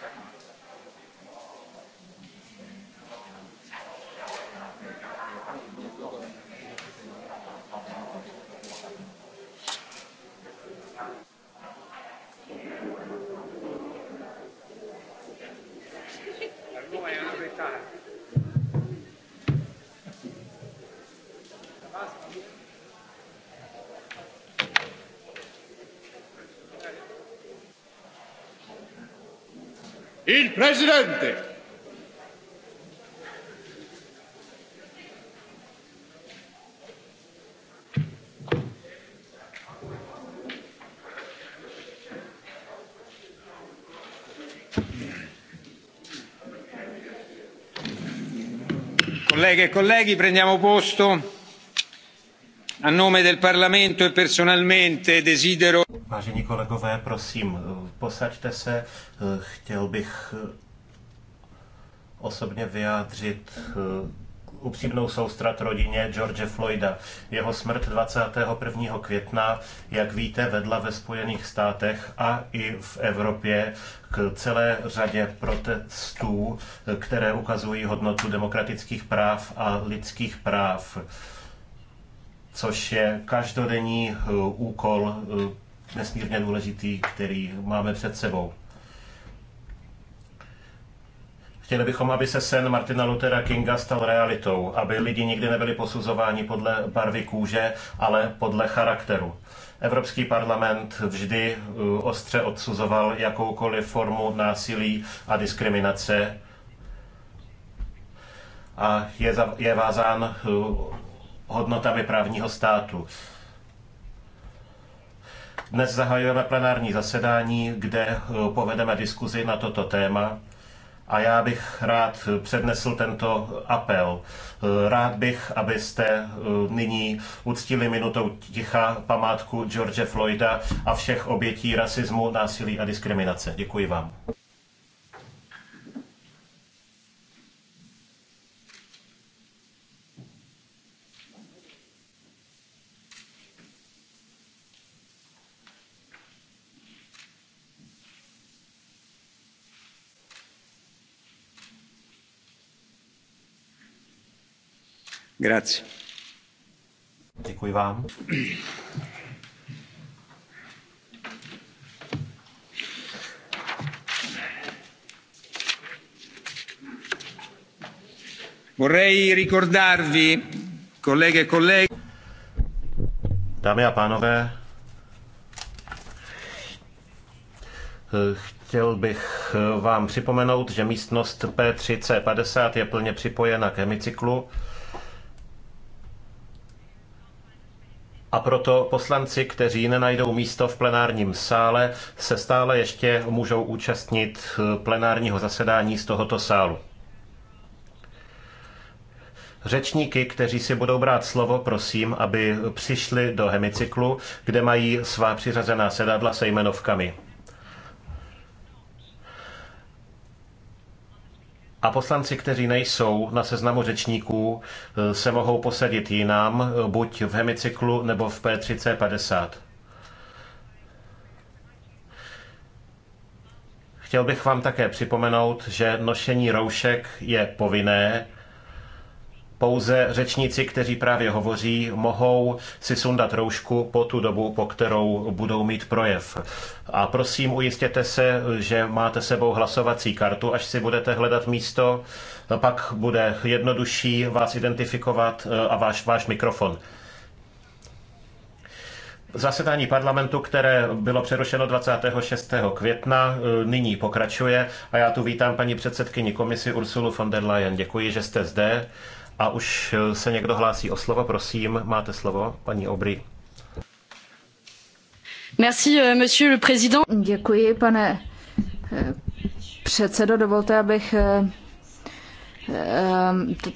Tak. Il presidente! Colleghe e colleghi, prendiamo posto. A nome del Parlamento e personalmente desidero prosím, eh, posaďte se. Eh, chtěl bych eh, osobně vyjádřit upřímnou soustrat rodině George Floyda. Jeho smrt 21. května, jak víte, vedla ve Spojených státech a i v Evropě k celé řadě protestů, které ukazují hodnotu demokratických práv a lidských práv což je každodenní úkol nesmírně důležitý, který máme před sebou. Chtěli bychom, aby se sen Martina Luthera Kinga stal realitou, aby lidi nikdy nebyli posuzováni podle barvy kůže, ale podle charakteru. Evropský parlament vždy uh, ostře odsuzoval jakoukoliv formu násilí a diskriminace a je, je vázán uh, hodnotami právního státu. Dnes zahajujeme plenární zasedání, kde eh, povedeme diskuzi na toto téma. A já bych rád přednesl tento apel. Eh, rád bych, abyste eh, nyní uctili minutou ticha památku George Floyda a všech obětí rasismu, násilí a diskriminace. Děkuji vám. Grazie. Děkuji vám. Vorrei ricordarvi, colleghe e colleghi. Dámy a pánové, chtěl bych vám připomenout, že místnost P3C50 je plně připojena k hemicyklu. a proto poslanci, kteří nenajdou místo v plenárním sále, se stále ještě můžou účastnit eh, plenárního zasedání z tohoto sálu. Řečníky, kteří si budou brát slovo, prosím, aby přišli do hemicyklu, kde mají svá přiřazená sedadla se jmenovkami. a poslanci, kteří nejsou na seznamu řečníků, eh, se mohou posadit jinam, eh, buď v hemicyklu nebo v p 3 50 Chtěl bych vám také připomenout, že nošení roušek je povinné pouze řečníci, kteří právě hovoří, mohou si sundat roušku po tu dobu, po kterou budou mít projev. A prosím, ujistěte se, že máte sebou hlasovací kartu, až si budete hledat místo. Pak bude jednodušší vás identifikovat e, a váš, váš mikrofon zasedání parlamentu, které bylo přerušeno 26. května, e, nyní pokračuje a já tu vítám paní předsedkyni komisi Ursulu von der Leyen. Děkuji, že jste zde a už eh, se někdo hlásí o slovo, prosím, máte slovo, paní Obry. Merci, euh, monsieur le président. Děkuji, pane eh, předsedo. Dovolte, abych eh,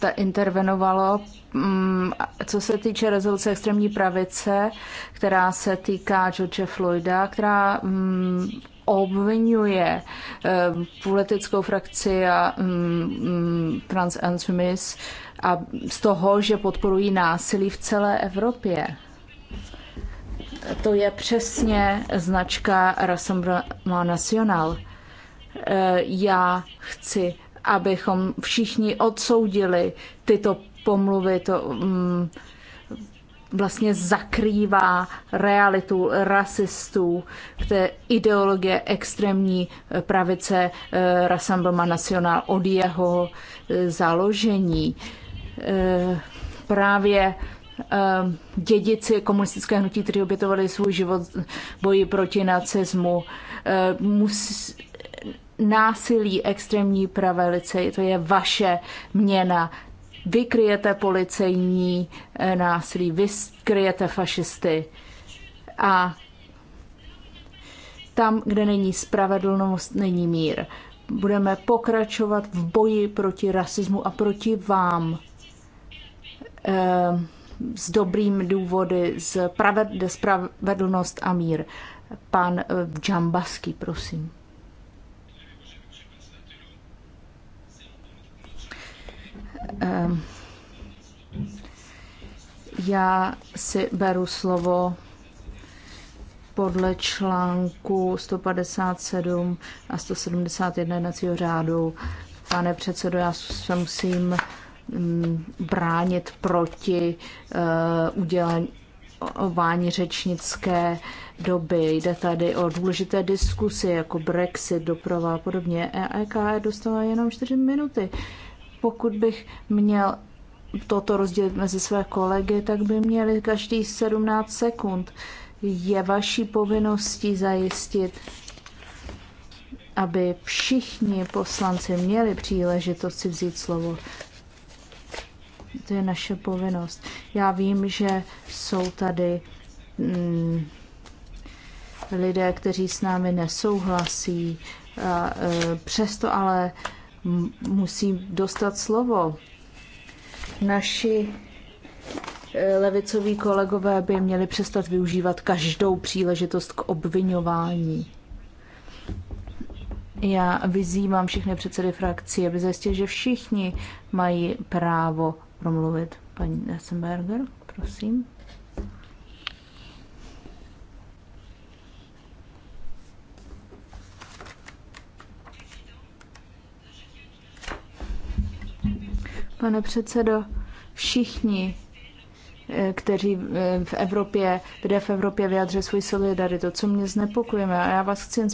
to intervenovalo. Mm, co se týče rezoluce extrémní pravice, která se týká George Floyda, která mm, obvinuje eh, politickou frakci a mm, mm, transextremis a z toho, že podporují násilí v celé Evropě. To je přesně značka Rassemblement National. Eh, já chci, abychom všichni odsoudili tyto pomluvy, to, mm, vlastně zakrývá realitu rasistů, které ideologie extrémní pravice eh, Rassemblement National od jeho eh, založení. Eh, právě dědici komunistické hnutí, kteří obětovali svůj život boji proti nacismu, musí, násilí extrémní pravice, to je vaše měna vy kryjete policejní eh, násilí, vy kryjete fašisty. A tam, kde není spravedlnost, není mír. Budeme pokračovat v boji proti rasismu a proti vám eh, s dobrým důvody, spravedlnost a mír. Pan eh, Džambaský, prosím. Ehm, já si beru slovo podle článku 157 a 171 jednacího řádu. Pane předsedo, já se musím mm, bránit proti eh, udělování řečnické doby. Jde tady o důležité diskusy jako Brexit, doprava a podobně. EEK e dostala jenom 4 minuty. Uh, pokud bych měl toto rozdělit mezi své kolegy, tak by měli každý 17 sekund. Je vaší povinností zajistit, aby všichni poslanci měli příležitost si vzít slovo. To je naše povinnost. Já vím, že jsou tady mm, lidé, kteří s námi nesouhlasí, a, e, přesto ale e, musí dostat slovo. Naši eh, levicoví kolegové by měli přestat využívat každou příležitost k obvinování. Já vyzývám všechny předsedy frakcí, aby zjistili, že všichni mají právo promluvit. Paní Essenberger, prosím. Pane předsedo, všichni, eh, kteří eh, v Evropě, lidé v Evropě vyjadřují svůj solidaritu, co mě znepokojuje, A já vás chci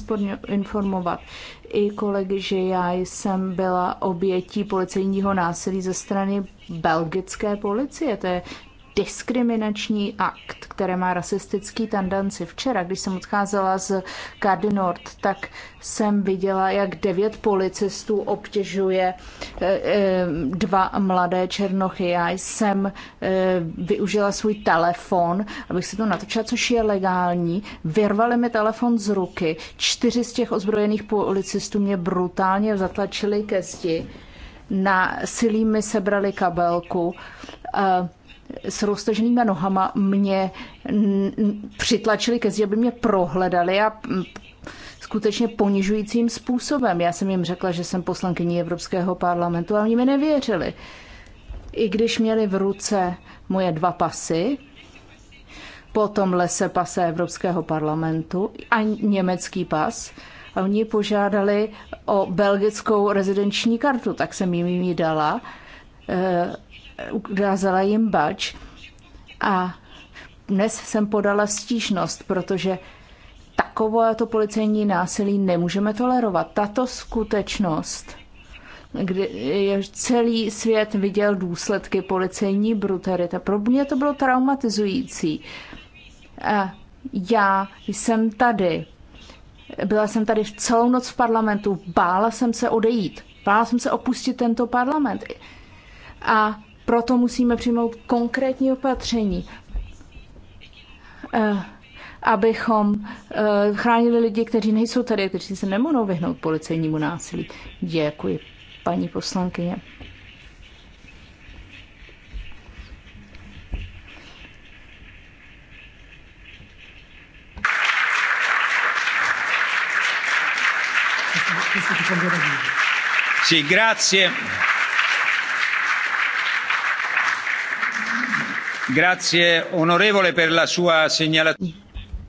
informovat i kolegy, že já jsem byla obětí policejního násilí ze strany belgické policie. To je diskriminační akt, které má rasistický tendenci. Včera, když jsem odcházela z Cardi Nord, tak jsem viděla, jak devět policistů obtěžuje eh, eh, dva mladé černochy. Já jsem eh, využila svůj telefon, abych se to natočila, což je legální. Vyrvali mi telefon z ruky. Čtyři z těch ozbrojených policistů mě brutálně zatlačili ke zdi. Na silí mi sebrali kabelku. Uh, s roztaženýma nohama mě přitlačili ke zdi, aby mě prohledali a skutečně ponižujícím způsobem. Já jsem jim řekla, že jsem poslankyní Evropského parlamentu a oni mi nevěřili. I když měli v ruce moje dva pasy, potom lese pase Evropského parlamentu a německý pas, a oni požádali o belgickou rezidenční kartu, tak jsem jim ji dala eh, ukázala jim bač a dnes jsem podala stížnost, protože takové to policejní násilí nemůžeme tolerovat. Tato skutečnost, kdy celý svět viděl důsledky policejní brutality, pro mě to bylo traumatizující. A já jsem tady. Byla jsem tady celou noc v parlamentu, bála jsem se odejít, bála jsem se opustit tento parlament. A proto musíme přijmout konkrétní opatření, eh, abychom eh, chránili lidi, kteří nejsou tady, kteří se nemohou vyhnout policejnímu násilí. Děkuji, paní poslankyně. Sì, grazie.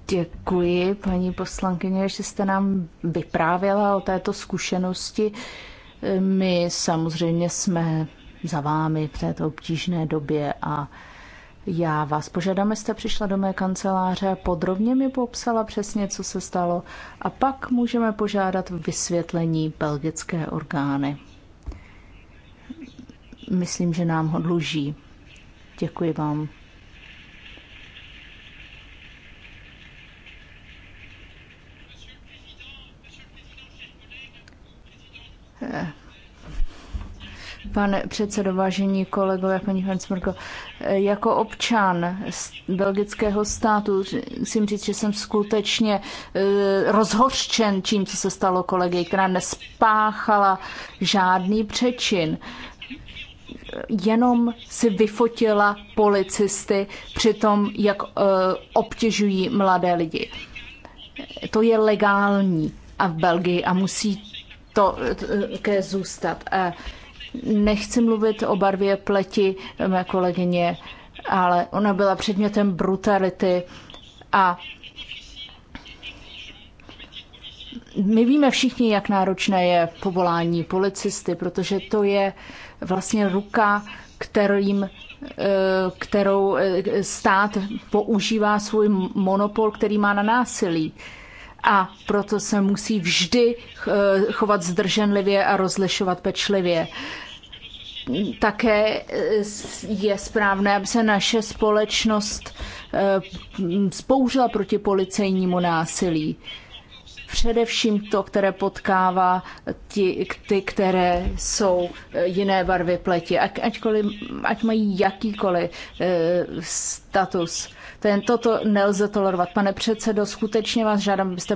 Děkuji, paní poslankyně, že jste nám vyprávěla o této zkušenosti. My samozřejmě jsme za vámi v této obtížné době a já vás požádám, abyste přišla do mé kanceláře a podrobně mi popsala přesně, co se stalo a pak můžeme požádat vysvětlení belgické orgány. Myslím, že nám ho dluží. Děkuji vám. Pane předsedo, vážení kolegové, paní Hansmorko, jako občan belgického státu musím říct, že jsem skutečně e, rozhořčen čím, co se stalo kolegy, která nespáchala žádný přečin jenom si vyfotila policisty při tom, jak eh, obtěžují mladé lidi. To je legální a v Belgii a musí to eh, ke zůstat. Nechci mluvit o barvě pleti eh, mé kolegyně, ale ona byla předmětem brutality a my víme všichni, jak náročné je povolání policisty, protože to je uh, vlastně ruka, kterým, eh, kterou eh, stát používá svůj monopol, který má na násilí. A proto se musí vždy eh, chovat zdrženlivě a rozlišovat pečlivě také je správné, aby se naše společnost spouřila proti policejnímu násilí především to, které potkává ty, které jsou eh, jiné barvy pleti, ať, mají jakýkoliv e, status. Ten, toto nelze tolerovat. Pane předsedo, skutečně vás žádám, abyste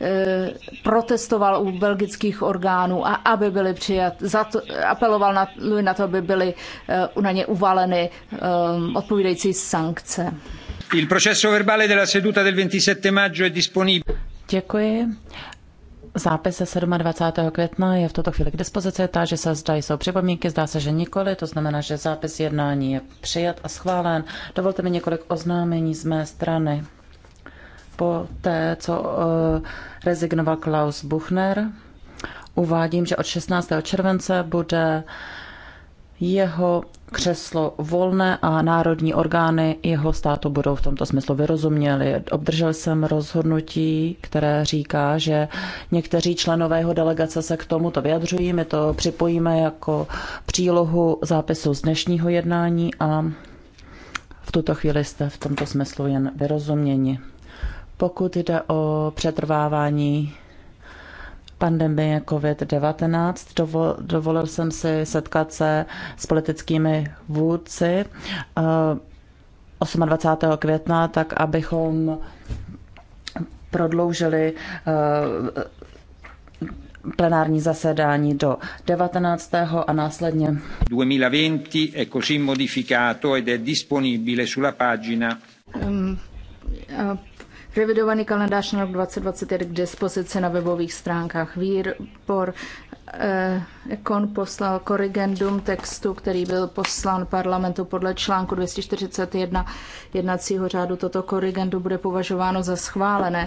eh, protestoval u belgických orgánů a aby byly přijat, za to, apeloval na, na to, aby byly na ně uvaleny odpovídající sankce. Il processo verbale della seduta del 27 maggio è disponibile. Děkuji. Zápis ze 27. května je v tuto chvíli k dispozici, Táže se zda jsou připomínky, zdá se, že nikoli, to znamená, že zápis jednání je přijat a schválen. Dovolte mi několik oznámení z mé strany. Po té, co uh, rezignoval Klaus Buchner, uvádím, že od 16. července bude jeho křeslo volné a národní orgány jeho státu budou v tomto smyslu vyrozuměli. Obdržel jsem rozhodnutí, které říká, že někteří členové jeho delegace se k tomuto vyjadřují. My to připojíme jako přílohu zápisu z dnešního jednání a v tuto chvíli jste v tomto smyslu jen vyrozuměni. Pokud jde o přetrvávání pandemie COVID-19. Dovol, dovolil jsem si setkat se s politickými vůdci 28. Eh, května, tak abychom prodloužili eh, plenární zasedání do 19. a následně 2020 è così modificato ed è disponibile sulla pagina um, uh Revidovaný kalendář na rok 2020 je k dispozici na webových stránkách Výbor eh, Ekon poslal korrigendum textu, který byl poslán parlamentu podle článku 241 jednacího řádu. Toto korrigendum bude považováno za schválené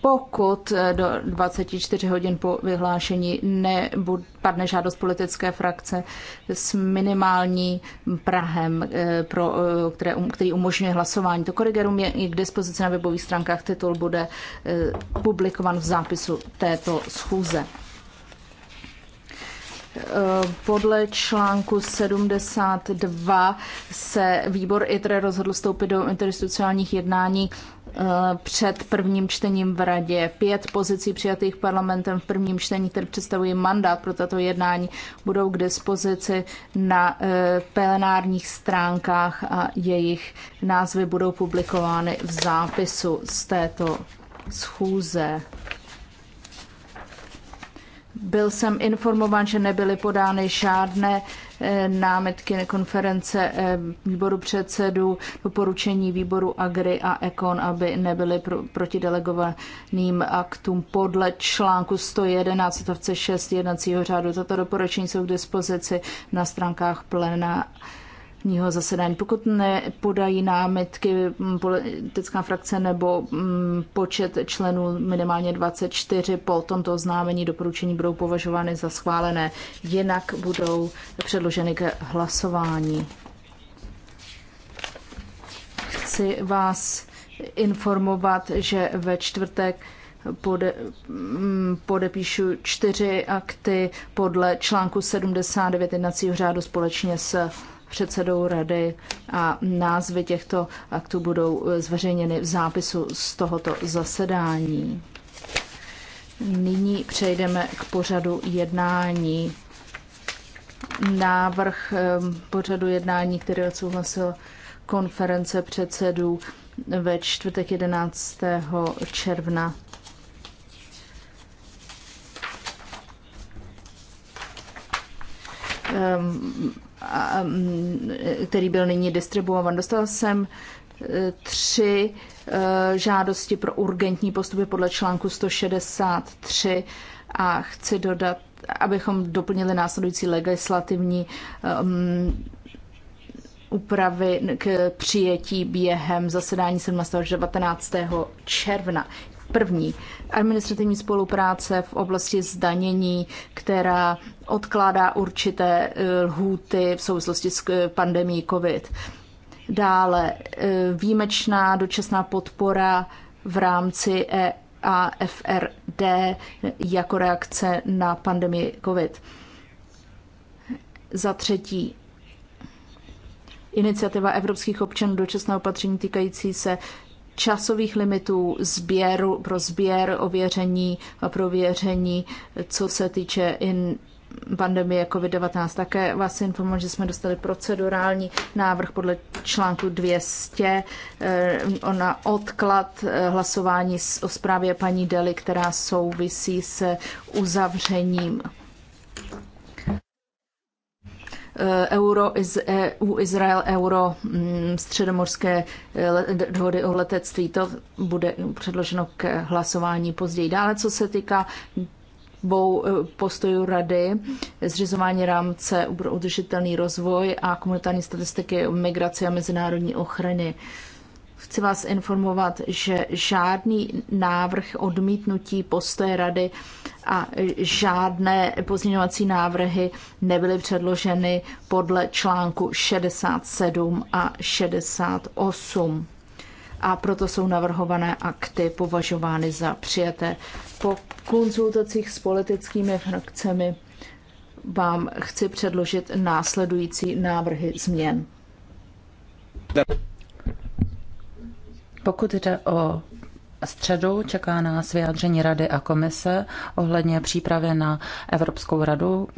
pokud eh, do 24 hodin po vyhlášení nepadne žádost politické frakce s minimální prahem, eh, pro, eh, které, um-, který umožňuje hlasování. To korigerum je i k dispozici na webových stránkách. Titul bude publikovan v zápisu této schůze. Eh, podle článku 72 se výbor ITRE rozhodl vstoupit do interinstitucionálních jednání eh, před prvním čtením v radě. Pět pozicí přijatých parlamentem v prvním čtení, které představují mandát pro tato jednání, budou k dispozici na eh, plenárních stránkách a jejich názvy budou publikovány v zápisu z této schůze. Byl jsem informován, že nebyly podány žádné eh, námitky konference eh, výboru předsedů, doporučení výboru Agri a Ekon, aby nebyly pro, proti delegovaným aktům podle článku 111 6 jednacího řádu. toto doporučení jsou k dispozici na stránkách plena ního zasedání. Pokud nepodají námitky politická frakce nebo počet členů minimálně 24 po tomto oznámení doporučení budou považovány za schválené, jinak budou předloženy ke hlasování. Chci vás informovat, že ve čtvrtek pode, podepíšu čtyři akty podle článku 79 jednacího řádu společně s předsedou rady a názvy těchto aktů budou eh, zveřejněny v zápisu z tohoto zasedání. Nyní přejdeme k pořadu jednání. Návrh ehm, pořadu jednání, který odsouhlasil konference předsedů ve čtvrtek 11. června um, Mm, který byl nyní distribuovan. Dostal jsem eh, tři eh, žádosti pro urgentní postupy podle článku 163 a chci dodat, abychom doplnili následující legislativní eh, mm, úpravy k přijetí během zasedání 17. až 19. června. První, administrativní spolupráce v oblasti zdanění, která odkládá určité eh, lhůty v souvislosti s eh, pandemí COVID. Dále eh, výjimečná dočasná podpora v rámci e AFRD jako reakce na pandemii COVID. Za třetí, iniciativa evropských občanů dočasné opatření týkající se časových limitů sběru, pro sběr, ověření a prověření, co se týče in, pandemie COVID-19. Také vás informuji, že jsme dostali procedurální návrh podle článku 200 eh, na odklad eh, hlasování o zprávě paní Deli, která souvisí se uzavřením Eh, euro, iz, EU, Izrael, euro, mm, středomorské eh, dohody o letectví. To bude předloženo k hlasování později. Dále, co se týká eh, postojů rady, zřizování rámce pro udržitelný rozvoj a komunitární statistiky o migraci a mezinárodní ochrany. Chci vás informovat, že žádný návrh odmítnutí postoje rady a žádné pozměňovací návrhy nebyly předloženy podle článku 67 a 68 a proto jsou navrhované akty považovány za přijaté. Po konzultacích s politickými frakcemi vám chci předložit následující návrhy změn. Pokud jde o středu čeká nás vyjádření Rady a komise ohledně přípravy na Evropskou radu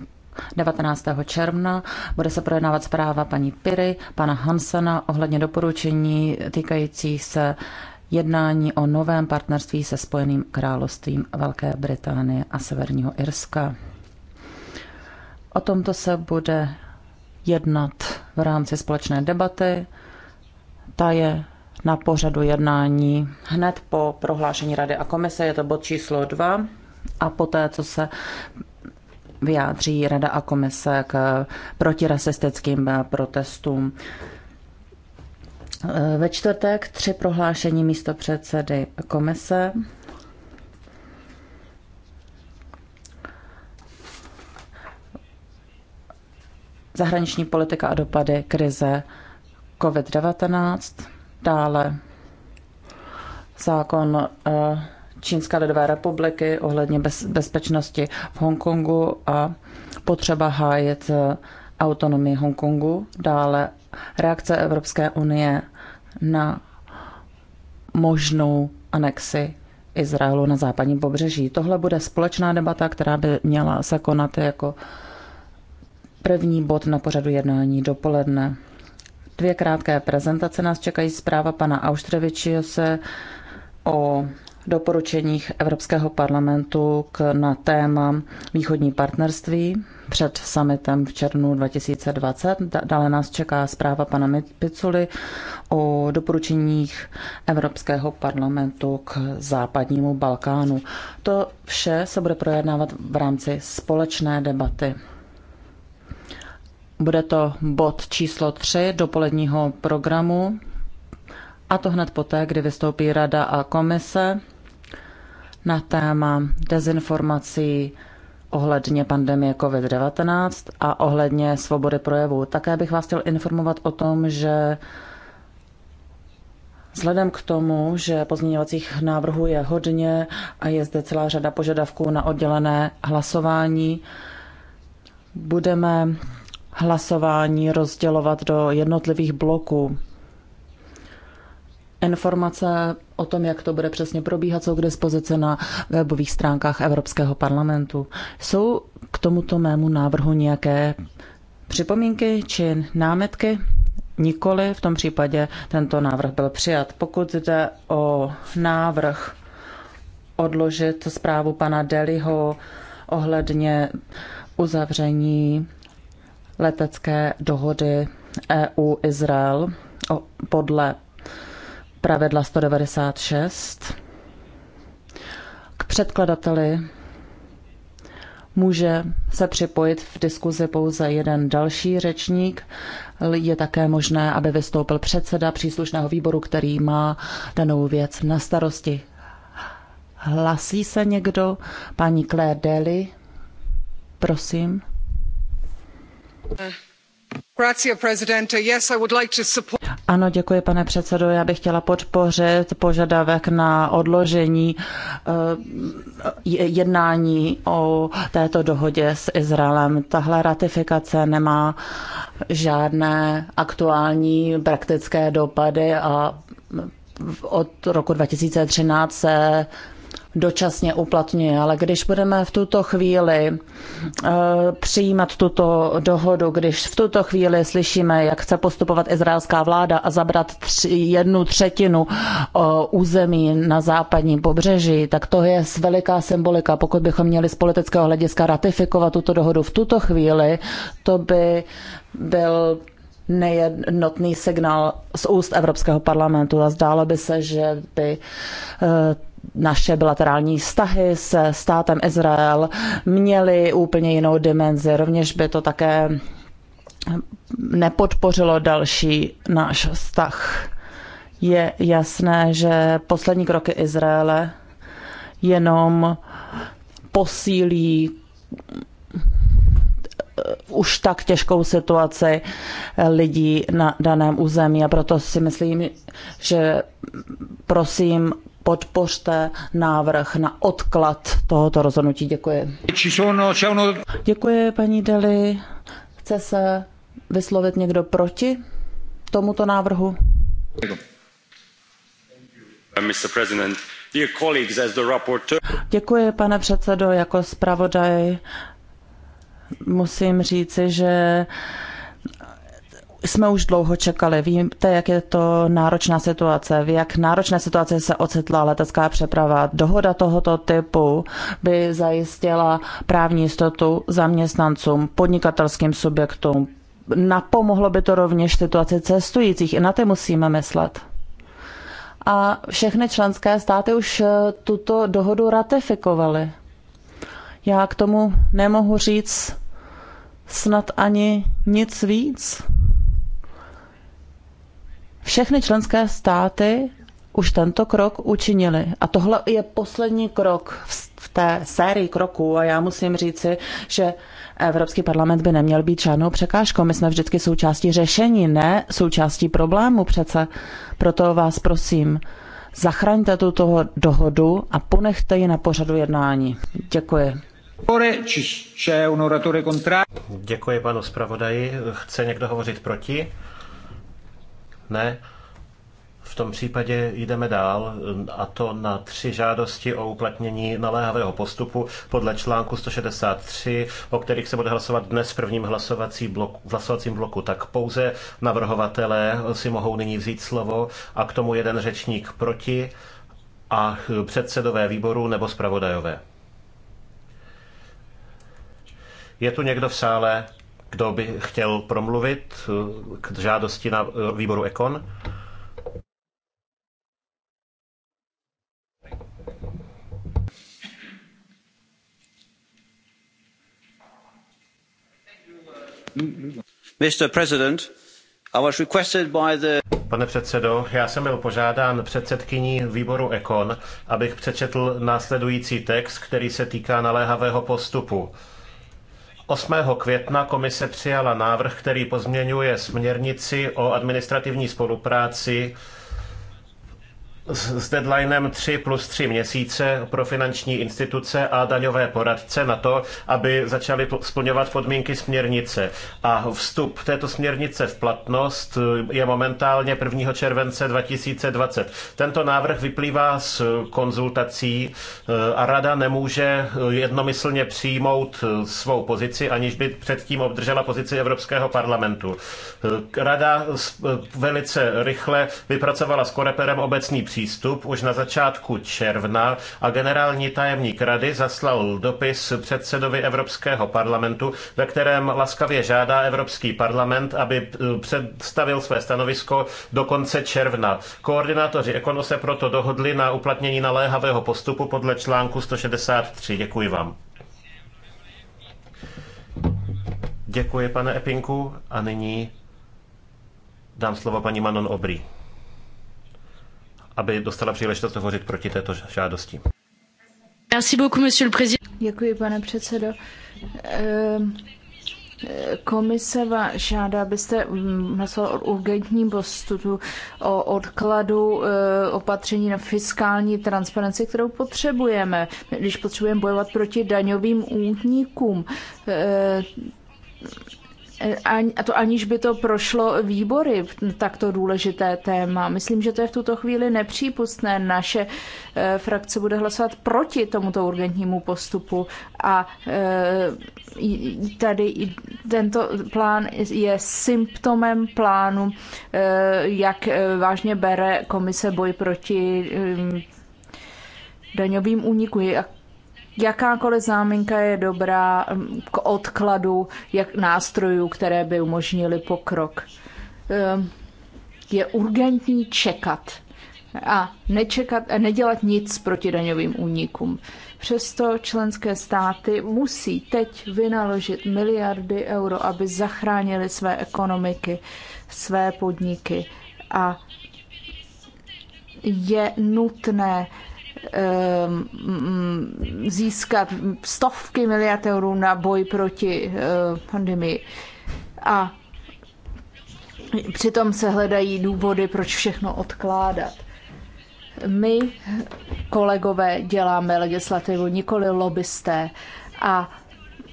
19. června. Bude se projednávat zpráva paní Piry, pana Hansena ohledně doporučení týkající se jednání o novém partnerství se Spojeným královstvím Velké Británie a Severního Irska. O tomto se bude jednat v rámci společné debaty. Ta je na pořadu jednání hned po prohlášení Rady a komise. Je to bod číslo 2 a poté, co se vyjádří Rada a komise k protirasistickým eh, protestům. Eh, ve čtvrtek tři prohlášení místo předsedy komise. Zahraniční politika a dopady krize COVID-19. Dále zákon eh, Čínské lidové republiky ohledně bezpečnosti v Hongkongu a potřeba hájit eh, autonomii Hongkongu. Dále reakce Evropské unie na možnou anexi Izraelu na západním pobřeží. Tohle bude společná debata, která by měla se konat jako první bod na pořadu jednání dopoledne. Dvě krátké prezentace nás čekají zpráva pana se o doporučeních Evropského parlamentu k, na téma východní partnerství před summitem v červnu 2020. Dále nás čeká zpráva pana Piculi o doporučeních Evropského parlamentu k západnímu Balkánu. To vše se bude projednávat v rámci společné debaty. Bude to bod číslo 3 dopoledního programu a to hned poté, kdy vystoupí Rada a komise na téma dezinformací ohledně pandemie COVID-19 a ohledně svobody projevu. Také bych vás chtěl informovat o tom, že Vzhledem k tomu, že pozměňovacích návrhů je hodně a je zde celá řada požadavků na oddělené hlasování, budeme hlasování rozdělovat do jednotlivých bloků. Informace o tom, jak to bude přesně probíhat, jsou k dispozici na webových stránkách Evropského parlamentu. Jsou k tomuto mému návrhu nějaké připomínky či námitky? Nikoli, v tom případě tento návrh byl přijat. Pokud jde o návrh odložit zprávu pana Deliho ohledně uzavření letecké dohody EU-Izrael podle pravidla 196. K předkladateli může se připojit v diskuzi pouze jeden další řečník. Je také možné, aby vystoupil předseda příslušného výboru, který má danou věc na starosti. Hlasí se někdo? Paní Claire Daly, prosím. Ano, děkuji, pane předsedo. Já bych chtěla podpořit požadavek na odložení eh, jednání o této dohodě s Izraelem. Tahle ratifikace nemá žádné aktuální praktické dopady a od roku 2013 se dočasně uplatňuje. Ale když budeme v tuto chvíli eh, přijímat tuto dohodu, když v tuto chvíli slyšíme, jak chce postupovat izraelská vláda a zabrat tři, jednu třetinu eh, území na západním pobřeží, tak to je veliká symbolika. Pokud bychom měli z politického hlediska ratifikovat tuto dohodu v tuto chvíli, to by byl nejednotný signál z úst Evropského parlamentu a zdálo by se, že by eh, naše bilaterální vztahy se státem Izrael měly úplně jinou dimenzi. Rovněž by to také nepodpořilo další náš vztah. Je jasné, že poslední kroky Izraele jenom posílí eh, už tak těžkou situaci eh, lidí na daném území. A proto si myslím, že prosím podpořte návrh na odklad tohoto rozhodnutí. Děkuji. Děkuji, paní Deli. Chce se vyslovit někdo proti tomuto návrhu? Děkuji, pane předsedo, jako zpravodaj musím říci, že jsme už dlouho čekali. Víte, jak je to náročná situace, v jak náročné situace se ocitla letecká přeprava. Dohoda tohoto typu by zajistila právní jistotu zaměstnancům, podnikatelským subjektům. Napomohlo by to rovněž situaci cestujících. I na ty musíme myslet. A všechny členské státy už eh, tuto dohodu ratifikovaly. Já k tomu nemohu říct snad ani nic víc. Všechny členské státy už tento krok učinili. A tohle je poslední krok v té sérii kroků a já musím říci, že Evropský parlament by neměl být žádnou překážkou. My jsme vždycky součástí řešení, ne součástí problému přece. Proto vás prosím, zachraňte tuto dohodu a ponechte ji na pořadu jednání. Děkuji. Děkuji panu zpravodaji. Chce někdo hovořit proti? Ne. V tom případě jdeme dál, a to na tři žádosti o uplatnění naléhavého postupu podle článku 163, o kterých se bude hlasovat dnes v prvním hlasovací bloku, v hlasovacím bloku. Tak pouze navrhovatelé si mohou nyní vzít slovo a k tomu jeden řečník proti a předsedové výboru nebo zpravodajové. Je tu někdo v sále, kdo by chtěl promluvit k žádosti na eh, výboru Ekon? Mr. President, I was requested by the... Pane předsedo, já jsem byl požádán předsedkyní výboru Ekon, abych přečetl následující text, který se týká naléhavého postupu. 8. května komise přijala návrh, který pozměňuje směrnici o administrativní spolupráci s deadlinem 3 plus 3 měsíce pro finanční instituce a daňové poradce na to, aby začaly splňovat podmínky směrnice. A vstup této směrnice v platnost eh, je momentálně 1. července 2020. Tento návrh vyplývá z konzultací eh, a rada nemůže eh, jednomyslně přijmout svou pozici, aniž by předtím obdržela pozici Evropského parlamentu. Rada velice rychle vypracovala s Koreperem obecný přístup už na začátku června a generální tajemník rady zaslal dopis předsedovi Evropského parlamentu, ve kterém laskavě žádá Evropský parlament, aby eh, představil své stanovisko do konce června. Koordinátoři Ekonu se proto dohodli na uplatnění naléhavého postupu podle článku 163. Děkuji vám. Děkuji, pane Epinku. A nyní dám slovo paní Manon Obry aby dostala příležitost hovořit proti této žádosti. Děkuji, pane předsedo. Ehm, komise vás žádá, abyste mm, hlasoval o urgentním postupu, o odkladu eh, opatření na fiskální transparenci, kterou potřebujeme, když potřebujeme bojovat proti daňovým únikům eh, a to aniž by to prošlo výbory, takto důležité téma. Myslím, že to je v tuto chvíli nepřípustné. Naše eh, frakce bude hlasovat proti tomuto urgentnímu postupu a eh, tady tento plán je symptomem plánu, eh, jak vážně bere komise boj proti daňovým únikům Jakákoliv záminka je dobrá mm, k odkladu jak nástrojů, které by umožnili pokrok. Ehm, je urgentní čekat a nečekat, nedělat nic proti daňovým únikům. Přesto členské státy musí teď vynaložit miliardy euro, aby zachránili své ekonomiky, své podniky a je nutné Ehm, mm, získat stovky miliard eurů na boj proti ehm, pandemii. A přitom se hledají důvody, proč všechno odkládat. My, kolegové, děláme legislativu, nikoli lobbysté. A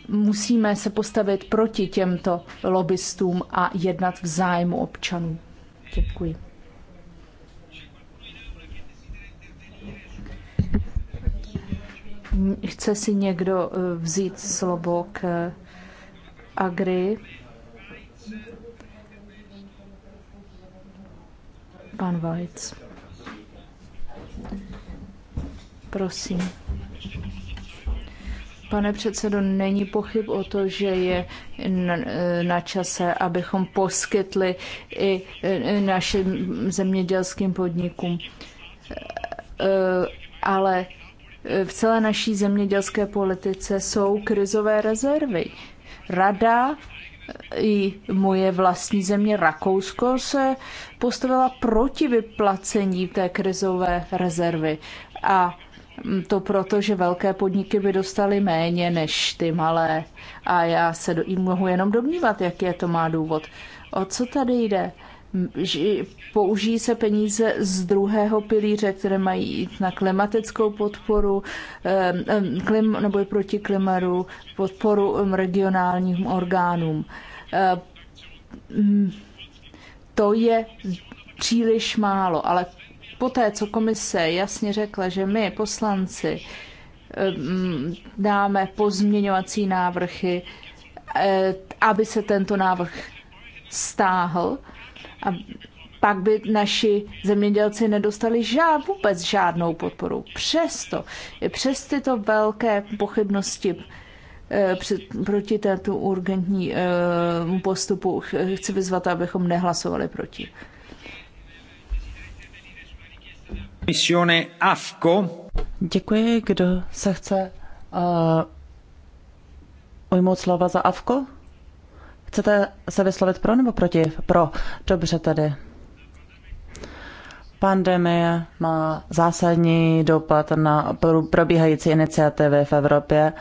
musíme se postavit proti těmto lobbystům a jednat v zájmu občanů. Děkuji. Chce si někdo eh, vzít slovo k eh, Agri? Pan Vajc. Prosím. Pane předsedo, není pochyb o to, že je na, eh, na čase, abychom poskytli i našim zemědělským podnikům. Ale v celé naší zemědělské politice jsou krizové rezervy. Rada i moje vlastní země Rakousko se postavila proti vyplacení té krizové rezervy. A to proto, že velké podniky by dostaly méně než ty malé. A já se do, mohu jenom domnívat, jaký je to má důvod. O co tady jde? použijí se peníze z druhého pilíře, které mají jít na klimatickou podporu klim, nebo proti klimaru, podporu regionálním orgánům. To je příliš málo, ale poté, co komise jasně řekla, že my, poslanci, dáme pozměňovací návrhy, eh, aby se tento návrh stáhl, a pak by naši zemědělci nedostali žád, vůbec žádnou podporu. Přesto, přes tyto velké pochybnosti eh, před, proti této urgentní eh, postupu chci vyzvat, abychom nehlasovali proti. Misione AFCO. Děkuji, kdo se chce uh, ujmout slova za AFCO? Chcete se vyslovit pro nebo proti? Pro. Dobře tady. Pandemie má zásadní dopad na probíhající iniciativy v Evropě,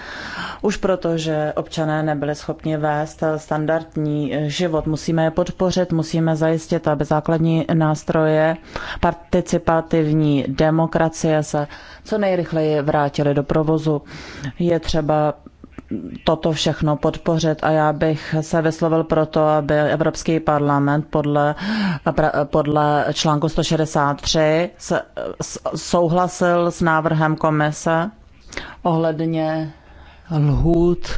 už proto, že občané nebyli schopni vést standardní život. Musíme je podpořit, musíme zajistit, aby základní nástroje participativní demokracie se co nejrychleji vrátily do provozu. Je třeba toto všechno podpořit a já bych se vyslovil proto, aby Evropský parlament podle, podle článku 163 souhlasil s návrhem komise ohledně lhůt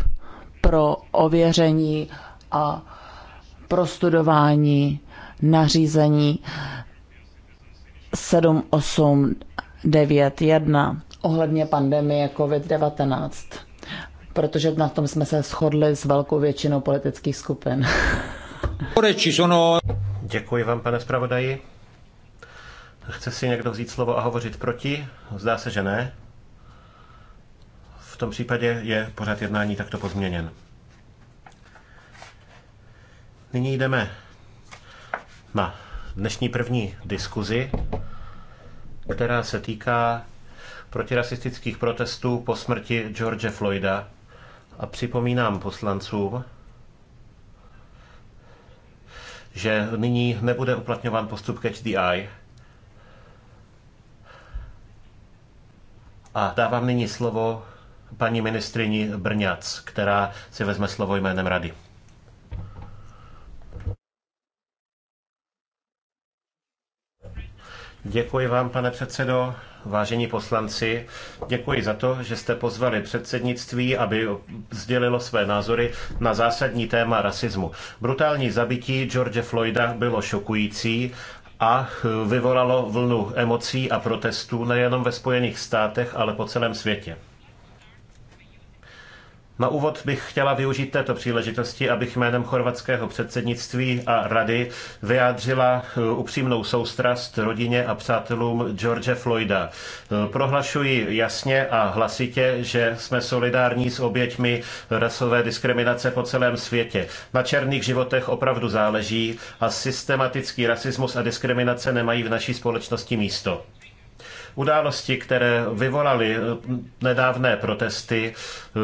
pro ověření a prostudování nařízení 7891 ohledně pandemie COVID-19 protože na tom jsme se shodli s velkou většinou politických skupin. Děkuji vám, pane zpravodaji. Chce si někdo vzít slovo a hovořit proti? Zdá se, že ne. V tom případě je pořád jednání takto pozměněn. Nyní jdeme na dnešní první diskuzi, která se týká protirasistických protestů po smrti George Floyda a připomínám poslancům, že nyní nebude uplatňován postup Catch the Eye. A dávám nyní slovo paní ministrini Brňac, která si vezme slovo jménem rady. Děkuji vám, pane předsedo. Vážení poslanci, děkuji za to, že jste pozvali předsednictví, aby sdělilo své názory na zásadní téma rasismu. Brutální zabití George Floyda bylo šokující a vyvolalo vlnu emocí a protestů nejenom ve Spojených státech, ale po celém světě. Na úvod bych chtěla využít této příležitosti, abych jménem chorvatského předsednictví a rady vyjádřila eh, upřímnou soustrast rodině a přátelům George Floyda. Eh, prohlašuji jasně a hlasitě, že jsme solidární s oběťmi rasové diskriminace po celém světě. Na černých životech opravdu záleží a systematický rasismus a diskriminace nemají v naší společnosti místo. Události, které vyvolaly eh, nedávné protesty,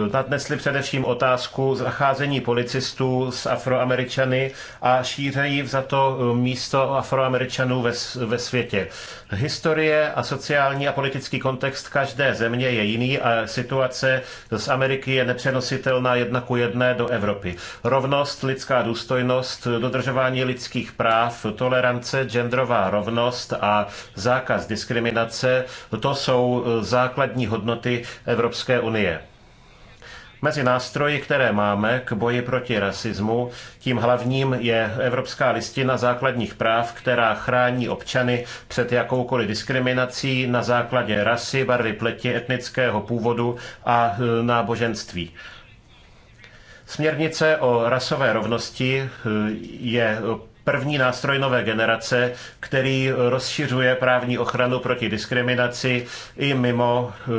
eh, nadnesly především otázku zacházení policistů s afroameričany a šířejí za to eh, místo afroameričanů ve, ve světě. Historie a sociální a politický kontext každé země je jiný a situace z Ameriky je nepřenositelná jedna ku jedné do Evropy. Rovnost, lidská důstojnost, dodržování lidských práv, tolerance, genderová rovnost a zákaz diskriminace, to jsou základní hodnoty Evropské unie. Mezi nástroji, které máme k boji proti rasismu, tím hlavním je Evropská listina základních práv, která chrání občany před jakoukoliv diskriminací na základě rasy, barvy pleti, etnického původu a e, náboženství. Směrnice o rasové rovnosti e, je první nástroj nové generace, který rozšiřuje právní ochranu proti diskriminaci i mimo e,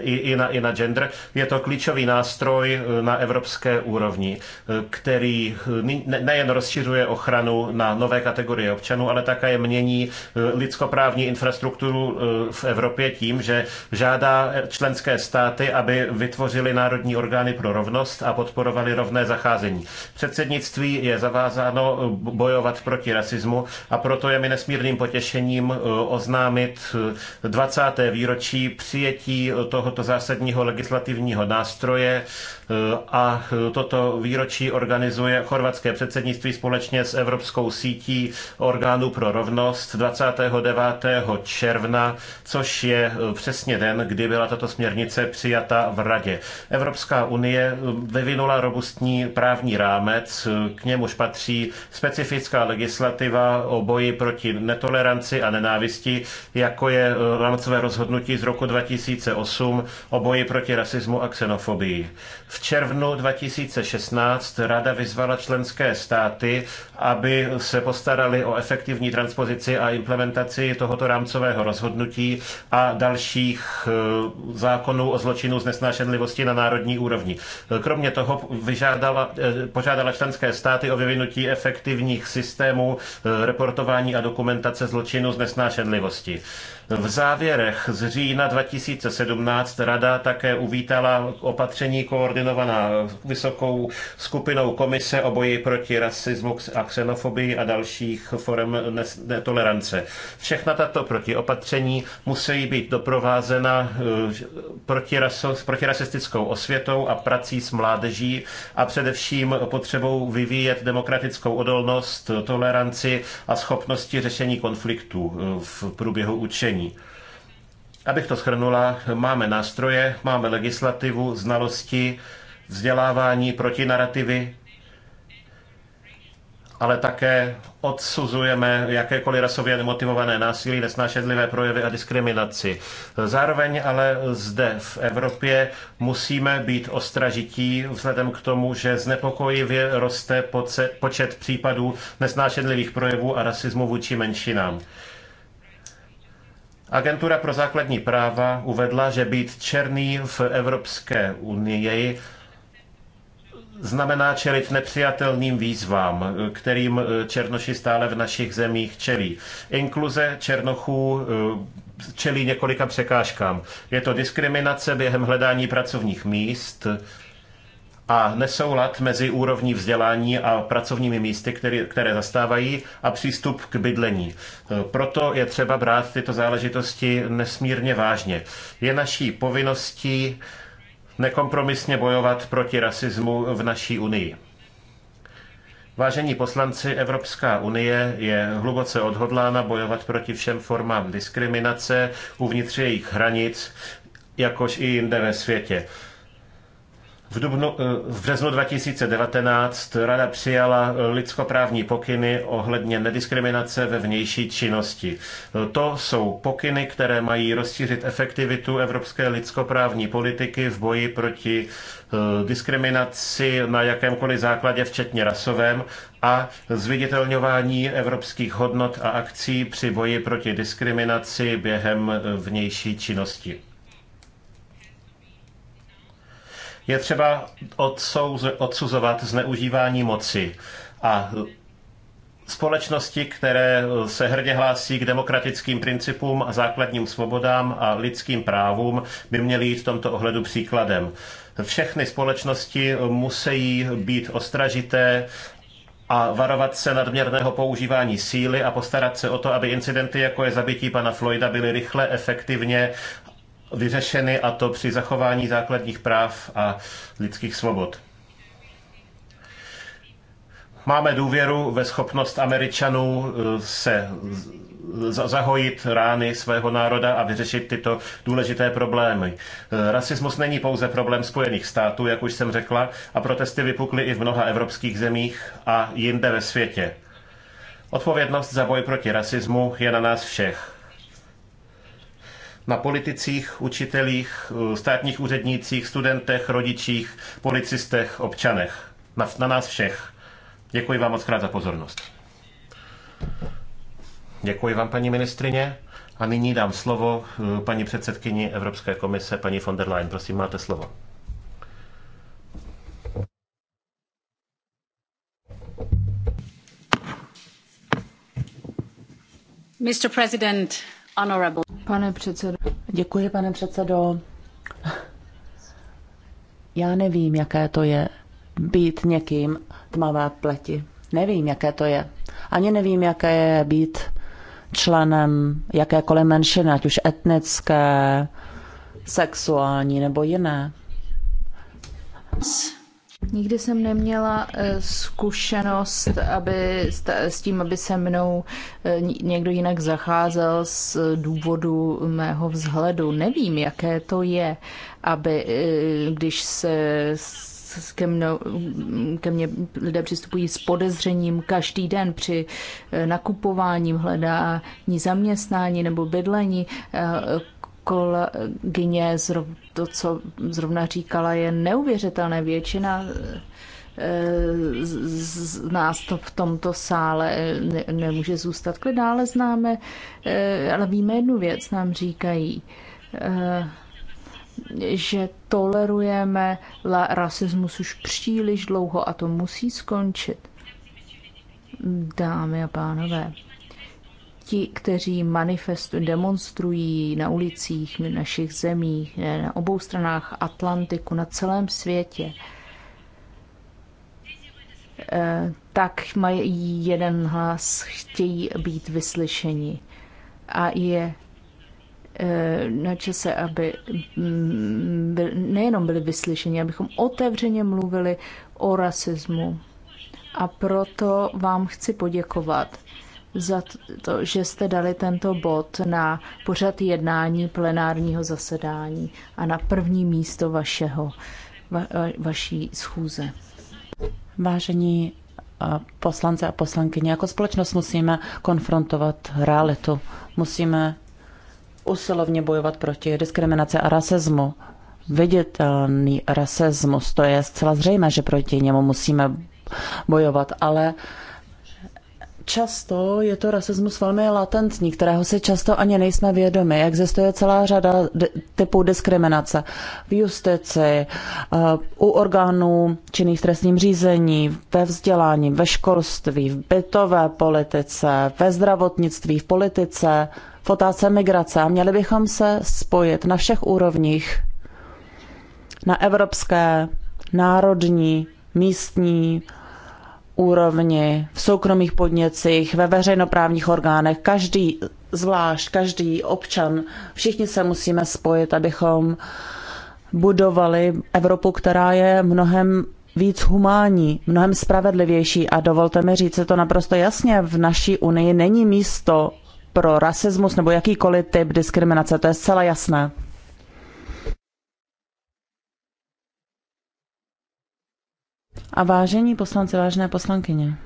i, i, na, i na gender. Je to klíčový nástroj eh, na evropské úrovni, eh, který eh, nejen rozšiřuje ochranu na nové kategorie občanů, ale také mění lidskoprávní infrastrukturu v Evropě tím, že žádá členské státy, aby vytvořili národní orgány pro rovnost a podporovali rovné zacházení. Předsednictví je zavázáno bojovat proti rasismu a proto je mi nesmírným potěšením oznámit 20. výročí přijetí tohoto zásadního legislativního nástroje Eh, a toto výročí organizuje chorvatské předsednictví společně s Evropskou sítí orgánů pro rovnost 29. června, což je eh, přesně den, kdy byla tato směrnice přijata v Radě. Evropská unie eh, vyvinula robustní právní rámec, k němuž patří specifická legislativa o boji proti netoleranci a nenávisti, jako je rámcové rozhodnutí z roku 2008 o boji proti rasismu a xenofobii. V v červnu 2016 Rada vyzvala členské státy, aby se postarali o efektivní transpozici a implementaci tohoto rámcového rozhodnutí a dalších e, zákonů o zločinu z nesnášenlivosti na národní úrovni. Kromě toho vyžádala, e, požádala členské státy o vyvinutí efektivních systémů e, reportování a dokumentace zločinu z nesnášenlivosti. V závěrech z října 2017 Rada také uvítala opatření koordinovaná vysokou skupinou Komise o boji proti rasismu a xenofobii a dalších forem netolerance. Všechna tato protiopatření musí být doprovázena eh, protirasistickou osvětou a prací s mládeží a především potřebou vyvíjet demokratickou odolnost, toleranci a schopnosti řešení konfliktů eh, v průběhu učení řešení. Abych to schrnula, máme nástroje, máme legislativu, znalosti, vzdělávání, protinarativy, ale také odsuzujeme jakékoliv rasově nemotivované násilí, nesnášedlivé projevy a diskriminaci. Zároveň ale zde v Evropě musíme být ostražití vzhledem k tomu, že znepokojivě roste počet případů nesnášedlivých projevů a rasismu vůči menšinám. Agentura pro základní práva uvedla, že být černý v Evropské unii znamená čelit nepřijatelným výzvám, kterým černoši stále v našich zemích čelí. Inkluze černochů eh, čelí několika překážkám. Je to diskriminace během hledání pracovních míst, a nesoulad mezi úrovní vzdělání a pracovními místy, které, které zastávají, a přístup k bydlení. E, proto je třeba brát tyto záležitosti nesmírně vážně. Je naší povinností nekompromisně bojovat proti rasismu v naší Unii. Vážení poslanci, Evropská unie je hluboce odhodlána bojovat proti všem formám diskriminace uvnitř jejich hranic, jakož i jinde ve světě. V, dubnu, eh, v březnu 2019 Rada přijala eh, lidskoprávní pokyny ohledně nediskriminace ve vnější činnosti. Eh, to jsou pokyny, které mají rozšířit efektivitu evropské lidskoprávní politiky v boji proti diskriminaci na jakémkoliv základě, včetně rasovém, a zviditelňování evropských hodnot a akcí při boji proti diskriminaci během vnější činnosti. Je třeba odsuzovat zneužívání moci a společnosti, které se hrdě hlásí k demokratickým principům a základním svobodám a lidským právům, by měly jít v tomto ohledu příkladem. Všechny společnosti musí být ostražité a varovat se nadměrného používání síly a postarat se o to, aby incidenty, jako je zabití pana Floyda, byly rychle, efektivně vyřešeny a to při zachování základních práv a lidských svobod. Máme důvěru ve schopnost Američanů eh, se zahojit rány svého národa a vyřešit tyto důležité problémy. Eh, rasismus není pouze problém Spojených států, jak už jsem řekla, a protesty vypukly i v mnoha evropských zemích a jinde ve světě. Odpovědnost za boj proti rasismu je na nás všech na politicích, učitelích, eh, státních úřednících, studentech, rodičích, policistech, občanech. Na, na nás všech. Děkuji vám moc krát za pozornost. Děkuji vám, paní ministrině. A nyní dám slovo eh, paní předsedkyni Evropské komise, paní von der Leyen. Prosím, máte slovo. Mr. President, honorable pane předsedo. Děkuji, pane předsedo. Já nevím, jaké to je být někým tmavé pleti. Nevím, jaké to je. Ani nevím, jaké je být členem jakékoliv menšiny, ať už etnické, sexuální nebo jiné. Nikdy jsem neměla eh, zkušenost aby, s tím, aby se mnou eh, někdo jinak zacházel z důvodu mého vzhledu. Nevím, jaké to je, aby eh, když se ke, mnou, ke mně lidé přistupují s podezřením každý den při nakupování, hledání zaměstnání nebo bydlení, kolegyně zrov, to, co zrovna říkala, je neuvěřitelné. Většina e, z nás to v tomto sále e, ne, nemůže zůstat klidná, ale známe, e, ale víme jednu věc, nám říkají, že tolerujeme rasismus už příliš dlouho a to musí skončit. Dámy a pánové, ti, kteří manifestují, demonstrují na ulicích v našich zemích, na obou stranách Atlantiku, na celém světě, eh, tak mají jeden hlas, chtějí být vyslyšeni. A je eh, na čase, aby mm, nejenom byli vyslyšeni, abychom otevřeně mluvili o rasismu. A proto vám chci poděkovat za to, že jste dali tento bod na pořad jednání plenárního zasedání a na první místo vašeho, va, vaší schůze. Vážení eh, poslance a poslankyně, jako společnost musíme konfrontovat realitu. Musíme usilovně bojovat proti diskriminaci a rasismu. Viditelný rasismus, to je zcela zřejmé, že proti němu musíme bojovat, ale uh, Často je to rasismus velmi latentní, kterého si často ani nejsme vědomi. Existuje celá řada typů diskriminace v justici, eh, u orgánů činných v trestním řízení, ve vzdělání, ve školství, v bytové politice, ve zdravotnictví, v politice, v otázce migrace. A měli bychom se spojit na všech úrovních, na evropské, národní, místní, úrovni, v soukromých podnicích, ve veřejnoprávních orgánech, každý zvlášť, každý občan, všichni se musíme spojit, abychom budovali Evropu, která je mnohem víc humánní, mnohem spravedlivější a dovolte mi říct to naprosto jasně, v naší unii není místo pro rasismus nebo jakýkoliv typ diskriminace, to je zcela jasné. A vážení poslanci, vážné poslankyně,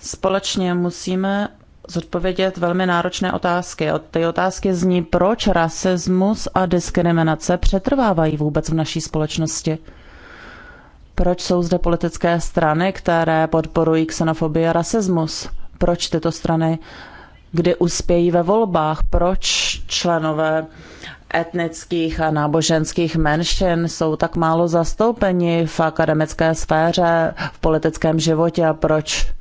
společně musíme zodpovědět velmi náročné otázky. Ty otázky zní, proč rasismus a diskriminace přetrvávají vůbec v naší společnosti. Proč jsou zde politické strany, které podporují xenofobii a rasismus? Proč tyto strany kdy uspějí ve volbách, proč členové etnických a náboženských menšin jsou tak málo zastoupeni v akademické sféře, v politickém životě a proč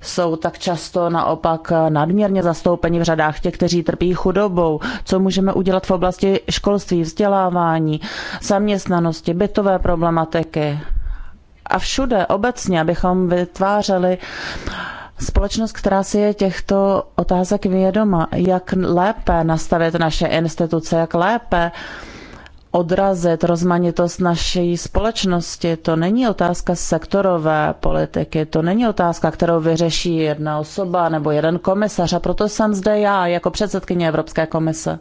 jsou tak často naopak nadměrně zastoupeni v řadách těch, kteří trpí chudobou. Co můžeme udělat v oblasti školství, vzdělávání, zaměstnanosti, bytové problematiky? A všude obecně, abychom vytvářeli společnost, která si je těchto otázek vědoma, jak lépe nastavit naše instituce, jak lépe odrazit rozmanitost naší společnosti. To není otázka sektorové politiky, to není otázka, kterou vyřeší jedna osoba nebo jeden komisař. A proto jsem zde já jako předsedkyně Evropské komise.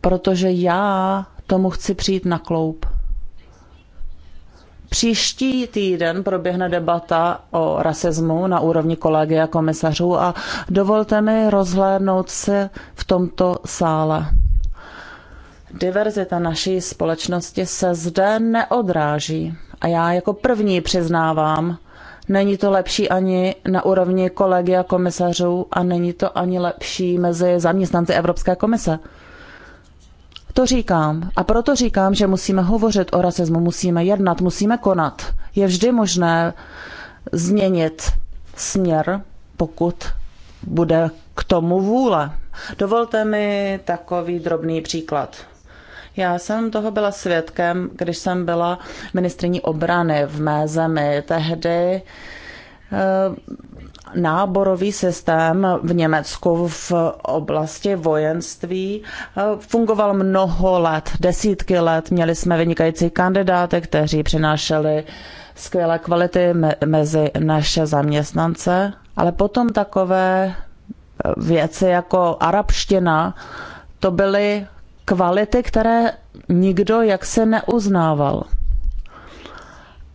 Protože já tomu chci přijít na kloup. Příští týden proběhne debata o rasismu na úrovni kolegia komisařů a dovolte mi rozhlédnout se v tomto sále. Diverzita naší společnosti se zde neodráží a já jako první přiznávám, Není to lepší ani na úrovni kolegia komisařů a není to ani lepší mezi zaměstnanci Evropské komise. To říkám. A proto říkám, že musíme hovořit o rasismu, musíme jednat, musíme konat. Je vždy možné změnit směr, pokud bude k tomu vůle. Dovolte mi takový drobný příklad. Já jsem toho byla svědkem, když jsem byla ministriní obrany v mé zemi. Tehdy eh, náborový systém v Německu v oblasti vojenství eh, fungoval mnoho let, desítky let. Měli jsme vynikající kandidáty, kteří přinášeli skvělé kvality mezi naše zaměstnance, ale potom takové eh, věci jako arabština, to byly kvality, které nikdo jaksi neuznával.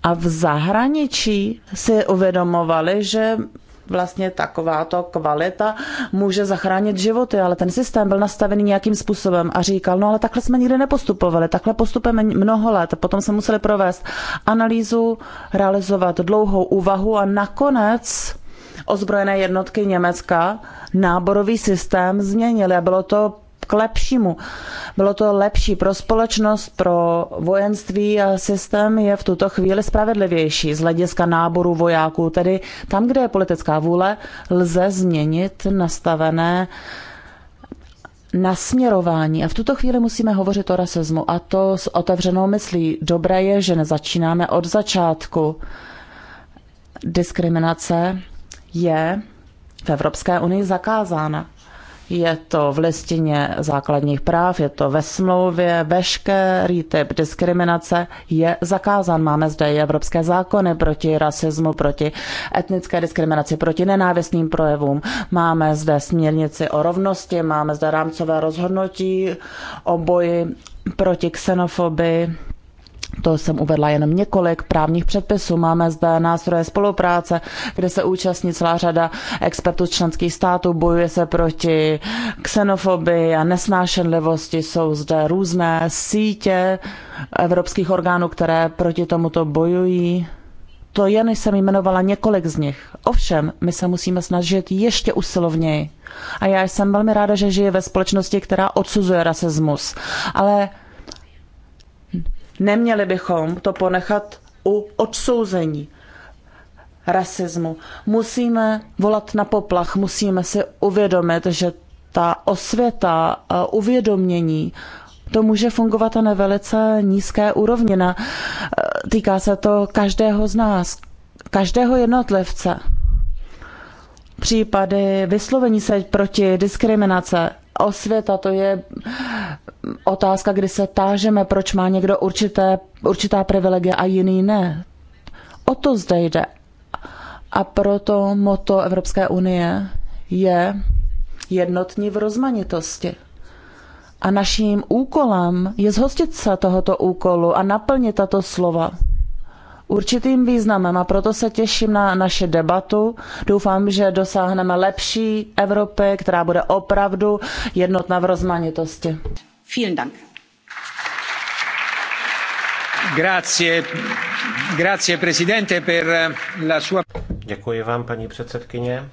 A v zahraničí si uvědomovali, že vlastně takováto kvalita může zachránit životy, ale ten systém byl nastavený nějakým způsobem a říkal, no ale takhle jsme nikdy nepostupovali, takhle postupujeme mnoho let, potom se museli provést analýzu, realizovat dlouhou úvahu a nakonec ozbrojené jednotky Německa náborový systém změnily a bylo to k lepšímu. Bylo to lepší pro společnost, pro vojenství a systém je v tuto chvíli spravedlivější z hlediska náboru vojáků. Tedy tam, kde je politická vůle, lze změnit nastavené nasměrování. A v tuto chvíli musíme hovořit o rasismu a to s otevřenou myslí. Dobré je, že nezačínáme od začátku. Diskriminace je v Evropské unii zakázána. Je to v listině základních práv, je to ve smlouvě, veškerý typ diskriminace je zakázán. Máme zde i evropské zákony proti rasismu, proti etnické diskriminaci, proti nenávistným projevům. Máme zde směrnici o rovnosti, máme zde rámcové rozhodnutí o boji proti xenofobii to jsem uvedla jenom několik právních předpisů. Máme zde nástroje spolupráce, kde se účastní celá řada expertů z členských států, bojuje se proti xenofobii a nesnášenlivosti. Jsou zde různé sítě evropských orgánů, které proti tomuto bojují. To jen jsem jmenovala několik z nich. Ovšem, my se musíme snažit ještě usilovněji. A já jsem velmi ráda, že žije ve společnosti, která odsuzuje rasismus. Ale Neměli bychom to ponechat u odsouzení rasismu. Musíme volat na poplach, musíme si uvědomit, že ta osvěta, uvědomění, to může fungovat na velice nízké úrovni. Na, týká se to každého z nás, každého jednotlivce. Případy vyslovení se proti diskriminace osvěta, to je otázka, kdy se tážeme, proč má někdo určité, určitá privilegie a jiný ne. O to zde jde. A proto moto Evropské unie je jednotní v rozmanitosti. A naším úkolem je zhostit se tohoto úkolu a naplnit tato slova určitým významem a proto se těším na naši debatu. Doufám, že dosáhneme lepší Evropy, která bude opravdu jednotná v rozmanitosti. Vielen Dank. Grazie, grazie presidente per eh, la sua... Děkuji vám, paní předsedkyně.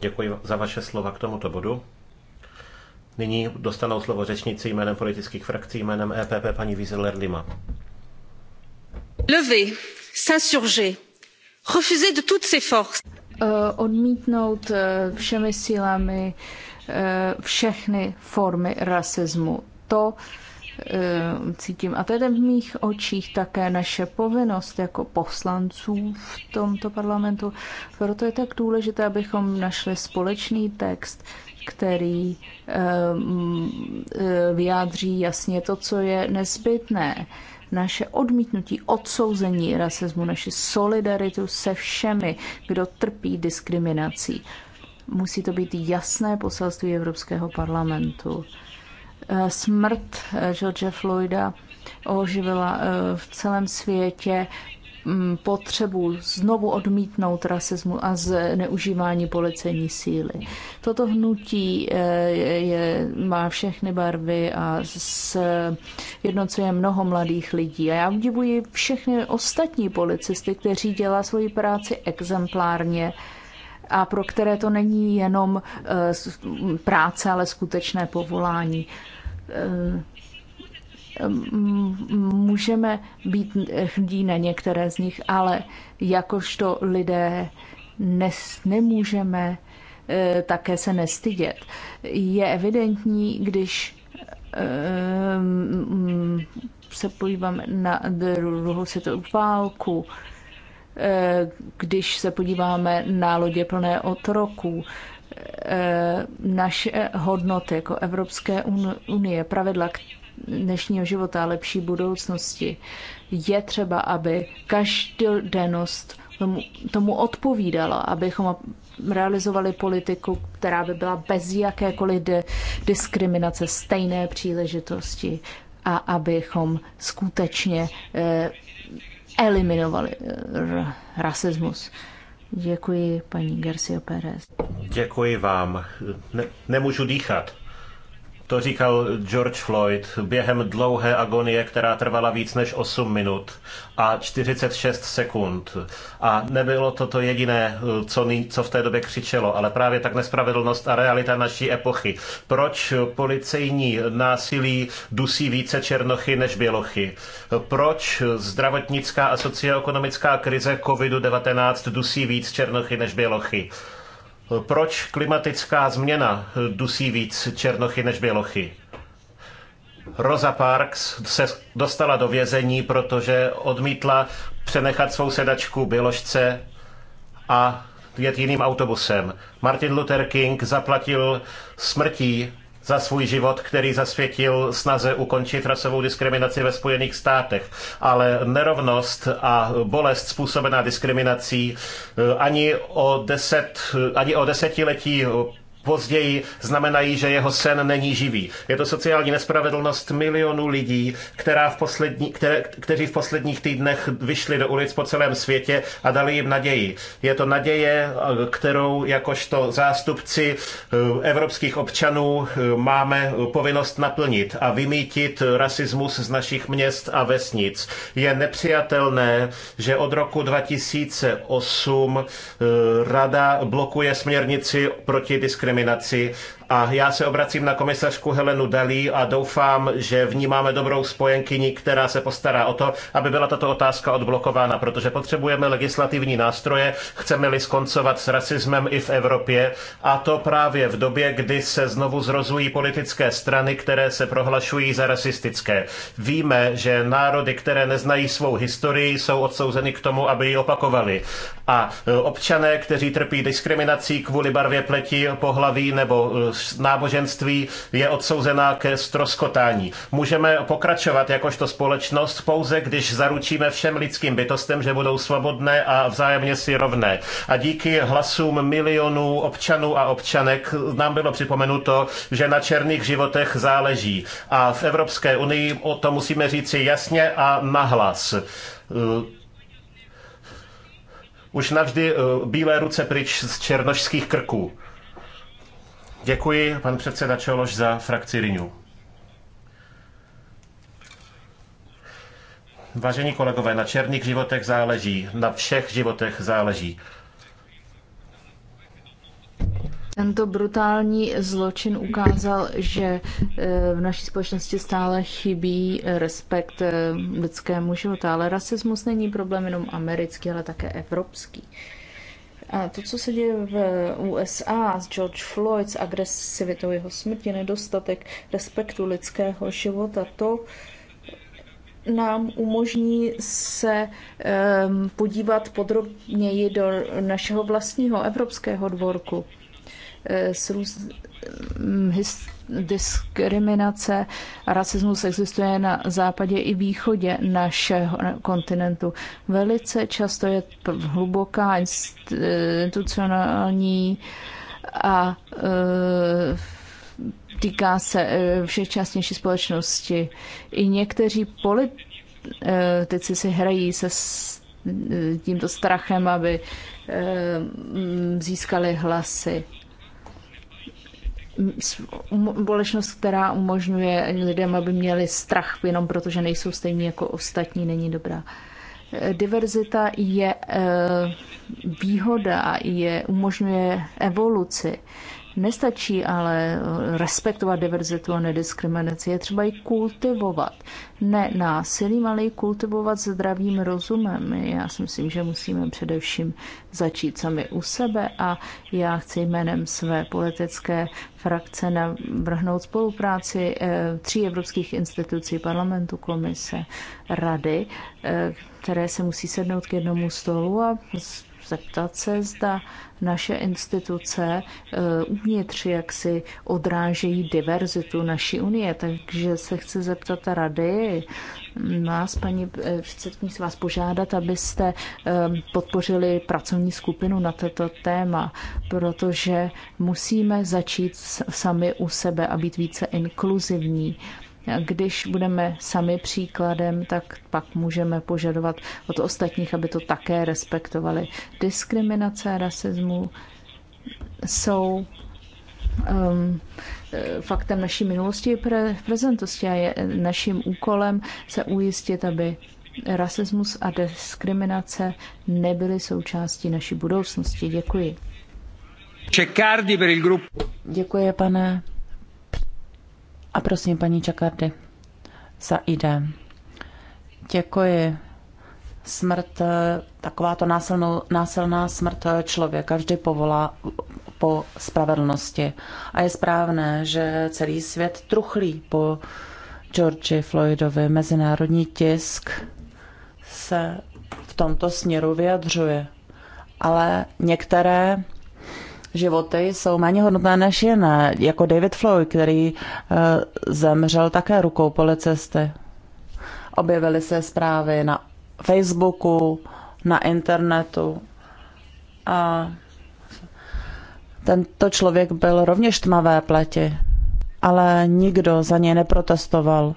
Děkuji za vaše slova k tomuto bodu. Nyní dostanou slovo řečníci jménem politických frakcí, jménem EPP paní wieseler Lima. Lever, s'insurger, refuser de toutes ses forces. Eh, odmítnout eh, všemi silami eh, všechny formy rasismu. To cítím. A to je v mých očích také naše povinnost jako poslanců v tomto parlamentu. Proto je tak důležité, abychom našli společný text, který vyjádří jasně to, co je nezbytné naše odmítnutí, odsouzení rasismu, naši solidaritu se všemi, kdo trpí diskriminací. Musí to být jasné poselství Evropského parlamentu. Eh, smrt eh, George Floyda oživila eh, v celém světě Mm, potřebu znovu odmítnout rasismu a zneužívání policejní síly. Toto hnutí eh, je, má všechny barvy a s, jednocuje mnoho mladých lidí. A já obdivuji všechny ostatní policisty, kteří dělá svoji práci exemplárně a pro které to není jenom eh, práce, ale skutečné povolání eh, můžeme být hrdí na některé z nich, ale jakožto lidé nes, nemůžeme e, také se nestydět. Je evidentní, když e, se podíváme na druhou světovou válku, e, když se podíváme na lodě plné otroků, naše hodnoty jako Evropské unie, pravidla, dnešního života a lepší budoucnosti. Je třeba, aby každodennost tomu, tomu odpovídala, abychom realizovali politiku, která by byla bez jakékoliv de- diskriminace, stejné příležitosti a abychom skutečně eh, eliminovali r- eh, rasismus. Děkuji, paní Garcia Pérez. Děkuji vám. Ne- nemůžu dýchat. To říkal George Floyd během dlouhé agonie, která trvala víc než 8 minut a 46 sekund. A nebylo to to jediné, co, co v té době křičelo, ale právě tak nespravedlnost a realita naší epochy. Proč policejní násilí dusí více černochy než bělochy? Proč zdravotnická a socioekonomická krize COVID-19 dusí víc černochy než bělochy? Proč klimatická změna dusí víc černochy než bělochy? Rosa Parks se dostala do vězení, protože odmítla přenechat svou sedačku běložce a jet jiným autobusem. Martin Luther King zaplatil smrtí za svůj život, který zasvětil snaze ukončit rasovou diskriminaci ve Spojených státech. Ale nerovnost a bolest způsobená diskriminací eh, ani o, deset, ani o desetiletí později znamenají, že jeho sen není živý. Je to sociální nespravedlnost milionů lidí, která v poslední, které, kteří v posledních týdnech vyšli do ulic po celém světě a dali jim naději. Je to naděje, kterou jakožto zástupci eh, evropských občanů eh, máme povinnost naplnit a vymítit rasismus z našich měst a vesnic. Je nepřijatelné, že od roku 2008 eh, Rada blokuje směrnici proti diskriminaci diskriminaci a já se obracím na komisařku Helenu Dalí a doufám, že v ní máme dobrou spojenkyni, která se postará o to, aby byla tato otázka odblokována, protože potřebujeme legislativní nástroje, chceme-li skoncovat s rasismem i v Evropě, a to právě v době, kdy se znovu zrozují politické strany, které se prohlašují za rasistické. Víme, že národy, které neznají svou historii, jsou odsouzeny k tomu, aby ji opakovali. A e, občané, kteří trpí diskriminací kvůli barvě pleti, pohlaví nebo e, náboženství je odsouzena ke stroskotání. Můžeme pokračovat jakožto společnost pouze, když zaručíme všem lidským bytostem, že budou svobodné a vzájemně si rovné. A díky hlasům milionů občanů a občanek nám bylo připomenuto, že na černých životech záleží. A v Evropské unii o to musíme říci jasně a nahlas už navždy eh, bílé ruce pryč z černošských krků. Děkuji, pan předseda Čološ, za frakci Renew. Vážení kolegové, na černých životech záleží, na všech životech záleží. Tento brutální zločin ukázal, že eh, v naší společnosti stále chybí eh, respekt eh, lidskému životu, ale rasismus není problém jenom americký, ale také evropský. A to, co se děje v USA s George Floyd, s agresivitou jeho smrti, nedostatek respektu lidského života, to nám umožní se um, podívat podrobněji do našeho vlastního evropského dvorku eh, s růz, hm, his, diskriminace a rasismus existuje na západě i východě našeho kontinentu. Velice často je hluboká institucionální a e, týká se e, všech částnější společnosti. I někteří politici si hrají se e, tímto strachem, aby získali hlasy společnost, která umožňuje lidem, aby měli strach jenom proto, že nejsou stejní jako ostatní, není dobrá. Diverzita je eh, výhoda, je umožňuje evoluci. Nestačí ale eh, respektovat diverzitu a nediskriminaci, je třeba ji kultivovat. Ne násilím, ale ji kultivovat zdravým rozumem. Já si myslím, že musíme především začít sami u sebe a já chci jménem své politické frakce navrhnout spolupráci eh, tří evropských institucí, parlamentu, komise, rady, eh, které se musí sednout k jednomu stolu a zeptat se, zda naše instituce eh, uvnitř jaksi odrážejí diverzitu naší unie. Takže se chci zeptat rady, mm, vás, paní eh, předsedkyně, vás požádat, abyste eh, podpořili pracovní skupinu na toto téma, protože musíme začít sami u sebe a být více inkluzivní. Když budeme sami příkladem, tak pak můžeme požadovat od ostatních, aby to také respektovali. Diskriminace a rasismu jsou um, faktem naší minulosti i pre, prezentosti a je naším úkolem se ujistit, aby rasismus a diskriminace nebyly součástí naší budoucnosti. Děkuji. Čekardi per il Děkuji, pane a prosím, paní Čakardy, za ide. Děkuji. Smrt, eh, takováto násilnou, násilná smrt člověka vždy povolá po spravedlnosti. A je správné, že celý svět truchlí po Georgi Floydovi. Mezinárodní tisk se v tomto směru vyjadřuje. Ale některé životy jsou méně hodnotné než jiné, jako David Floyd, který eh, zemřel také rukou policisty. Objevily se zprávy na Facebooku, na internetu a tento člověk byl rovněž tmavé pleti, ale nikdo za něj neprotestoval.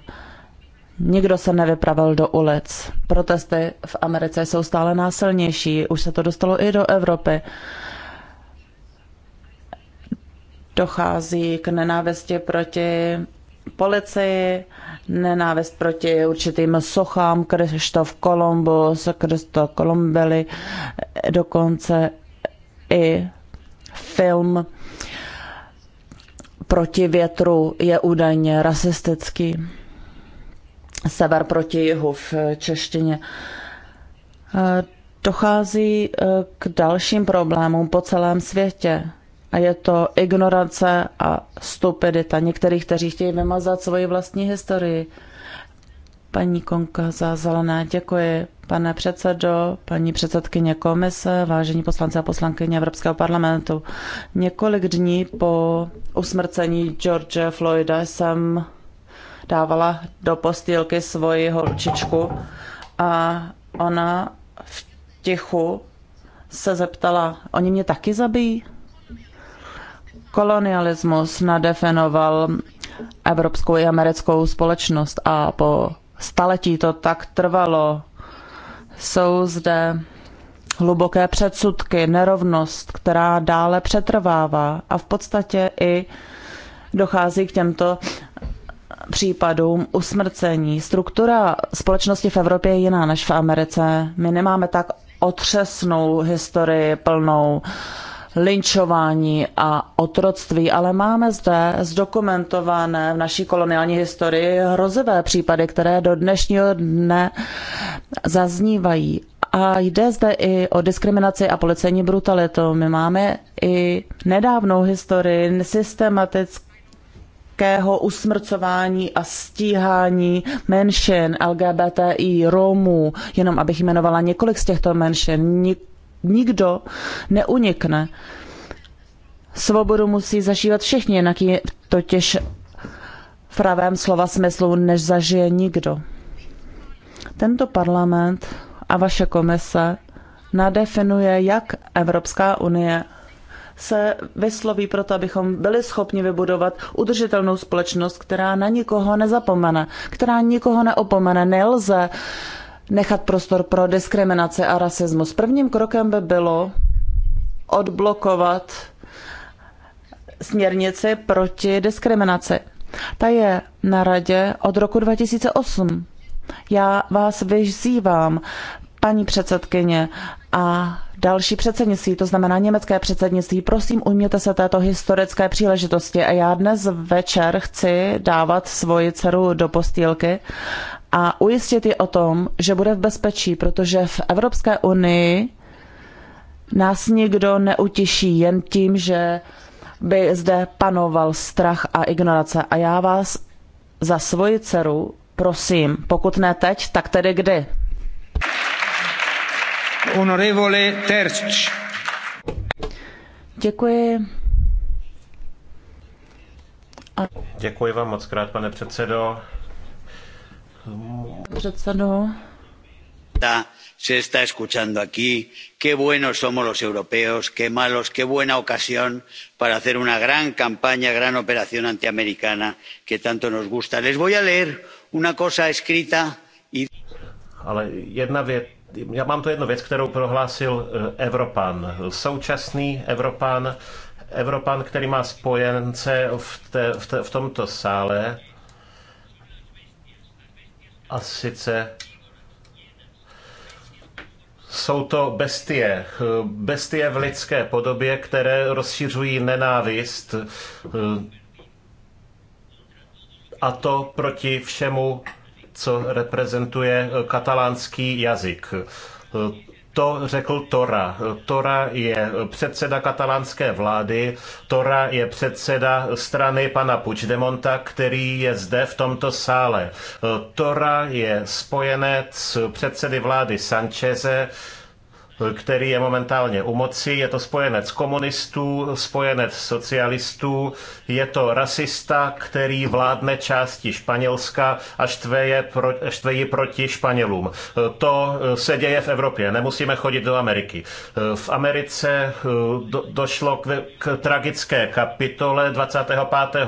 Nikdo se nevypravil do ulic. Protesty v Americe jsou stále násilnější, už se to dostalo i do Evropy dochází k nenávisti proti policii, nenávist proti určitým sochám, Krištof Kolumbus, Kristo Kolumbeli, dokonce i film Proti větru je údajně rasistický. Sever proti jihu v češtině. Dochází eh, k dalším problémům po celém světě a je to ignorance a stupidita některých, kteří chtějí vymazat svoji vlastní historii. Paní Konka za zelené, děkuji. Pane předsedo, paní předsedkyně komise, vážení poslanci a poslankyně Evropského parlamentu, několik dní po usmrcení George Floyda jsem dávala do postýlky svoji holčičku a ona v tichu se zeptala, oni mě taky zabijí? Kolonialismus nadefinoval evropskou i americkou společnost a po staletí to tak trvalo. Jsou zde hluboké předsudky, nerovnost, která dále přetrvává a v podstatě i dochází k těmto případům usmrcení. Struktura společnosti v Evropě je jiná než v Americe. My nemáme tak otřesnou historii plnou uh, linčování a otroctví, ale máme zde zdokumentované v naší koloniální historii hrozivé případy, které do dnešního dne zaznívají. A jde zde i o diskriminaci a policejní brutalitu. My máme i nedávnou historii systematického usmrcování a stíhání menšin LGBTI, Romů, jenom abych jmenovala několik z těchto menšin, nikdo neunikne. Svobodu musí zažívat všichni, jinak ji totiž v pravém slova smyslu než zažije nikdo. Tento parlament a vaše komise nadefinuje, jak Evropská unie se vysloví proto, abychom byli schopni vybudovat udržitelnou společnost, která na nikoho nezapomene, která nikoho neopomene. Nelze uh, nechat prostor pro diskriminaci a rasismus. Prvním krokem by bylo odblokovat směrnici proti diskriminaci. Ta je na radě od roku 2008. Já vás vyzývám, paní předsedkyně a další předsednictví, to znamená německé předsednictví, prosím, ujměte se této historické příležitosti. A já dnes večer chci dávat svoji dceru do postýlky a ujistit je o tom, že bude v bezpečí, protože v Evropské unii nás nikdo neutěší jen tím, že by zde panoval strach a ignorace. A já vás za svoji dceru prosím, pokud ne teď, tak tedy kdy? Honorevole Terč. Děkuji. A... Děkuji vám moc krát, pane předsedo. Předsedo. Se está escuchando aquí. Qué buenos somos los europeos, qué malos, qué buena ocasión para hacer una gran campaña, gran operación antiamericana que tanto nos gusta. Les voy a leer una cosa escrita y... Ale jedna věc, já mám tu jednu věc, kterou prohlásil eh, Evropan. Současný Evropan, Evropan, který má spojence v, té, v, té, v tomto sále, a sice jsou to bestie, bestie v lidské podobě, které rozšiřují nenávist eh, a to proti všemu, co reprezentuje katalánský jazyk. Eh, to řekl Tora. Tora je předseda katalánské vlády, Tora je předseda strany pana Puigdemonta, který je zde v tomto sále. Tora je spojenec předsedy vlády Sancheze, který je momentálně u moci. Je to spojenec komunistů, spojenec socialistů, je to rasista, který vládne části Španělska a štve, je pro, štve ji proti Španělům. To eh, se děje v Evropě, nemusíme chodit do Ameriky. Eh, v Americe eh, do, došlo k, k tragické kapitole 25.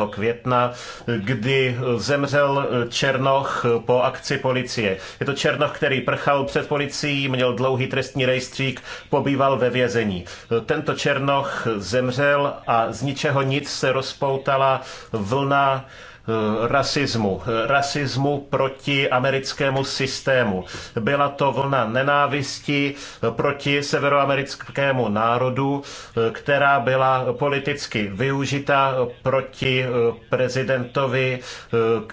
května, kdy zemřel Černoch po akci policie. Je to Černoch, který prchal před policií, měl dlouhý trestní rejstřík, Rejstřík pobýval ve vězení. Tento Černoch zemřel a z ničeho nic se rozpoutala vlna eh, rasismu, rasismu proti americkému systému. Byla to vlna nenávisti eh, proti severoamerickému národu, eh, která byla politicky využita proti prezidentovi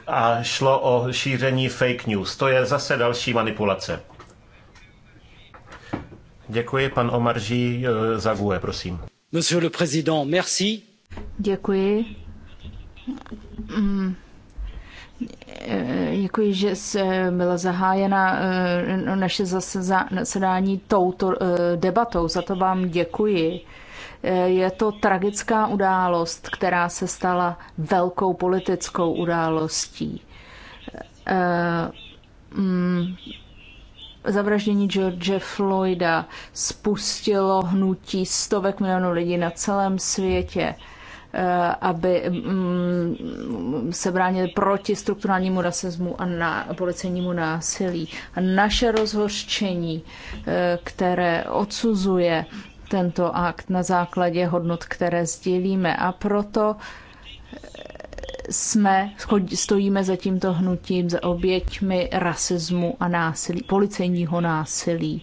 a šlo o šíření fake news. To je zase další manipulace. Děkuji, pan Omarží eh, Zague, prosím. Monsieur le président, merci. Děkuji. Mm. Eh, děkuji, že byla zahájena eh, naše zasedání touto debatou. Za to vám děkuji. Je to tragická událost, která se stala velkou politickou událostí. Mm zavraždění George Floyda spustilo hnutí stovek milionů lidí na celém světě, eh, aby mm, se bránili proti strukturálnímu rasismu a na policejnímu násilí. A naše rozhořčení, eh, které odsuzuje tento akt na základě hodnot, které sdílíme. A proto jsme, stojíme za tímto hnutím, za oběťmi rasismu a násilí, policejního násilí,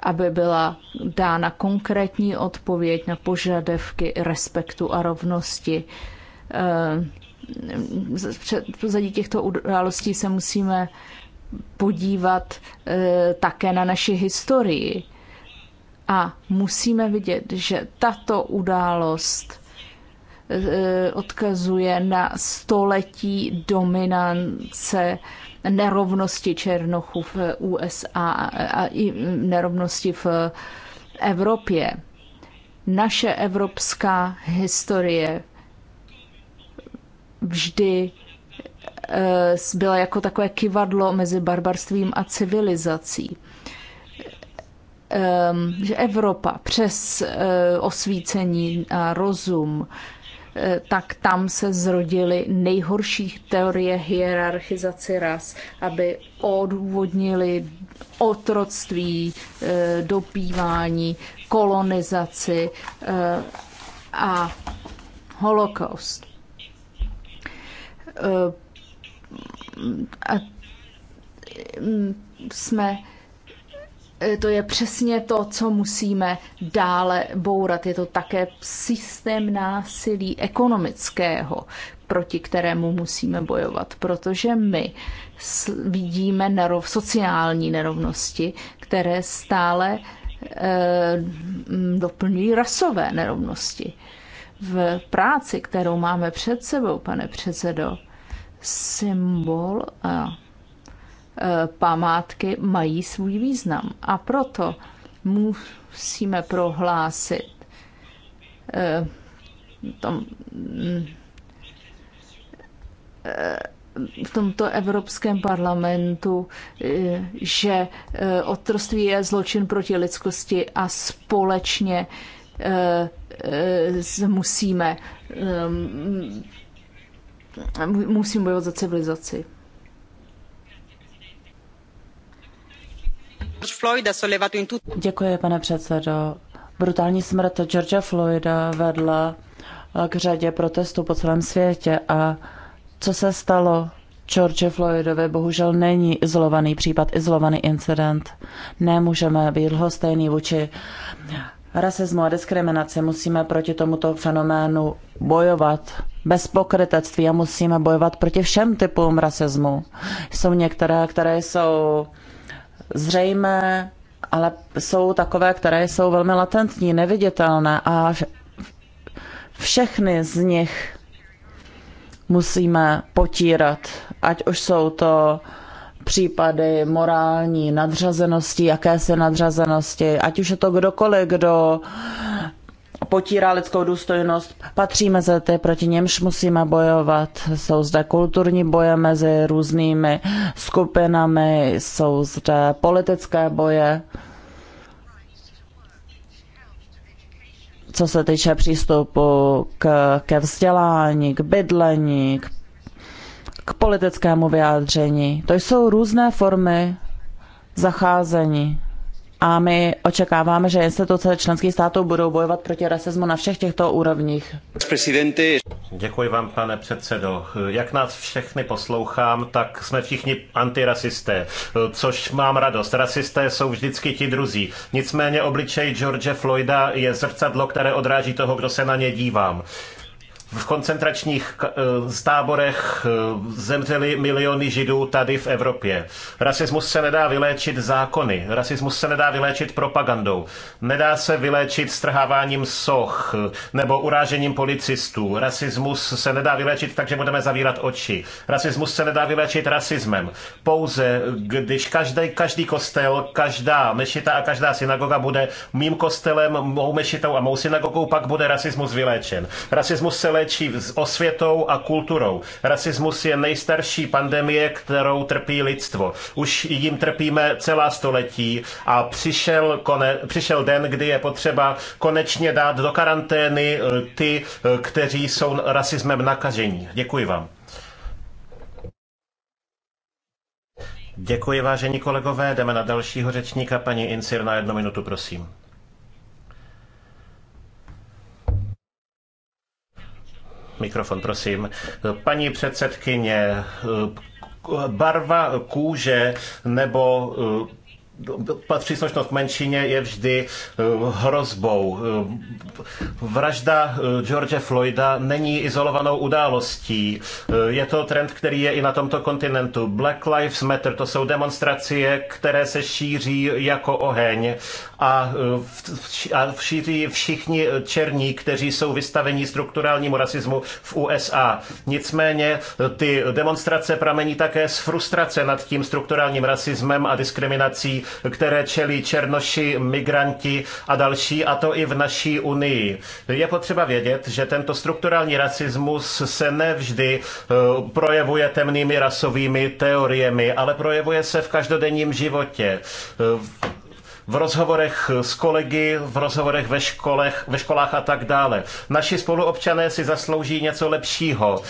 aby byla dána konkrétní odpověď na požadavky respektu a rovnosti. Pozadí eh, těchto událostí se musíme podívat eh, také na naši historii. A musíme vidět, že tato událost Eh, odkazuje na století dominance nerovnosti Černochů v USA a i nerovnosti v Evropě. Naše evropská historie vždy eh, byla jako takové kivadlo mezi barbarstvím a civilizací. Ehm, že Evropa přes eh, osvícení a rozum Eh, tak tam se zrodily nejhorší teorie hierarchizace ras, aby odůvodnili otroctví, eh, dopívání, kolonizaci eh, a holokaust. A mm, jsme Eh, to je přesně to, co musíme dále bourat. Je to také systém násilí ekonomického, proti kterému musíme bojovat, protože my vidíme nerov, sociální nerovnosti, které stále eh, doplňují rasové nerovnosti. V práci, kterou máme před sebou, pane předsedo, symbol. Eh, Eh, památky mají svůj význam. A proto musíme prohlásit eh, tom, eh, v tomto Evropském parlamentu, že otroství je zločin proti lidskosti a společně musíme musím bojovat za civilizaci. Děkuji, pane předsedo. Brutální smrt Georgea Floyda vedla eh, k řadě protestů po celém světě a co se stalo George Floydovi bohužel není izolovaný případ, izolovaný incident. Nemůžeme být lhostejný vůči rasismu a diskriminaci. Musíme proti tomuto fenoménu bojovat bez pokrytectví a musíme bojovat proti všem typům rasismu. Jsou některé, které jsou zřejmé, ale jsou takové, které jsou velmi latentní, neviditelné a všechny z nich musíme potírat, ať už jsou to případy morální nadřazenosti, jakési nadřazenosti, ať už je to kdokoliv, kdo potírá lidskou důstojnost, patří mezi ty, proti němž musíme bojovat. Jsou zde kulturní boje mezi různými skupinami, jsou zde politické boje. Co se týče přístupu k, ke vzdělání, k bydlení, k, k politickému vyjádření. To jsou různé formy zacházení a my očekáváme, že instituce členských států budou bojovat proti rasismu na všech těchto úrovních. Děkuji vám, pane předsedo. Jak nás všechny poslouchám, tak jsme všichni antirasisté, což mám radost. Rasisté jsou vždycky ti druzí. Nicméně obličej George Floyda je zrcadlo, které odráží toho, kdo se na ně dívám v koncentračních eh, táborech eh, zemřeli miliony židů tady v Evropě. Rasismus se nedá vyléčit zákony, rasismus se nedá vyléčit propagandou, nedá se vyléčit strháváním soch eh, nebo urážením policistů. Rasismus se nedá vyléčit tak, že budeme zavírat oči. Rasismus se nedá vyléčit rasismem. Pouze když každý, každý kostel, každá mešita a každá synagoga bude mým kostelem, mou mešitou a mou synagogou, pak bude rasismus vyléčen. Rasismus se léčí osvětou a kulturou. Rasismus je nejstarší pandemie, kterou trpí lidstvo. Už jim trpíme celá století a přišel, kone, přišel den, kdy je potřeba konečně dát do karantény eh, ty, eh, kteří jsou rasismem nakažení. Děkuji vám. Děkuji, vážení kolegové. Jdeme na dalšího řečníka. Paní Incir na jednu minutu, prosím. Mikrofon, prosím. Paní předsedkyně, barva kůže nebo příslušnost k menšině je vždy eh, hrozbou. Eh, vražda eh, George Floyda není izolovanou událostí. Je to trend, který je i na tomto kontinentu. Black Lives Matter to jsou demonstrace, které se šíří jako oheň a, a šíří všichni černí, kteří jsou vystaveni strukturálnímu rasismu v USA. Nicméně ty demonstrace pramení také z frustrace nad tím strukturálním rasismem a diskriminací které čelí černoši, migranti a další, a to i v naší unii. Je potřeba vědět, že tento strukturální rasismus se nevždy eh, projevuje temnými rasovými teoriemi, ale projevuje se v každodenním životě eh, v rozhovorech s kolegy, v rozhovorech ve, školech, ve školách a tak dále. Naši spoluobčané si zaslouží něco lepšího.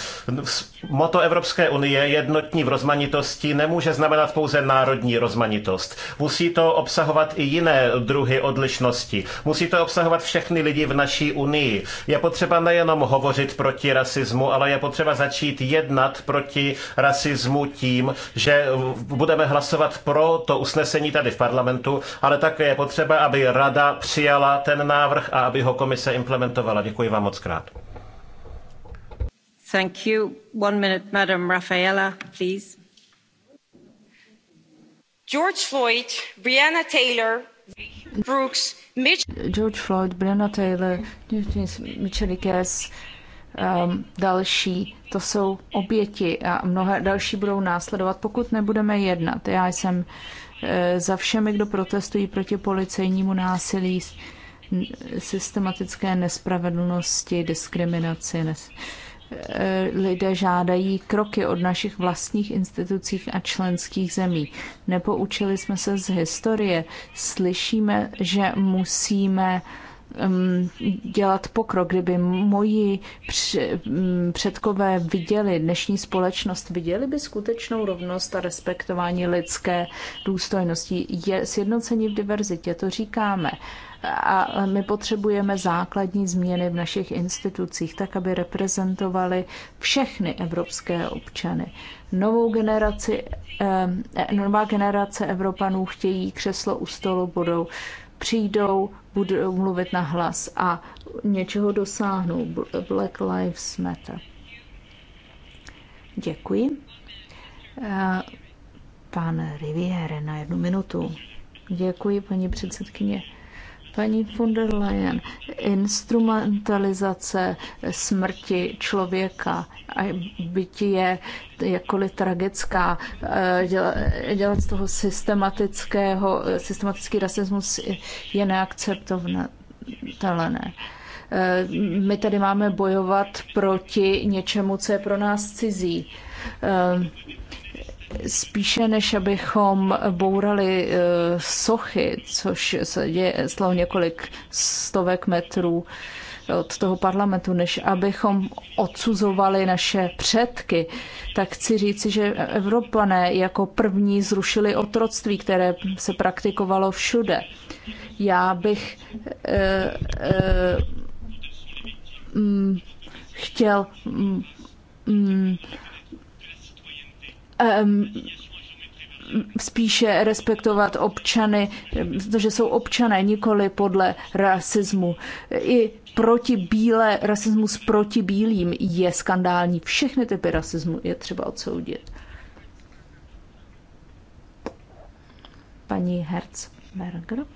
Moto Evropské unie jednotní v rozmanitosti nemůže znamenat pouze národní rozmanitost. Musí to obsahovat i jiné druhy odlišnosti. Musí to obsahovat všechny lidi v naší unii. Je potřeba nejenom hovořit proti rasismu, ale je potřeba začít jednat proti rasismu tím, že budeme hlasovat pro to usnesení tady v parlamentu, ale tak také je potřeba, aby rada přijala ten návrh a aby ho komise implementovala. Děkuji vám moc krát. Thank you. One minute, Madam Rafaela, please. George Floyd, Breonna Taylor, Brooks, Mitch... George Floyd, Breonna Taylor, Mitchell Kess, um, další, to jsou oběti a mnohé další budou následovat, pokud nebudeme jednat. Já jsem E, za všemi, kdo protestují proti policejnímu násilí, systematické nespravedlnosti, diskriminaci. E, lidé žádají kroky od našich vlastních institucích a členských zemí. Nepoučili jsme se z historie. Slyšíme, že musíme uh, Um, dělat pokrok, kdyby moji um, předkové viděli, dnešní společnost viděli by skutečnou rovnost a respektování lidské důstojnosti. Je sjednocení v diverzitě, to říkáme. A my potřebujeme základní změny v našich institucích, tak aby reprezentovali všechny evropské občany. Novou generaci, eh, nová generace Evropanů chtějí křeslo u stolu, budou přijdou, budou mluvit na hlas a něčeho dosáhnou. Black Lives Matter. Děkuji. Eh, pan Riviere na jednu minutu. Děkuji, paní předsedkyně. Paní von der Leyen, instrumentalizace smrti člověka, a byť je jakkoliv tragická, eh, dělat, dělat z toho systematického, eh, systematický rasismus je neakceptovatelné. Eh, my tady máme bojovat proti něčemu, co je pro nás cizí spíše než abychom bourali eh, sochy, což se děje slovo několik stovek metrů od toho parlamentu, než abychom odsuzovali naše předky, tak chci říci, že Evropané jako první zrušili otroctví, které se praktikovalo všude. Já bych eh, eh, mm, chtěl mm, mm um, spíše respektovat občany, protože jsou občané nikoli podle rasismu. I proti bílé, rasismus proti bílým je skandální. Všechny typy rasismu je třeba odsoudit. Paní Herzberger.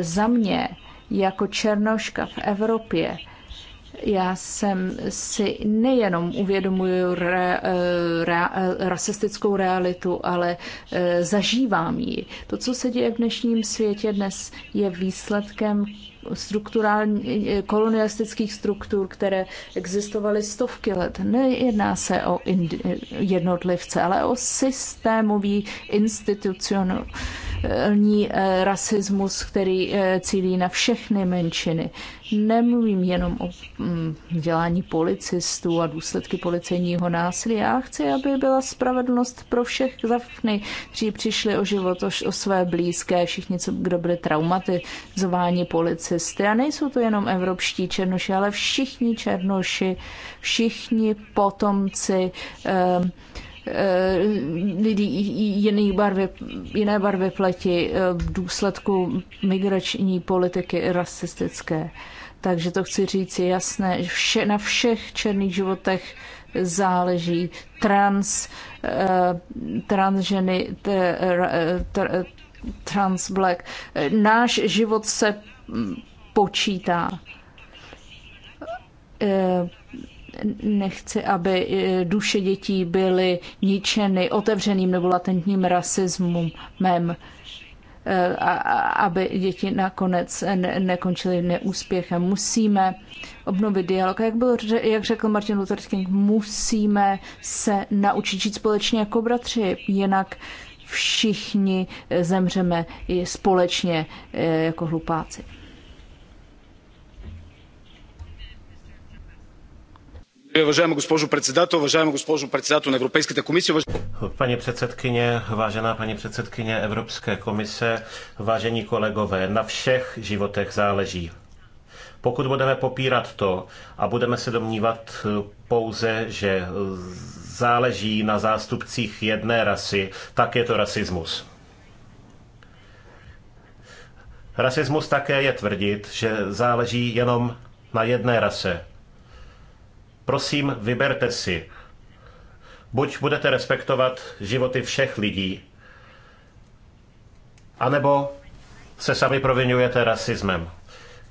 Za mě, jako černoška v Evropě, já jsem si nejenom uvědomuji re, eh, re, eh, rasistickou realitu, ale eh, zažívám ji. To, co se děje v dnešním světě dnes, je výsledkem kolonialistických struktur, které existovaly stovky let. Nejedná se o jednotlivce, ale o systémový institucionální Eh, ní eh, rasismus, který eh, cílí na všechny menšiny. Nemluvím jenom o mm, dělání policistů a důsledky policejního násilí. Já chci, aby byla spravedlnost pro všech za všechny, kteří přišli o život, o, o své blízké, všichni, co, kdo byli traumatizováni policisty. A nejsou to jenom evropští černoši, ale všichni černoši, všichni potomci eh, Eh, lidí jiné barvy, jiné barvy pleti eh, v důsledku migrační politiky rasistické. Takže to chci říct jasné, vše, na všech černých životech záleží trans, eh, trans ženy, trans black. Náš život se mm, počítá nechci, aby eh, duše dětí byly ničeny otevřeným nebo latentním rasismem, eh, aby děti nakonec nekončily neúspěchem. Musíme obnovit dialog. Jak, bylo, jak řekl Martin Luther King, musíme se naučit žít společně jako bratři, jinak všichni zemřeme společně eh, jako hlupáci. Paní předsedkyně, vážená paní předsedkyně Evropské komise, vážení kolegové, na všech životech záleží. Pokud budeme popírat to a budeme se domnívat pouze, že záleží na zástupcích jedné rasy, tak je to rasismus. Rasismus také je tvrdit, že záleží jenom na jedné rase, Prosím, vyberte si. Buď budete respektovat životy všech lidí, anebo se sami provinujete rasismem.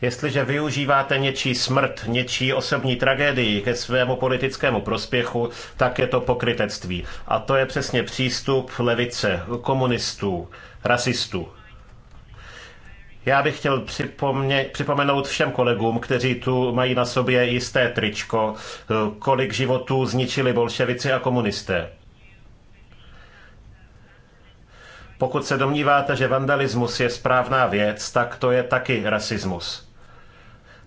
Jestliže využíváte něčí smrt, něčí osobní tragédii ke svému politickému prospěchu, tak je to pokrytectví. A to je přesně přístup levice, komunistů, rasistů. Já bych chtěl připomně, připomenout všem kolegům, kteří tu mají na sobě jisté tričko, eh, kolik životů zničili bolševici a komunisté. Pokud se domníváte, že vandalismus je správná věc, tak to je taky rasismus.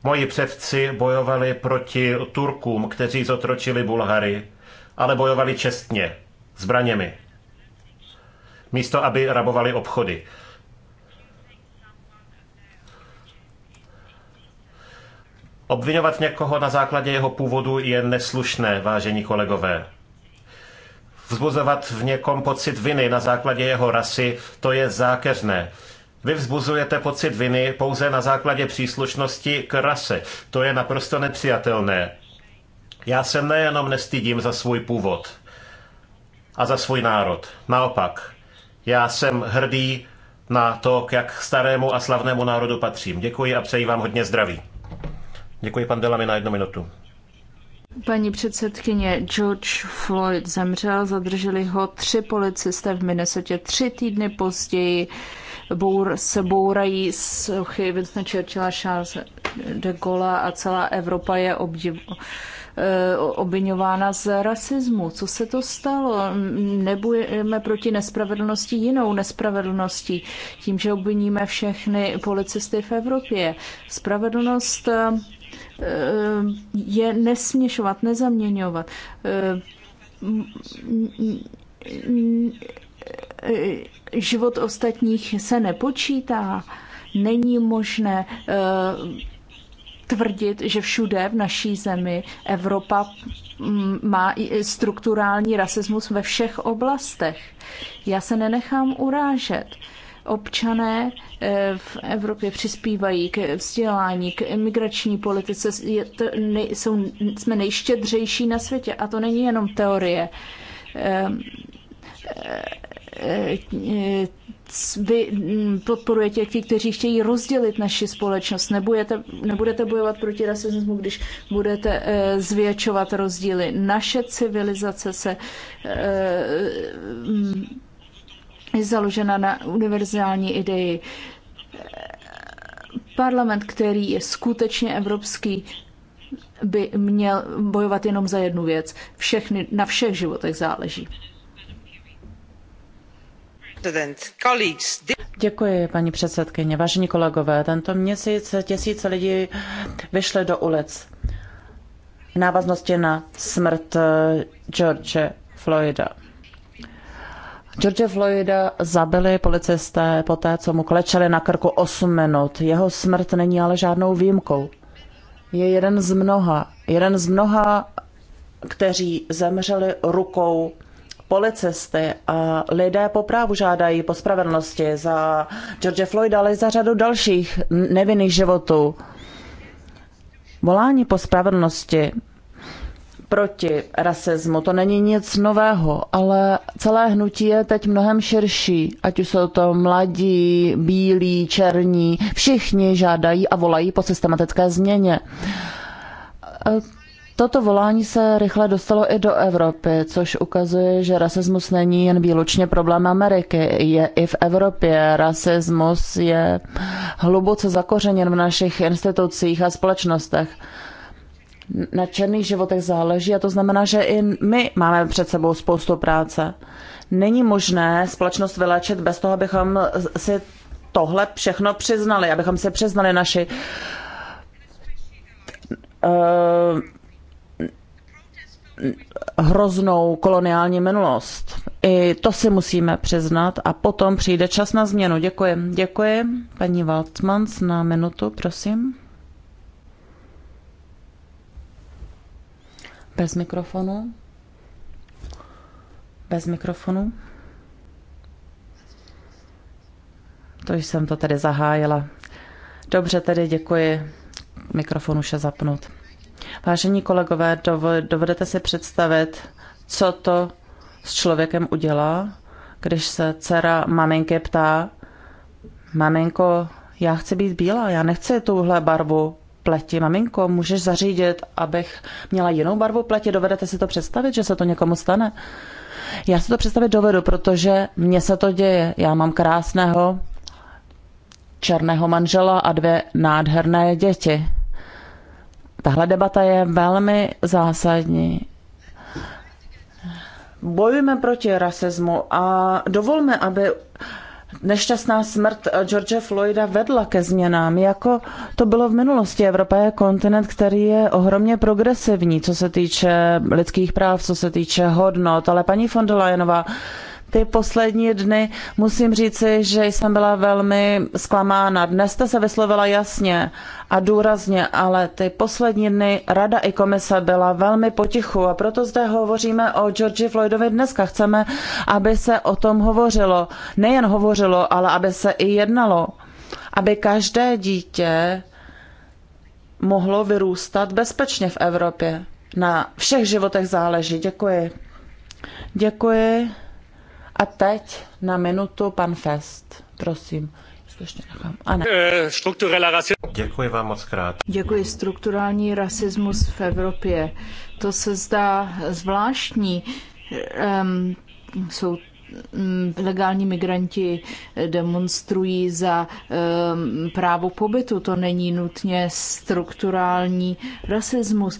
Moji předci bojovali proti Turkům, kteří zotročili Bulhary, ale bojovali čestně, zbraněmi. Místo, aby rabovali obchody. Obvinovat někoho na základě jeho původu je neslušné, vážení kolegové. Vzbuzovat v někom pocit viny na základě jeho rasy, to je zákeřné. Vy vzbuzujete pocit viny pouze na základě příslušnosti k rase. To je naprosto nepřijatelné. Já se nejenom nestydím za svůj původ a za svůj národ. Naopak, já jsem hrdý na to, jak starému a slavnému národu patřím. Děkuji a přeji vám hodně zdraví. Děkuji, pan Delami, na jednu minutu. Paní předsedkyně George Floyd zemřel, zadrželi ho tři policisté v Minnesota tři týdny později. Bour, se bourají sochy Vincent Churchilla, Charles de Gaulle a celá Evropa je obdiv, eh, obvinována z rasismu. Co se to stalo? Nebudeme proti nespravedlnosti jinou nespravedlností, tím, že obviníme všechny policisty v Evropě. Spravedlnost eh, Eh, je nesměšovat, nezaměňovat. Eh, život ostatních se nepočítá. Není možné eh, tvrdit, že všude v naší zemi Evropa mm, má strukturální rasismus ve všech oblastech. Já se nenechám urážet občané eh, v Evropě přispívají k vzdělání, k imigrační politice, je to, ne, jsou, jsme nejštědřejší na světě a to není jenom teorie. Ehm, eh, eh, vy hm, podporujete ti, kteří chtějí rozdělit naši společnost. Nebudete, nebudete bojovat proti rasismu, když budete zvětšovat rozdíly. Naše civilizace se hm, je založena na univerzální ideji. Parlament, který je skutečně evropský, by měl bojovat jenom za jednu věc. Všechny, na všech životech záleží. Děkuji, paní předsedkyně. Vážení kolegové, tento měsíc tisíce lidí vyšly do ulic v návaznosti na smrt eh, George Floyda. George Floyda zabili policisté poté, co mu klečeli na krku 8 minut. Jeho smrt není ale žádnou výjimkou. Je jeden z mnoha, jeden z mnoha, kteří zemřeli rukou policisty a lidé po právu žádají po spravedlnosti za George Floyda, ale i za řadu dalších nevinných životů. Volání po spravedlnosti proti rasismu. To není nic nového, ale celé hnutí je teď mnohem širší. Ať už jsou to mladí, bílí, černí, všichni žádají a volají po systematické změně. E, Toto volání se rychle dostalo i do Evropy, což ukazuje, že rasismus není jen výlučně problém Ameriky, je i v Evropě. Rasismus je hluboce zakořeněn v našich institucích a společnostech na černých životech záleží a to znamená, že i my máme před sebou spoustu práce. Není možné společnost vylečit bez toho, abychom si tohle všechno přiznali, abychom si přiznali naši uh, hroznou koloniální minulost. I to si musíme přiznat a potom přijde čas na změnu. Děkuji. Děkuji. Paní Waltmans na minutu, prosím. Bez mikrofonu. Bez mikrofonu. To jsem to tady zahájila. Dobře, tedy děkuji. Mikrofon už je zapnut. Vážení kolegové, dovedete si představit, co to s člověkem udělá, když se dcera maminky ptá, maminko, já chci být bílá, já nechci tuhle barvu, pleti. Maminko, můžeš zařídit, abych měla jinou barvu pleti? Dovedete si to představit, že se to někomu stane? Já si to představit dovedu, protože mně se to děje. Já mám krásného černého manžela a dvě nádherné děti. Tahle debata je velmi zásadní. Bojujeme proti rasismu a dovolme, aby nešťastná smrt eh, George Floyda vedla ke změnám, jako to bylo v minulosti. Evropa je kontinent, který je ohromně progresivní, co se týče lidských práv, co se týče hodnot, ale paní von der Leyenová ty poslední dny musím říci, že jsem byla velmi zklamána. Dnes jste se vyslovila jasně a důrazně, ale ty poslední dny rada i komise byla velmi potichu a proto zde hovoříme o Georgi Floydovi dneska. Chceme, aby se o tom hovořilo. Nejen hovořilo, ale aby se i jednalo. Aby každé dítě mohlo vyrůstat bezpečně v Evropě. Na všech životech záleží. Děkuji. Děkuji. A teď na minutu pan Fest, prosím. Děkuji vám moc krát. Děkuji. Strukturální rasismus v Evropě. To se zdá zvláštní. Um, jsou mm, legální migranti demonstrují za um, právo pobytu. To není nutně strukturální rasismus.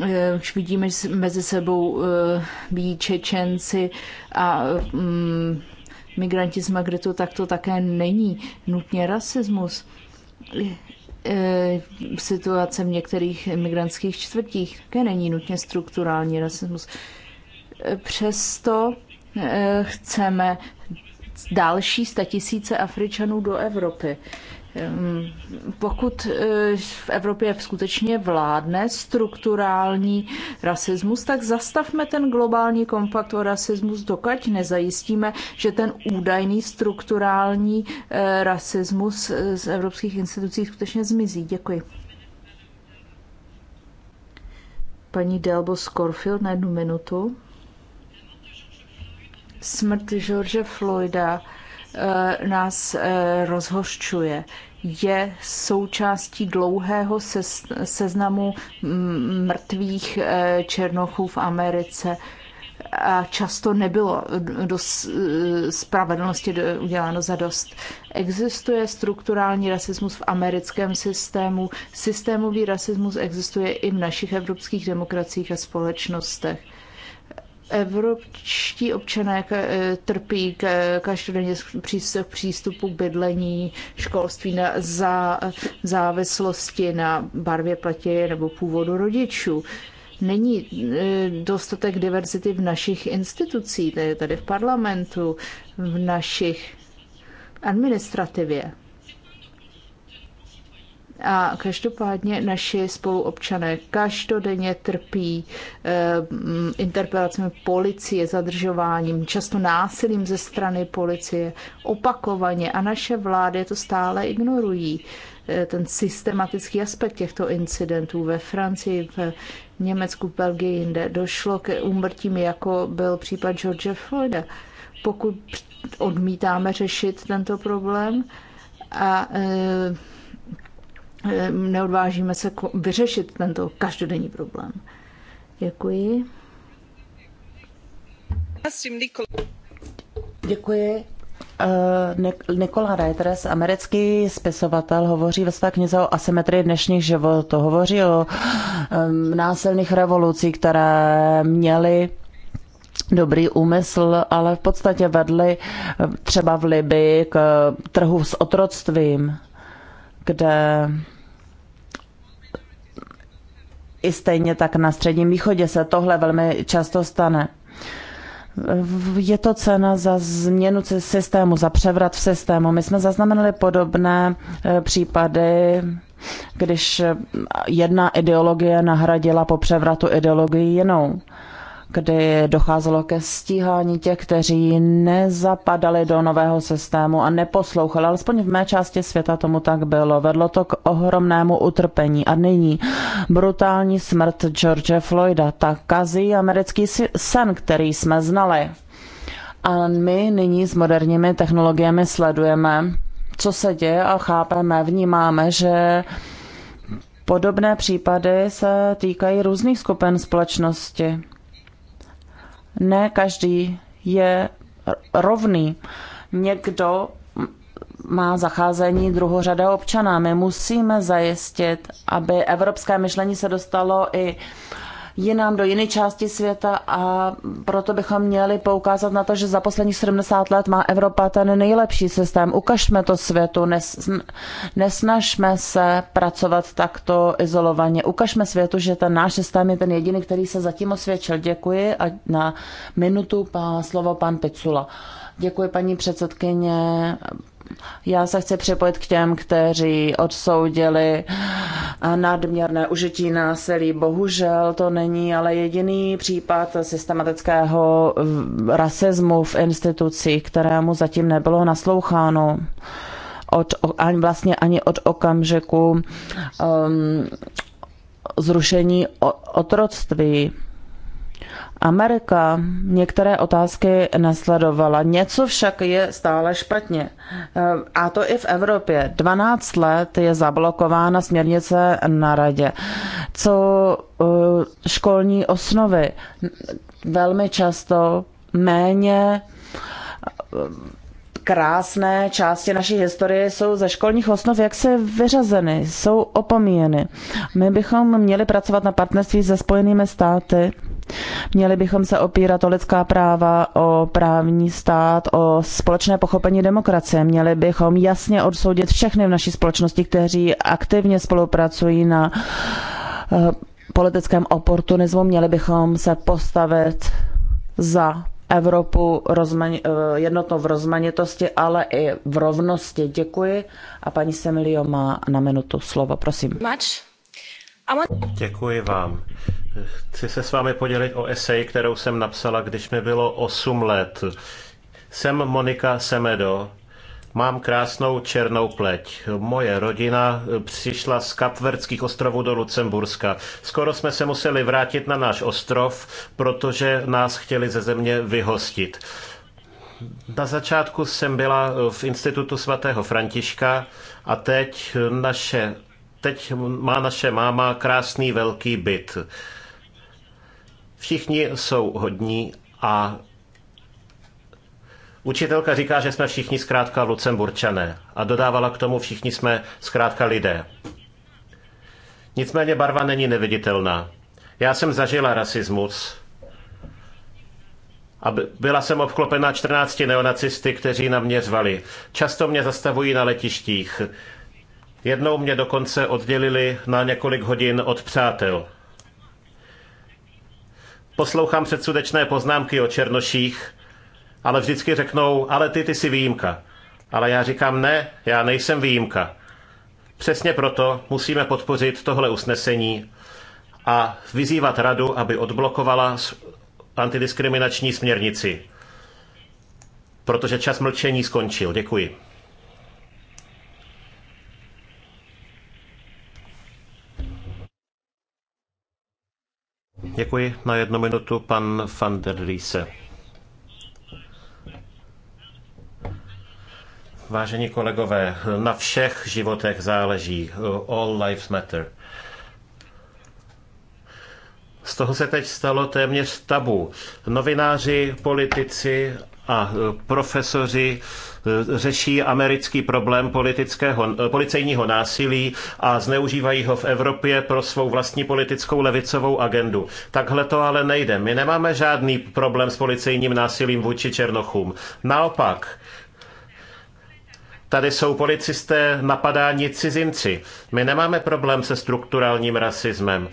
Eh, už vidíme mezi sebou eh, bíjí Čečenci a mm, migranti z Magritu, tak to také není nutně rasismus. Eh, situace v některých migrantských čtvrtích také není nutně strukturální rasismus. Přesto chceme další statisíce Afričanů do Evropy. Ehm, pokud eh, v Evropě skutečně vládne strukturální rasismus, tak zastavme ten globální kompakt o rasismus, dokud nezajistíme, že ten údajný strukturální eh, rasismus eh, z evropských institucí skutečně zmizí. Děkuji. Paní Delbo Scorfield na jednu minutu. Smrt George Floyda Eh, nás eh, rozhořčuje. Je součástí dlouhého seznamu mm, mrtvých eh, černochů v Americe a často nebylo do spravedlnosti uděláno za dost. Existuje strukturální rasismus v americkém systému, systémový rasismus existuje i v našich evropských demokracích a společnostech Evropští občané e, trpí každodenně přístup, přístupu k bydlení, školství na zá, závislosti na barvě platě nebo původu rodičů. Není e, dostatek diverzity v našich institucích, tady v parlamentu, v našich administrativě. A každopádně naši spoluobčané každodenně trpí eh, interpelacemi policie, zadržováním, často násilím ze strany policie, opakovaně. A naše vlády to stále ignorují eh, ten systematický aspekt těchto incidentů ve Francii, v Německu, v Belgii, jinde. Došlo k úmrtím, jako byl případ George Floyda. Pokud odmítáme řešit tento problém a eh, Ehm, neodvážíme se vyřešit tento každodenní problém. Děkuji. Děkuji. Eh, Nikola Reuters, americký spisovatel, hovoří ve své knize o asymetrii dnešních životů. Hovoří o ehm, násilných revolucích, které měly dobrý úmysl, ale v podstatě vedly eh, třeba v Libii k trhu s otroctvím kde i stejně tak na Středním východě se tohle velmi často stane. Je to cena za změnu systému, za převrat v systému. My jsme zaznamenali podobné e, případy, když jedna ideologie nahradila po převratu ideologii jinou kdy docházelo ke stíhání těch, kteří nezapadali do nového systému a neposlouchali. Alespoň v mé části světa tomu tak bylo. Vedlo to k ohromnému utrpení. A nyní brutální smrt George Floyda, ta kazí americký sen, který jsme znali. A my nyní s moderními technologiemi sledujeme, co se děje a chápeme, vnímáme, že podobné případy se týkají různých skupin společnosti. Ne každý je rovný. Někdo má zacházení druhořada občana. My musíme zajistit, aby evropské myšlení se dostalo i jinam, do jiné části světa a proto bychom měli poukázat na to, že za posledních 70 let má Evropa ten nejlepší systém. Ukažme to světu, nesnažme se pracovat takto izolovaně. Ukažme světu, že ten náš systém je ten jediný, který se zatím osvědčil. Děkuji a na minutu pá, slovo pan Picula. Děkuji paní předsedkyně. Já se chci připojit k těm, kteří odsoudili nadměrné užití násilí. Bohužel to není ale jediný případ systematického rasismu v institucích, kterému zatím nebylo nasloucháno od, ani vlastně ani od okamžiku um, zrušení otroctví. Amerika některé otázky nasledovala. Něco však je stále špatně. Eh, a to i v Evropě. 12 let je zablokována směrnice na radě. Co eh, školní osnovy velmi často méně eh, krásné části naší historie jsou ze školních osnov jaksi vyřazeny, jsou opomíjeny. My bychom měli pracovat na partnerství se Spojenými státy Měli bychom se opírat o lidská práva, o právní stát, o společné pochopení demokracie. Měli bychom jasně odsoudit všechny v naší společnosti, kteří aktivně spolupracují na eh, politickém oportunismu. Měli bychom se postavit za Evropu rozmani- eh, jednotnou v rozmanitosti, ale i v rovnosti. Děkuji. A paní Semilio má na minutu slovo, prosím. Děkuji vám. Chci se s vámi podělit o esej, kterou jsem napsala, když mi bylo 8 let. Jsem Monika Semedo, Mám krásnou černou pleť. Moje rodina přišla z Kapverckých ostrovů do Lucemburska. Skoro jsme se museli vrátit na náš ostrov, protože nás chtěli ze země vyhostit. Na začátku jsem byla v institutu svatého Františka a teď naše, teď má naše máma krásný velký byt. Všichni jsou hodní a učitelka říká, že jsme všichni zkrátka lucemburčané a dodávala k tomu, všichni jsme zkrátka lidé. Nicméně barva není neviditelná. Já jsem zažila rasismus, a byla jsem obklopena 14 neonacisty, kteří na mě řvali. Často mě zastavují na letištích. Jednou mě dokonce oddělili na několik hodin od přátel poslouchám předsudečné poznámky o černoších, ale vždycky řeknou, ale ty, ty jsi výjimka. Ale já říkám, ne, já nejsem výjimka. Přesně proto musíme podpořit tohle usnesení a vyzývat radu, aby odblokovala antidiskriminační směrnici. Protože čas mlčení skončil. Děkuji. Děkuji. Na jednu minutu pan van der Riese. Vážení kolegové, na všech životech záleží. All lives matter. Z toho se teď stalo téměř tabu. Novináři, politici a e, profesoři e, řeší americký problém politického, e, policejního násilí a zneužívají ho v Evropě pro svou vlastní politickou levicovou agendu. Takhle to ale nejde. My nemáme žádný problém s policejním násilím vůči Černochům. Naopak, Tady jsou policisté napadáni cizinci. My nemáme problém se strukturálním rasismem.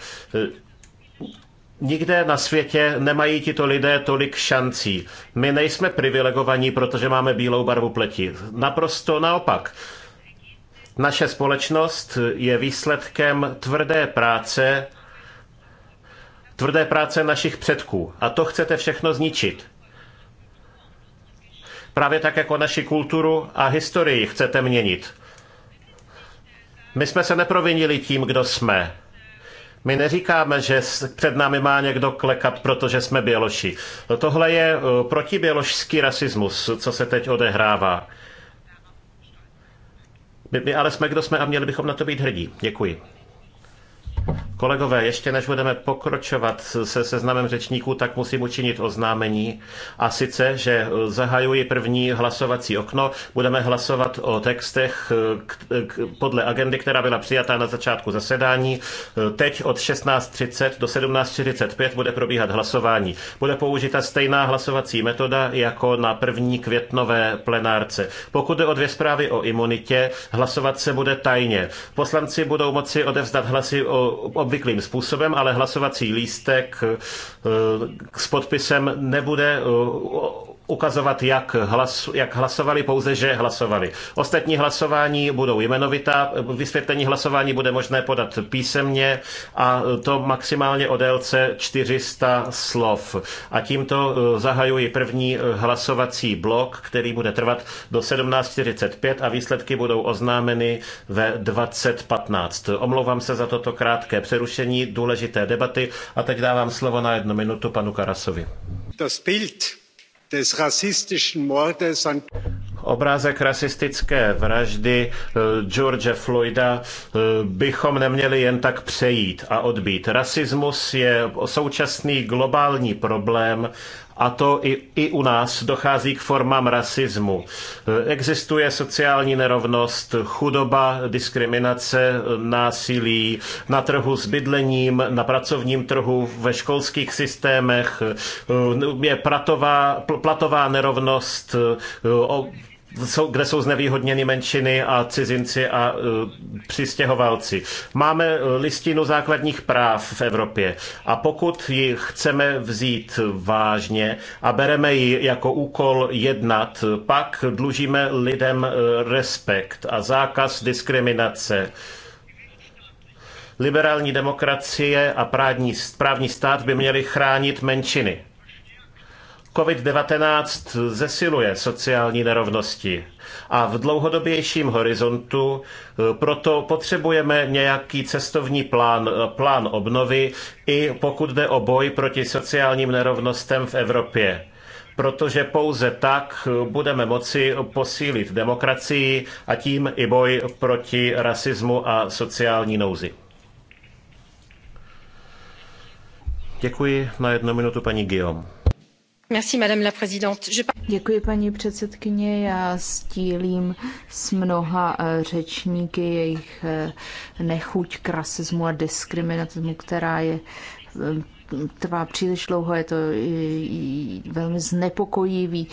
Nikde na světě nemají tito lidé tolik šancí. My nejsme privilegovaní, protože máme bílou barvu pleti. Naprosto naopak. Naše společnost je výsledkem tvrdé práce, tvrdé práce našich předků. A to chcete všechno zničit. Právě tak jako naši kulturu a historii chcete měnit. My jsme se neprovinili tím, kdo jsme. My neříkáme, že před námi má někdo klekat, protože jsme Běloši. No tohle je eh, protiběložský rasismus, co se teď odehrává. My, my ale jsme, kdo jsme a měli bychom na to být hrdí. Děkuji. Kolegové, ještě než budeme pokročovat se seznamem řečníků, tak musím učinit oznámení. A sice, že e, zahajuji první hlasovací okno, budeme hlasovat o textech e, k, e, k, podle agendy, která byla přijatá na začátku zasedání. Teď od 16.30 do 17.45 bude probíhat hlasování. Bude použita stejná hlasovací metoda jako na první květnové plenárce. Pokud jde o dvě zprávy o imunitě, hlasovat se bude tajně. Poslanci budou moci odevzdat hlasy o obvyklým způsobem, ale hlasovací lístek eh, s podpisem nebude eh, ukazovat, jak, jak hlasovali, pouze že hlasovali. Ostatní hlasování budou jmenovitá, vysvětlení hlasování bude možné podat písemně a to maximálně o délce 400 slov. A tímto eh, zahajuji první eh, hlasovací blok, který bude trvat do 17.45 a výsledky budou oznámeny ve 20.15. Omlouvám se za toto krátké přerušení důležité debaty a teď dávám slovo na jednu minutu panu Karasovi. Das Bild des rassistischen mordes an obrázek rasistické vraždy eh, George Floyda eh, bychom neměli jen tak přejít a odbít. Rasismus je současný globální problém a to i, i u nás dochází k formám rasismu. Eh, existuje sociální nerovnost, chudoba, diskriminace, násilí na trhu s bydlením, na pracovním trhu, ve školských systémech, je pratová, platová nerovnost, jsou, kde jsou znevýhodněny menšiny a cizinci a e, přistěhovalci. Máme e, listinu základních práv v Evropě a pokud ji chceme vzít vážně a bereme ji jako úkol jednat, pak dlužíme lidem e, respekt a zákaz diskriminace liberální demokracie a právní, právní stát by měly chránit menšiny. COVID-19 zesiluje sociální nerovnosti a v dlouhodobějším horizontu eh, proto potřebujeme nějaký cestovní plán, eh, plán obnovy i pokud jde o boj proti sociálním nerovnostem v Evropě protože pouze tak eh, budeme moci posílit demokracii a tím i boj proti rasismu a sociální nouzi. Děkuji na jednu minutu paní Guillaume. Děkuji, paní předsedkyně. Já sdílím s mnoha eh, řečníky jejich eh, nechuť k rasismu a diskriminatismu, která je eh, trvá příliš dlouho, je to velmi znepokojivý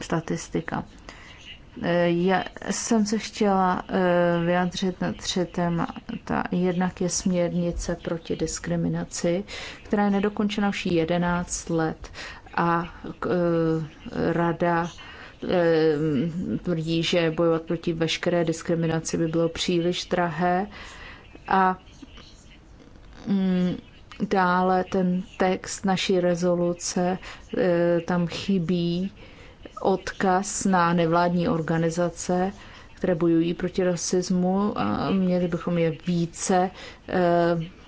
statistika. Eh, já jsem se chtěla eh, vyjádřit na tři témata. Jednak je směrnice proti diskriminaci, která je nedokončena už 11 let a eh, rada tvrdí, že bojovat proti veškeré diskriminaci by bylo příliš drahé a mm, dále ten text naší rezoluce tam chybí odkaz na nevládní organizace, které bojují proti rasismu a měli bychom je více eh,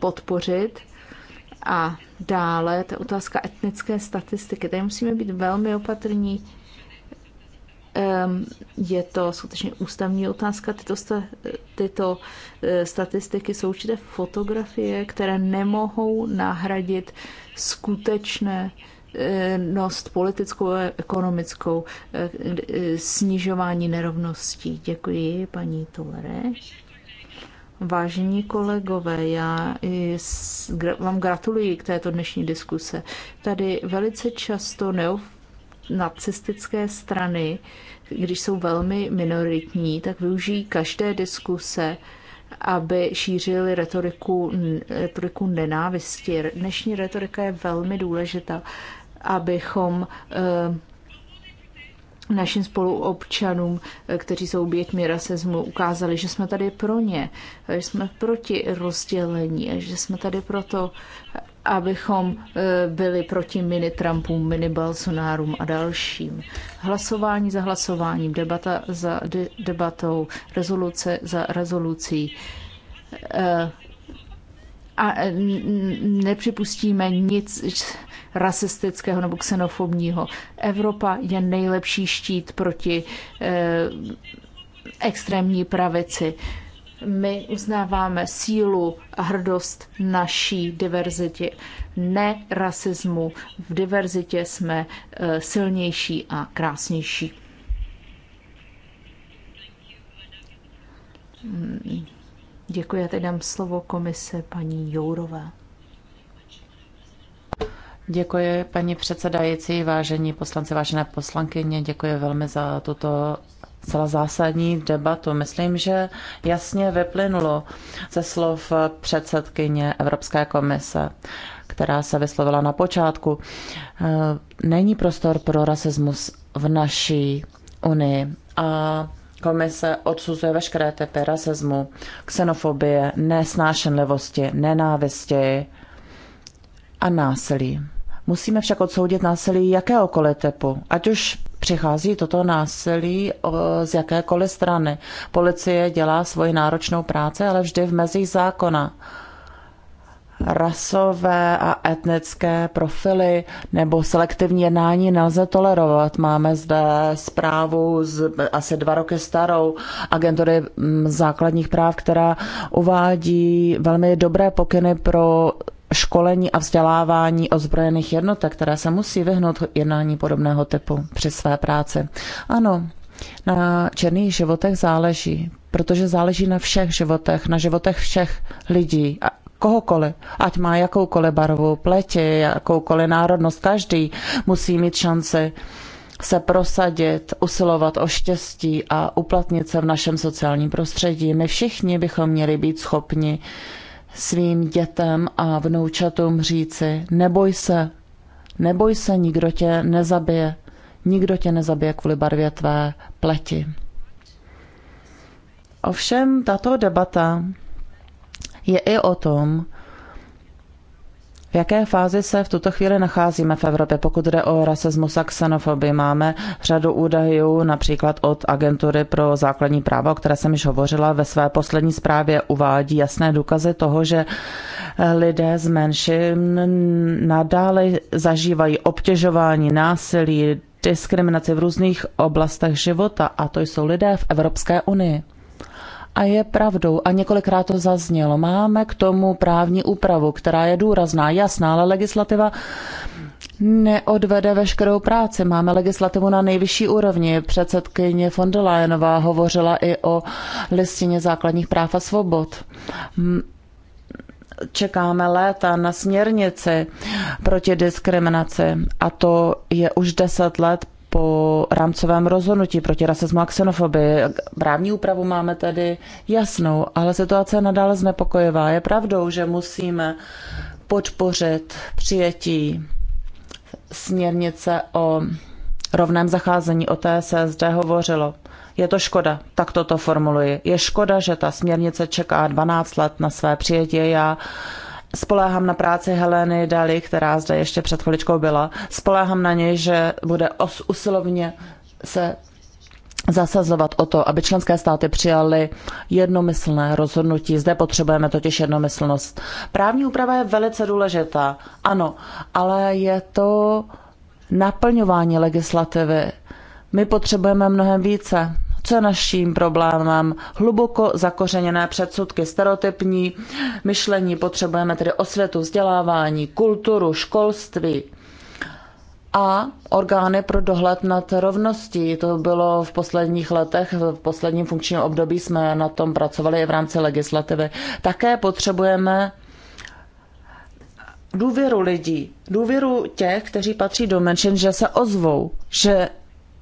podpořit. A dále ta otázka etnické statistiky. Tady musíme být velmi opatrní. Ehm, je to skutečně ústavní otázka. Tyto, sta, tyto eh, statistiky jsou určité fotografie, které nemohou nahradit skutečné uh, rovnost politickou a ekonomickou, eh, snižování nerovností. Děkuji, paní Tolere. Vážení kolegové, já vám gratuluji k této dnešní diskuse. Tady velice často neonacistické strany, když jsou velmi minoritní, tak využijí každé diskuse, aby šířili retoriku, retoriku nenávisti. Dnešní retorika je velmi důležitá abychom eh, našim spoluobčanům, eh, kteří jsou oběťmi rasismu, ukázali, že jsme tady pro ně, eh, že jsme proti rozdělení, že jsme tady proto, abychom byli proti mini Trumpům, mini Balsonárům a dalším. Hlasování za hlasováním, debata za de- debatou, rezoluce za rezolucí. A nepřipustíme nic, rasistického nebo xenofobního. Evropa je nejlepší štít proti eh, extrémní pravici. My uznáváme sílu a hrdost naší diverzitě. Ne rasismu. V diverzitě jsme eh, silnější a krásnější. Hmm. Děkuji, já teď dám slovo komise paní Jourové. Děkuji, paní předsedající, vážení poslanci, vážené poslankyně, děkuji velmi za tuto celá zásadní debatu. Myslím, že jasně vyplynulo ze slov předsedkyně Evropské komise, která se vyslovila na počátku. Eh, není prostor pro rasismus v naší unii a komise odsuzuje veškeré typy rasismu, xenofobie, nesnášenlivosti, nenávisti a násilí. Musíme však odsoudit násilí jakéhokoliv typu, ať už přichází toto násilí z jakékoliv strany. Policie dělá svoji náročnou práci, ale vždy v mezích zákona. Rasové a etnické profily nebo selektivní jednání nelze tolerovat. Máme zde zprávu z asi dva roky starou agentury základních práv, která uvádí velmi dobré pokyny pro školení a vzdělávání ozbrojených jednotek, které se musí vyhnout jednání podobného typu při své práci. Ano, na černých životech záleží, protože záleží na všech životech, na životech všech lidí, a kohokoliv, ať má jakoukoliv barvu pleti, jakoukoliv národnost, každý musí mít šanci se prosadit, usilovat o štěstí a uplatnit se v našem sociálním prostředí. My všichni bychom měli být schopni svým dětem a vnoučatům říci, neboj se, neboj se, nikdo tě nezabije, nikdo tě nezabije kvůli barvě tvé pleti. Ovšem tato debata je i o tom, v jaké fázi se v tuto chvíli nacházíme v Evropě, pokud jde o rasismus a xenofobii? Máme řadu údajů, například od Agentury pro základní práva, o které jsem již hovořila, ve své poslední zprávě uvádí jasné důkazy toho, že lidé z menšin nadále zažívají obtěžování, násilí, diskriminaci v různých oblastech života a to jsou lidé v Evropské unii. A je pravdou, a několikrát to zaznělo, máme k tomu právní úpravu, která je důrazná, jasná, ale legislativa neodvede veškerou práci. Máme legislativu na nejvyšší úrovni. Předsedkyně von der Leyenová hovořila i o listině základních práv a svobod čekáme léta na směrnici proti diskriminaci a to je už deset let po rámcovém rozhodnutí proti rasismu a xenofobii. Právní úpravu máme tedy jasnou, ale situace je nadále znepokojivá. Je pravdou, že musíme podpořit přijetí směrnice o rovném zacházení, o té se zde hovořilo. Je to škoda, tak toto formuluji. Je škoda, že ta směrnice čeká 12 let na své přijetí. Já Spoléhám na práci Heleny Daly, která zde ještě před chviličkou byla. Spoléhám na něj, že bude os usilovně se zasazovat o to, aby členské státy přijaly jednomyslné rozhodnutí. Zde potřebujeme totiž jednomyslnost. Právní úprava je velice důležitá, ano, ale je to naplňování legislativy. My potřebujeme mnohem více naším problémem. Hluboko zakořeněné předsudky, stereotypní myšlení, potřebujeme tedy osvětu, vzdělávání, kulturu, školství a orgány pro dohled nad rovností. To bylo v posledních letech, v posledním funkčním období jsme na tom pracovali i v rámci legislativy. Také potřebujeme důvěru lidí, důvěru těch, kteří patří do menšin, že se ozvou, že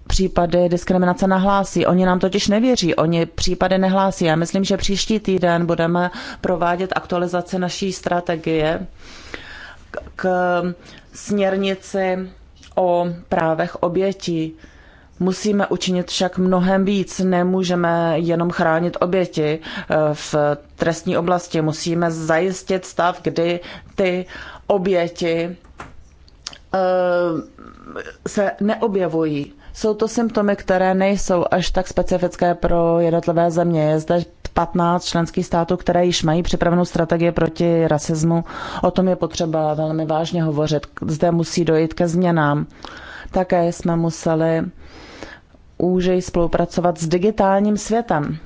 případy diskriminace nahlásí. Oni nám totiž nevěří, oni případy nehlásí. Já myslím, že příští týden budeme provádět aktualizaci naší strategie k směrnici o právech obětí. Musíme učinit však mnohem víc. Nemůžeme jenom chránit oběti eh, v trestní oblasti. Musíme zajistit stav, kdy ty oběti eh, se neobjevují jsou to symptomy, které nejsou až tak specifické pro jednotlivé země. Je zde 15 členských států, které již mají připravenou strategii proti rasismu. O tom je potřeba velmi vážně hovořit. Zde musí dojít ke změnám. Také jsme museli úžej spolupracovat s digitálním světem,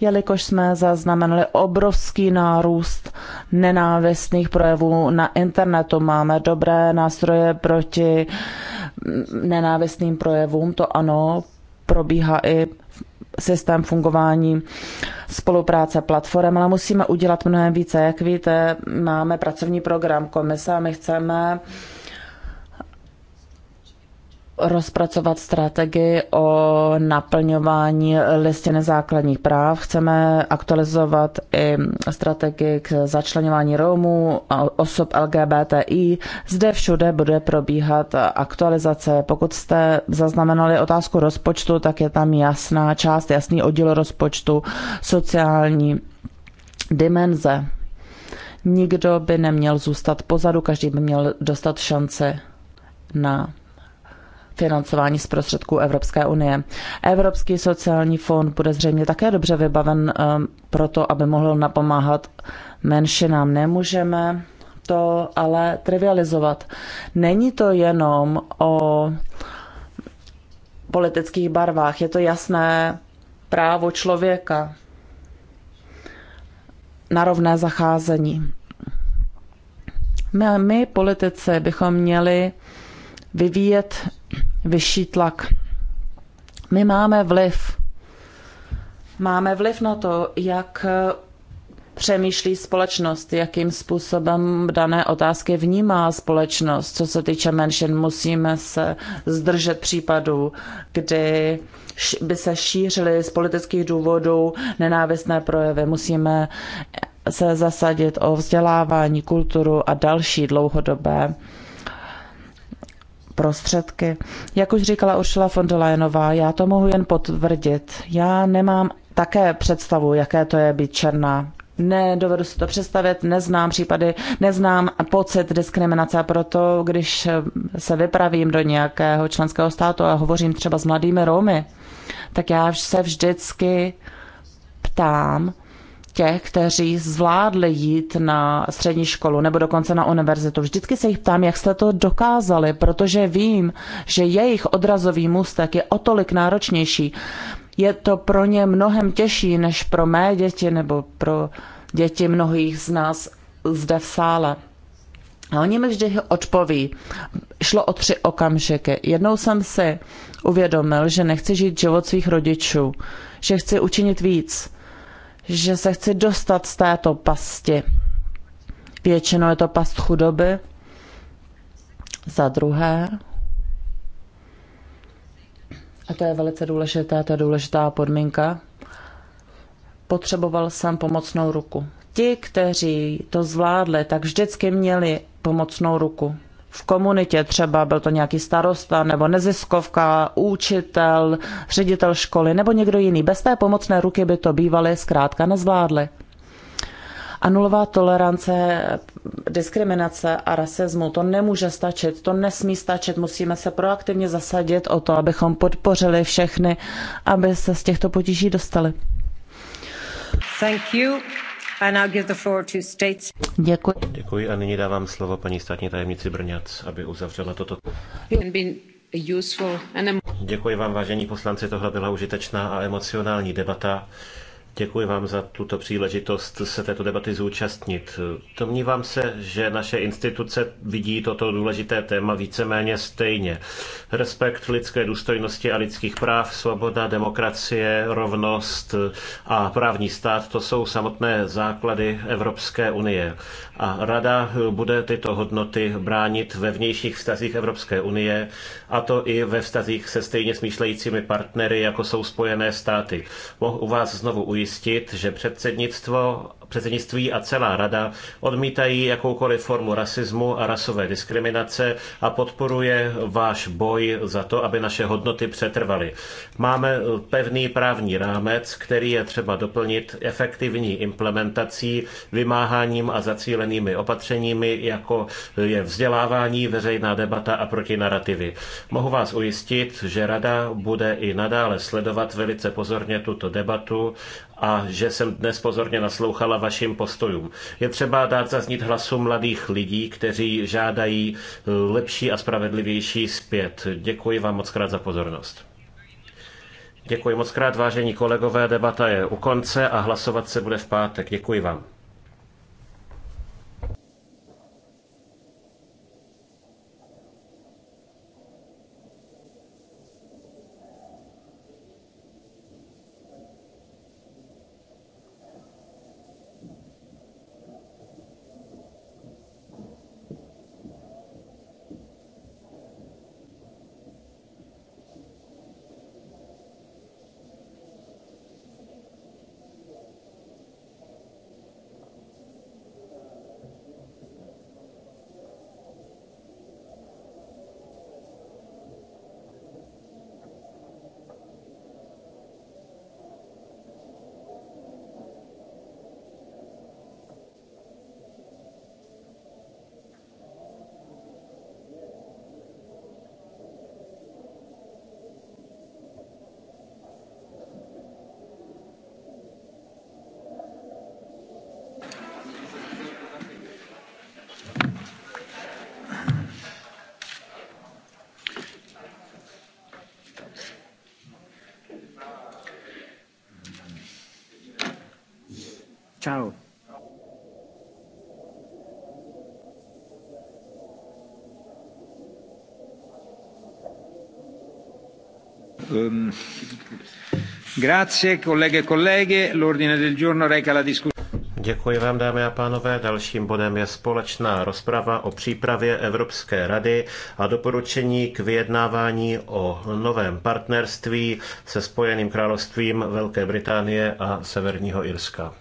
jelikož jsme zaznamenali obrovský nárůst nenávistných projevů na internetu. Máme dobré nástroje proti nenávistným projevům, to ano, probíhá i systém fungování spolupráce platform, ale musíme udělat mnohem více. Jak víte, máme pracovní program komise a my chceme uh, rozpracovat strategii o naplňování listiny základních práv. Chceme aktualizovat i strategii k začlenování Romů, osob LGBTI. Zde všude bude probíhat aktualizace. Pokud jste zaznamenali otázku rozpočtu, tak je tam jasná část, jasný oddíl rozpočtu, sociální dimenze. Nikdo by neměl zůstat pozadu, každý by měl dostat šance na financování z prostředků Evropské unie. Evropský sociální fond bude zřejmě také dobře vybaven pro eh, proto, aby mohl napomáhat menšinám. Nemůžeme to ale trivializovat. Není to jenom o politických barvách, je to jasné právo člověka na rovné zacházení. My, my politici bychom měli vyvíjet vyšší tlak. My máme vliv. Máme vliv na to, jak přemýšlí společnost, jakým způsobem dané otázky vnímá společnost. Co se týče menšin, musíme se zdržet případů, kdy by se šířily z politických důvodů nenávistné projevy. Musíme se zasadit o vzdělávání, kulturu a další dlouhodobé prostředky. Jak už říkala Uršila von der Leyenová, já to mohu jen potvrdit. Já nemám také představu, jaké to je být černá. Nedovedu si to představit, neznám případy, neznám pocit diskriminace a proto, když se vypravím do nějakého členského státu a hovořím třeba s mladými Romy, tak já se vždycky ptám, těch, kteří zvládli jít na střední školu nebo dokonce na univerzitu. Vždycky se jich ptám, jak jste to dokázali, protože vím, že jejich odrazový můstek je o tolik náročnější. Je to pro ně mnohem těžší než pro mé děti nebo pro děti mnohých z nás zde v sále. A oni mi vždy odpoví. Šlo o tři okamžiky. Jednou jsem si uvědomil, že nechci žít život svých rodičů, že chci učinit víc že se chci dostat z této pasti. Většinou je to past chudoby. Za druhé, a to je velice důležité, to je důležitá podmínka, potřeboval jsem pomocnou ruku. Ti, kteří to zvládli, tak vždycky měli pomocnou ruku v komunitě, třeba byl to nějaký starosta nebo neziskovka, učitel, ředitel školy nebo někdo jiný. Bez té pomocné ruky by to bývali zkrátka nezvládli. A nulová tolerance diskriminace a rasismu, to nemůže stačit, to nesmí stačit. Musíme se proaktivně zasadit o to, abychom podpořili všechny, aby se z těchto potíží dostali. Thank you. Děkuji. Děkuji a nyní dávám slovo paní státní tajemnici Brňac, aby uzavřela toto. Děkuji vám, vážení poslanci, tohle byla užitečná a emocionální debata. Děkuji vám za tuto příležitost se této debaty zúčastnit. Domnívám se, že naše instituce vidí toto důležité téma víceméně stejně. Respekt lidské důstojnosti a lidských práv, svoboda, demokracie, rovnost a právní stát, to jsou samotné základy Evropské unie. A Rada bude tyto hodnoty bránit ve vnějších vztazích Evropské unie, a to i ve vztazích se stejně smýšlejícími partnery, jako jsou Spojené státy. Mohu vás znovu ujistit, ujistit, že předsednictvo předsednictví a celá rada odmítají jakoukoliv formu rasismu a rasové diskriminace a podporuje váš boj za to, aby naše hodnoty přetrvaly. Máme pevný právní rámec, který je třeba doplnit efektivní implementací, vymáháním a zacílenými opatřeními, jako je vzdělávání, veřejná debata a protinarativy. Mohu vás ujistit, že rada bude i nadále sledovat velice pozorně tuto debatu a že jsem dnes pozorně naslouchala vašim postojům. Je třeba dát zaznít hlasu mladých lidí, kteří žádají eh, lepší a spravedlivější zpět. Děkuji vám moc krát za pozornost. Děkuji moc krát, vážení kolegové, debata je u konce a hlasovat se bude v pátek. Děkuji vám. Ehm, e Děkuji vám, dámy a pánové. Dalším bodem je společná rozprava o přípravě Evropské rady a doporučení k vyjednávání o novém partnerství se Spojeným královstvím Velké Británie a Severního Irska.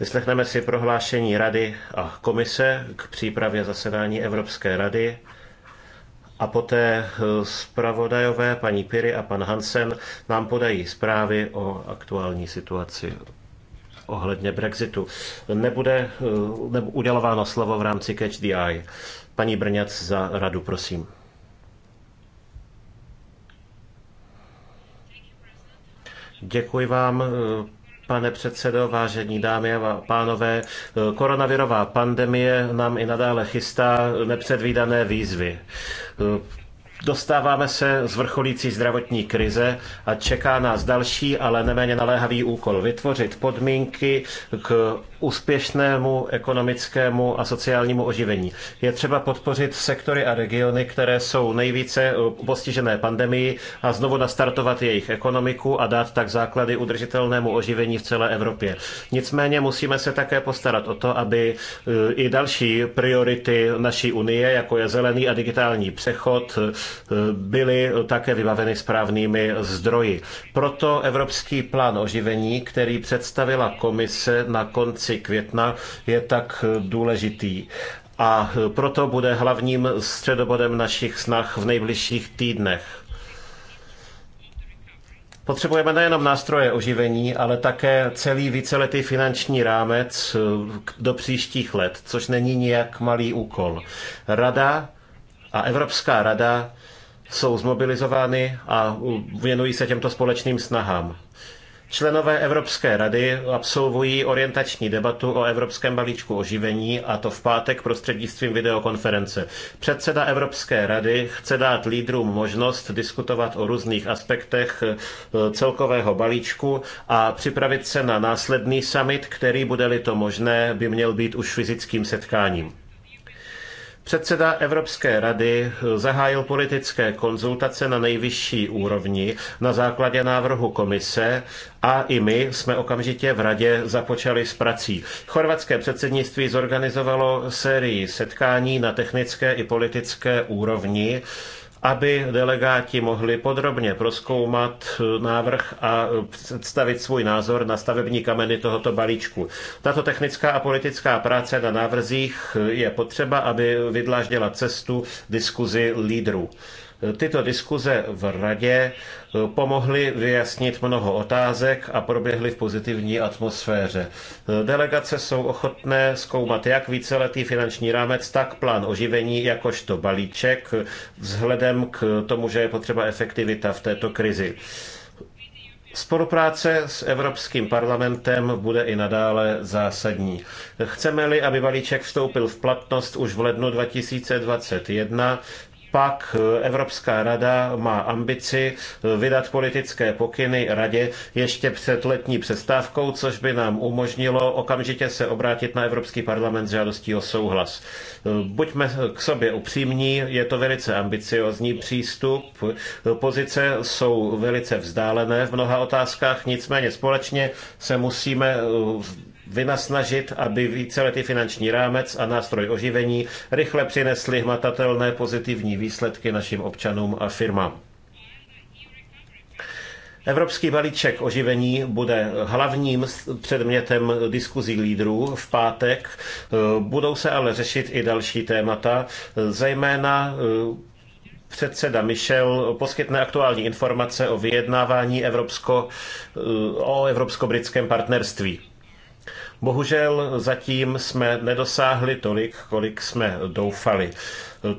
Vyslechneme si prohlášení Rady a Komise k přípravě zasedání Evropské rady a poté eh, zpravodajové paní Piry a pan Hansen nám podají zprávy o aktuální situaci ohledně Brexitu. Nebude, eh, nebude udělováno slovo v rámci Catch the Eye. Paní Brňac za radu, prosím. Děkuji vám, eh, Pane předsedo, vážení dámy a pánové, koronavirová pandemie nám i nadále chystá nepředvídané výzvy. Dostáváme se z vrcholící zdravotní krize a čeká nás další, ale neméně naléhavý úkol vytvořit podmínky k úspěšnému ekonomickému a sociálnímu oživení. Je třeba podpořit sektory a regiony, které jsou nejvíce eh, postižené pandemii a znovu nastartovat jejich ekonomiku a dát tak základy udržitelnému oživení v celé Evropě. Nicméně musíme se také postarat o to, aby eh, i další priority naší unie, jako je zelený a digitální přechod, eh, byly také vybaveny správnými zdroji. Proto Evropský plán oživení, který představila komise na konci konci května je tak důležitý a proto bude hlavním středobodem našich snah v nejbližších týdnech. Potřebujeme nejenom nástroje oživení, ale také celý víceletý finanční rámec do příštích let, což není nijak malý úkol. Rada a Evropská rada jsou zmobilizovány a věnují se těmto společným snahám. Členové Evropské rady absolvují orientační debatu o Evropském balíčku oživení a to v pátek prostřednictvím videokonference. Předseda Evropské rady chce dát lídrům možnost diskutovat o různých aspektech eh, celkového balíčku a připravit se na následný summit, který, bude-li to možné, by měl být už fyzickým setkáním. Předseda Evropské rady zahájil politické konzultace na nejvyšší úrovni na základě návrhu komise a i my jsme okamžitě v radě započali s prací. Chorvatské předsednictví zorganizovalo sérii setkání na technické i politické úrovni aby delegáti mohli podrobně proskoumat eh, návrh a eh, představit svůj názor na stavební kameny tohoto balíčku. Tato technická a politická práce na návrzích eh, je potřeba, aby vydláždila cestu diskuzi lídrů. Tyto diskuze v radě eh, pomohly vyjasnit mnoho otázek a proběhly v pozitivní atmosféře. Eh, delegace jsou ochotné zkoumat jak víceletý finanční rámec, tak plán oživení jakožto balíček eh, vzhledem k tomu, že je potřeba efektivita v této krizi. Spolupráce s Evropským parlamentem bude i nadále zásadní. Chceme-li, aby balíček vstoupil v platnost už v lednu 2021, pak eh, Evropská rada má ambici eh, vydat politické pokyny radě ještě před letní přestávkou, což by nám umožnilo okamžitě se obrátit na Evropský parlament s žádostí o souhlas. Eh, buďme k sobě upřímní, je to velice ambiciozní přístup. Pozice jsou velice vzdálené v mnoha otázkách, nicméně společně se musíme vynasnažit, aby víceletý finanční rámec a nástroj oživení rychle přinesly hmatatelné pozitivní výsledky našim občanům a firmám. Evropský balíček oživení bude hlavním předmětem diskuzí lídrů v pátek. Budou se ale řešit i další témata, zejména eh, předseda Michel poskytne aktuální informace o vyjednávání Evropsko, eh, o evropsko-britském partnerství. Bohužel zatím jsme nedosáhli tolik, kolik jsme doufali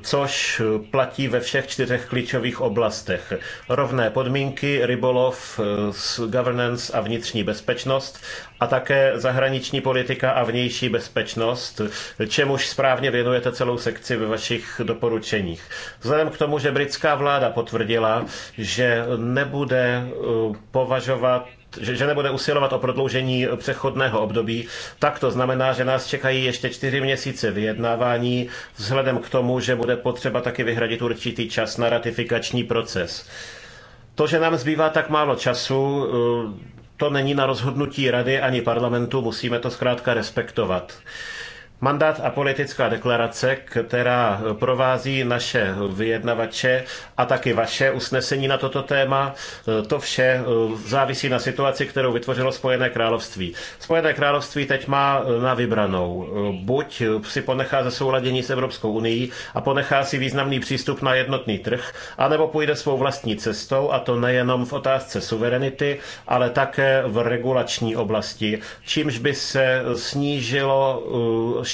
což platí ve všech čtyřech klíčových oblastech. Rovné podmínky, rybolov, eh, governance a vnitřní bezpečnost a také zahraniční politika a vnější bezpečnost, čemuž správně věnujete celou sekci ve vašich doporučeních. Vzhledem k tomu, že britská vláda potvrdila, že nebude eh, považovat že, že nebude usilovat o prodloužení přechodného období, tak to znamená, že nás čekají ještě čtyři měsíce vyjednávání vzhledem k tomu, že bude potřeba taky vyhradit určitý čas na ratifikační proces. To, že nám zbývá tak málo času, eh, to není na rozhodnutí rady ani parlamentu, musíme to zkrátka respektovat. Mandát a politická deklarace, která provází naše vyjednavače a taky vaše usnesení na toto téma, to vše eh, závisí na situaci, kterou vytvořilo Spojené království. Spojené království teď má eh, na vybranou. Eh, buď si ponechá ze souladění s Evropskou unii a ponechá si významný přístup na jednotný trh, anebo půjde svou vlastní cestou, a to nejenom v otázce suverenity, ale také v regulační oblasti, čímž by se snížilo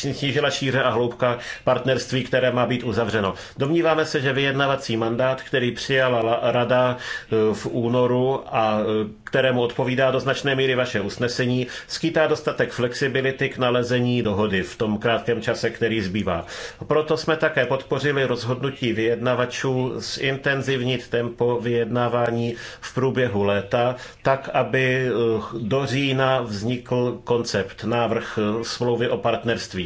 snížila šíře a hloubka partnerství, které má být uzavřeno. Domníváme se, že vyjednavací mandát, který přijala rada e, v únoru a e, kterému odpovídá do značné míry vaše usnesení, skýtá dostatek flexibility k nalezení dohody v tom krátkém čase, který zbývá. Proto jsme také podpořili rozhodnutí vyjednavačů zintenzivnit tempo vyjednávání v průběhu léta, tak, aby e, do října vznikl koncept, návrh smlouvy o partnerství.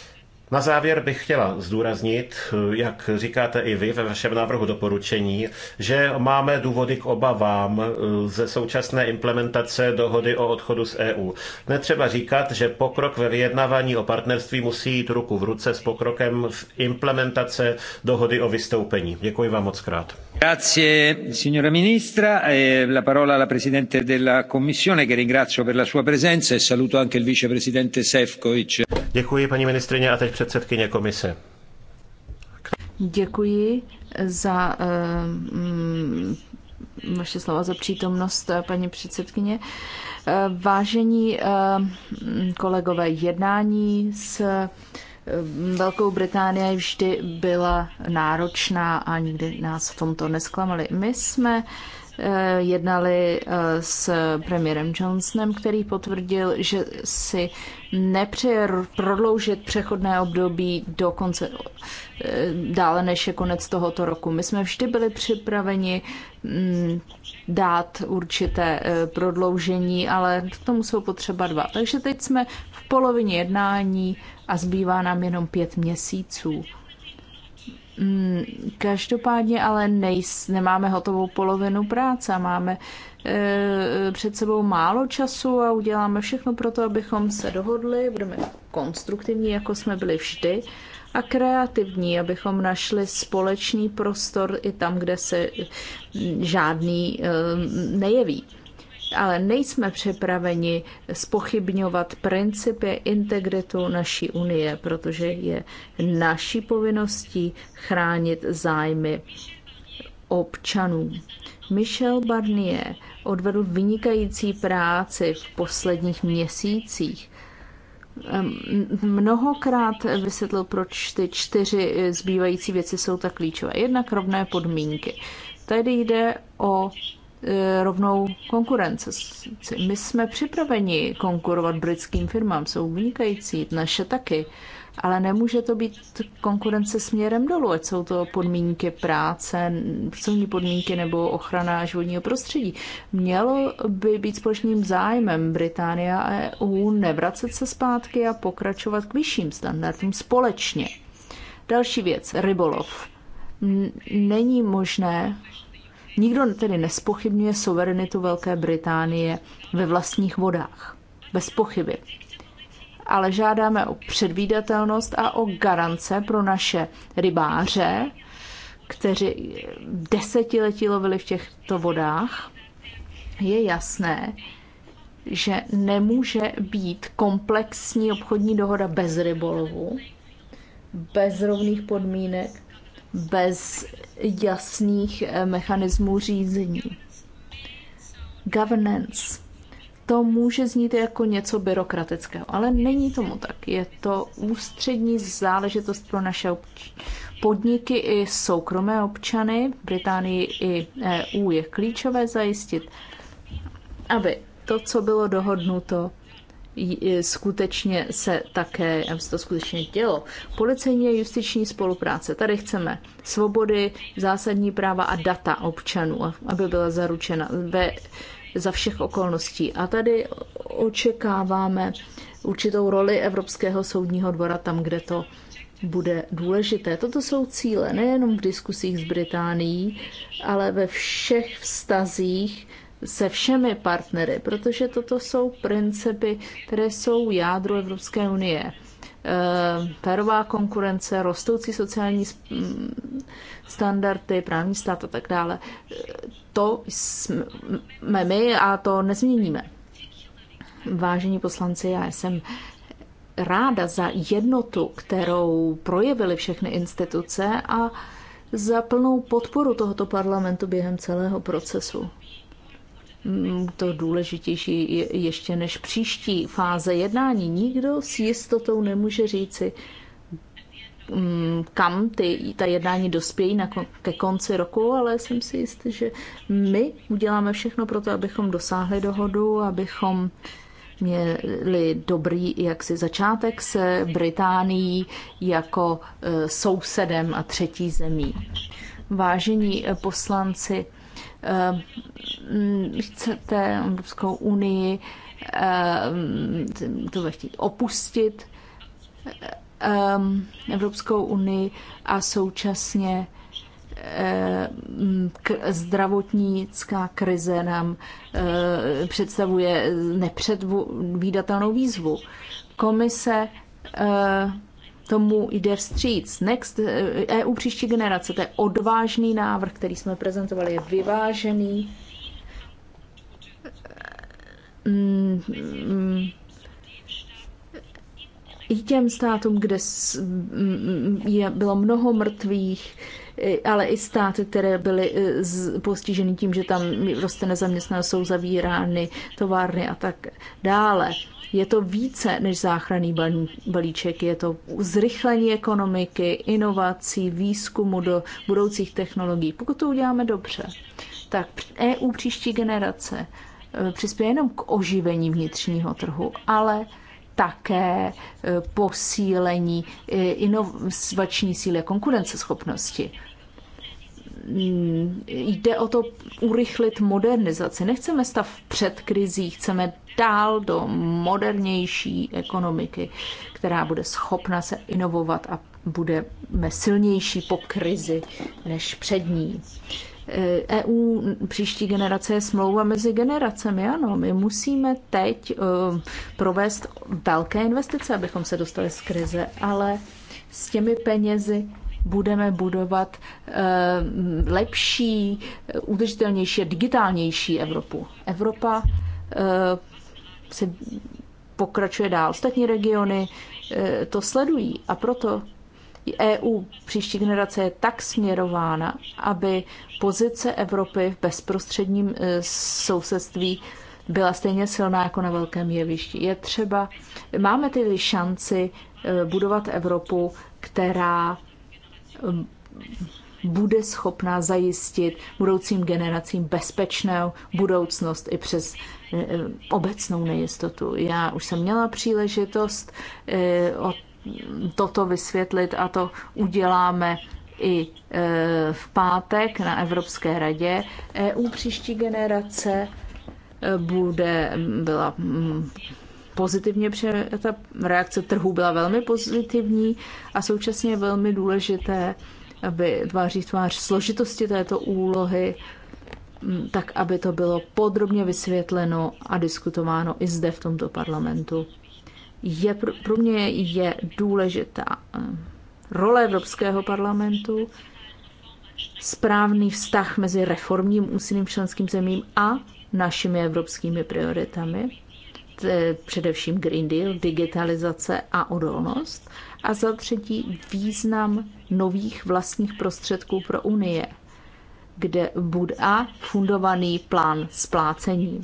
Na závěr bych chtěla zdůraznit, jak říkáte i vy ve vašem návrhu doporučení, že máme důvody k obavám eh, ze současné implementace dohody o odchodu z EU. Netřeba říkat, že pokrok ve vyjednávání o partnerství musí jít ruku v ruce s pokrokem v implementace dohody o vystoupení. Děkuji vám moc krát. Grazie signora ministra, e la parola alla presidente della commissione che ringrazio per la sua presenza e saluto anche il vicepresidente Sefcovic. Děkuji paní ministrině a teď předsedkyně komise. Děkuji za eh, mm, vaše slova za přítomnost, eh, paní předsedkyně. Eh, vážení kolegové, jednání s Velkou Británií vždy byla náročná a nikdy nás v tomto nesklamali. My jsme Eh, jednali eh, s premiérem Johnsonem, který potvrdil, že si nepřeje prodloužit přechodné období do konce eh, dále než je konec tohoto roku. My jsme vždy byli připraveni mm, dát určité prodloužení, ale k tomu jsou potřeba dva. Takže teď jsme v polovině jednání a zbývá nám jenom pět měsíců. Mm, každopádně ale nejs, nemáme hotovou polovinu práce, máme e, před sebou málo času a uděláme všechno pro to, abychom se dohodli, budeme konstruktivní, jako jsme byli vždy, a kreativní, abychom našli společný prostor i tam, kde se žádný e, nejeví ale nejsme připraveni spochybňovat principy integritu naší unie, protože je naší povinností chránit zájmy občanů. Michel Barnier odvedl vynikající práci v posledních měsících. Mnohokrát vysvětlil, proč ty čtyři e, zbývající věci jsou tak klíčové. Jednak rovné podmínky. Tady jde o E, rovnou konkurence. My jsme připraveni konkurovat britským firmám, jsou vynikající, naše taky, ale nemůže to být konkurence směrem dolů, ať jsou to podmínky práce, pracovní podmínky nebo ochrana životního prostředí. Mělo by být společným zájmem Británie a EU nevracet se zpátky a pokračovat k vyšším standardům společně. Další věc, rybolov. Není možné Nikdo tedy nespochybňuje suverenitu Velké Británie ve vlastních vodách. Bez pochyby. Ale žádáme o předvídatelnost a o garance pro naše rybáře, kteří desetiletí lovili v těchto vodách. Je jasné, že nemůže být komplexní obchodní dohoda bez rybolovu, bez rovných podmínek bez jasných eh, mechanismů řízení. Governance. To může znít jako něco byrokratického, ale není tomu tak. Je to ústřední záležitost pro naše podniky i soukromé občany. Británii i EU je klíčové zajistit, aby to, co bylo dohodnuto, skutečně se také, aby se to skutečně dělo. Policejní a justiční spolupráce. Tady chceme svobody, zásadní práva a data občanů, aby byla zaručena ve, za všech okolností. A tady očekáváme určitou roli Evropského soudního dvora tam, kde to bude důležité. Toto jsou cíle nejenom v diskusích s Británií, ale ve všech vztazích se všemi partnery, protože toto jsou principy, které jsou jádro Evropské unie. Eh, férová konkurence, rostoucí sociální mm, standardy, právní stát a tak dále. To jsme my a to nezměníme. Vážení poslanci, já jsem ráda za jednotu, kterou projevily všechny instituce a za plnou podporu tohoto parlamentu během celého procesu. Mm, to důležitější ještě než příští fáze jednání. Nikdo s jistotou nemůže říci, mm, kam ty, ta jednání dospějí na, ke konci roku, ale jsem si jistý, že my uděláme všechno pro to, abychom dosáhli dohodu, abychom měli dobrý jaksi začátek se Británií jako e, sousedem a třetí zemí. Vážení e, poslanci, Eh, mm, chcete Evropskou unii eh, to bude chtít opustit eh, Evropskou unii a současně mm, zdravotnická krize nám představuje nepředvídatelnou výzvu. Komise tomu jde vstříc. Next EU eh, e příští generace, to je odvážný návrh, který jsme prezentovali, je vyvážený. Mm, mm, i těm státům, kde je, bylo mnoho mrtvých, ale i státy, které byly e, postiženy tím, že tam roste nezaměstnanost, jsou zavírány továrny a tak dále. Je to více než záchranný balíček, je to zrychlení ekonomiky, inovací, výzkumu do budoucích technologií. Pokud to uděláme dobře, tak EU příští generace e, přispěje jenom k oživení vnitřního trhu, ale také eh, posílení eh, inovační síly a konkurenceschopnosti. Mm, jde o to urychlit modernizaci. Nechceme stav před krizí, chceme dál do modernější ekonomiky, která bude schopna se inovovat a budeme silnější po krizi než před ní. EU eh, e příští generace je smlouva mezi generacemi. Ano, my musíme teď eh, provést velké investice, abychom se dostali z krize, ale s těmi penězi budeme budovat eh, lepší, udržitelnější, digitálnější Evropu. Evropa se pokračuje dál. Ostatní regiony to sledují a proto EU příští generace je tak směrována, aby pozice Evropy v bezprostředním e, sousedství byla stejně silná jako na velkém jevišti. Je třeba, máme tedy šanci e, budovat Evropu, která e, bude schopná zajistit budoucím generacím bezpečnou budoucnost i přes obecnou nejistotu. Já už jsem měla příležitost od toto vysvětlit a to uděláme i e, v pátek na Evropské radě. EU příští generace e, bude, byla pozitivně ta reakce trhu byla velmi pozitivní a současně velmi důležité, aby tváří tvář složitosti této úlohy, tak aby to bylo podrobně vysvětleno a diskutováno i zde v tomto parlamentu je, pro mě je důležitá eh, role Evropského parlamentu, správný vztah mezi reformním úsilím členským zemím a našimi evropskými prioritami, eh, především Green Deal, digitalizace a odolnost, a za třetí význam nových vlastních prostředků pro Unie, kde bude a fundovaný plán splácení.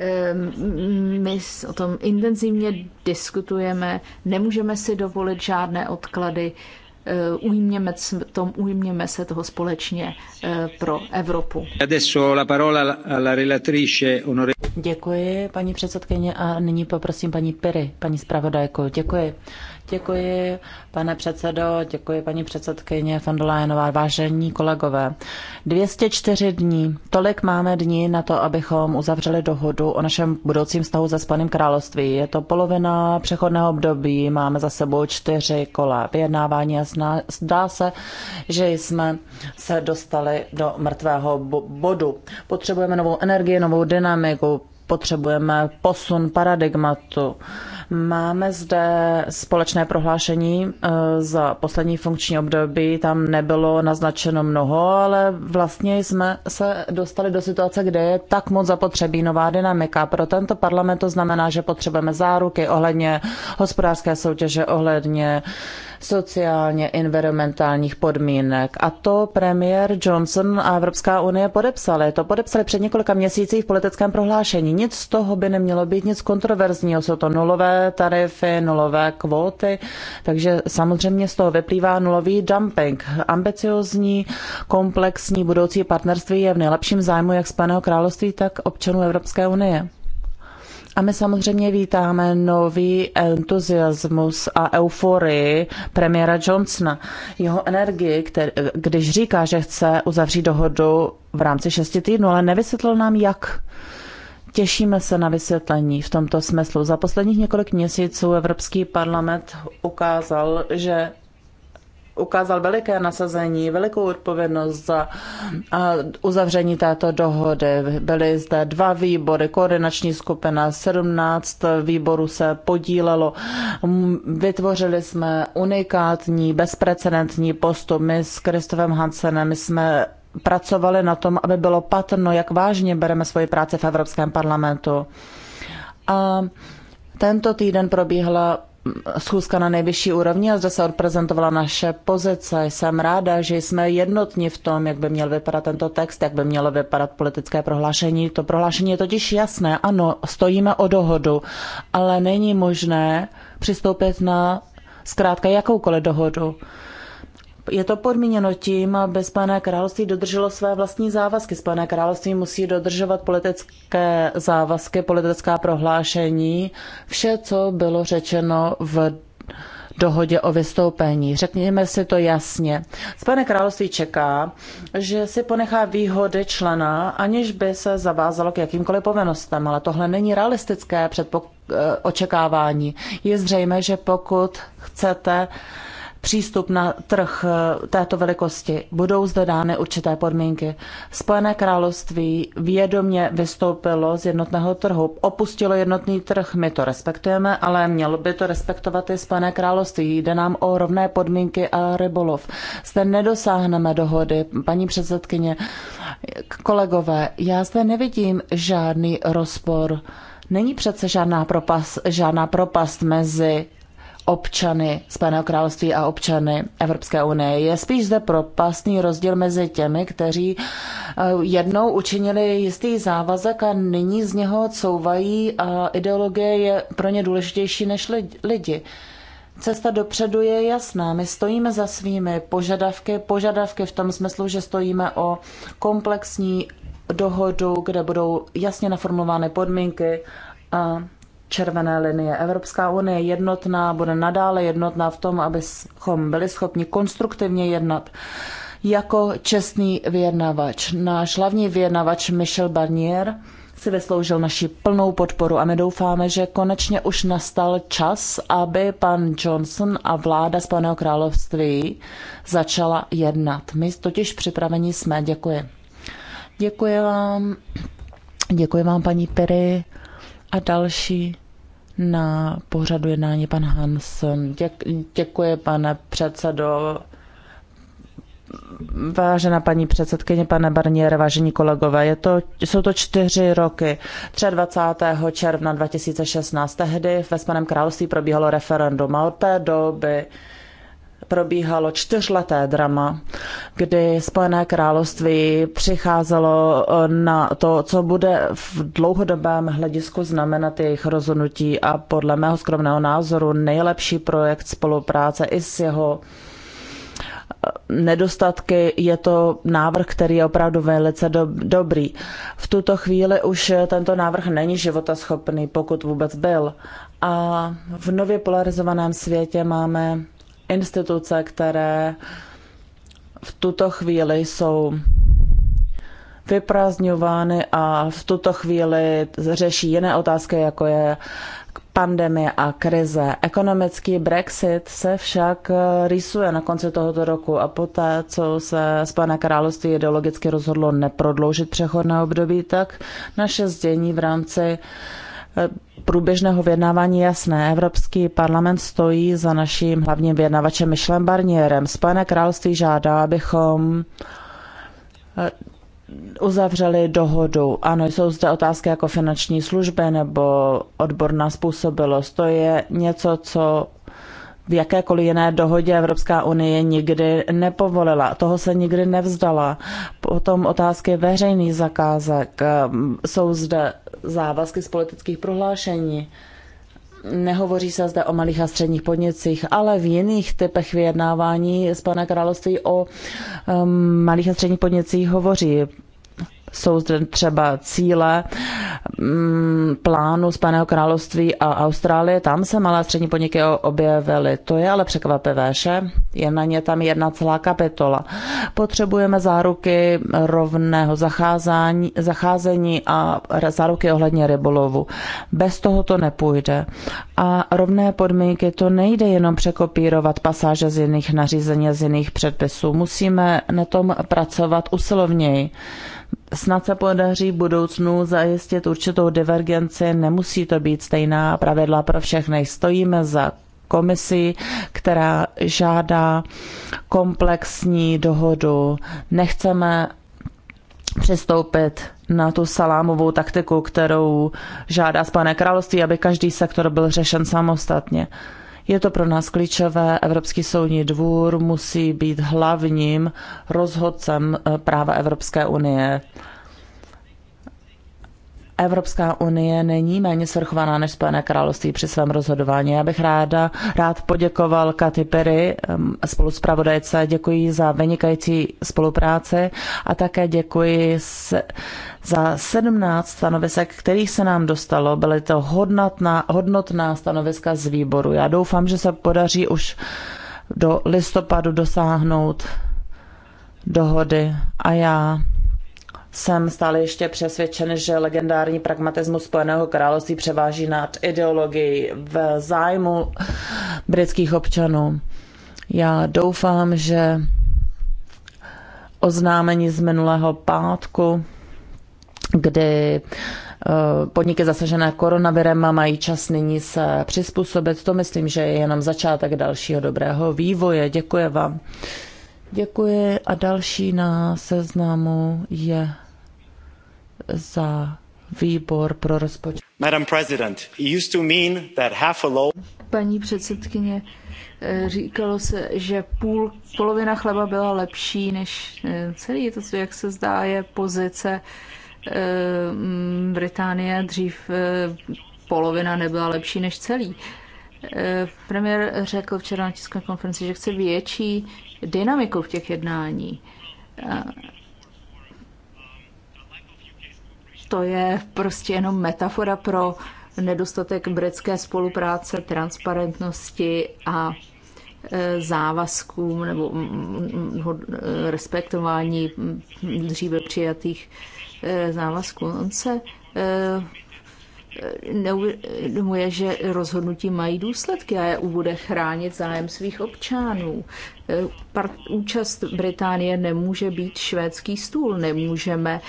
Ehm, my o tom intenzivně diskutujeme, nemůžeme si dovolit žádné odklady, eh, ujměme, tom, ujměme se toho společně eh, pro Evropu. Děkuji, paní předsedkyně, a nyní poprosím paní Piry, paní zpravodajko. Děkuji. Děkuji, pane předsedo, děkuji paní předsedkyně Fandolajenová, vážení kolegové. 204 dní, tolik máme dní na to, abychom uzavřeli dohodu o našem budoucím vztahu se Spaným království. Je to polovina přechodného období, máme za sebou čtyři kola vyjednávání a zdá se, že jsme se dostali do mrtvého bodu. Potřebujeme novou energii, novou dynamiku, potřebujeme posun paradigmatu Máme zde společné prohlášení eh, za poslední funkční období, tam nebylo naznačeno mnoho, ale vlastně jsme se dostali do situace, kde je tak moc zapotřebí nová dynamika. Pro tento parlament to znamená, že potřebujeme záruky ohledně hospodářské soutěže, ohledně uh, sociálně environmentálních podmínek. A to premiér Johnson a Evropská unie podepsali. To podepsali před několika měsíci v politickém prohlášení. Nic z toho by nemělo být nic kontroverzního. Jsou to nulové tarify, nulové kvóty, takže samozřejmě z toho vyplývá nulový dumping. Ambiciozní, komplexní budoucí partnerství je v nejlepším zájmu jak Spojeného království, tak občanů Evropské unie. A my samozřejmě vítáme nový entuziasmus a euforii premiéra Johnsona. Jeho energii, který, když říká, že chce uzavřít dohodu v rámci šesti týdnů, ale nevysvětlil nám jak. Těšíme se na vysvětlení v tomto smyslu. Za posledních několik měsíců Evropský parlament ukázal, že ukázal veliké nasazení, velikou odpovědnost za uzavření této dohody. Byly zde dva výbory, koordinační skupina, 17 výborů se podílelo. Vytvořili jsme unikátní, bezprecedentní postup. My s Kristofem Hansenem jsme pracovali na tom, aby bylo patrno, jak vážně bereme svoji práci v Evropském parlamentu. A tento týden probíhala schůzka na nejvyšší úrovni a zde se odprezentovala naše pozice. Jsem ráda, že jsme jednotní v tom, jak by měl vypadat tento text, jak by mělo vypadat politické prohlášení. To prohlášení je totiž jasné. Ano, stojíme o dohodu, ale není možné přistoupit na zkrátka jakoukoliv dohodu je to podmíněno tím, aby Spojené království dodrželo své vlastní závazky. Spojené království musí dodržovat politické závazky, politická prohlášení, vše, co bylo řečeno v dohodě o vystoupení. Řekněme si to jasně. Spojené království čeká, že si ponechá výhody člena, aniž by se zavázalo k jakýmkoliv povinnostem, ale tohle není realistické předpok- eh, očekávání. Je zřejmé, že pokud chcete uh, přístup na trh eh, této velikosti. Budou zde dány určité podmínky. Spojené království vědomě vystoupilo z jednotného trhu, opustilo jednotný trh, my to respektujeme, ale mělo by to respektovat i Spojené království. Jde nám o rovné podmínky a rybolov. Zde nedosáhneme dohody, paní předsedkyně, kolegové, já zde nevidím žádný rozpor. Není přece žádná propast, žádná propast mezi občany Spojeného království a občany Evropské unie. Je spíš zde propastný rozdíl mezi těmi, kteří eh, jednou učinili jistý závazek a nyní z něho couvají a ideologie je pro ně důležitější než lidi. Cesta dopředu je jasná. My stojíme za svými požadavky, požadavky v tom smyslu, že stojíme o komplexní dohodu, kde budou jasně naformulovány podmínky a červené linie. Evropská unie je jednotná, bude nadále jednotná v tom, abychom byli schopni konstruktivně jednat jako čestný vyjednavač. Náš hlavní vyjednavač Michel Barnier si vysloužil naši plnou podporu a my doufáme, že konečně už nastal čas, aby pan Johnson a vláda Spojeného království začala jednat. My totiž připraveni jsme. Děkuji. Děkuji vám. Děkuji vám, paní Perry. A další na pořadu jednání pan Hanson. Děk, děkuji, pane předsedo. Vážená paní předsedkyně, pane Barniere, vážení kolegové, je to, jsou to čtyři roky. 23. června 2016 tehdy ve Spaném království probíhalo referendum a od té doby probíhalo čtyřleté drama, kdy Spojené království přicházelo eh, na to, co bude v dlouhodobém hledisku znamenat jejich rozhodnutí a podle mého skromného názoru nejlepší projekt spolupráce i s jeho eh, nedostatky, je to návrh, který je opravdu velice do, dobrý. V tuto chvíli už eh, tento návrh není životaschopný, pokud vůbec byl. A v nově polarizovaném světě máme instituce, které v tuto chvíli jsou vyprázdňovány a v tuto chvíli řeší jiné otázky, jako je pandemie a krize. Ekonomický Brexit se však rýsuje na konci tohoto roku a poté, co se z pana království ideologicky rozhodlo neprodloužit přechodné období, tak naše zdění v rámci uh, průběžného vyjednávání jasné. Evropský parlament stojí za naším hlavním vyjednavačem Michelem Barnierem. Spojené království žádá, abychom eh, uzavřeli dohodu. Ano, jsou zde otázky jako finanční služby nebo odborná způsobilost. To je něco, co v jakékoliv jiné dohodě Evropská unie nikdy nepovolila. Toho se nikdy nevzdala. Potom otázky veřejných zakázek. Ehm, jsou zde závazky z politických prohlášení. Nehovoří se zde o malých a středních podnicích, ale v jiných typech vyjednávání z pana království o um, malých a středních podnicích hovoří jsou zde třeba cíle mm, plánu Spaného království a Austrálie. Tam se malé střední podniky objevily. To je ale překvapivé, že? Je na ně tam jedna celá kapitola. Potřebujeme záruky rovného zacházání, zacházení a záruky ohledně rybolovu. Bez toho to nepůjde. A rovné podmínky to nejde jenom překopírovat pasáže z jiných nařízení, z jiných předpisů. Musíme na tom pracovat usilovněji snad se podaří v budoucnu zajistit určitou divergenci. Nemusí to být stejná pravidla pro všechny. Stojíme za komisi, která žádá komplexní dohodu. Nechceme přistoupit na tu salámovou taktiku, kterou žádá Spojené království, aby každý sektor byl řešen samostatně. Je to pro nás klíčové. Evropský soudní dvůr musí být hlavním rozhodcem eh, práva Evropské unie. Evropská unie není méně svrchovaná než Spojené království při svém rozhodování. Já bych ráda rád poděkoval Katy Perry, spoluspravodajce, děkuji za vynikající spolupráci a také děkuji se, za 17 stanovisek, kterých se nám dostalo. Byly to hodnotná, hodnotná stanoviska z výboru. Já doufám, že se podaří už do listopadu dosáhnout dohody a já jsem stále ještě přesvědčen, že legendární pragmatismus Spojeného království převáží nad ideologií v zájmu britských občanů. Já doufám, že oznámení z minulého pátku, kdy eh, podniky zasažené koronavirem mají čas nyní se přizpůsobit. To myslím, že je jenom začátek dalšího dobrého vývoje. Děkuji vám. Děkuji a další na seznamu je za výbor pro rozpočet. Madam President, it used to mean that half a loaf... Paní předsedkyně, eh, říkalo se, že půl, polovina chleba byla lepší než eh, celý. To, jak se zdá, je pozice eh, Británie dřív polovina nebyla lepší než celý. Premiér řekl včera na tiskové konferenci, že chce větší dynamiku v těch jednání to je prostě jenom metafora pro nedostatek britské spolupráce, transparentnosti a e, závazkům nebo e, respektování dříve přijatých e, závazků. On se neuvědomuje, že rozhodnutí mají důsledky a EU bude chránit zájem svých občanů. E, part, účast Británie nemůže být švédský stůl, nemůžeme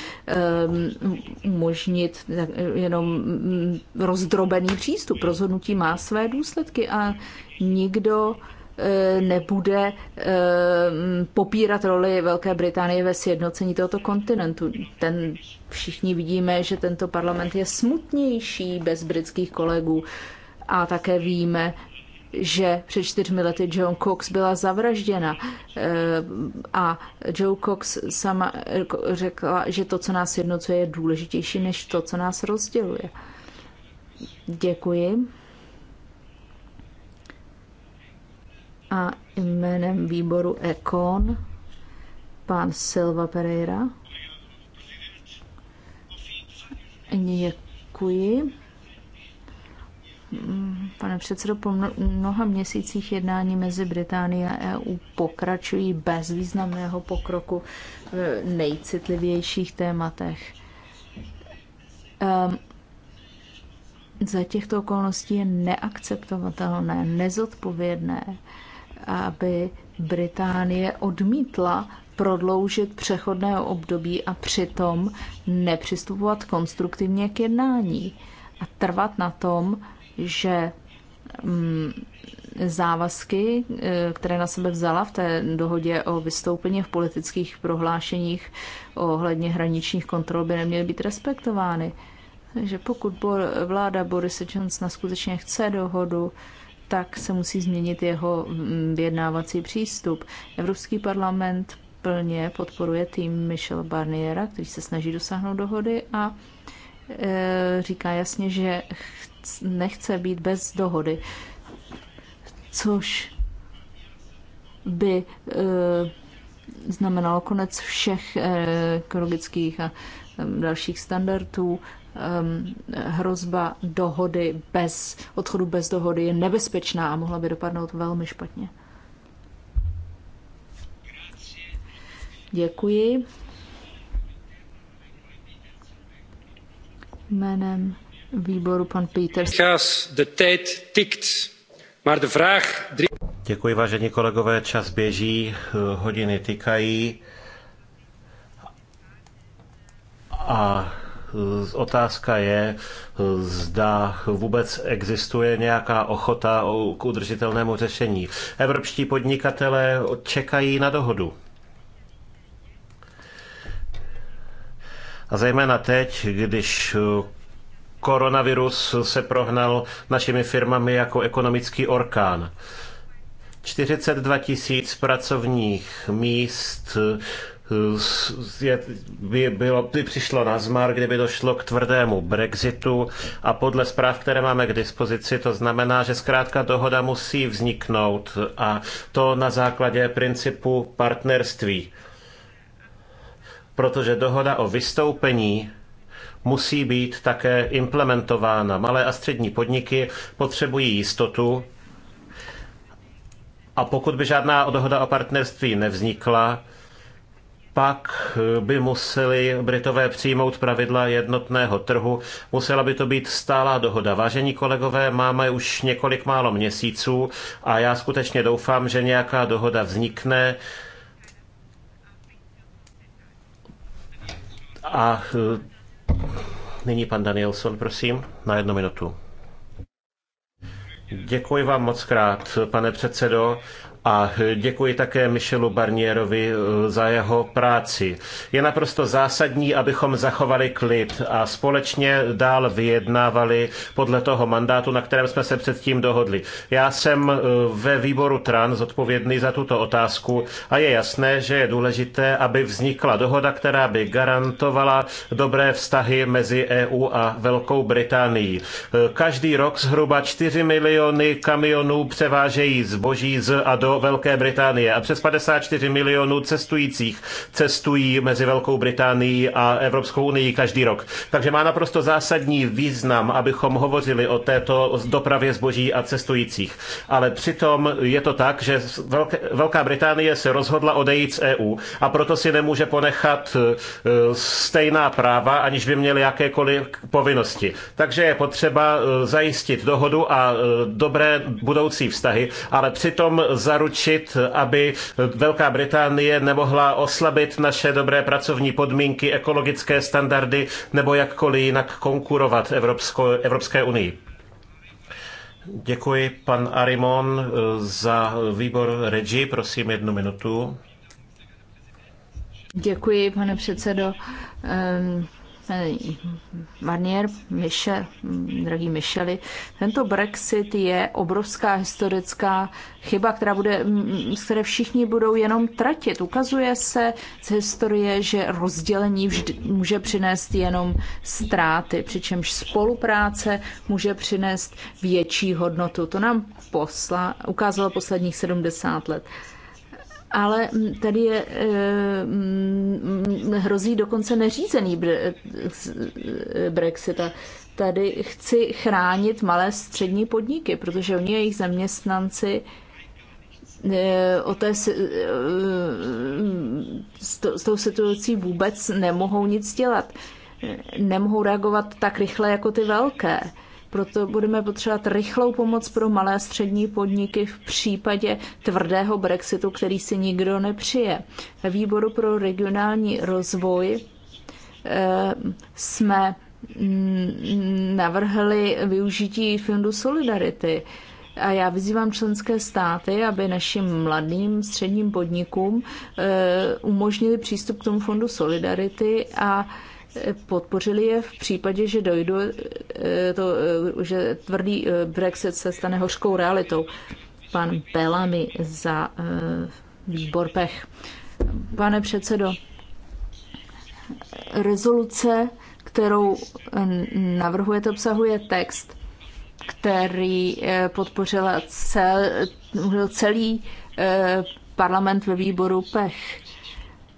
um, umožnit jenom rozdrobený přístup. Rozhodnutí má své důsledky a nikdo Eh, nebude eh, popírat roli Velké Británie ve sjednocení tohoto kontinentu. Ten, všichni vidíme, že tento parlament je smutnější bez britských kolegů a také víme, že před čtyřmi lety Joan Cox byla zavražděna eh, a Joe Cox sama řekla, že to, co nás jednocuje, je důležitější než to, co nás rozděluje. Děkuji. a jménem výboru ECON pan Silva Pereira. Děkuji. Pane předsedo, po mnoha měsících jednání mezi Británií a EU pokračují bez významného pokroku v nejcitlivějších tématech. Um, za těchto okolností je neakceptovatelné, nezodpovědné, aby Británie odmítla prodloužit přechodné období a přitom nepřistupovat konstruktivně k jednání a trvat na tom, že mm, závazky, e, které na sebe vzala v té dohodě o vystoupení v politických prohlášeních ohledně hraničních kontrol, by neměly být respektovány. Takže pokud vláda Boris Johnson skutečně chce dohodu, tak se musí změnit jeho mm, vyjednávací přístup. Evropský parlament plně podporuje tým Michel Barniera, který se snaží dosáhnout dohody a e, říká jasně, že nechce být bez dohody, což by e, znamenalo konec všech e, ekologických a dalších standardů Ehm, hrozba dohody bez odchodu bez dohody je nebezpečná a mohla by dopadnout velmi špatně. Děkuji. Jménem výboru pan Peters. Děkuji, vážení kolegové, čas běží, eh, hodiny tykají. A Eh, otázka je, eh, zda vůbec existuje nějaká ochota k udržitelnému řešení. Evropští podnikatelé čekají na dohodu. A zejména teď, když eh, koronavirus se prohnal našimi firmami jako ekonomický orkán. 42 tisíc pracovních míst Eh, by, bylo, by přišlo na zmar, kdyby došlo k tvrdému Brexitu a podle zpráv, které máme k dispozici, to znamená, že zkrátka dohoda musí vzniknout a to na základě principu partnerství. Protože dohoda o vystoupení musí být také implementována. Malé a střední podniky potřebují jistotu, a pokud by žádná dohoda o partnerství nevznikla, pak by museli Britové přijmout pravidla jednotného trhu. Musela by to být stálá dohoda. Vážení kolegové, máme už několik málo měsíců a já skutečně doufám, že nějaká dohoda vznikne. A nyní pan Danielson, prosím, na jednu minutu. Děkuji vám moc krát, pane předsedo. A děkuji také Michelu Barnierovi eh, za jeho práci. Je naprosto zásadní, abychom zachovali klid a společně dál vyjednávali podle toho mandátu, na kterém jsme se předtím dohodli. Já jsem eh, ve výboru TRAN zodpovědný za tuto otázku a je jasné, že je důležité, aby vznikla dohoda, která by garantovala dobré vztahy mezi EU a Velkou Británií. Eh, každý rok zhruba 4 miliony kamionů převážejí zboží z a do Velké Británie a přes 54 milionů cestujících cestují mezi Velkou Británií a Evropskou unii každý rok. Takže má naprosto zásadní význam, abychom hovořili o této dopravě zboží a cestujících. Ale přitom je to tak, že Velká Británie se rozhodla odejít z EU a proto si nemůže ponechat e, stejná práva, aniž by měli jakékoliv povinnosti. Takže je potřeba e, zajistit dohodu a e, dobré budoucí vztahy, ale přitom zaručit zaručit, aby Velká Británie nemohla oslabit naše dobré pracovní podmínky, ekologické standardy nebo jakkoliv jinak konkurovat Evropsko, Evropské unii. Děkuji pan Arimon za výbor Regi, prosím jednu minutu. Děkuji, pane předsedo. Ehm, jsme eh, Manier, Michel, drahý Micheli, tento Brexit je obrovská historická chyba, která bude, mm, mm, z které všichni budou jenom tratit. Ukazuje se z historie, že rozdělení vždy může přinést jenom ztráty, přičemž spolupráce může přinést větší hodnotu. To nám posla, ukázalo posledních 70 let ale mm, tady je, eh, mm, mm, hrozí dokonce neřízený eh, Brexit. A tady chci chránit malé střední podniky, protože oni jejich zaměstnanci eh, o té, s tou situací vůbec nemohou nic dělat. Nemohou reagovat tak rychle jako ty velké proto budeme potřebovat rychlou pomoc pro malé a střední podniky v případě tvrdého Brexitu, který si nikdo nepřije. Ve výboru pro regionální rozvoj eh, jsme mm, navrhli využití fondu Solidarity. A já vyzývám členské státy, aby našim mladým středním podnikům eh, umožnili přístup k tomu fondu Solidarity a podpořili je v případě, že dojdu, eh, to, eh, že tvrdý eh, Brexit se stane hořkou realitou. Pan Bellamy za výbor Pech. Pane předsedo, rezoluce, kterou navrhujete, obsahuje text, který podpořila cel, celý parlament ve výboru Pech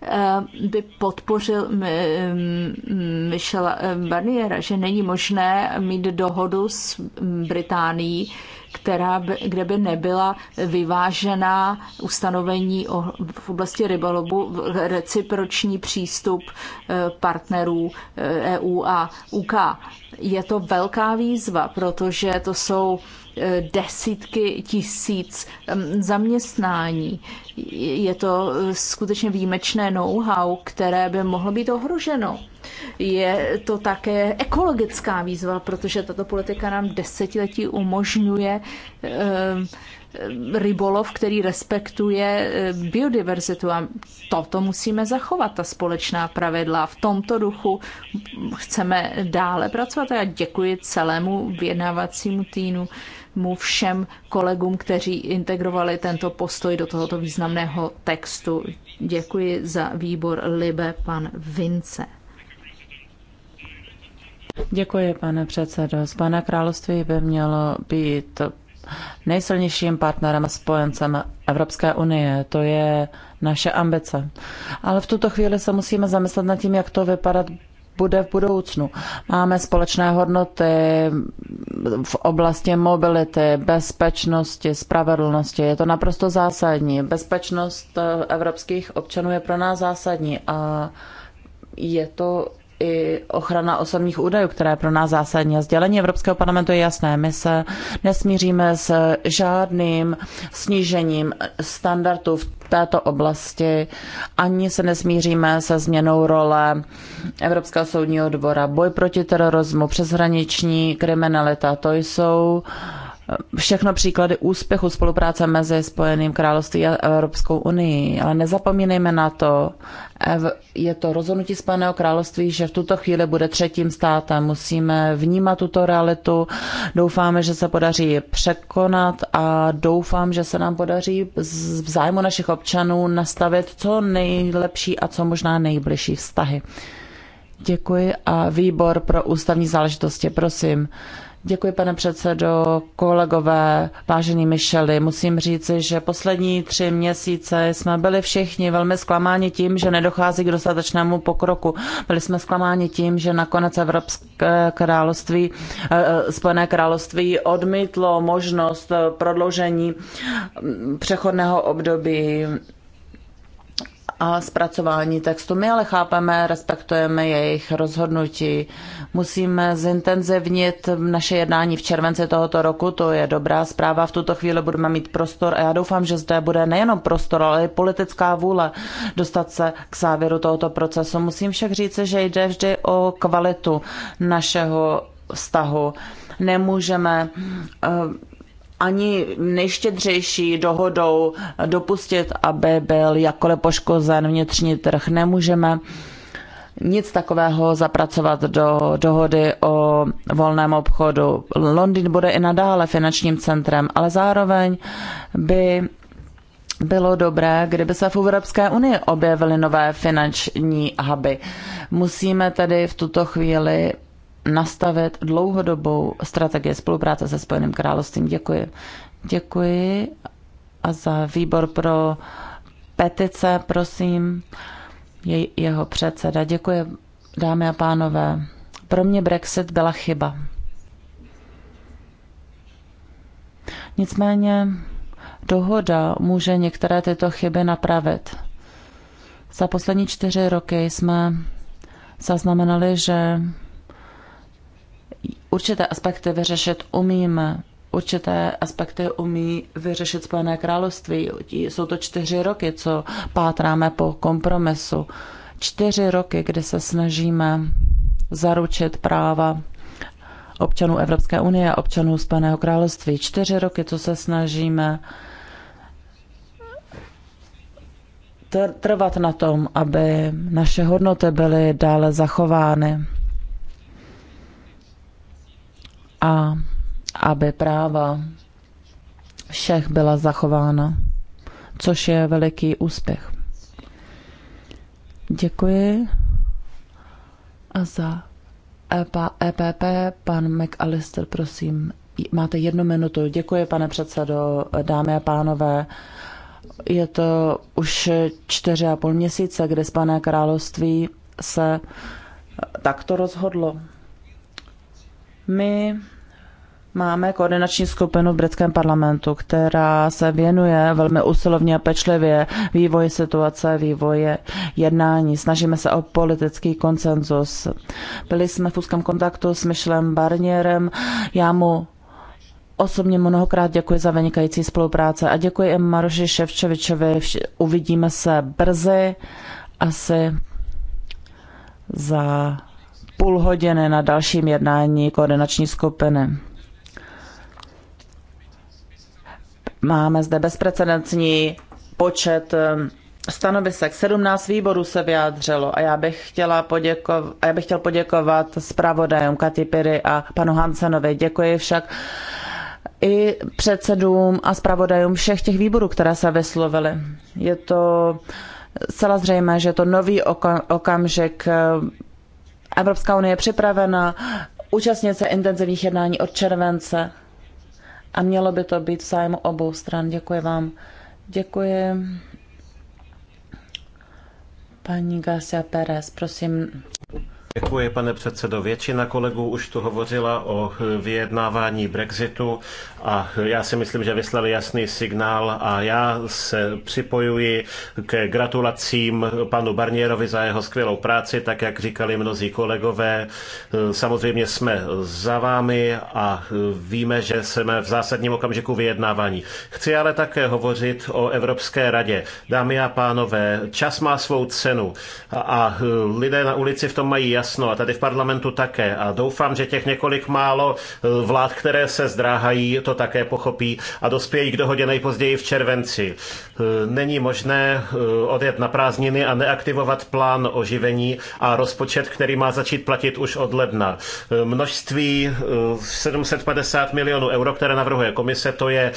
Eh, by podpořil mm, Michela eh, Barniera, že není možné mít dohodu s mm, Británií, která by, kde by nebyla vyvážená ustanovení o, v oblasti rybolovu, reciproční přístup eh, partnerů EU e a UK. Je to velká výzva, protože to jsou desítky tisíc zaměstnání. Je to eh, skutečně výjimečné know-how, které by mohlo být ohroženo. Je to také ekologická výzva, protože tato politika nám desetiletí umožňuje rybolov, který respektuje biodiverzitu a toto musíme zachovat, ta společná pravidla. V tomto duchu chceme dále pracovat a já děkuji celému vyjednávacímu týmu mu všem kolegům, kteří integrovali tento postoj do tohoto významného textu. Děkuji za výbor Libe, pan Vince. Děkuji, pane předsedo. Spojené království by mělo být nejsilnějším partnerem a spojencem Evropské unie. To je naše ambice. Ale v tuto chvíli se musíme zamyslet nad tím, jak to vypadat bude v budoucnu. Máme společné hodnoty v oblasti mobility, bezpečnosti, spravedlnosti. Je to naprosto zásadní. Bezpečnost eh, evropských občanů je pro nás zásadní a je to i ochrana osobních údajů, která je pro nás zásadní. A sdělení Evropského parlamentu je jasné. My se nesmíříme s žádným snížením standardů v této oblasti, ani se nesmíříme se změnou role Evropského soudního dvora. Boj proti terorismu, přeshraniční kriminalita, to jsou všechno příklady úspěchu spolupráce mezi Spojeným království a Evropskou unii. Ale nezapomínejme na to, je to rozhodnutí Spojeného království, že v tuto chvíli bude třetím státem. Musíme vnímat tuto realitu. Doufáme, že se podaří překonat a doufám, že se nám podaří v zájmu našich občanů nastavit co nejlepší a co možná nejbližší vztahy. Děkuji a výbor pro ústavní záležitosti, prosím. Děkuji, pane předsedo, kolegové, vážení, Micheli. Musím říci, že poslední tři měsíce jsme byli všichni velmi zklamáni tím, že nedochází k dostatečnému pokroku. Byli jsme zklamáni tím, že nakonec Evropské království, eh, eh, Spojené království odmítlo možnost prodloužení mm, přechodného období a zpracování textu. My ale chápeme, respektujeme jejich rozhodnutí. Musíme zintenzivnit naše jednání v červenci tohoto roku, to je dobrá zpráva. V tuto chvíli budeme mít prostor a já doufám, že zde bude nejenom prostor, ale i politická vůle dostat se k závěru tohoto procesu. Musím však říct, že jde vždy o kvalitu našeho vztahu. Nemůžeme uh, ani nejštědřejší dohodou dopustit, aby byl jakkoliv poškozen vnitřní trh. Nemůžeme nic takového zapracovat do dohody o volném obchodu. Londýn bude i nadále finančním centrem, ale zároveň by bylo dobré, kdyby se v Evropské unii objevily nové finanční huby. Musíme tedy v tuto chvíli nastavit dlouhodobou strategii spolupráce se Spojeným královstvím. Děkuji. Děkuji a za výbor pro petice, prosím, je, jeho předseda. Děkuji, dámy a pánové. Pro mě Brexit byla chyba. Nicméně dohoda může některé tyto chyby napravit. Za poslední čtyři roky jsme zaznamenali, že určité aspekty vyřešit umíme. Určité aspekty umí vyřešit Spojené království. Jsou to čtyři roky, co pátráme po kompromisu. Čtyři roky, kdy se snažíme zaručit práva občanů Evropské unie a občanů Spojeného království. Čtyři roky, co se snažíme trvat na tom, aby naše hodnoty byly dále zachovány. a aby práva všech byla zachována, což je veliký úspěch. Děkuji. A za EPP, e pan McAllister, prosím, máte jednu minutu. Děkuji, pane předsedo, dámy a pánové. Je to už čtyři a půl měsíce, kdy Spané království se takto rozhodlo. My Máme koordinační skupinu v britském parlamentu, která se věnuje velmi usilovně a pečlivě vývoji situace, vývoje jednání. Snažíme se o politický konsenzus. Byli jsme v úzkém kontaktu s Michelem Barnierem. Já mu Osobně mnohokrát děkuji za vynikající spolupráce a děkuji i Maroši Ševčevičovi. Uvidíme se brzy, asi za půl hodiny na dalším jednání koordinační skupiny. Máme zde bezprecedentní počet ehm, stanovisek. 17 výborů se vyjádřilo a já bych, chtěla poděko- já bych chtěl poděkovat zpravodajům Katy Piry a panu Hansenovi. Děkuji však i předsedům a zpravodajům všech těch výborů, které se vyslovily. Je to zcela zřejmé, že je to nový okamžik. Evropská unie je připravena účastnit se intenzivních jednání od července a mělo by to být v zájmu obou stran. Děkuji vám. Děkuji. Paní Garcia Pérez, prosím. Děkuji, pane předsedo. Většina kolegů už tu hovořila o vyjednávání Brexitu a já si myslím, že vyslali jasný signál a já se připojuji k gratulacím panu Barnierovi za jeho skvělou práci, tak jak říkali mnozí kolegové. Samozřejmě jsme za vámi a víme, že jsme v zásadním okamžiku vyjednávání. Chci ale také hovořit o Evropské radě. Dámy a pánové, čas má svou cenu a lidé na ulici v tom mají jasný jasno a tady v parlamentu také. A doufám, že těch několik málo eh, vlád, které se zdráhají, to také pochopí a dospějí k dohodě nejpozději v červenci. Eh, není možné eh, odjet na prázdniny a neaktivovat plán oživení a rozpočet, který má začít platit už od ledna. Množství 750 milionů euro, které navrhuje komise, to je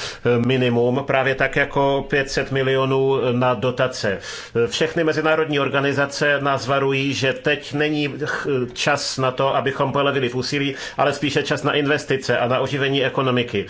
minimum, právě tak jako 500 milionů na dotace. Všechny mezinárodní organizace nás varují, že teď není čas na to, abychom polevili v úsilí, ale spíše čas na investice a na oživení ekonomiky.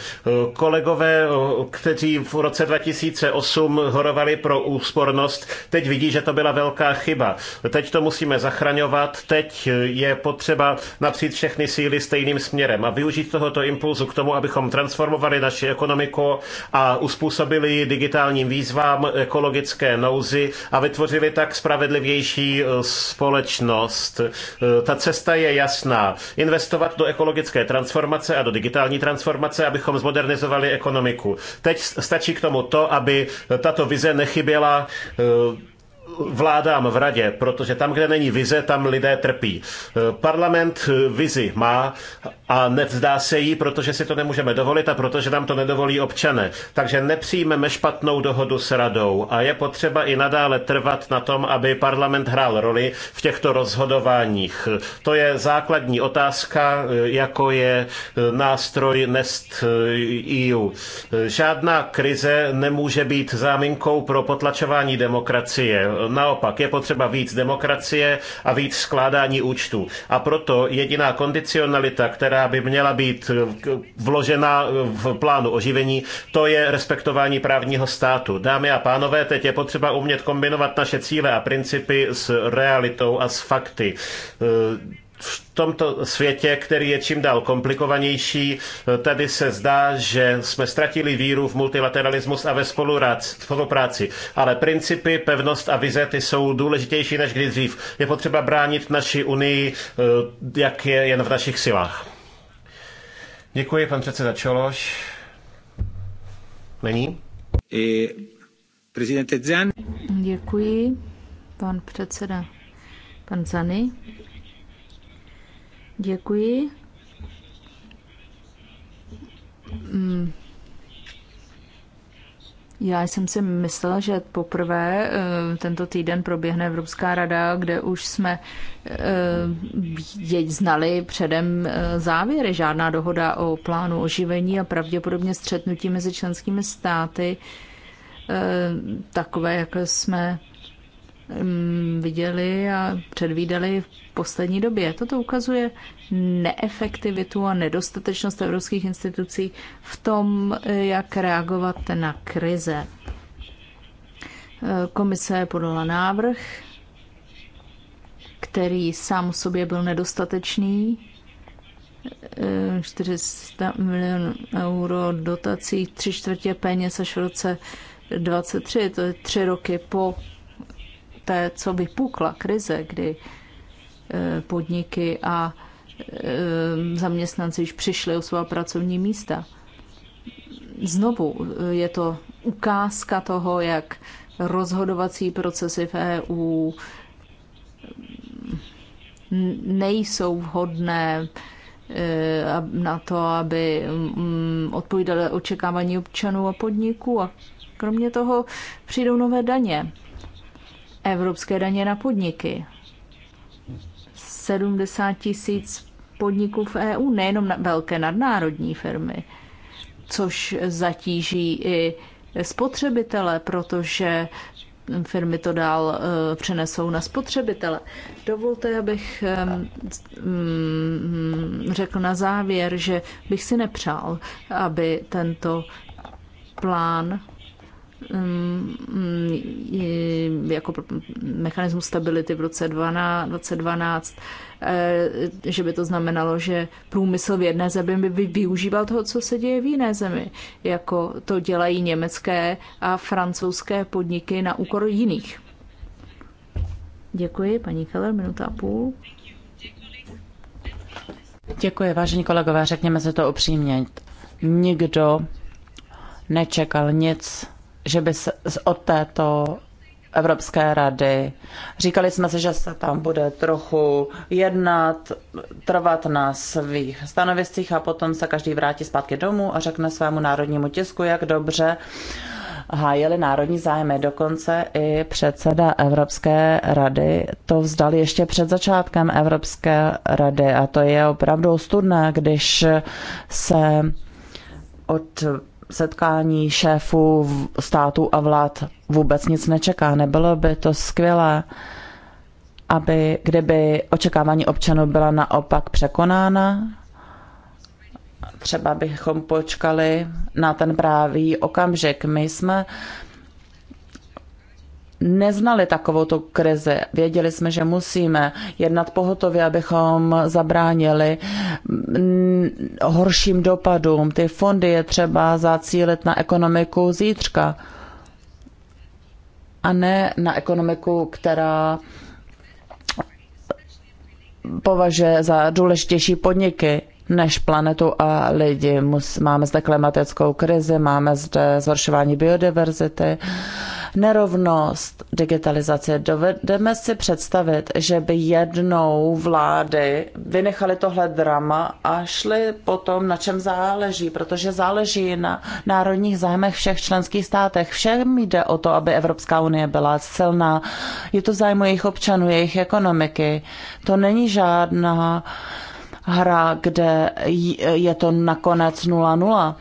Kolegové, kteří v roce 2008 horovali pro úspornost, teď vidí, že to byla velká chyba. Teď to musíme zachraňovat, teď je potřeba napřít všechny síly stejným směrem a využít tohoto impulzu k tomu, abychom transformovali naši ekonomiku a uspůsobili digitálním výzvám, ekologické nouzi a vytvořili tak spravedlivější eh, společnost. Eh, ta cesta je jasná. Investovat do ekologické transformace a do digitální transformace, abychom zmodernizovali ekonomiku. Teď stačí k tomu to, aby eh, tato vize nechyběla eh, vládám v radě, protože tam, kde není vize, tam lidé trpí. E, parlament e, vizi má a nevzdá se jí, protože si to nemůžeme dovolit a protože nám to nedovolí občané. Takže nepřijmeme špatnou dohodu s radou a je potřeba i nadále trvat na tom, aby parlament hrál roli v těchto rozhodováních. To je základní otázka, e, jako je nástroj Nest EU. Žádná krize nemůže být záminkou pro potlačování demokracie. Naopak je potřeba víc demokracie a víc skládání účtů. A proto jediná kondicionalita, která by měla být vložena v plánu oživení, to je respektování právního státu. Dámy a pánové, teď je potřeba umět kombinovat naše cíle a principy s realitou a s fakty v tomto světě, který je čím dál komplikovanější, tady se zdá, že jsme ztratili víru v multilateralismus a ve spolupráci. Ale principy, pevnost a vize ty jsou důležitější než kdy dřív. Je potřeba bránit naši unii, eh, jak je jen v našich silách. Děkuji, pan předseda Čološ. Není? I eh, prezidente Zan. Děkuji, pan předseda. Pan Zany. Děkuji. Mm. Já jsem si myslela, že poprvé eh, tento týden proběhne Evropská rada, kde už jsme eh, jeď znali předem eh, závěry. Žádná dohoda o plánu oživení a pravděpodobně střetnutí mezi členskými státy, takové, jako jsme viděli a předvídali v poslední době. Toto ukazuje neefektivitu a nedostatečnost evropských institucí v tom, jak reagovat na krize. Komise podala návrh, který sám o sobě byl nedostatečný. 400 milionů euro dotací, tři čtvrtě peněz až v roce 23, to je tři roky po té, co vypukla krize, kdy e, podniky a e, zaměstnanci již přišli o svá pracovní místa. Znovu e, je to ukázka toho, jak rozhodovací procesy v EU nejsou vhodné na to, aby mm, odpovídaly očekávání občanů a podniků a kromě toho přijdou nové daně evropské daně na podniky. 70 tisíc podniků v EU, nejenom na velké nadnárodní firmy, což zatíží i spotřebitele, protože firmy to dál e, přenesou na spotřebitele. Dovolte, abych mm, řekl na závěr, že bych si nepřál, aby tento plán Mm, mm, jako mechanismus stability v roce 2012, eh, že by to znamenalo, že průmysl v jedné zemi by využíval toho, co se děje v jiné zemi, jako to dělají německé a francouzské podniky na úkor jiných. Děkuji, paní Keller, minuta a půl. Děkuji, vážení kolegové, řekněme se to upřímně. Nikdo nečekal nic že by se od této Evropské rady. Říkali jsme si, že se tam bude trochu jednat, trvat na svých stanoviscích a potom se každý vrátí zpátky domů a řekne svému národnímu tisku, jak dobře hájili národní zájmy. Dokonce i předseda Evropské rady to vzdal ještě před začátkem Evropské rady a to je opravdu ostudné, když se od setkání šéfů států a vlád vůbec nic nečeká. Nebylo by to skvělé, aby, kdyby očekávání občanů byla naopak překonána? Třeba bychom počkali na ten právý okamžik. My jsme neznali takovouto krizi. Věděli jsme, že musíme jednat pohotově, abychom zabránili mm, horším dopadům. Ty fondy je třeba zacílit na ekonomiku zítřka a ne na ekonomiku, která považuje za důležitější podniky než planetu a lidi. Máme zde klimatickou krizi, máme zde zhoršování biodiverzity nerovnost digitalizace. Dovedeme si představit, že by jednou vlády vynechali tohle drama a šli potom, na čem záleží, protože záleží na národních zájmech všech členských státech. Všem jde o to, aby Evropská unie byla silná. Je to zájmu jejich občanů, jejich ekonomiky. To není žádná hra, kde je to nakonec 0-0.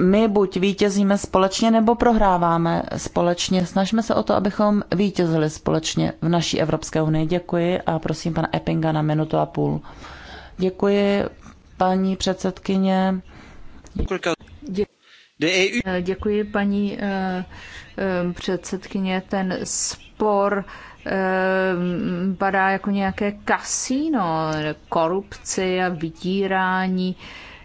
My buď vítězíme společně, nebo prohráváme společně. Snažme se o to, abychom vítězili společně v naší Evropské unii. Děkuji a prosím pana Eppinga na minutu a půl. Děkuji, paní předsedkyně. Děkuji, paní eh, eh, předsedkyně. Ten spor Ehm, padá jako nějaké kasíno, korupci a vydírání.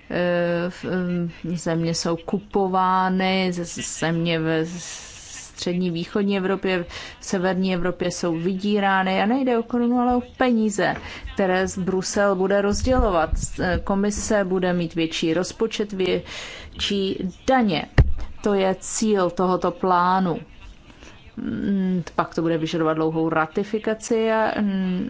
Ehm, ehm, země jsou kupovány, země ve střední východní Evropě, v severní Evropě jsou vydírány a nejde o korunu, ale o peníze, které z Brusel bude rozdělovat. E, komise bude mít větší rozpočet, větší daně. To je cíl tohoto plánu. Mm, pak to bude vyžadovat dlouhou ratifikaci a mm,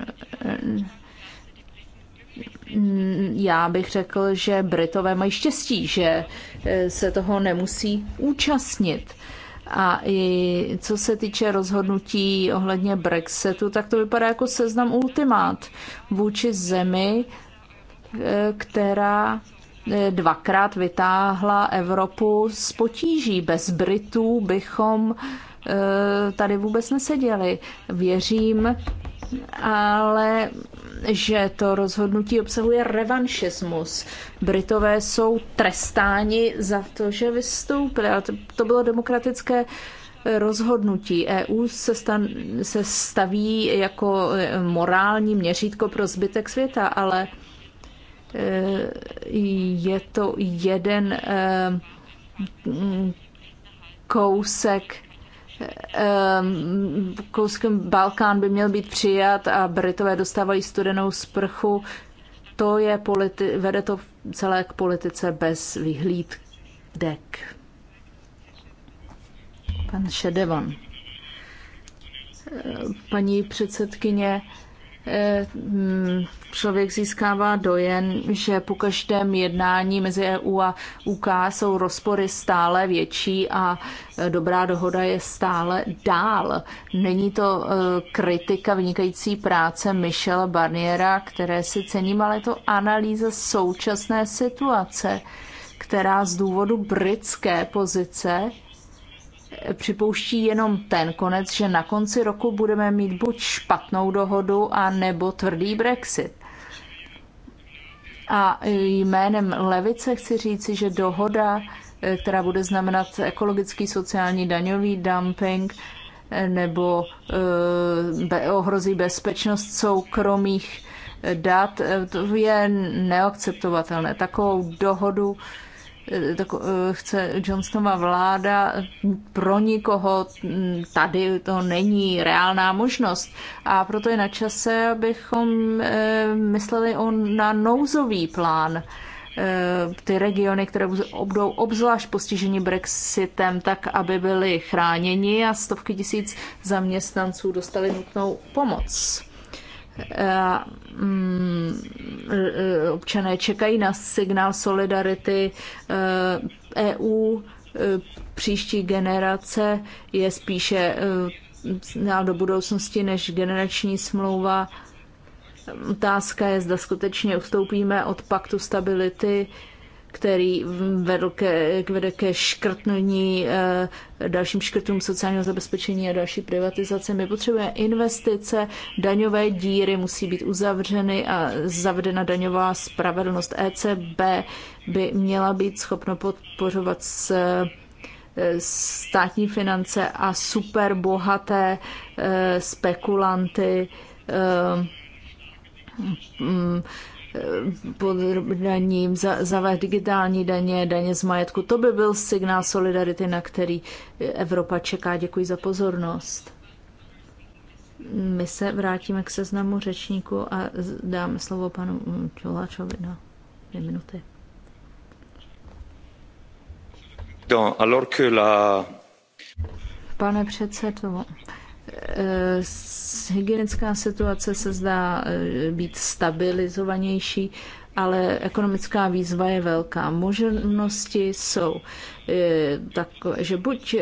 mm, já bych řekl, že Britové mají štěstí, že eh, se toho nemusí účastnit. A i co se týče rozhodnutí ohledně Brexitu, tak to vypadá jako seznam ultimát vůči zemi, eh, která eh, dvakrát vytáhla Evropu z potíží. Bez Britů bychom Eh, tady vůbec neseděli. Věřím, ale že to rozhodnutí obsahuje revanšismus. Britové jsou trestáni za to, že vystoupili. Ale to, to bylo demokratické eh, rozhodnutí. EU se, stan, se staví jako eh, morální měřítko pro zbytek světa, ale je to jeden kousek Ehm, kouskem Balkán by měl být přijat a Britové dostávají studenou sprchu. To je politi- vede to celé k politice bez vyhlídek. Pan Šedevan. Ehm, paní předsedkyně, Eh, mm, člověk získává dojem, že po každém jednání mezi EU a UK jsou rozpory stále větší a eh, dobrá dohoda je stále dál. Není to eh, kritika vynikající práce Michela Barniera, které si cením, ale je to analýza současné situace, která z důvodu britské pozice připouští jenom ten konec, že na konci roku budeme mít buď špatnou dohodu, a nebo tvrdý Brexit. A jménem levice chci říci, že dohoda, eh, která bude znamenat ekologický, sociální, daňový dumping, eh, nebo eh, be, ohrozí bezpečnost soukromých dat, to je neakceptovatelné. Takovou dohodu Eh, eh, chce Johnstonova vláda, pro nikoho mm, tady to není reálná možnost. A proto je na čase, abychom eh, mysleli o, na nouzový plán ty regiony, které budou obzvlášť postiženy Brexitem, tak aby byly chráněni a stovky tisíc zaměstnanců dostali nutnou pomoc. Mm, občané čekají na signál solidarity EU eh, e eh, příští generace je spíše signál eh, do budoucnosti než generační smlouva. Otázka je, zda skutečně ustoupíme od paktu stability který vedl ke, vede ke škrtnutí, eh, dalším škrtům sociálního zabezpečení a další privatizace. My potřebujeme investice, daňové díry musí být uzavřeny a zavedena daňová spravedlnost ECB by měla být schopno podporovat s eh, státní finance a super bohaté eh, spekulanty mm, poddaním, za, zavést digitální daně, daně z majetku. To by byl signál solidarity, na který Evropa čeká. Děkuji za pozornost. My se vrátíme k seznamu řečníku a dám slovo panu Čoláčovi na dvě minuty. No, Pane předsedo, Eh, hygienická situace se zdá eh, být stabilizovanější, ale ekonomická výzva je velká. Možnosti jsou eh, tak, že buď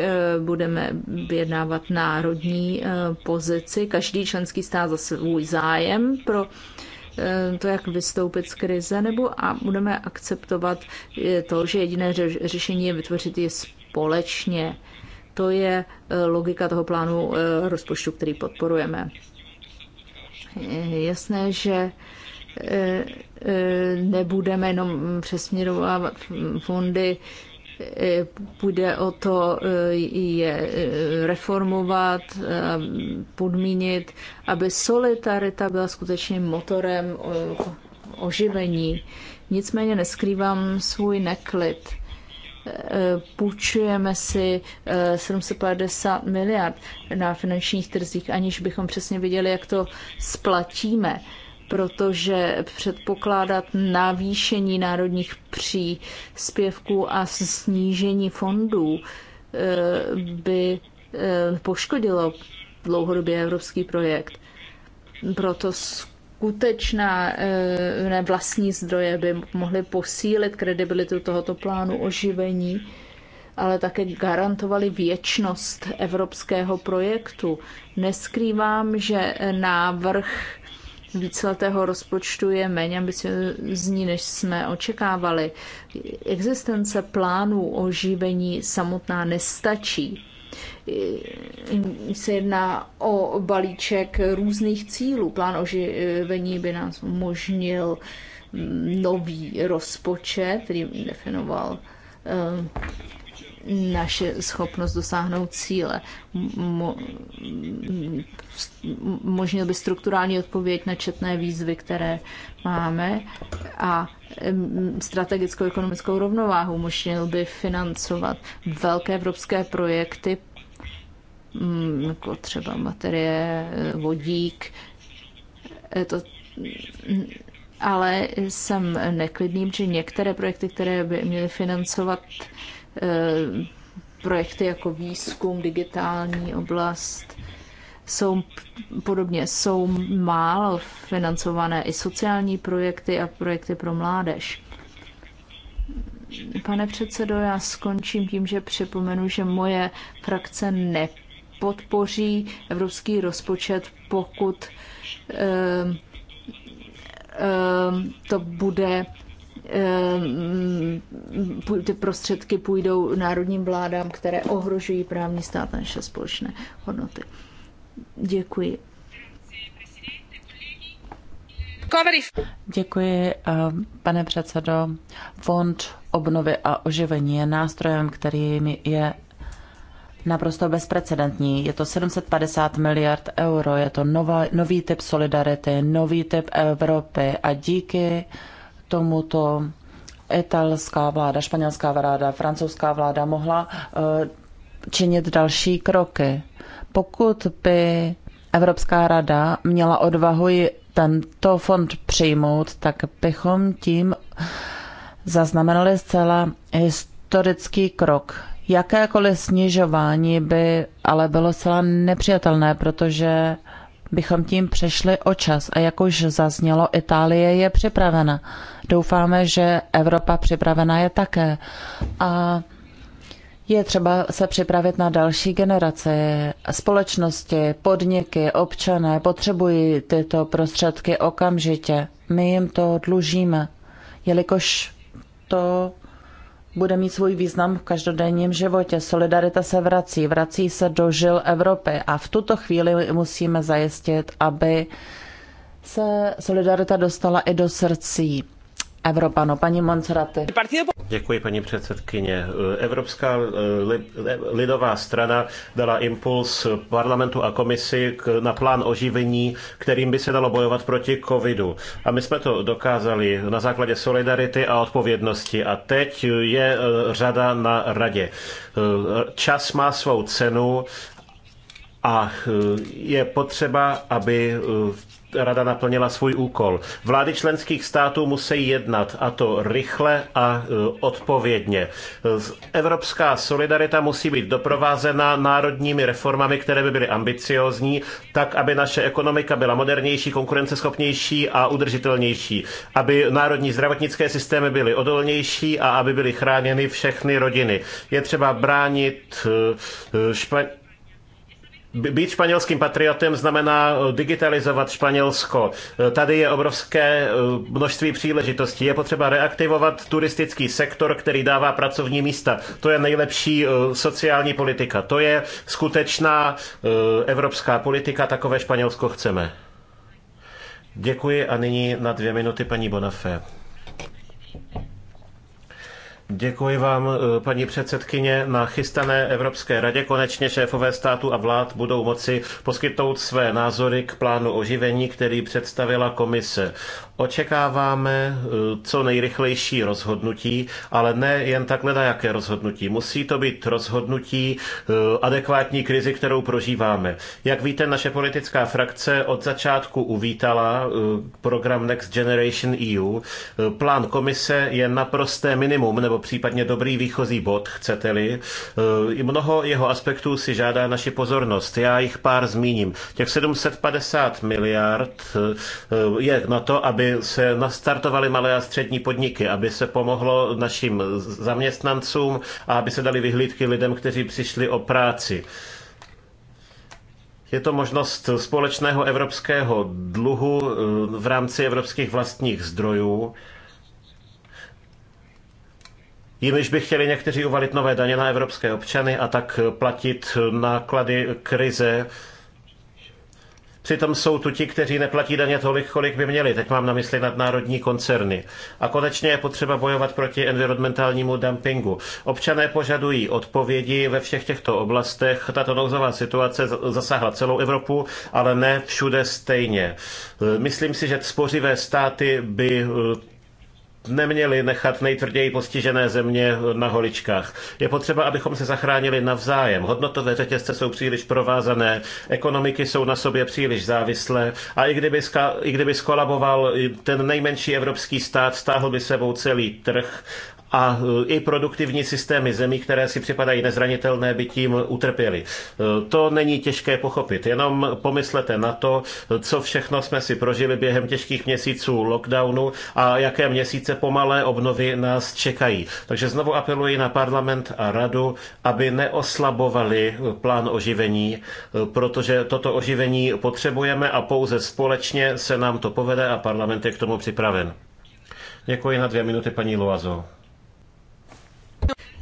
budeme vyjednávat národní pozici, každý členský stát za svůj zájem pro to, jak vystoupit z krize, nebo a budeme akceptovat to, že jediné řešení je vytvořit ji společně to je eh, logika toho plánu eh, rozpočtu, který podporujeme. jasné, že eh, nebudeme jenom přesměrovávat fondy, půjde o to je reformovat, podmínit, aby solidarita byla skutečně motorem oživení. Nicméně neskrývám svůj neklid Eh, půjčujeme si 750 eh, miliard na finančních trzích, aniž bychom přesně viděli, jak to splatíme, protože předpokládat navýšení národních příspěvků a snížení fondů eh, by poškodilo dlouhodobě evropský projekt. Proto skutečná eh, ne, vlastní zdroje by mohly posílit kredibilitu tohoto plánu oživení, ale také garantovali věčnost evropského projektu. Neskrývám, že návrh víceletého rozpočtu je méně ambiciozní, než jsme očekávali. Existence plánů oživení samotná nestačí se jedná o balíček různých cílů. Plán oživení by nás umožnil mm, nový rozpočet, který definoval eh, naše schopnost dosáhnout cíle. možně by strukturální odpověď na četné výzvy, které máme a strategickou ekonomickou rovnováhu umožnil by financovat velké evropské projekty, mm, jako třeba materie, vodík, e, to, ale jsem neklidný, že některé projekty, které by měly financovat Eh, projekty jako výzkum, digitální oblast jsou podobně, jsou málo financované i sociální projekty a projekty pro mládež. Pane předsedo, já skončím tím, že připomenu, že moje frakce nepodpoří evropský rozpočet, pokud eh, eh to bude Eh, mm, ty prostředky půjdou národním vládám, které ohrožují právní stát a naše společné hodnoty. Děkuji. Děkuji, eh, pane předsedo. Fond obnovy a oživení je nástrojem, který je naprosto bezprecedentní. Je to 750 miliard euro, je to nová, nový typ solidarity, nový typ Evropy a díky tomuto italská vláda, španělská vláda, francouzská vláda mohla eh, činit další kroky. Pokud by Evropská rada měla odvahu tento fond přijmout, tak bychom tím zaznamenali zcela historický krok. Jakékoliv snižování by ale bylo zcela nepřijatelné, protože bychom tím přešli o čas. A jak už zaznělo, Itálie je připravena Doufáme, že Evropa připravená je také. A je třeba se připravit na další generace. Společnosti, podniky, občané potřebují tyto prostředky okamžitě. My jim to dlužíme, jelikož to bude mít svůj význam v každodenním životě. Solidarita se vrací, vrací se do žil Evropy a v tuto chvíli musíme zajistit, aby se solidarita dostala i do srdcí. Evropano. Paní Monserraty. Děkuji, paní předsedkyně. Evropská eh, eh, lidová strana dala impuls parlamentu a komisi na plán oživení, kterým by se dalo bojovat proti covidu. A my jsme to dokázali na základě solidarity a odpovědnosti. A teď je eh, řada na radě. Čas má svou cenu a je potřeba, aby rada naplnila svůj úkol. Vlády členských států musí jednat, a to rychle a e, odpovědně. E, evropská solidarita musí být doprovázena národními reformami, které by byly ambiciózní, tak, aby naše ekonomika byla modernější, konkurenceschopnější a udržitelnější, aby národní zdravotnické systémy byly odolnější a aby byly chráněny všechny rodiny. Je třeba bránit e, špatně být španělským patriotem znamená eh, digitalizovat Španělsko. Eh, tady je obrovské eh, množství příležitostí. Je potřeba reaktivovat turistický sektor, který dává pracovní místa. To je nejlepší sociální politika. To je skutečná evropská politika. Takové Španělsko chceme. Děkuji a nyní na dvě minuty paní Bonafé. Děkuji vám, eh, paní předsedkyně. Na chystané Evropské radě konečně šéfové státu a vlád budou moci poskytnout své názory k plánu oživení, který představila komise. Očekáváme eh, co nejrychlejší rozhodnutí, ale ne jen takhle na jaké rozhodnutí. Musí to být rozhodnutí eh, adekvátní krizi, kterou prožíváme. Jak víte, naše politická frakce od začátku uvítala eh, program Next Generation EU. Plán komise je naprosté minimum, nebo případně dobrý výchozí bod, chcete-li. Mnoho jeho aspektů si žádá naši pozornost. Já jich pár zmíním. Těch 750 miliard je na to, aby se nastartovaly malé a střední podniky, aby se pomohlo našim zaměstnancům a aby se dali vyhlídky lidem, kteří přišli o práci. Je to možnost společného evropského dluhu eh, v rámci evropských vlastních zdrojů. Jimiž by chtěli někteří uvalit nové daně na evropské občany a tak platit náklady krize, Přitom jsou tu ti, kteří neplatí daně tolik, kolik by měli. Teď mám na mysli nadnárodní koncerny. A konečně je potřeba bojovat proti environmentálnímu dumpingu. Občané požadují odpovědi ve všech těchto oblastech. Tato nouzová situace zasáhla celou Evropu, ale ne všude stejně. Myslím si, že spořivé státy by eh, neměli nechat nejtvrději postižené země na holičkách. Je potřeba, abychom se zachránili navzájem. Hodnotové řetězce jsou příliš provázané, ekonomiky jsou na sobě příliš závislé a i kdyby, ska, i kdyby skolaboval ten nejmenší evropský stát, stáhl by sebou celý trh a e, i produktivní systémy zemí, které si připadají nezranitelné, by tím utrpěly. E, to není těžké pochopit, jenom pomyslete na to, co všechno jsme si prožili během těžkých měsíců lockdownu a jaké měsíce pomalé obnovy nás čekají. Takže znovu apeluji na parlament a radu, aby neoslabovali plán oživení, e, protože toto oživení potřebujeme a pouze společně se nám to povede a parlament je k tomu připraven. Děkuji na dvě minuty paní Loazo.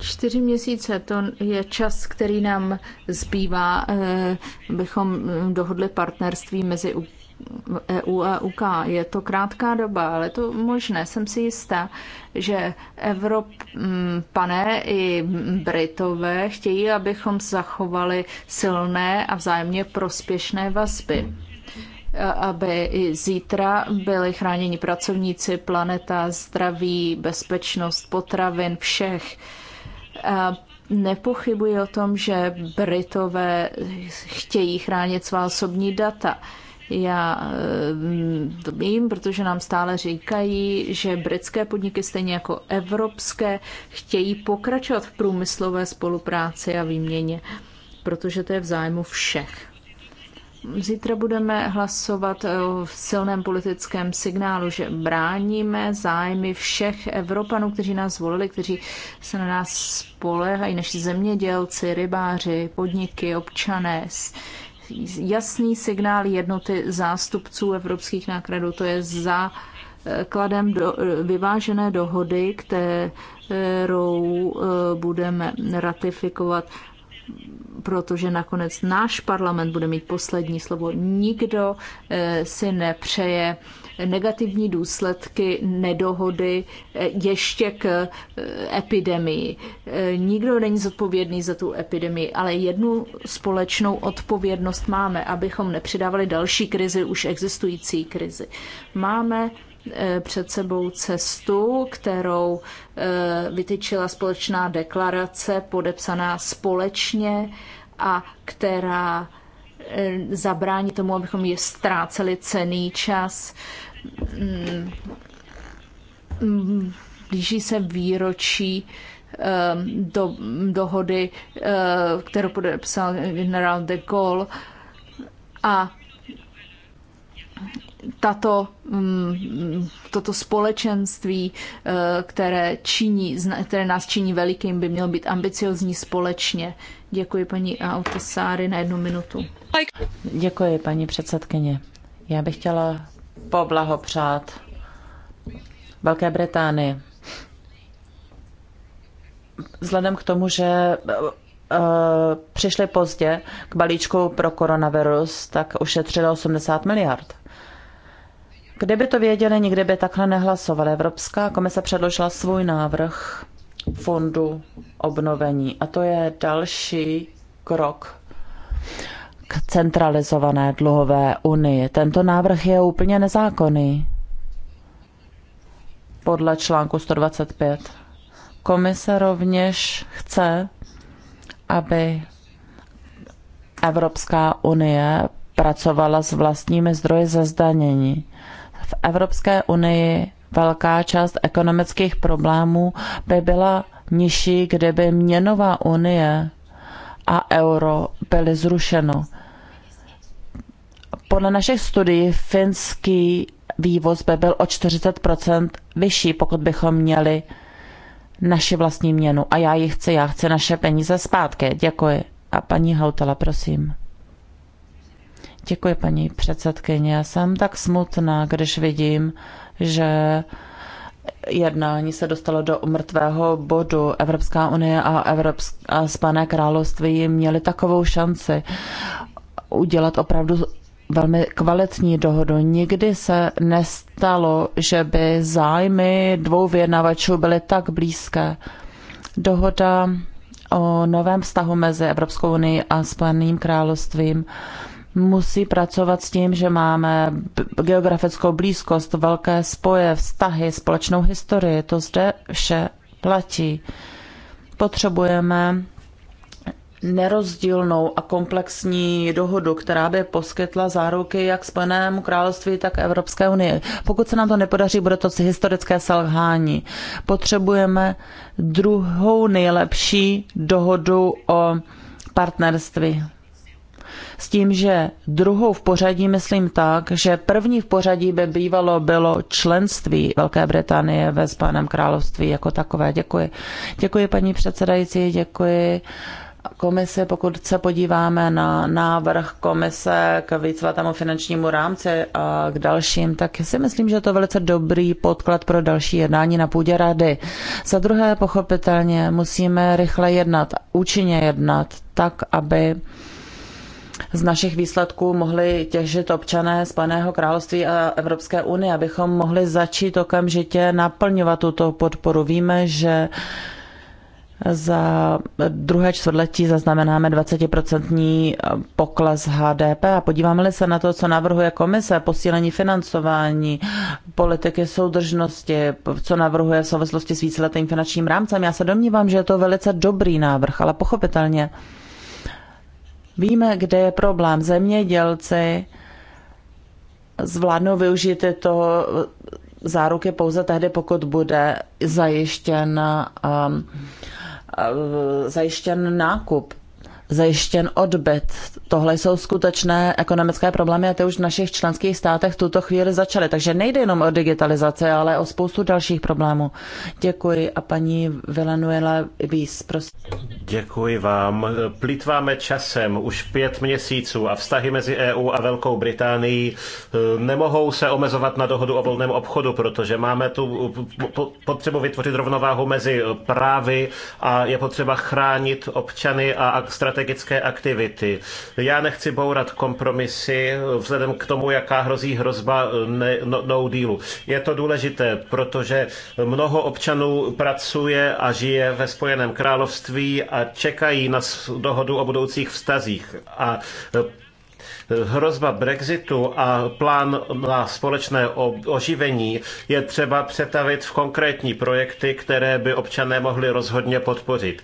Čtyři měsíce to je čas, který nám zbývá, eh, bychom eh, dohodli partnerství mezi EU e a UK. Je to krátká doba, ale to možné. Jsem si jistá, že Evropané mm, i Britové chtějí, abychom zachovali silné a vzájemně prospěšné vazby aby i zítra byli chráněni pracovníci, planeta, zdraví, bezpečnost, potravin, všech a nepochybuji o tom, že Britové chtějí chránit svá osobní data. Já eh, vím, protože nám stále říkají, že britské podniky, stejně jako evropské, chtějí pokračovat v průmyslové spolupráci a výměně, protože to je v zájmu všech. Zítra budeme hlasovat v eh, silném politickém signálu, že bráníme zájmy všech Evropanů, kteří nás volili, kteří se na nás spolehají, naši zemědělci, rybáři, podniky, občané. Jasný signál jednoty zástupců evropských nákladů, to je za kladem do, vyvážené dohody, kterou eh, budeme ratifikovat protože nakonec náš parlament bude mít poslední slovo. Nikdo eh, si nepřeje negativní důsledky nedohody eh, ještě k eh, epidemii. Nikdo není zodpovědný za tu epidemii, ale jednu společnou odpovědnost máme, abychom nepřidávali další krizi, už existující krizi. Máme Eh, před sebou cestu, kterou eh, vytyčila společná deklarace podepsaná společně a která eh, zabrání tomu, abychom je ztráceli cený čas. Mm, blíží se výročí do, dohody, kterou podepsal generál de Gaulle a tato, mm, toto společenství, eh, které, činí, které nás činí velikým, by mělo být ambiciozní společně. Děkuji paní Autosáry na jednu minutu. Děkuji paní předsedkyně. Já bych chtěla poblahopřát Velké Británii. Vzhledem k tomu, že eh, přišli pozdě k balíčku pro koronavirus, tak ušetřilo 80 miliard. Kdyby to věděli, nikdy by takhle nehlasovali. Evropská komise předložila svůj návrh fondu obnovení a to je další krok k centralizované dluhové unii. Tento návrh je úplně nezákonný podle článku 125. Komise rovněž chce, aby Evropská unie pracovala s vlastními zdroji ze zdanění. Evropské unii velká část ekonomických problémů by byla nižší, kdyby měnová unie a euro byly zrušeno. Podle našich studií finský vývoz by byl o 40 vyšší, pokud bychom měli naši vlastní měnu. A já ji chci, já chci naše peníze zpátky. Děkuji. A paní Hautala, prosím. Děkuji, paní předsedkyně. Já jsem tak smutná, když vidím, že jednání se dostalo do mrtvého bodu. Evropská unie a, Evropsk- a Spané království měli takovou šanci udělat opravdu velmi kvalitní dohodu. Nikdy se nestalo, že by zájmy dvou vyjednavačů byly tak blízké. Dohoda o novém vztahu mezi Evropskou unii a Spojeným královstvím musí pracovat s tím, že máme geografickou blízkost, velké spoje, vztahy, společnou historii. To zde vše platí. Potřebujeme nerozdílnou a komplexní dohodu, která by poskytla záruky jak Spojenému království, tak Evropské unii. Pokud se nám to nepodaří, bude to historické selhání. Potřebujeme druhou nejlepší dohodu o partnerství. S tím, že druhou v pořadí myslím tak, že první v pořadí by bývalo bylo členství Velké Británie ve Spojeném království jako takové. Děkuji. Děkuji paní předsedající, děkuji komise, pokud se podíváme na návrh komise k víceletému finančnímu rámci a k dalším, tak si myslím, že to je velice dobrý podklad pro další jednání na půdě rady. Za druhé, pochopitelně, musíme rychle jednat, účinně jednat, tak, aby z našich výsledků mohli těžit občané z Paného království a Evropské unie, abychom mohli začít okamžitě naplňovat tuto podporu. Víme, že za druhé čtvrtletí zaznamenáme 20% pokles HDP a podíváme-li se na to, co navrhuje komise, posílení financování, politiky soudržnosti, co navrhuje v souvislosti s víceletým finančním rámcem, já se domnívám, že je to velice dobrý návrh, ale pochopitelně Víme, kde je problém. Zemědělci zvládnou využít to záruky pouze tehdy, pokud bude zajištěn, um, uh, zajištěn nákup zajištěn odbyt. Tohle jsou skutečné ekonomické problémy a ty už v našich členských státech v tuto chvíli začaly. Takže nejde jenom o digitalizaci, ale o spoustu dalších problémů. Děkuji a paní Villanuela Ibis, prosím. Děkuji vám. Plýtváme časem už pět měsíců a vztahy mezi EU a Velkou Británií eh, nemohou se omezovat na dohodu o volném obchodu, protože máme tu eh, potřebu vytvořit rovnováhu mezi právy a je potřeba chránit občany a strategické strategické aktivity. Já nechci bourat kompromisy vzhledem k tomu, jaká hrozí hrozba eh, ne, no, no dealu. Je to důležité, protože mnoho občanů pracuje a žije ve Spojeném království a čekají na dohodu o budoucích vztazích. A eh, Hrozba Brexitu a plán na společné oživení je třeba přetavit v konkrétní projekty, které by občané mohli rozhodně podpořit.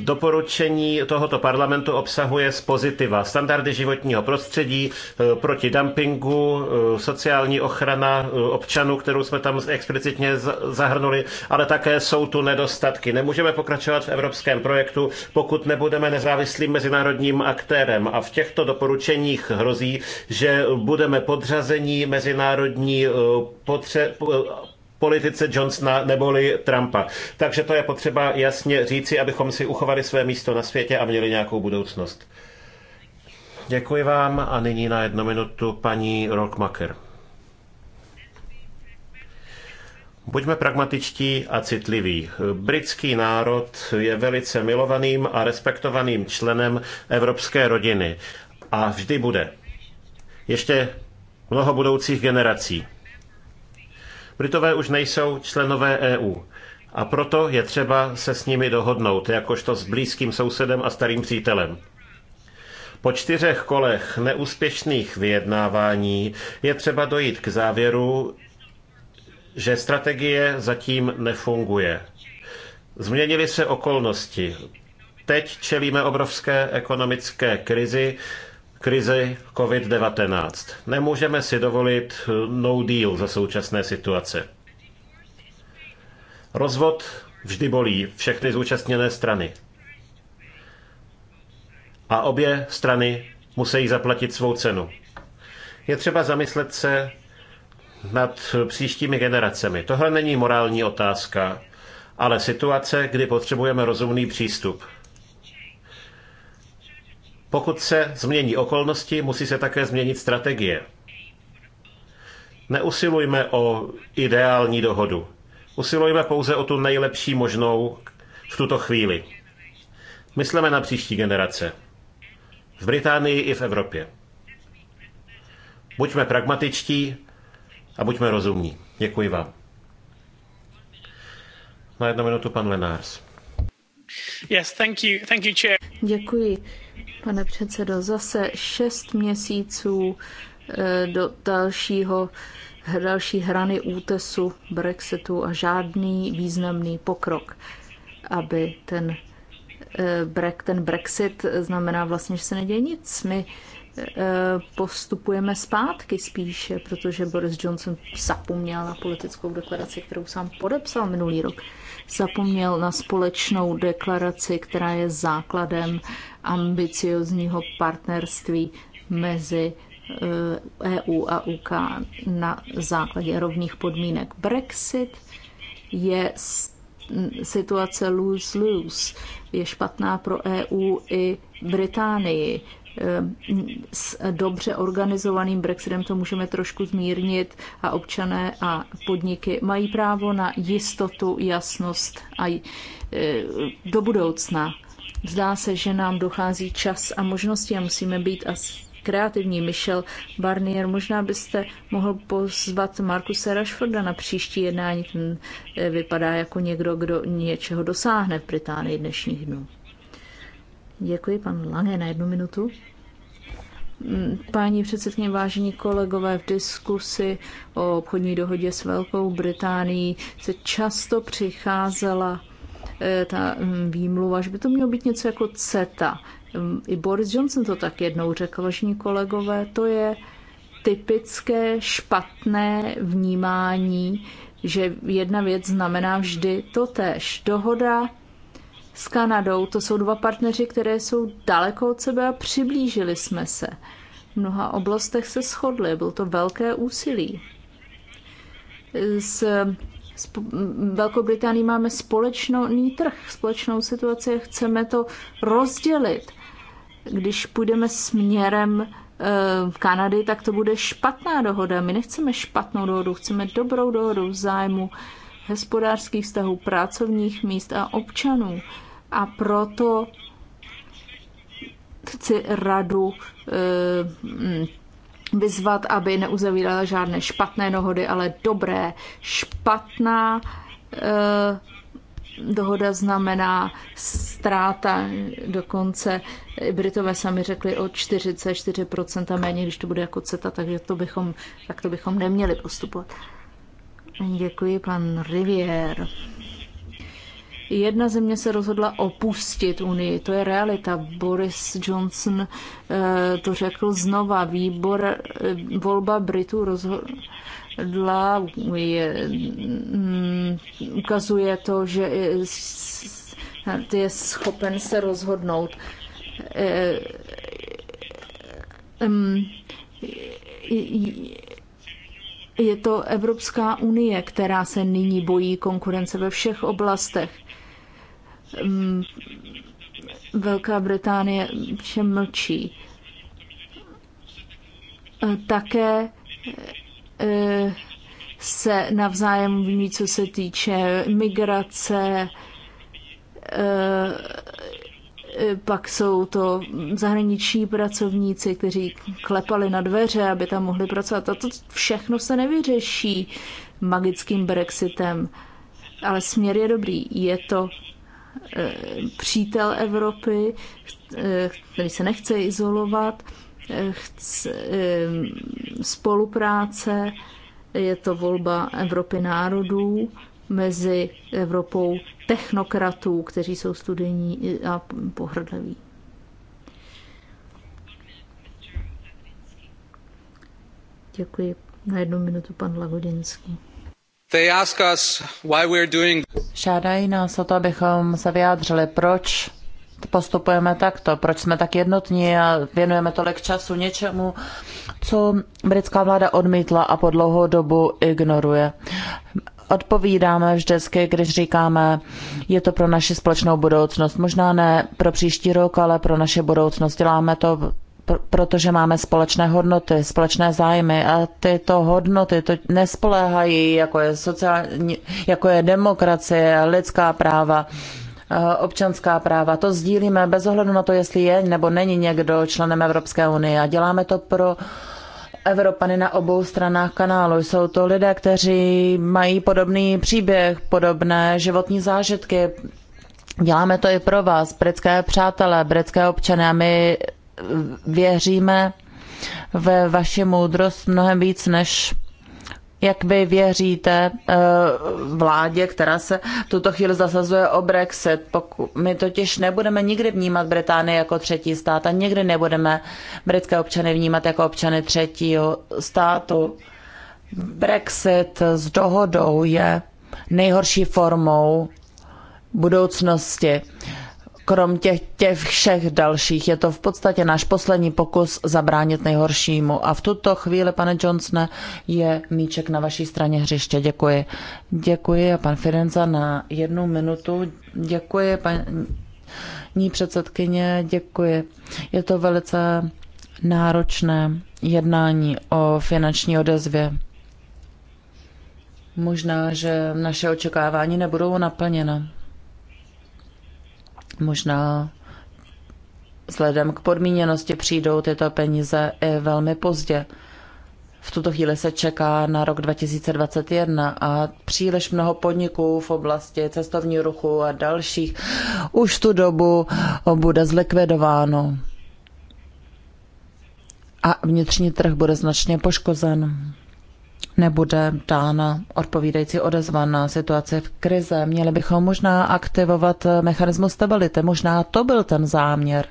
Doporučení tohoto parlamentu obsahuje z pozitiva standardy životního prostředí, eh, proti dumpingu, eh, sociální ochrana eh, občanů, kterou jsme tam explicitně zahrnuli, ale také jsou tu nedostatky. Nemůžeme pokračovat v evropském projektu, pokud nebudeme nezávislým mezinárodním aktérem. A v těchto doporučeních hrozí, že budeme podřazení mezinárodní eh, potře- eh, politice Johnsona neboli Trumpa. Takže to je potřeba jasně říci, abychom si uchovali své místo na světě a měli nějakou budoucnost. Děkuji vám a nyní na jednu minutu paní Rockmaker. Buďme pragmatičtí a citliví. Britský národ je velice milovaným a respektovaným členem evropské rodiny a vždy bude. Ještě mnoho budoucích generací. Britové už nejsou členové EU a proto je třeba se s nimi dohodnout, jakožto s blízkým sousedem a starým přítelem. Po čtyřech kolech neúspěšných vyjednávání je třeba dojít k závěru, že strategie zatím nefunguje. Změnily se okolnosti. Teď čelíme obrovské ekonomické krizi, krizi COVID-19. Nemůžeme si dovolit eh, no deal za současné situace. Rozvod vždy bolí všechny zúčastněné strany. A obě strany musí zaplatit svou cenu. Je třeba zamyslet se nad příštími generacemi. Tohle není morální otázka, ale situace, kdy potřebujeme rozumný přístup – pokud se změní okolnosti, musí se také změnit strategie. Neusilujme o ideální dohodu. Usilujme pouze o tu nejlepší možnou v tuto chvíli. Myslíme na příští generace. V Británii i v Evropě. Buďme pragmatičtí a buďme rozumní. Děkuji vám. Na jednu minutu pan Lenárs. Yes, thank you. Thank you, chair. Děkuji. Pane předsedo, zase šest měsíců eh, do dalšího, další hrany útesu Brexitu a žádný významný pokrok, aby ten, eh, brek, ten Brexit znamená vlastně, že se neděje nic. My eh, postupujeme zpátky spíše, protože Boris Johnson zapomněl na politickou deklaraci, kterou sám podepsal minulý rok. Zapomněl na společnou deklaraci, která je základem ambiciozního partnerství mezi EU eh, e a UK na základě rovných podmínek. Brexit je situace lose-lose. Je špatná pro EU i Británii. Eh, s dobře organizovaným Brexitem to můžeme trošku zmírnit a občané a podniky mají právo na jistotu, jasnost a eh, do budoucna Zdá se, že nám dochází čas a možnosti a musíme být as kreativní. Michel Barnier, možná byste mohl pozvat Markuse Rashforda na příští jednání. Ten eh, vypadá jako někdo, kdo něčeho dosáhne v Británii dnešních dnů. Děkuji, pan Lange, na jednu minutu. Mm, paní předsedkyně, vážení kolegové, v diskusi o obchodní dohodě s Velkou Británií se často přicházela Eh, ta mm, výmluva, že by to mělo být něco jako CETA. Mm, I Boris Johnson to tak jednou řekl, vážení kolegové, to je typické špatné vnímání, že jedna věc znamená vždy to tež. Dohoda s Kanadou, to jsou dva partneři, které jsou daleko od sebe a přiblížili jsme se. V mnoha oblastech se shodli, bylo to velké úsilí. S Velkou Británii máme společný trh, společnou situaci a chceme to rozdělit. Když půjdeme směrem v eh, Kanady, tak to bude špatná dohoda. My nechceme špatnou dohodu, chceme dobrou dohodu v zájmu hospodářských vztahů, pracovních míst a občanů. A proto chci radu eh, vyzvat, aby neuzavírala žádné špatné dohody, ale dobré. Špatná eh, dohoda znamená ztráta. Dokonce Britové sami řekli o 44% méně, když to bude jako CETA, takže to bychom, tak to bychom neměli postupovat. Děkuji, pan Rivière. Jedna země se rozhodla opustit Unii, to je realita. Boris Johnson eh, to řekl znova. Výbor, eh, volba Britů rozhodla, je, mm, ukazuje to, že je schopen se rozhodnout. Eh, mm, je to Evropská unie, která se nyní bojí konkurence ve všech oblastech Mm, Velká Británie vše mlčí. Také e, se navzájem viní, co se týče migrace, e, e, pak jsou to zahraniční pracovníci, kteří klepali na dveře, aby tam mohli pracovat. A to všechno se nevyřeší magickým Brexitem. Ale směr je dobrý. Je to Eh, přítel Evropy, eh, který se nechce izolovat, eh, chce, spolupráce, je to volba Evropy národů mezi Evropou technokratů, kteří jsou studení a pohrdliví. Děkuji. Na jednu minutu pan Lagodinský. Žádají nás o to, abychom se vyjádřili, proč postupujeme takto, proč jsme tak jednotní a věnujeme tolik času něčemu, co britská vláda odmítla a po dlouhou dobu ignoruje. Odpovídáme vždycky, když říkáme, je to pro naši společnou budoucnost. Možná ne pro příští rok, ale pro naše budoucnost. Děláme to protože máme společné hodnoty, společné zájmy a tyto hodnoty to nespoléhají, jako je, sociální, jako je demokracie, lidská práva, eh, občanská práva. To sdílíme bez ohledu na to, jestli je nebo není někdo členem Evropské unie a děláme to pro Evropany na obou stranách kanálu. Jsou to lidé, kteří mají podobný příběh, podobné životní zážitky. Děláme to i pro vás, britské přátelé, britské občany a my věříme ve vaši moudrost mnohem víc než jak vy věříte eh, vládě, která se tuto chvíli zasazuje o Brexit. my totiž nebudeme nikdy vnímat Británii jako třetí stát a nikdy nebudeme britské občany vnímat jako občany třetího státu. Brexit s dohodou je nejhorší formou budoucnosti krom těch, těch všech dalších. Je to v podstatě náš poslední pokus zabránit nejhoršímu. A v tuto chvíli, pane Johnsone, je míček na vaší straně hřiště. Děkuji. Děkuji a pan Firenza na jednu minutu. Děkuji, paní předsedkyně, děkuji. Je to velice náročné jednání o finanční odezvě. Možná, že naše očekávání nebudou naplněna. Možná vzhledem k podmíněnosti přijdou tyto peníze i velmi pozdě. V tuto chvíli se čeká na rok 2021 a příliš mnoho podniků v oblasti cestovního ruchu a dalších už tu dobu bude zlikvidováno. A vnitřní trh bude značně poškozen nebude dána odpovídající odezva na situaci v krize. Měli bychom možná aktivovat mechanismus stability. Možná to byl ten záměr.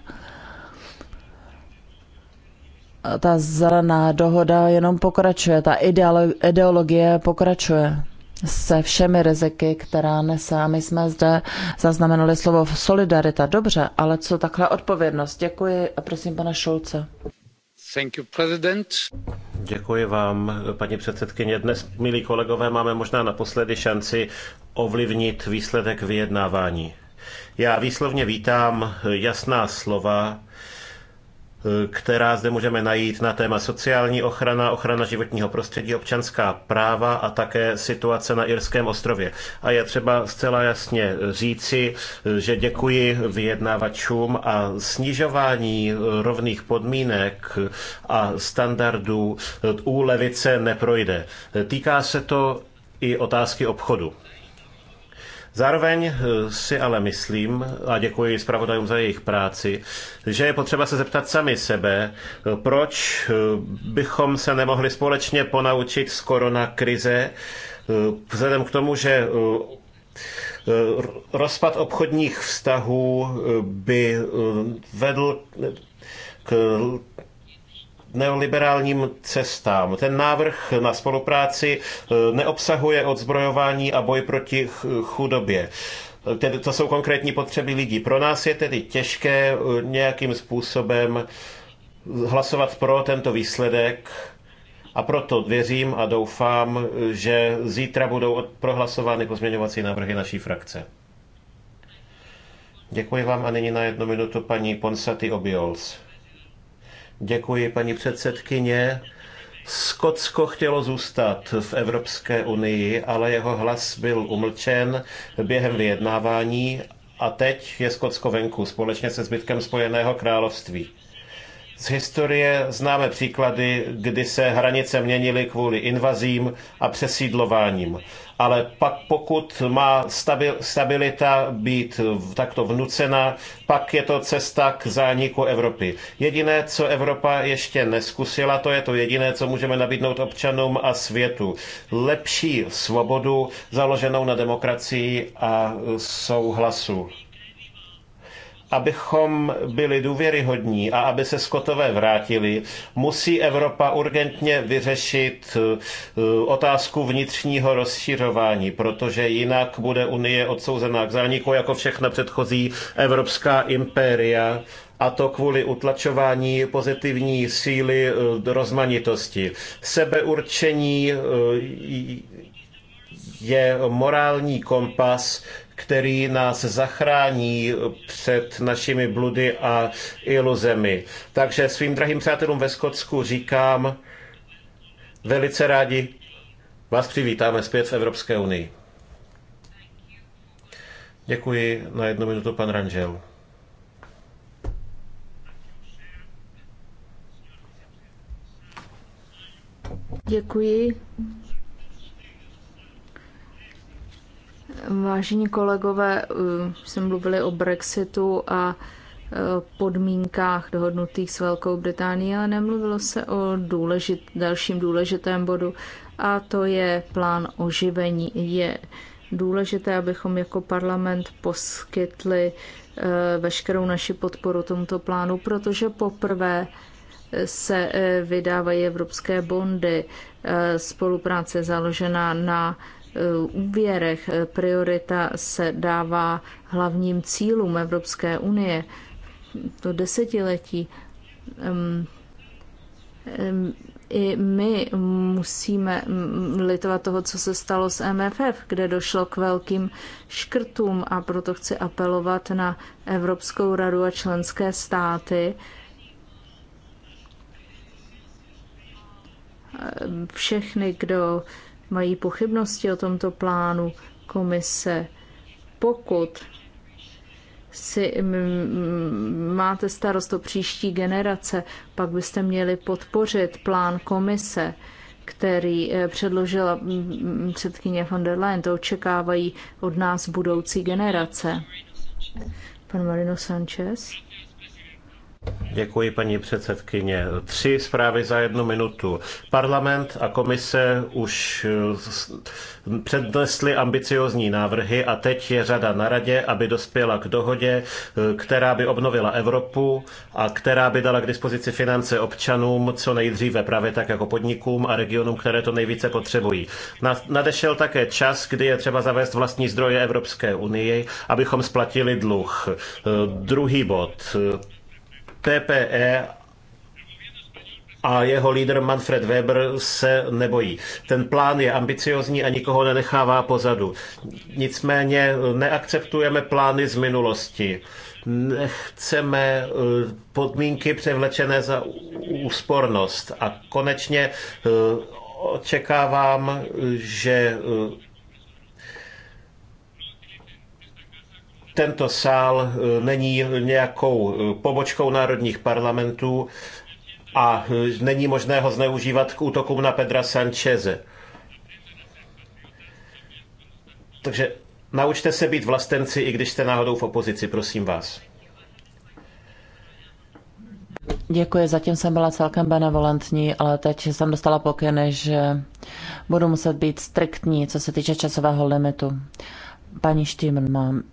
Ta zelená dohoda jenom pokračuje, ta ideologie pokračuje se všemi riziky, která nese. A my jsme zde zaznamenali slovo solidarita. Dobře, ale co takhle odpovědnost? Děkuji a prosím pana Šulce. Děkuji vám, paní předsedkyně. Dnes, milí kolegové, máme možná naposledy šanci ovlivnit výsledek vyjednávání. Já výslovně vítám jasná slova která zde můžeme najít na téma sociální ochrana, ochrana životního prostředí, občanská práva a také situace na Irském ostrově. A je třeba zcela jasně říci, že děkuji vyjednávačům a snižování rovných podmínek a standardů u levice neprojde. Týká se to i otázky obchodu. Zároveň eh, si ale myslím, a děkuji zpravodajům za jejich práci, že je potřeba se zeptat sami sebe, eh, proč eh, bychom se nemohli společně ponaučit z krize, vzhledem k tomu, že rozpad obchodních vztahů by vedl k neoliberálním cestám. Ten návrh na spolupráci e, neobsahuje odzbrojování a boj proti chudobě. to jsou konkrétní potřeby lidí. Pro nás je tedy těžké e, nějakým způsobem hlasovat pro tento výsledek a proto věřím a doufám, že zítra budou prohlasovány pozměňovací návrhy naší frakce. Děkuji vám a nyní na jednu minutu paní Ponsaty Obiols. Děkuji, paní předsedkyně. Skotsko chtělo zůstat v Evropské unii, ale jeho hlas byl umlčen během vyjednávání a teď je Skotsko venku společně se zbytkem Spojeného království. Z historie známe příklady, kdy se hranice měnily kvůli invazím a přesídlováním ale pak pokud má stabilita být takto vnucena, pak je to cesta k zániku Evropy. Jediné, co Evropa ještě neskusila, to je to jediné, co můžeme nabídnout občanům a světu. Lepší svobodu založenou na demokracii a souhlasu abychom byli důvěryhodní a aby se Skotové vrátili, musí Evropa urgentně vyřešit eh, eh, otázku vnitřního rozšiřování, protože jinak bude Unie odsouzena k zániku jako všechna předchozí evropská impéria a to kvůli utlačování pozitivní síly eh, rozmanitosti. Sebeurčení je morální kompas, který nás zachrání před našimi bludy a iluzemi. Takže svým drahým přátelům ve Skotsku říkám, velice rádi vás přivítáme zpět v Evropské unii. Děkuji. Na jednu minutu pan Ranžel. Děkuji. Vážení kolegové, eh, jsme mluvili o Brexitu a eh, podmínkách dohodnutých s Velkou Británií, ale nemluvilo se o důležit, dalším důležitém bodu, a to je plán oživení. Je důležité, abychom jako parlament poskytli eh, veškerou naši podporu tomuto plánu, protože poprvé se vydávají evropské bondy, spolupráce založená na Eh, úvěrech eh, priorita se dává hlavním cílům Evropské unie. To desetiletí i my musíme mm, litovat toho, co se stalo s MFF, kde došlo k velkým škrtům a proto chci apelovat na Evropskou radu a členské státy, eh, všechny, kdo mají pochybnosti o tomto plánu komise. Pokud si máte starost o příští generace, pak byste měli podpořit plán komise, který eh, předložila předkyně von der Leyen. To očekávají od nás budoucí generace. Pan Marino Sanchez. Děkuji, paní předsedkyně. Tři zprávy za jednu minutu. Parlament a komise už eh, přednesly ambiciozní návrhy a teď je řada na radě, aby dospěla k dohodě, eh, která by obnovila Evropu a která by dala k dispozici finance občanům co nejdříve, právě tak jako podnikům a regionům, které to nejvíce potřebují. Nadešel také čas, kdy je třeba zavést vlastní zdroje Evropské unie, abychom splatili dluh. Eh, druhý bod TPE a jeho lídr Manfred Weber se nebojí. Ten plán je ambiciozní a nikoho nenechává pozadu. Nicméně neakceptujeme plány z minulosti. Nechceme eh, podmínky převlečené za úspornost. A konečně eh, očekávám, že eh, Tento sál eh, není nějakou eh, pobočkou národních parlamentů a eh, není možné ho zneužívat k útokům na Pedra Sancheze. Takže naučte se být vlastenci, i když jste náhodou v opozici, prosím vás. Děkuji, zatím jsem byla celkem benevolentní, ale teď jsem dostala pokyny, že budu muset být striktní, co se týče časového limitu. Paní Štýmen, mám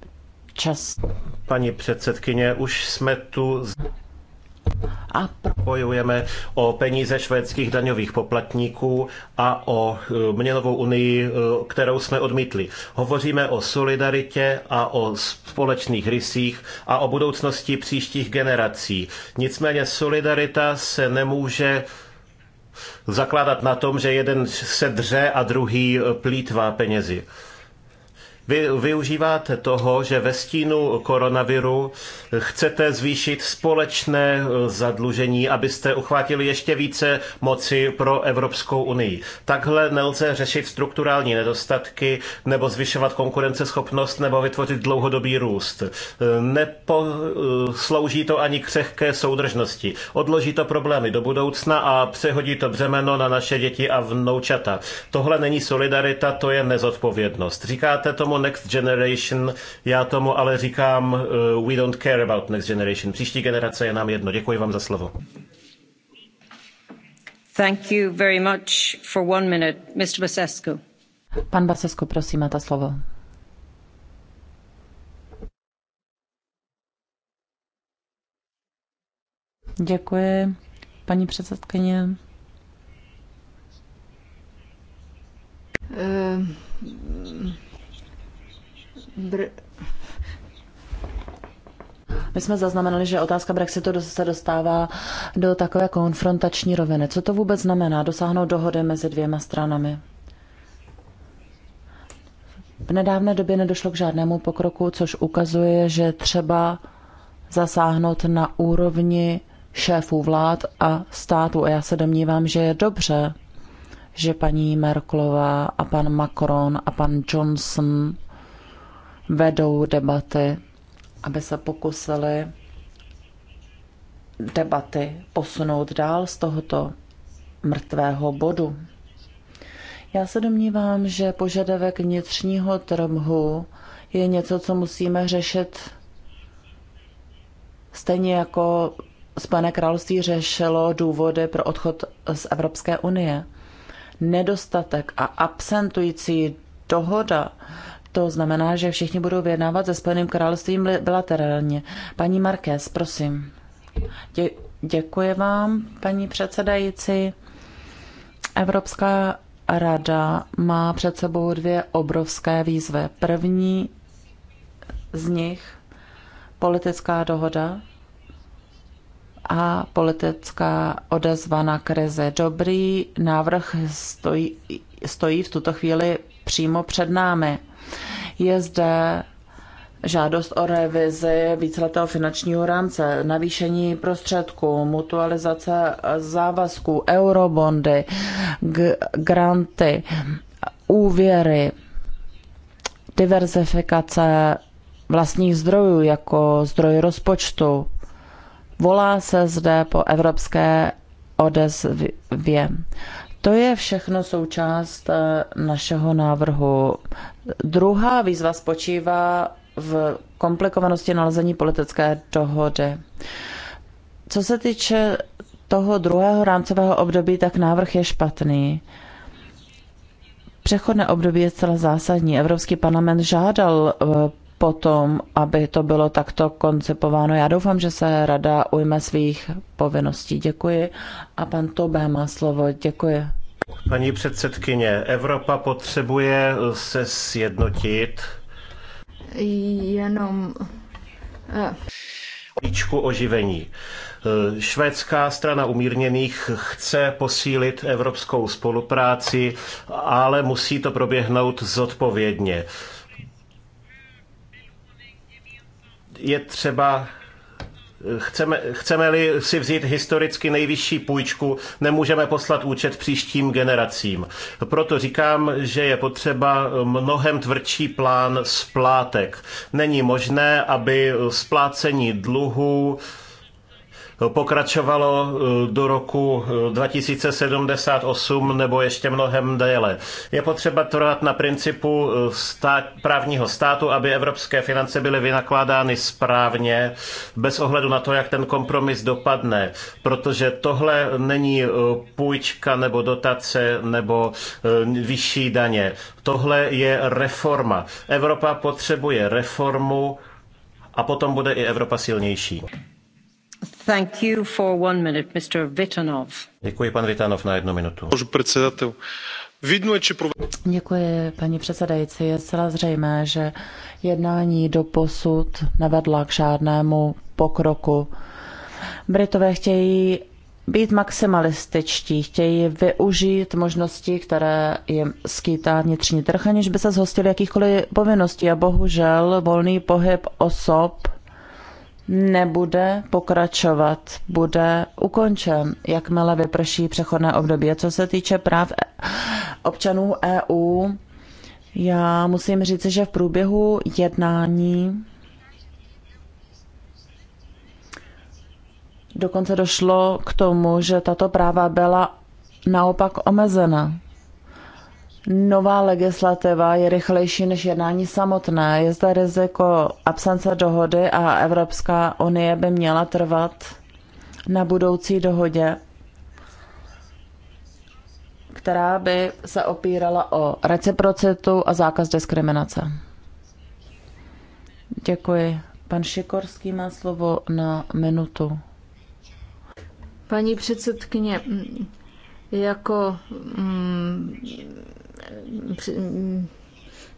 čas. Paní předsedkyně, už jsme tu a bojujeme o peníze švédských daňových poplatníků a o e, měnovou unii, e, kterou jsme odmítli. Hovoříme o solidaritě a o společných rysích a o budoucnosti příštích generací. Nicméně solidarita se nemůže zakládat na tom, že jeden se dře a druhý e, plítvá penězi. Vy využíváte toho, že ve stínu koronaviru chcete zvýšit společné eh, zadlužení, abyste uchvátili ještě více moci pro Evropskou unii. Takhle nelze řešit strukturální nedostatky nebo zvyšovat konkurenceschopnost nebo vytvořit dlouhodobý růst. Eh, Neposlouží eh, to ani křehké soudržnosti. Odloží to problémy do budoucna a přehodí to břemeno na naše děti a vnoučata. Tohle není solidarita, to je nezodpovědnost. Říkáte tomu tomu Next Generation, já tomu ale říkám uh, We don't care about Next Generation. Příští generace je nám jedno. Děkuji vám za slovo. Thank you very much for one minute. Mr. Basescu. Pan Basescu, prosím, máte slovo. Děkuji, paní předsedkyně. Uh Br- my jsme zaznamenali, že otázka Brexitu se dostává do takové konfrontační roviny. Co to vůbec znamená dosáhnout dohody mezi dvěma stranami? V nedávné době nedošlo k žádnému pokroku, což ukazuje, že třeba zasáhnout na úrovni šéfů vlád a států. A já se domnívám, že je dobře, že paní Merklová a pan Macron a pan Johnson vedou debaty, aby se pokusili debaty posunout dál z tohoto mrtvého bodu. Já se domnívám, že požadavek vnitřního trhu je něco, co musíme řešit stejně jako Spojené království řešilo důvody pro odchod z Evropské unie. Nedostatek a absentující dohoda to znamená, že všichni budou vyjednávat se Spojeným královstvím bilaterálně. Paní Marquez, prosím. Dě- děkuji vám, paní předsedající. Evropská rada má před sebou dvě obrovské výzvy. První z nich politická dohoda a politická odezva na krize. Dobrý návrh stojí, stojí v tuto chvíli přímo před námi. Je zde žádost o revizi víceletého finančního rámce, navýšení prostředků, mutualizace závazků, eurobondy, granty, úvěry, diverzifikace vlastních zdrojů jako zdroj rozpočtu. Volá se zde po evropské odezvě. To je všechno součást eh, našeho návrhu. Druhá výzva spočívá v komplikovanosti nalezení politické dohody. Co se týče toho druhého rámcového období, tak návrh je špatný. Přechodné období je zcela zásadní. Evropský parlament žádal eh, potom, aby to bylo takto koncipováno. Já doufám, že se rada ujme svých povinností. Děkuji. A pan Tobé má slovo. Děkuji. Paní předsedkyně, Evropa potřebuje se sjednotit. Jenom balíčku eh, oživení. Eh, švédská strana umírněných chce posílit evropskou spolupráci, ale musí to proběhnout zodpovědně. je třeba Chceme, chceme-li si vzít historicky nejvyšší půjčku, nemůžeme poslat účet příštím generacím. Proto říkám, že je potřeba mnohem tvrdší plán splátek. Není možné, aby splácení dluhů pokračovalo eh, do roku 2078 eh, nebo ještě mnohem déle. Je potřeba trvat na principu eh, stát, právního státu, aby evropské finance byly vynakládány správně, bez ohledu na to, jak ten kompromis dopadne, protože tohle není půjčka nebo dotace nebo vyšší daně. Tohle je reforma. Evropa potřebuje reformu a potom bude i Evropa silnější. Předsedatel. Vidno, paní předsedající. Je zcela zřejmé, že jednání do posud nevedla k žádnému pokroku. Britové chtějí být maximalističtí, chtějí využít možnosti, které jim skýtá vnitřní trh, aniž by se zhostili jakýchkoliv povinností. A bohužel volný pohyb osob nebude pokračovat, bude ukončen, jakmile vyprší přechodné období. A co se týče práv e- občanů EU, já musím říct, že v průběhu jednání dokonce došlo k tomu, že tato práva byla naopak omezena nová legislativa je rychlejší než jednání samotné. Je zde riziko absence dohody a Evropská unie by měla trvat na budoucí dohodě, která by se opírala o reciprocitu a zákaz diskriminace. Děkuji. Pan Šikorský má slovo na minutu. Paní předsedkyně, jako mm,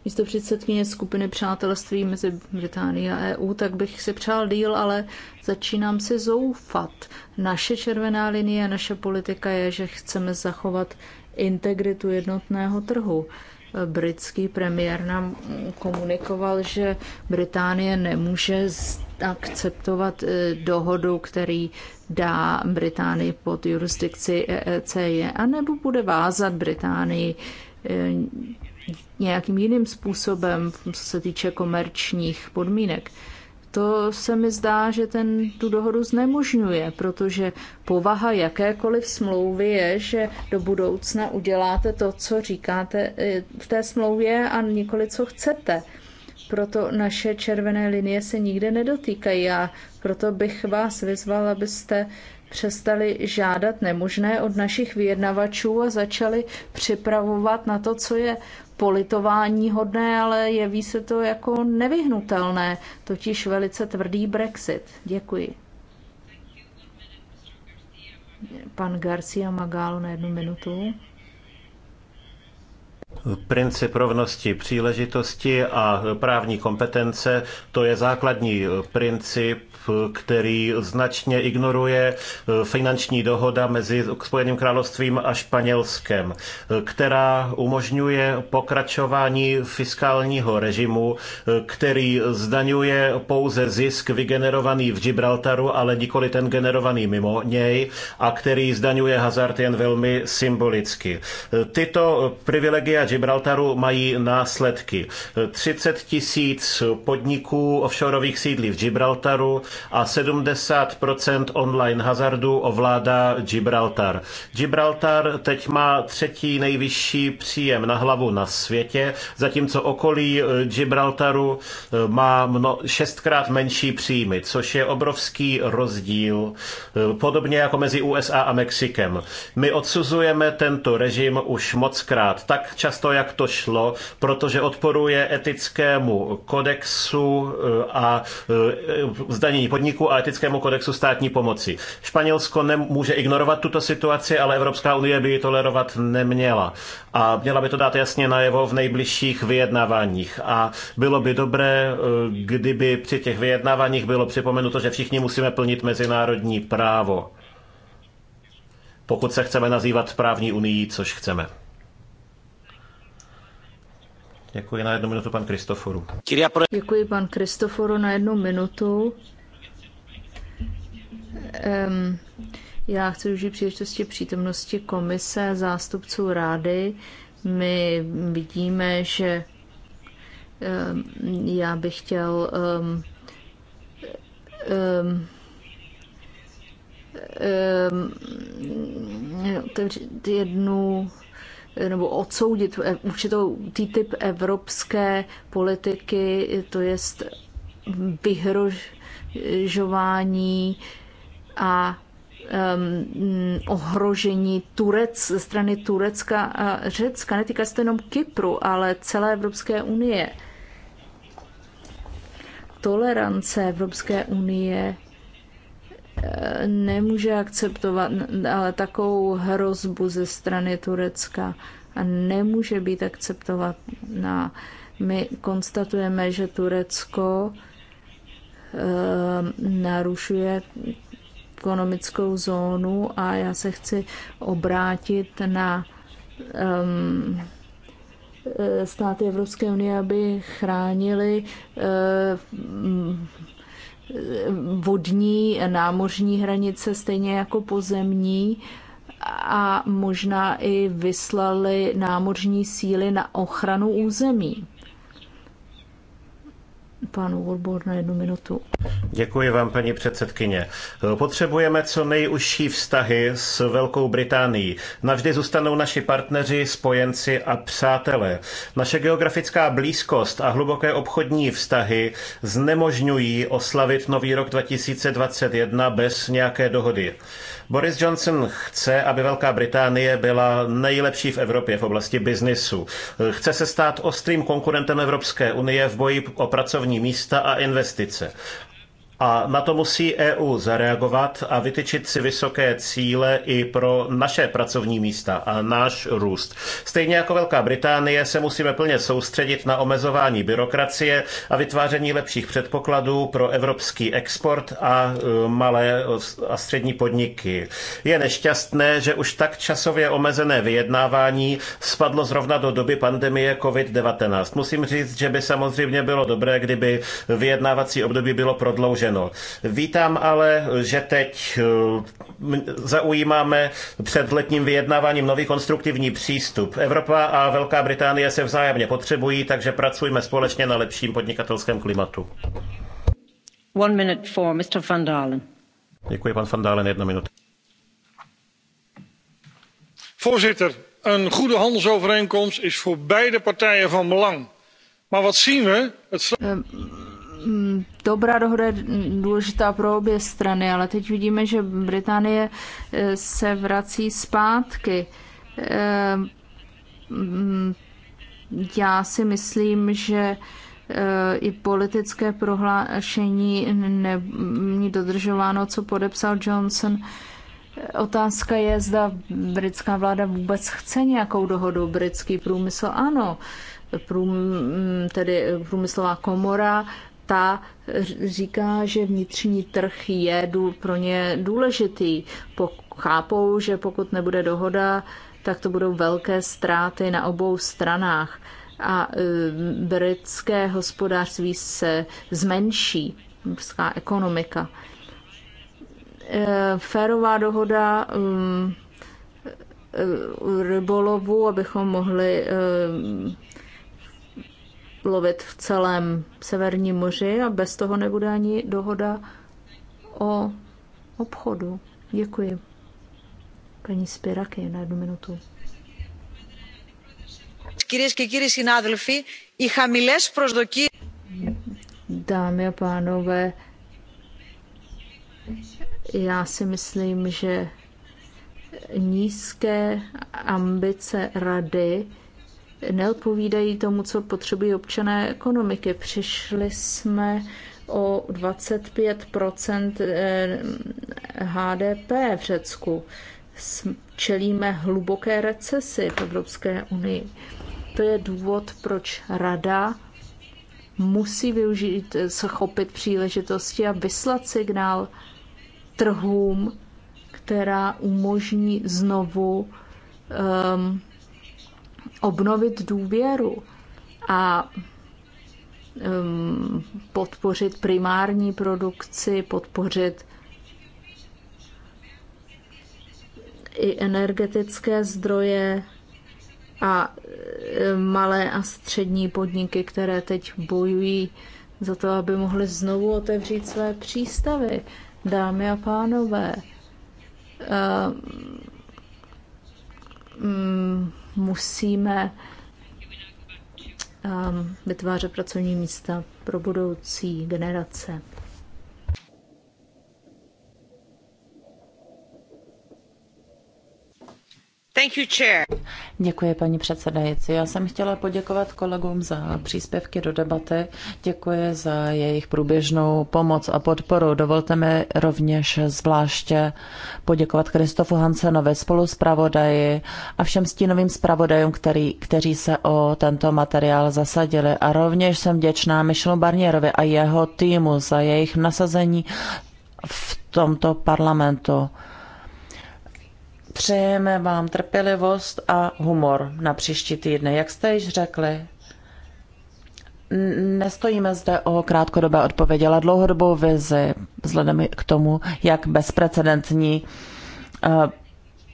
místo předsedkyně skupiny přátelství mezi Británií a EU, tak bych si přál díl, ale začínám se zoufat. Naše červená linie, naše politika je, že chceme zachovat integritu jednotného trhu. Britský premiér nám komunikoval, že Británie nemůže akceptovat e, dohodu, který dá Británii pod jurisdikci EEC, anebo bude vázat Británii Eh, nějakým jiným způsobem, co se týče komerčních podmínek. To se mi zdá, že ten, tu dohodu znemožňuje, protože povaha jakékoliv smlouvy je, že do budoucna uděláte to, co říkáte eh, v té smlouvě a nikoli, co chcete. Proto naše červené linie se nikde nedotýkají a proto bych vás vyzval, abyste přestali žádat nemožné od našich vyjednavačů a začali připravovat na to, co je politování hodné, ale jeví se to jako nevyhnutelné, totiž velice tvrdý Brexit. Děkuji. Pan Garcia Magal, na jednu minutu. Princip rovnosti příležitosti a právní kompetence, to je základní princip který značně ignoruje eh, finanční dohoda mezi Spojeným královstvím a Španělskem, eh, která umožňuje pokračování fiskálního režimu, eh, který zdaňuje pouze zisk vygenerovaný v Gibraltaru, ale nikoli ten generovaný mimo něj a který zdaňuje hazard jen velmi symbolicky. Tyto privilegia Gibraltaru mají následky. 30 tisíc podniků offshoreových sídlí v Gibraltaru, a 70% online hazardu ovládá Gibraltar. Gibraltar teď má třetí nejvyšší příjem na hlavu na světě, zatímco okolí eh, Gibraltaru eh, má mno, šestkrát menší příjmy, což je obrovský rozdíl, eh, podobně jako mezi USA a Mexikem. My odsuzujeme tento režim už mockrát, tak často, jak to šlo, protože odporuje etickému kodexu a zdanění řízení podniku a etickému kodexu státní pomoci. Španělsko nemůže ignorovat tuto situaci, ale Evropská unie by ji tolerovat neměla. A měla by to dát jasně najevo v nejbližších vyjednáváních. A bylo by dobré, eh, kdyby při těch vyjednáváních bylo připomenuto, že všichni musíme plnit mezinárodní právo. Pokud se chceme nazývat právní unii, což chceme. Děkuji na jednu minutu pan Kristoforu. Děkuji pan Kristoforu na jednu minutu. Um, já chci užít příležitosti přítomnosti komise zástupců rády. My vidíme, že um, já bych chtěl um, um, otevřít jednu nebo odsoudit určitou typ evropské politiky, to je vyhrožování a um, ohrožení Turec, ze strany Turecka a Řecka. Netýká se to jenom Kypru, ale celé Evropské unie. Tolerance Evropské unie eh, nemůže akceptovat ale takovou hrozbu ze strany Turecka a nemůže být akceptovat. Na My konstatujeme, že Turecko eh, narušuje ekonomickou zónu a já se chci obrátit na um, státy Evropské unie, aby chránili um, vodní námořní hranice stejně jako pozemní a možná i vyslali námořní síly na ochranu území panu Woodboard na jednu minutu. Děkuji vám, paní předsedkyně. Potřebujeme co nejužší vztahy s Velkou Británií. Navždy zůstanou naši partneři, spojenci a přátelé. Naše geografická blízkost a hluboké obchodní vztahy znemožňují oslavit nový rok 2021 bez nějaké dohody. Boris Johnson chce, aby Velká Británie byla nejlepší v Evropě v oblasti biznisu. Chce se stát ostrým konkurentem Evropské unie v boji o pracovní místa a investice. A na to musí EU zareagovat a vytyčit si vysoké cíle i pro naše pracovní místa a náš růst. Stejně jako Velká Británie se musíme plně soustředit na omezování byrokracie a vytváření lepších předpokladů pro evropský export a e, malé a střední podniky. Je nešťastné, že už tak časově omezené vyjednávání spadlo zrovna do doby pandemie COVID-19. Musím říct, že by samozřejmě bylo dobré, kdyby vyjednávací období bylo prodlouženo změněno. Vítám ale, že teď eh, zaujímáme před letním vyjednáváním nový konstruktivní přístup. Evropa a Velká Británie se vzájemně potřebují, takže pracujme společně na lepším podnikatelském klimatu. One minute for Mr. Van Dalen. Děkuji, pan Van Dalen, jedna minuta. Voorzitter, een goede handelsovereenkomst is voor beide partijen van belang. Maar wat zien we? Het... Um Mm, dobrá dohoda je důležitá pro obě strany, ale teď vidíme, že Británie eh, se vrací zpátky. Eh, mm, já si myslím, že eh, i politické prohlášení není dodržováno, co podepsal Johnson. Otázka je, zda britská vláda vůbec chce nějakou dohodu. Britský průmysl ano, prům, mm, tedy průmyslová komora ta říká, že vnitřní trh je pro ně důležitý. Chápou, že pokud nebude dohoda, tak to budou velké ztráty na obou stranách a e, britské hospodářství se zmenší, britská ekonomika. E, férová dohoda mm, e, rybolovu, abychom mohli lovit v celém Severním moři a bez toho nebude ani dohoda o obchodu. Děkuji. Paní Spiraky na jednu minutu. Dámy a pánové, já si myslím, že nízké ambice rady neodpovídají tomu, co potřebují občané ekonomiky. Přišli jsme o 25 eh, HDP v Řecku. Čelíme hluboké recesi v Evropské unii. To je důvod, proč Rada musí využít, eh, schopit příležitosti a vyslat signál trhům, která umožní znovu um, obnovit důvěru a um, podpořit primární produkci, podpořit i energetické zdroje a um, malé a střední podniky, které teď bojují za to, aby mohly znovu otevřít své přístavy. Dámy a pánové, um, um musíme um, vytvářet pracovní místa pro budoucí generace. Děkuji, paní předsedající. Já jsem chtěla poděkovat kolegům za příspěvky do debaty. Děkuji za jejich průběžnou pomoc a podporu. Dovolte mi rovněž zvláště poděkovat Kristofu Hansenovi, spolu a všem stínovým zpravodajům, který, kteří se o tento materiál zasadili. A rovněž jsem vděčná Michelu Barnierovi a jeho týmu za jejich nasazení v tomto parlamentu. Přejeme vám trpělivost a humor na příští týdny. Jak jste již řekli, nestojíme zde o krátkodobé odpovědi, ale dlouhodobou vizi, vzhledem k tomu, jak bezprecedentní eh,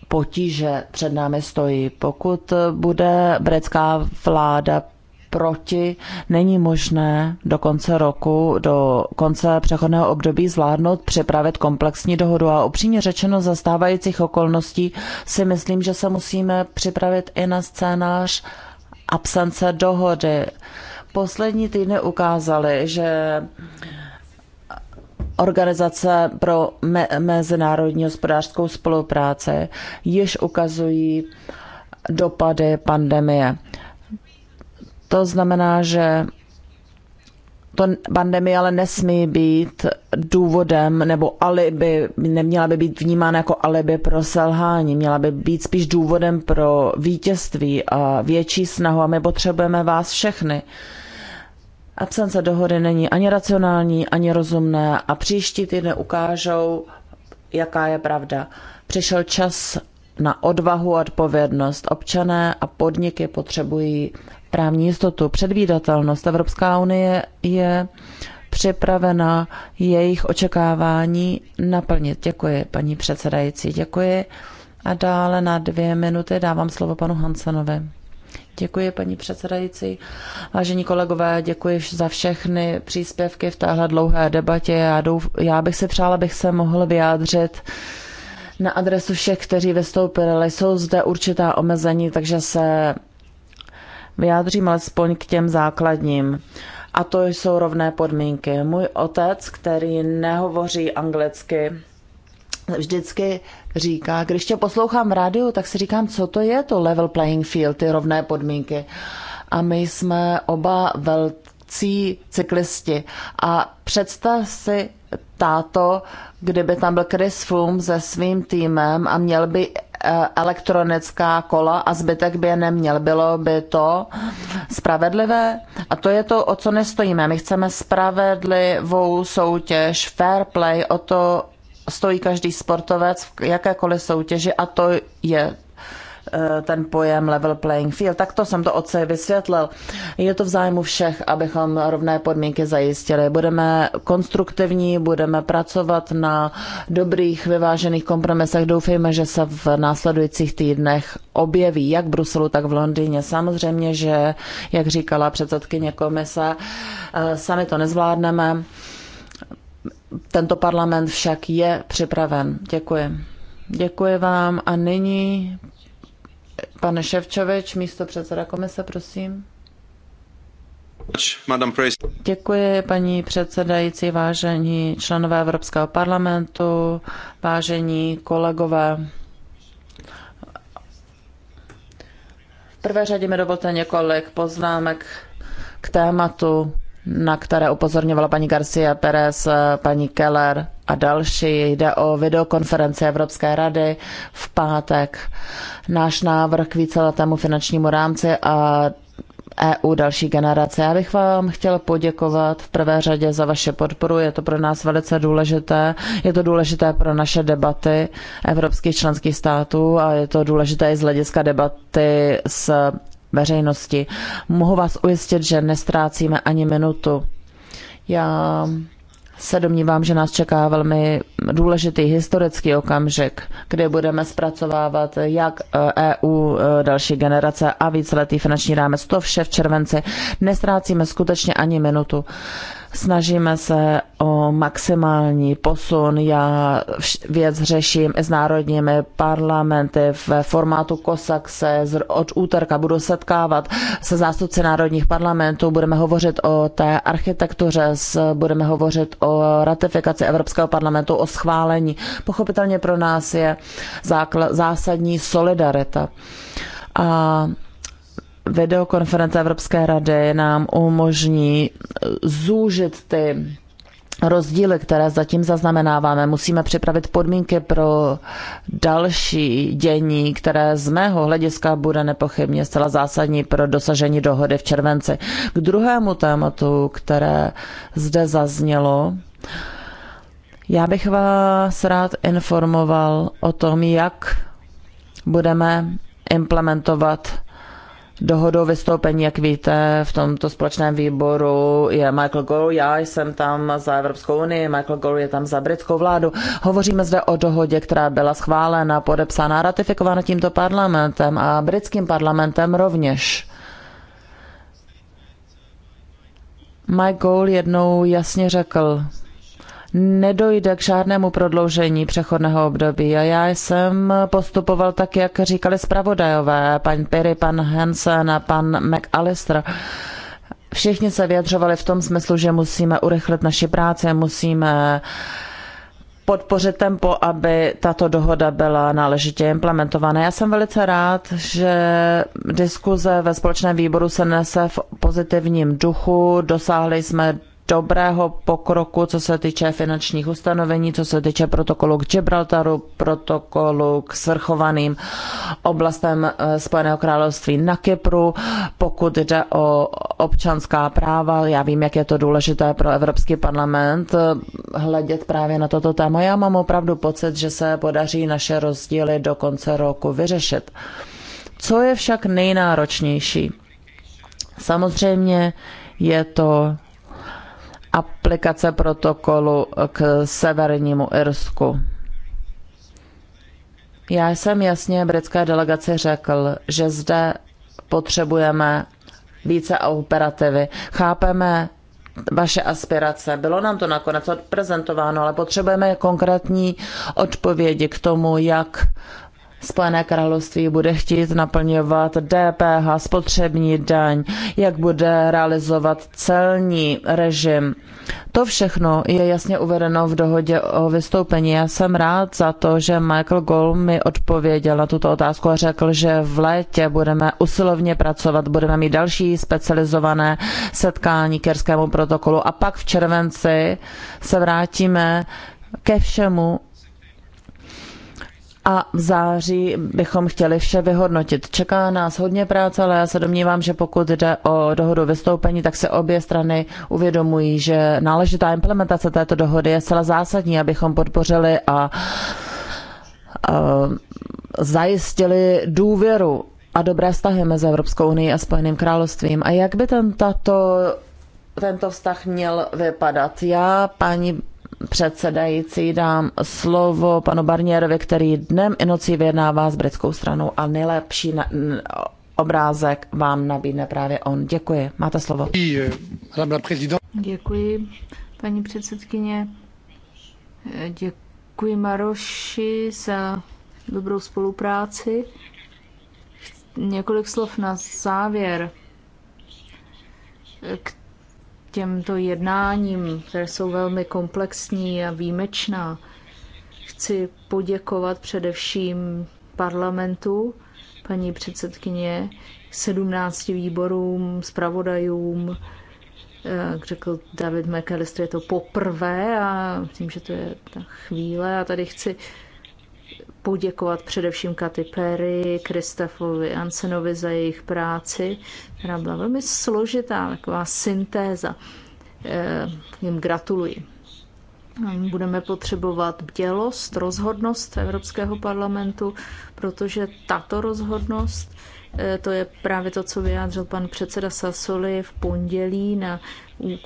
potíže před námi stojí. Pokud bude britská vláda proti, není možné do konce roku, do konce přechodného období zvládnout připravit komplexní dohodu. A upřímně řečeno, za stávajících okolností si myslím, že se musíme připravit i na scénář absence dohody. Poslední týdny ukázaly, že Organizace pro me- mezinárodní hospodářskou spolupráci již ukazují dopady pandemie. To znamená, že to pandemie ale nesmí být důvodem nebo alibi, neměla by být vnímána jako alibi pro selhání, měla by být spíš důvodem pro vítězství a větší snahu a my potřebujeme vás všechny. Absence dohody není ani racionální, ani rozumné a příští týden ukážou, jaká je pravda. Přišel čas na odvahu a odpovědnost. Občané a podniky potřebují právní jistotu, předvídatelnost. Evropská unie je připravena jejich očekávání naplnit. Děkuji, paní předsedající, děkuji. A dále na dvě minuty dávám slovo panu Hansenovi. Děkuji, paní předsedající. Vážení kolegové, děkuji za všechny příspěvky v téhle dlouhé debatě. Já, douf, já bych si přála, abych se mohl vyjádřit na adresu všech, kteří vystoupili. Jsou zde určitá omezení, takže se vyjádřím alespoň k těm základním. A to jsou rovné podmínky. Můj otec, který nehovoří anglicky, vždycky říká, když tě poslouchám v rádiu, tak si říkám, co to je to level playing field, ty rovné podmínky. A my jsme oba velcí cyklisti. A představ si táto, kdyby tam byl Chris Froome se svým týmem a měl by Eh, elektronická kola a zbytek by je neměl. Bylo by to spravedlivé? A to je to, o co nestojíme. My chceme spravedlivou soutěž, fair play, o to stojí každý sportovec v jakékoliv soutěži a to je Eh, ten pojem level playing field. Tak to jsem to oce vysvětlil. Je to v zájmu všech, abychom rovné podmínky zajistili. Budeme konstruktivní, budeme pracovat na dobrých, vyvážených kompromisech. Doufejme, že se v následujících týdnech objeví jak v Bruselu, tak v Londýně. Samozřejmě, že, jak říkala předsedkyně komise, eh, sami to nezvládneme. Tento parlament však je připraven. Děkuji. Děkuji vám a nyní Pane Ševčovič, místo předseda komise, prosím. Děkuji, paní předsedající, vážení členové Evropského parlamentu, vážení kolegové. V prvé řadě mi dovolte několik poznámek k tématu na které upozorňovala paní Garcia Pérez, paní Keller a další. Jde o videokonferenci Evropské rady v pátek. Náš návrh k víceletému finančnímu rámci a EU další generace. Já bych vám chtěl poděkovat v prvé řadě za vaše podporu. Je to pro nás velice důležité. Je to důležité pro naše debaty evropských členských států a je to důležité i z hlediska debaty s veřejnosti. Mohu vás ujistit, že nestrácíme ani minutu. Já se domnívám, že nás čeká velmi důležitý historický okamžik, kde budeme zpracovávat jak EU eh, e eh, další generace a víceletý finanční rámec. To vše v červenci. Nestrácíme skutečně ani minutu. Snažíme se o maximální posun. Já věc řeším s národními parlamenty v formátu COSAC se od úterka budu setkávat se zástupci národních parlamentů, budeme hovořit o té architektuře, budeme hovořit o ratifikaci Evropského parlamentu, o schválení. Pochopitelně pro nás je zásadní solidarita. A videokonference Evropské rady nám umožní zúžit ty rozdíly, které zatím zaznamenáváme. Musíme připravit podmínky pro další dění, které z mého hlediska bude nepochybně zcela zásadní pro dosažení dohody v červenci. K druhému tématu, které zde zaznělo, já bych vás rád informoval o tom, jak budeme implementovat dohodou vystoupení, jak víte, v tomto společném výboru je Michael Gore, já jsem tam za Evropskou unii, Michael Gore je tam za britskou vládu. Hovoříme zde o dohodě, která byla schválena, podepsána, ratifikována tímto parlamentem a britským parlamentem rovněž. Mike jednou jasně řekl, nedojde k žádnému prodloužení přechodného období. A já jsem postupoval tak, jak říkali zpravodajové, pan Perry, pan Hansen a pan McAllister. Všichni se vyjadřovali v tom smyslu, že musíme urychlit naši práci, musíme podpořit tempo, aby tato dohoda byla náležitě implementována. Já jsem velice rád, že diskuze ve společném výboru se nese v pozitivním duchu. Dosáhli jsme dobrého pokroku, co se týče finančních ustanovení, co se týče protokolu k Gibraltaru, protokolu k svrchovaným oblastem eh, Spojeného království na Kypru. Pokud jde o občanská práva, já vím, jak je to důležité pro Evropský parlament eh, hledět právě na toto téma. Já mám opravdu pocit, že se podaří naše rozdíly do konce roku vyřešit. Co je však nejnáročnější? Samozřejmě je to aplikace protokolu k severnímu Irsku. Já jsem jasně britské delegaci řekl, že zde potřebujeme více operativy. Chápeme vaše aspirace. Bylo nám to nakonec odprezentováno, ale potřebujeme konkrétní odpovědi k tomu, jak Spojené království bude chtít naplňovat DPH, spotřební daň, jak bude realizovat celní režim. To všechno je jasně uvedeno v dohodě o vystoupení. Já jsem rád za to, že Michael Gold mi odpověděl na tuto otázku a řekl, že v létě budeme usilovně pracovat, budeme mít další specializované setkání k protokolu a pak v červenci se vrátíme ke všemu, a v září bychom chtěli vše vyhodnotit. Čeká nás hodně práce, ale já se domnívám, že pokud jde o dohodu vystoupení, tak se obě strany uvědomují, že náležitá implementace této dohody je zcela zásadní, abychom podpořili a, a zajistili důvěru a dobré vztahy mezi Evropskou unii a Spojeným královstvím. A jak by ten tato tento vztah měl vypadat. Já, paní předsedající, dám slovo panu Barnierovi, který dnem i nocí vyjednává s britskou stranou a nejlepší na, n, obrázek vám nabídne právě on. Děkuji. Máte slovo. Děkuji, paní předsedkyně. Děkuji Maroši za dobrou spolupráci. Několik slov na závěr k těmto jednáním, které jsou velmi komplexní a výjimečná. Chci poděkovat především parlamentu, paní předsedkyně, 17 výborům, zpravodajům, eh, jak řekl David McAllister, je to poprvé a tím, že to je ta chvíle a tady chci poděkovat především Katy Perry, Kristofovi, Ansenovi za jejich práci, která byla velmi složitá, taková syntéza. Jim eh, gratuluji. Budeme potřebovat bdělost, rozhodnost Evropského parlamentu, protože tato rozhodnost, eh, to je právě to, co vyjádřil pan předseda Sasoli v pondělí na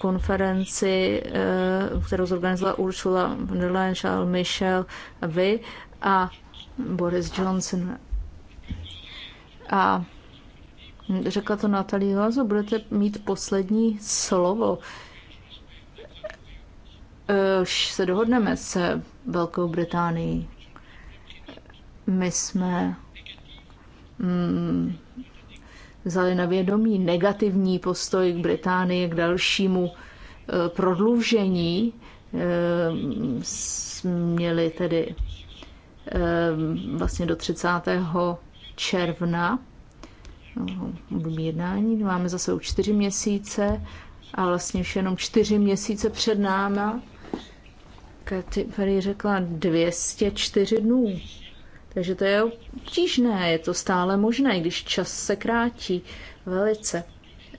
konferenci, eh, kterou zorganizovala Ursula von der Leyen, Charles Michel a vy. A Boris Johnson. A řekla to Natalie Lazo, budete mít poslední slovo. Už se dohodneme se Velkou Británií. My jsme mm, vzali na vědomí negativní postoj k Británii k dalšímu eh, prodloužení. Eh, měli tedy Ehm, vlastně do 30. června no, jednání. Máme zase u čtyři měsíce a vlastně už jenom čtyři měsíce před náma. Katy Perry řekla 204 dnů. Takže to je obtížné, je to stále možné, když čas se krátí velice.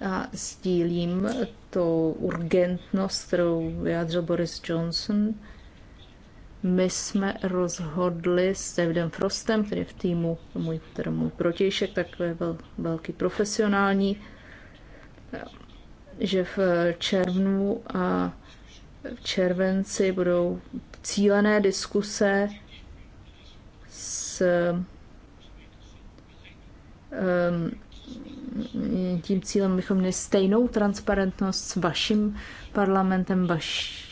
A sdílím to urgentnost, kterou vyjádřil Boris Johnson, my jsme rozhodli s Davidem Frostem, který je v týmu, můj, který můj protějšek, takový vel, velký profesionální, že v červnu a v červenci budou cílené diskuse s um, tím cílem bychom měli stejnou transparentnost s vaším parlamentem, vaš,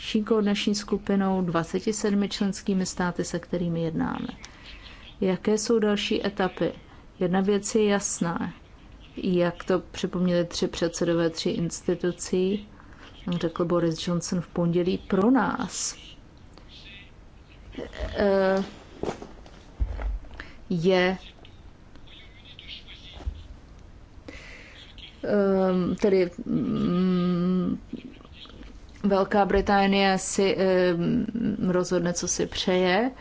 naší skupinou 27 členskými státy, se kterými jednáme. Jaké jsou další etapy? Jedna věc je jasná. Jak to připomněli tři předsedové tři institucí, řekl Boris Johnson v pondělí, pro nás eh, je eh, tedy mm, Velká Británie si eh, rozhodne, co si přeje.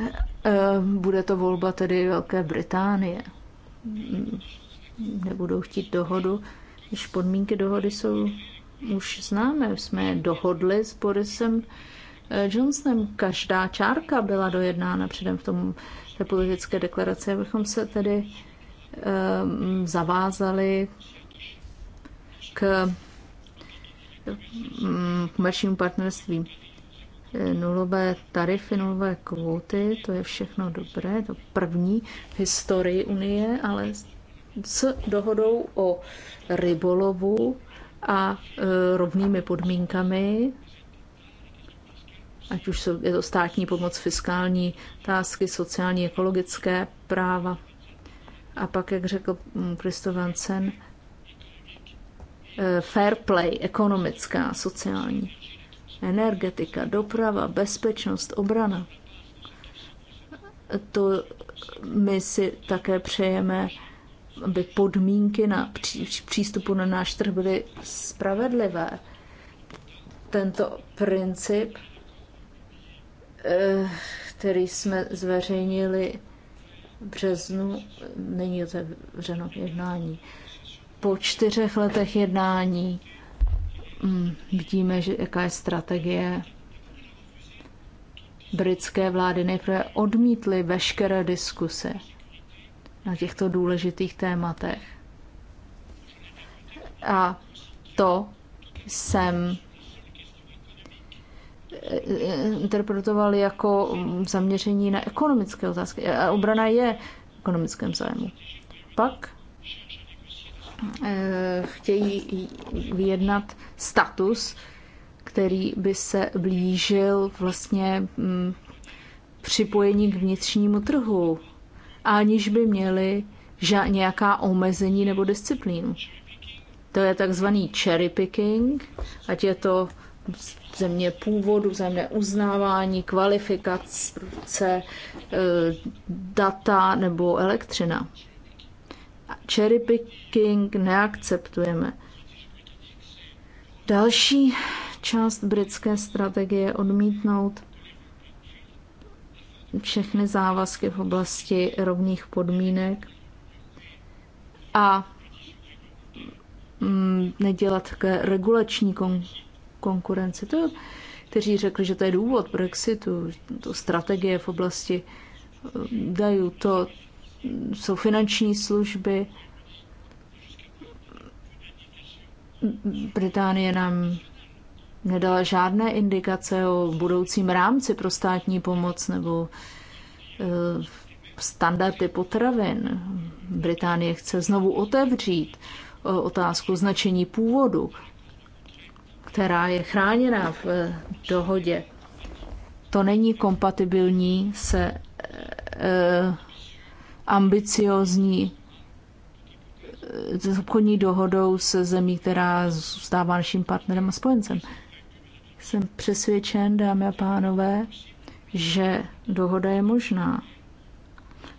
Eh, bude to volba tedy Velké Británie. Nebudou chtít dohodu, když podmínky dohody jsou už známe. Jsme je dohodli s Borisem eh, Johnsonem. Každá čárka byla dojednána předem v tom té politické deklaraci, abychom se tedy zavázali k Mm, komerčním partnerstvím. Eh, nulové tarify, nulové kvóty, to je všechno dobré, to první v historii Unie, ale s dohodou o rybolovu a eh, rovnými podmínkami, ať už je to státní pomoc, fiskální tásky, sociální, ekologické práva. A pak, jak řekl Kristovan mm, Sen, Eh, fair play, ekonomická, sociální, energetika, doprava, bezpečnost, obrana. To my si také přejeme, aby podmínky na přístupu na náš trh byly spravedlivé. Tento princip, eh, který jsme zveřejnili v březnu, není otevřeno jednání. jednání po čtyřech letech jednání mm, vidíme, že jaká je strategie britské vlády. Nejprve odmítly veškeré diskuse na těchto důležitých tématech. A to jsem eh, interpretoval jako zaměření na ekonomické otázky. A obrana je ekonomickém zájmu. Pak chtějí vyjednat status, který by se blížil vlastně mm, připojení k vnitřnímu trhu, aniž by měli nějaká omezení nebo disciplínu. To je takzvaný cherry picking, ať je to země původu, země uznávání, kvalifikace, eh, data nebo elektřina cherry picking neakceptujeme. Další část britské strategie odmítnout všechny závazky v oblasti rovných podmínek a mm, nedělat k regulační kon- konkurenci. To, kteří řekli, že to je důvod Brexitu, to strategie v oblasti mm, dají to jsou finanční služby. Británie nám nedala žádné indikace o budoucím rámci pro státní pomoc nebo eh, standardy potravin. Británie chce znovu otevřít eh, otázku značení původu, která je chráněna v eh, dohodě. To není kompatibilní se ambiciozní eh, s obchodní dohodou se zemí, která zůstává naším partnerem a spojencem. Jsem přesvědčen, dámy a pánové, že dohoda je možná,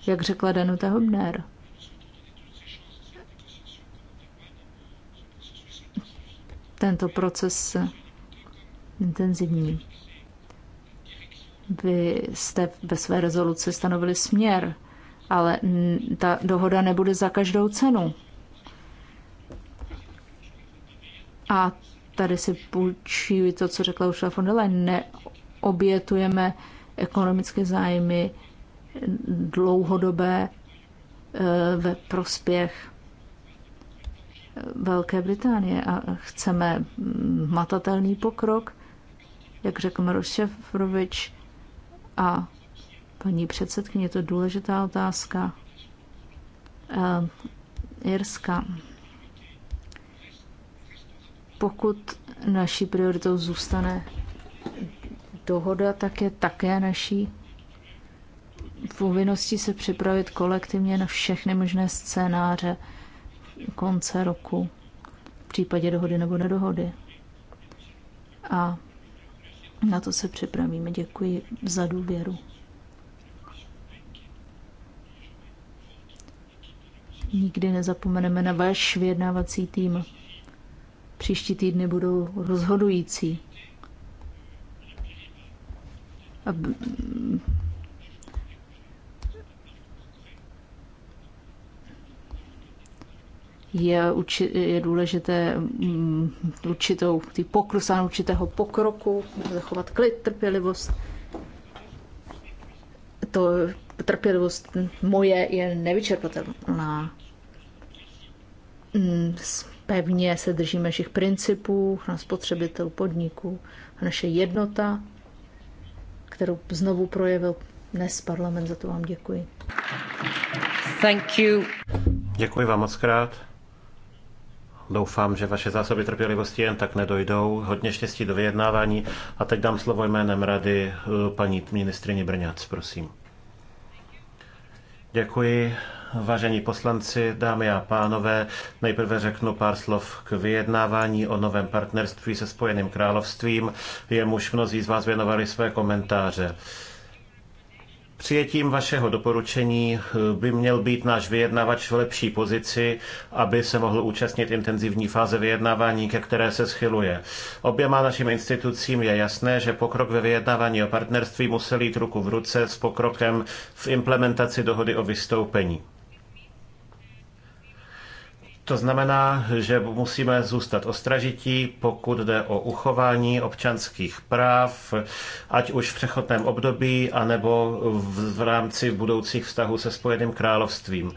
jak řekla Danuta Hobner. Tento proces intenzivní. Vy jste ve své rezoluci stanovili směr, ale ta dohoda nebude za každou cenu. A tady si půjčí to, co řekla Ursula von der Leyen, neobětujeme ekonomické zájmy dlouhodobé eh, ve prospěch eh, Velké Británie a chceme matatelný pokrok, jak řekl Maroš Šefrovič, a Paní předsedkyně, je to důležitá otázka. Uh, eh, Jirska. Pokud naší prioritou zůstane dohoda, tak je také naší povinností se připravit kolektivně na všechny možné scénáře konce roku v případě dohody nebo nedohody. A na to se připravíme. Děkuji za důvěru. nikdy nezapomeneme na váš vyjednávací tým. Příští týdny budou rozhodující. A je, uči, je důležité um, určitou, ty pokrusán určitého pokroku, zachovat klid, trpělivost. To trpělivost moje je nevyčerpatelná. Mm, pevně se držíme našich principů, na spotřebitel podniků, naše jednota, kterou znovu projevil dnes parlament. Za to vám děkuji. Thank you. Děkuji vám moc krát. Doufám, že vaše zásoby trpělivosti jen tak nedojdou. Hodně štěstí do vyjednávání. A teď dám slovo jménem rady eh, paní ministrině Brňac, prosím. Děkuji. Vážení poslanci, dámy a pánové, nejprve řeknu pár slov k vyjednávání o novém partnerství se Spojeným královstvím, jemuž mnozí z vás věnovali své komentáře. Přijetím vašeho doporučení eh, by měl být náš vyjednavač v lepší pozici, aby se mohl účastnit intenzivní fáze vyjednávání, ke které se schyluje. Oběma našim institucím je jasné, že pokrok ve vyjednávání o partnerství musel jít ruku v ruce s pokrokem v implementaci dohody o vystoupení. To znamená, že musíme zůstat ostražití, pokud jde o uchování občanských práv, ať už v přechodném období, anebo v, v rámci budoucích vztahů se Spojeným královstvím.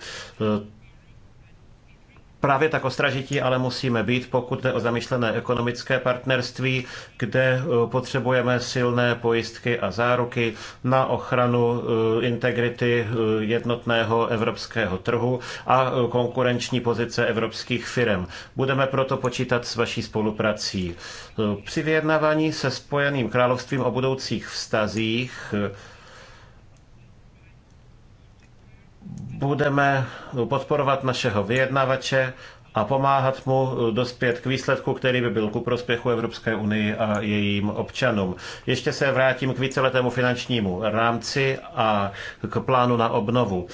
Právě tak ostražití ale musíme být, pokud jde o zamýšlené ekonomické partnerství, kde eh, potřebujeme silné pojistky a záruky na ochranu eh, integrity eh, jednotného evropského trhu a konkurenční pozice evropských firm. Budeme proto počítat s vaší spoluprací. Při vyjednávání se Spojeným královstvím o budoucích vztazích budeme podporovat našeho vyjednavače a pomáhat mu dospět k výsledku, který by byl ku prospěchu Evropské unii a jejím občanům. Ještě se vrátím k víceletému finančnímu rámci a k plánu na obnovu.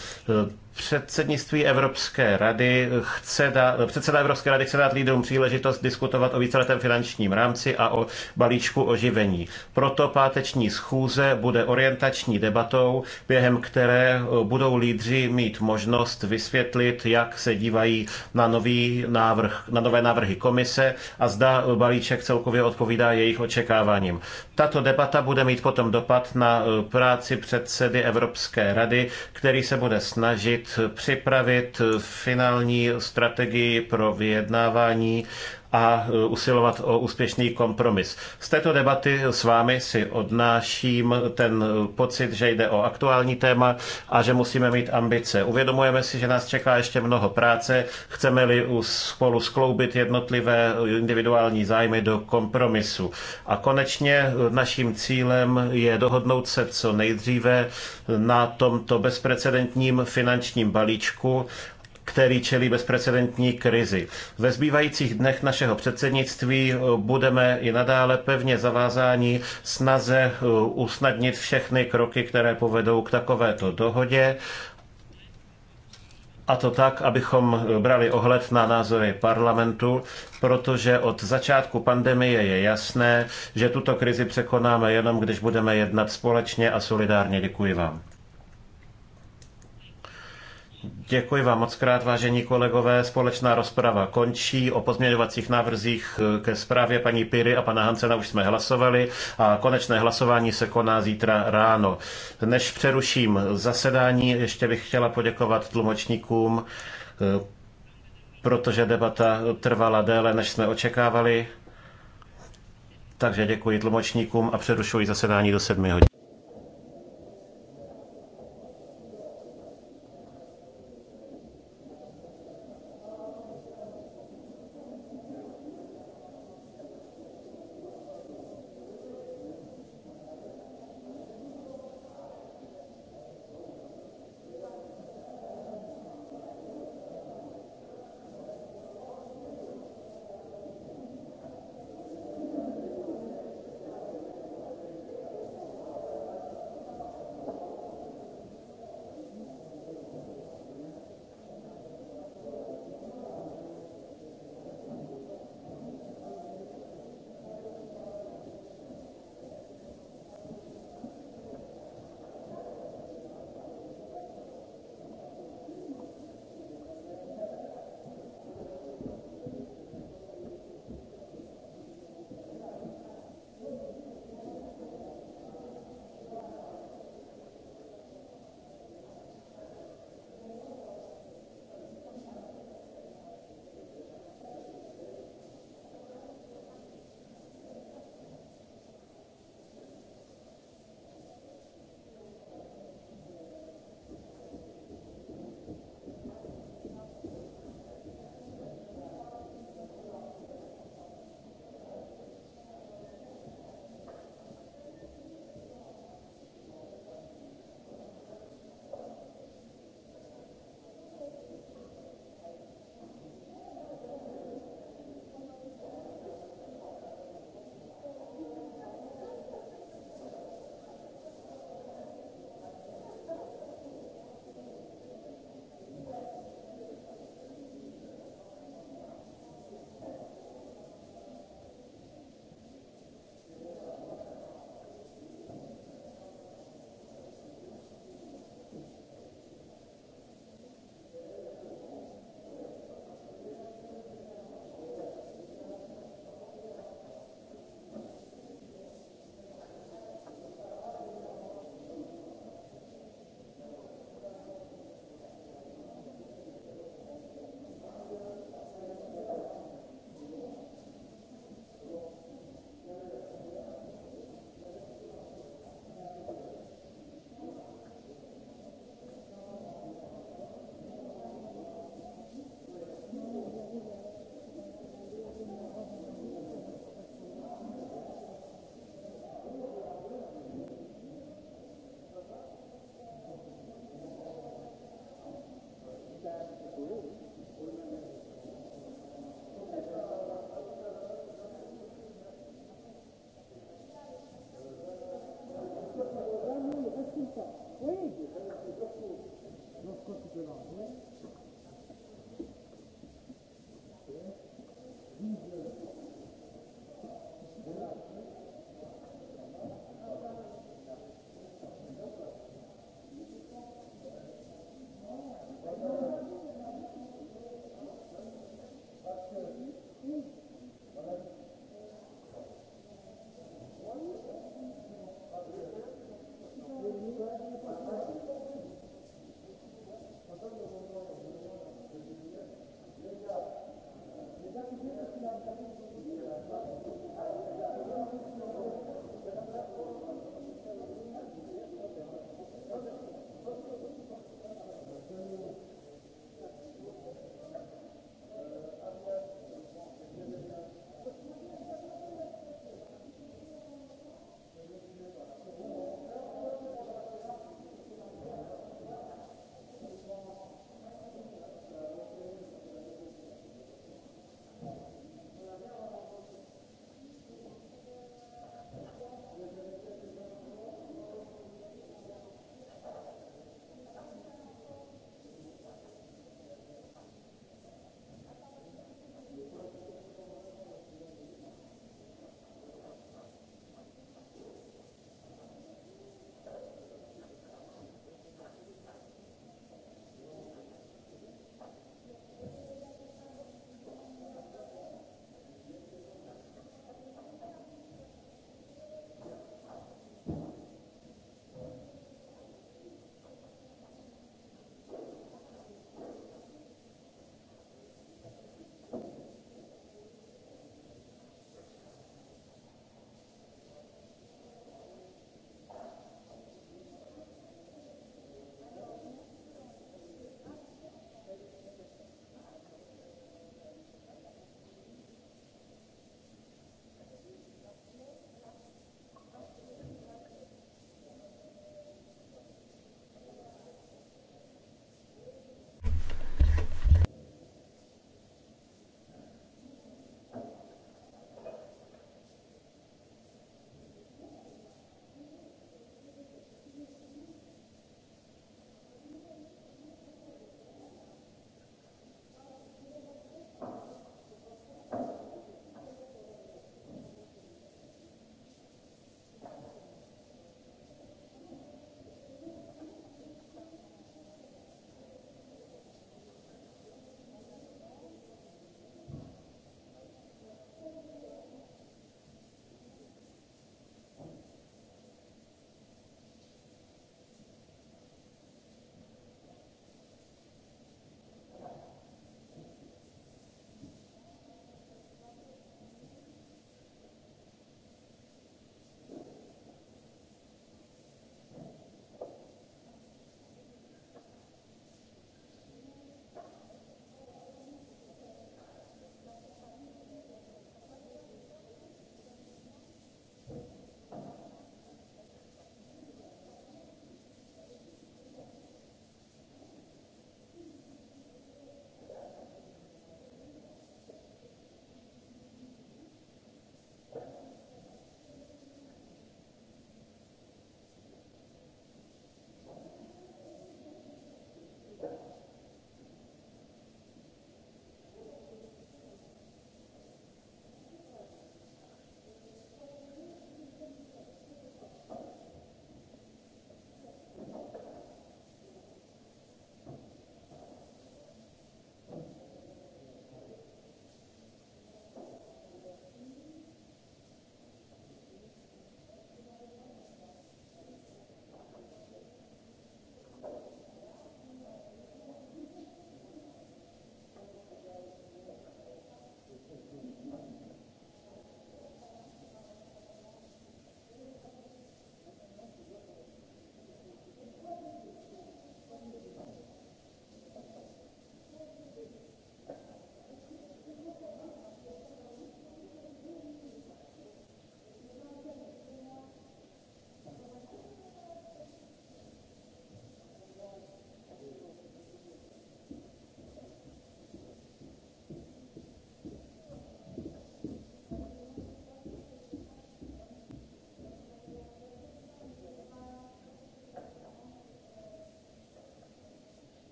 Předsednictví Evropské rady chce dát, předseda Evropské rady chce dát lídrům příležitost diskutovat o víceletém finančním rámci a o balíčku oživení. Proto páteční schůze bude orientační debatou, během které eh, budou lídři mít možnost vysvětlit, jak se dívají na, nový návrh, na nové návrhy komise a zda balíček celkově odpovídá jejich očekáváním. Tato debata bude mít potom dopad na eh, práci předsedy Evropské rady, který se bude snažit připravit finální strategii pro vyjednávání a e, usilovat o úspěšný kompromis. Z této debaty s vámi si odnáším ten pocit, že jde o aktuální téma a že musíme mít ambice. Uvědomujeme si, že nás čeká ještě mnoho práce, chceme-li spolu skloubit jednotlivé individuální zájmy do kompromisu. A konečně naším cílem je dohodnout se co nejdříve na tomto bezprecedentním finančním balíčku který čelí bezprecedentní krizi. Ve zbývajících dnech našeho předsednictví eh, budeme i nadále pevně zavázáni snaze eh, usnadnit všechny kroky, které povedou k takovéto dohodě. A to tak, abychom eh, brali ohled na názory parlamentu, protože od začátku pandemie je jasné, že tuto krizi překonáme jenom, když budeme jednat společně a solidárně. Děkuji vám. Děkuji vám moc krát, vážení kolegové. Společná rozprava končí. O pozměňovacích návrzích eh, ke zprávě paní Piry a pana Hansena už jsme hlasovali a konečné hlasování se koná zítra ráno. Než přeruším zasedání, ještě bych chtěla poděkovat tlumočníkům, eh, protože debata trvala déle, než jsme očekávali. Takže děkuji tlumočníkům a přerušuji zasedání do sedmi hodin.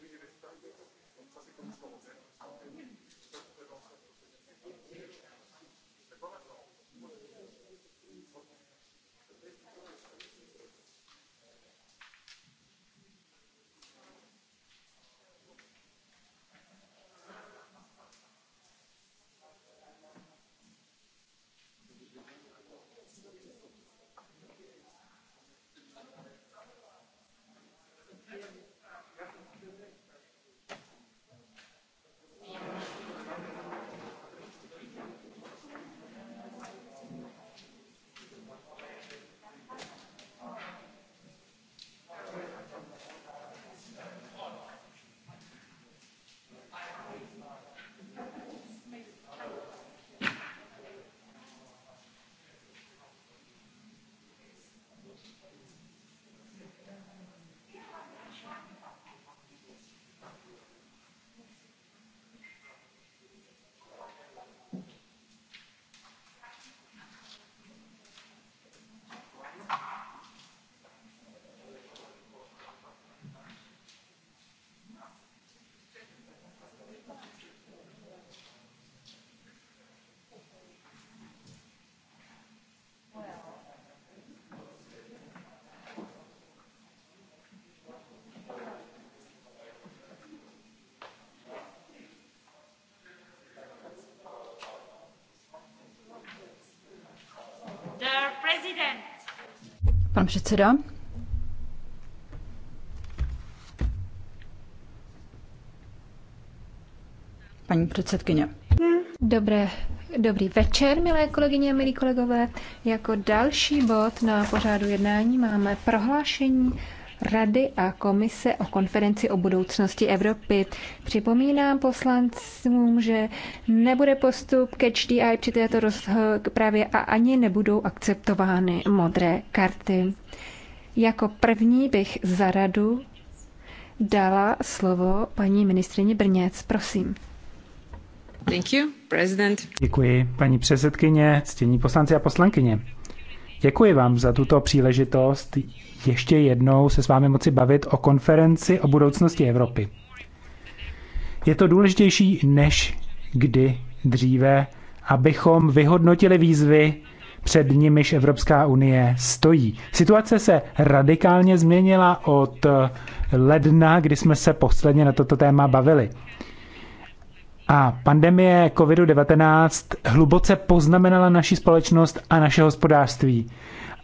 víte, že vy tak, co si tomu slovo pan předseda. Paní předsedkyně. Dobré, dobrý večer, milé kolegyně a milí kolegové. Jako další bod na pořádu jednání máme prohlášení Rady a Komise o konferenci o budoucnosti Evropy. Připomínám poslancům, že nebude postup ke HDI při této rozpravě a ani nebudou akceptovány modré karty. Jako první bych za radu dala slovo paní ministrině Brněc. Prosím. Thank you, president. Děkuji, paní předsedkyně, ctění poslanci a poslankyně. Děkuji vám za tuto příležitost ještě jednou se s vámi moci bavit o konferenci o budoucnosti Evropy. Je to důležitější než kdy dříve, abychom vyhodnotili výzvy, před nimiž Evropská unie stojí. Situace se radikálně změnila od ledna, kdy jsme se posledně na toto téma bavili. A pandemie COVID-19 hluboce poznamenala naši společnost a naše hospodářství.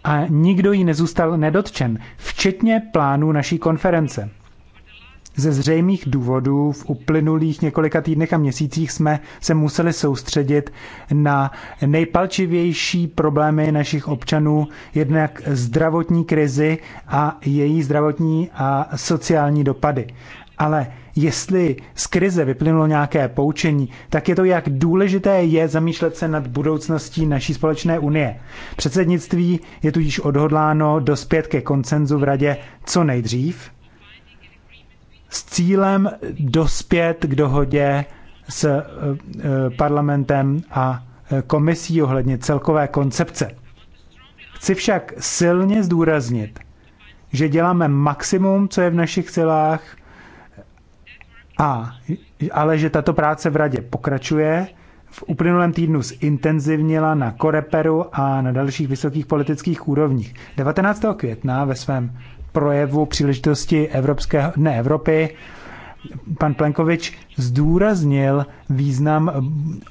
A nikdo jí nezůstal nedotčen, včetně plánů naší konference. Ze zřejmých důvodů v uplynulých několika týdnech a měsících jsme se museli soustředit na nejpalčivější problémy našich občanů, jednak zdravotní krizi a její zdravotní a sociální dopady. Ale jestli z krize vyplynulo nějaké poučení, tak je to, jak důležité je zamýšlet se nad budoucností naší společné unie. Předsednictví je tudíž odhodláno dospět ke koncenzu v radě co nejdřív s cílem dospět k dohodě s eh, eh, parlamentem a eh, komisí ohledně celkové koncepce. Chci však silně zdůraznit, že děláme maximum, co je v našich silách, a, ale že tato práce v radě pokračuje, v uplynulém týdnu zintenzivnila na Koreperu a na dalších vysokých politických úrovních. 19. května ve svém projevu příležitosti Evropského dne Evropy pan Plenkovič zdůraznil význam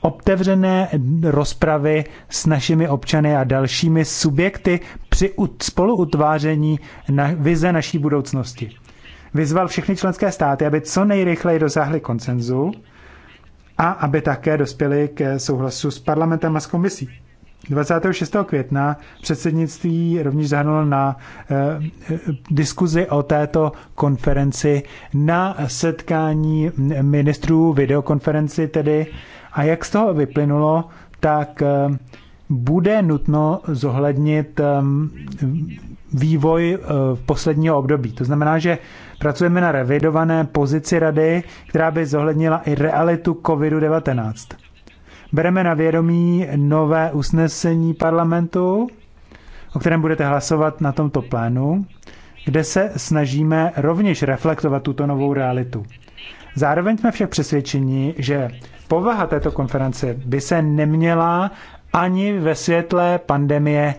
otevřené rozpravy s našimi občany a dalšími subjekty při spoluutváření na vize naší budoucnosti vyzval všechny členské státy, aby co nejrychleji dosáhly koncenzu a aby také dospěli k souhlasu s parlamentem a s komisí. 26. května předsednictví rovněž zahrnulo na eh, diskuzi o této konferenci na setkání ministrů, videokonferenci tedy. A jak z toho vyplynulo, tak eh, bude nutno zohlednit eh, vývoj eh, v posledního období. To znamená, že Pracujeme na revidované pozici rady, která by zohlednila i realitu COVID-19. Bereme na vědomí nové usnesení parlamentu, o kterém budete hlasovat na tomto plénu, kde se snažíme rovněž reflektovat tuto novou realitu. Zároveň jsme však přesvědčeni, že povaha této konference by se neměla ani ve světle pandemie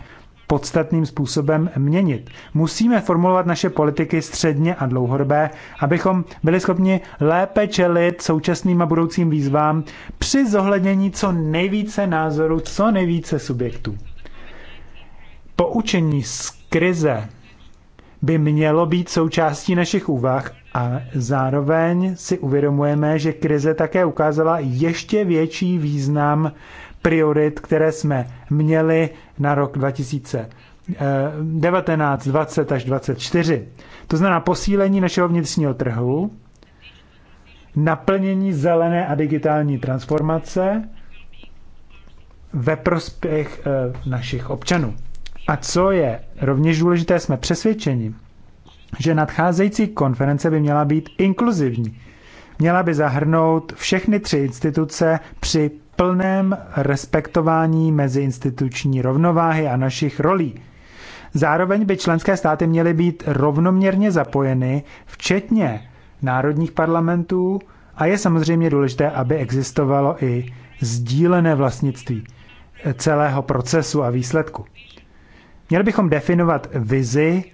podstatným způsobem měnit. Musíme formulovat naše politiky středně a dlouhodobé, abychom byli schopni lépe čelit současným a budoucím výzvám při zohlednění co nejvíce názorů, co nejvíce subjektů. Poučení z krize by mělo být součástí našich úvah a zároveň si uvědomujeme, že krize také ukázala ještě větší význam priorit, které jsme měli na rok 2019, 20 až 24. To znamená posílení našeho vnitřního trhu, naplnění zelené a digitální transformace ve prospěch eh, našich občanů. A co je rovněž důležité, jsme přesvědčeni, že nadcházející konference by měla být inkluzivní. Měla by zahrnout všechny tři instituce při plném respektování meziinstituční rovnováhy a našich rolí. Zároveň by členské státy měly být rovnoměrně zapojeny, včetně národních parlamentů, a je samozřejmě důležité, aby existovalo i sdílené vlastnictví celého procesu a výsledku. Měli bychom definovat vizi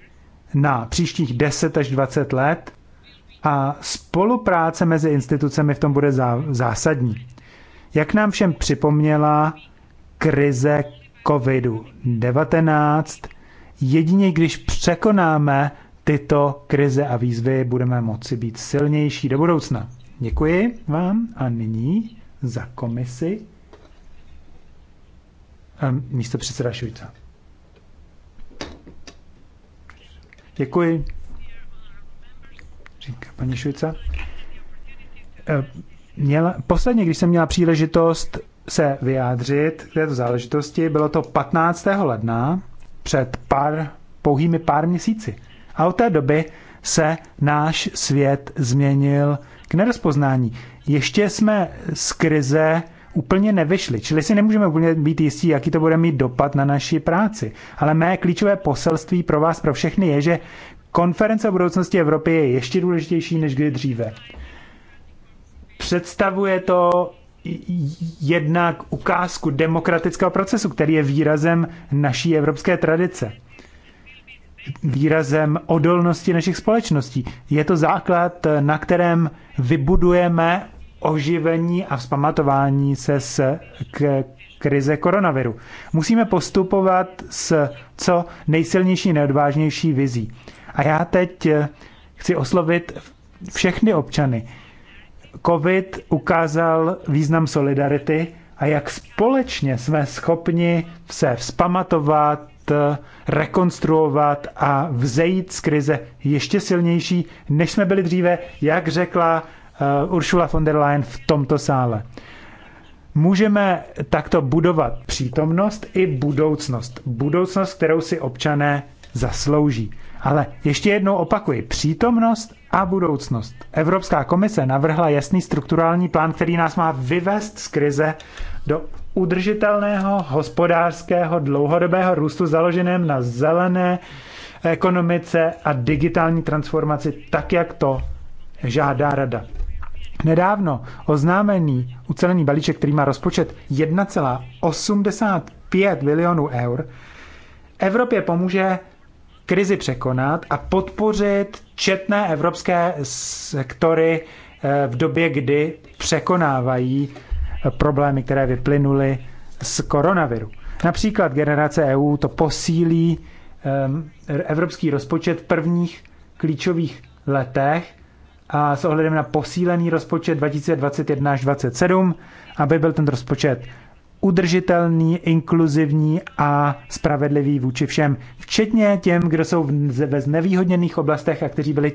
na příštích 10 až 20 let a spolupráce mezi institucemi v tom bude zásadní jak nám všem připomněla krize COVID-19. Jedině když překonáme tyto krize a výzvy, budeme moci být silnější do budoucna. Děkuji vám a nyní za komisi ehm, místo předseda Šujca. Děkuji, říká paní Šujca. Ehm, měla, posledně, když jsem měla příležitost se vyjádřit k této záležitosti, bylo to 15. ledna před pár, pouhými pár měsíci. A od té doby se náš svět změnil k nerozpoznání. Ještě jsme z krize úplně nevyšli, čili si nemůžeme úplně být jistí, jaký to bude mít dopad na naši práci. Ale mé klíčové poselství pro vás, pro všechny je, že konference o budoucnosti Evropy je ještě důležitější než kdy dříve. Představuje to jednak ukázku demokratického procesu, který je výrazem naší evropské tradice, výrazem odolnosti našich společností. Je to základ, na kterém vybudujeme oživení a vzpamatování se s k krize koronaviru. Musíme postupovat s co nejsilnější, neodvážnější vizí. A já teď eh, chci oslovit všechny občany, COVID ukázal význam solidarity a jak společně jsme schopni se vzpamatovat, rekonstruovat a vzejít z krize ještě silnější, než jsme byli dříve, jak řekla eh, Ursula von der Leyen v tomto sále. Můžeme takto budovat přítomnost i budoucnost. Budoucnost, kterou si občané zaslouží. Ale ještě jednou opakuji, přítomnost a budoucnost. Evropská komise navrhla jasný strukturální plán, který nás má vyvést z krize do udržitelného hospodářského dlouhodobého růstu založeném na zelené ekonomice a digitální transformaci, tak jak to žádá rada. Nedávno oznámený ucelený balíček, který má rozpočet 1,85 bilionů eur, Evropě pomůže krizi překonat a podpořit četné evropské sektory eh, v době, kdy překonávají eh, problémy, které vyplynuly z koronaviru. Například generace EU to posílí eh, evropský rozpočet v prvních klíčových letech a s ohledem na posílený rozpočet 2021 až 2027, aby byl ten rozpočet udržitelný, inkluzivní a spravedlivý vůči všem, včetně těm, kdo jsou ve znevýhodněných oblastech a kteří byli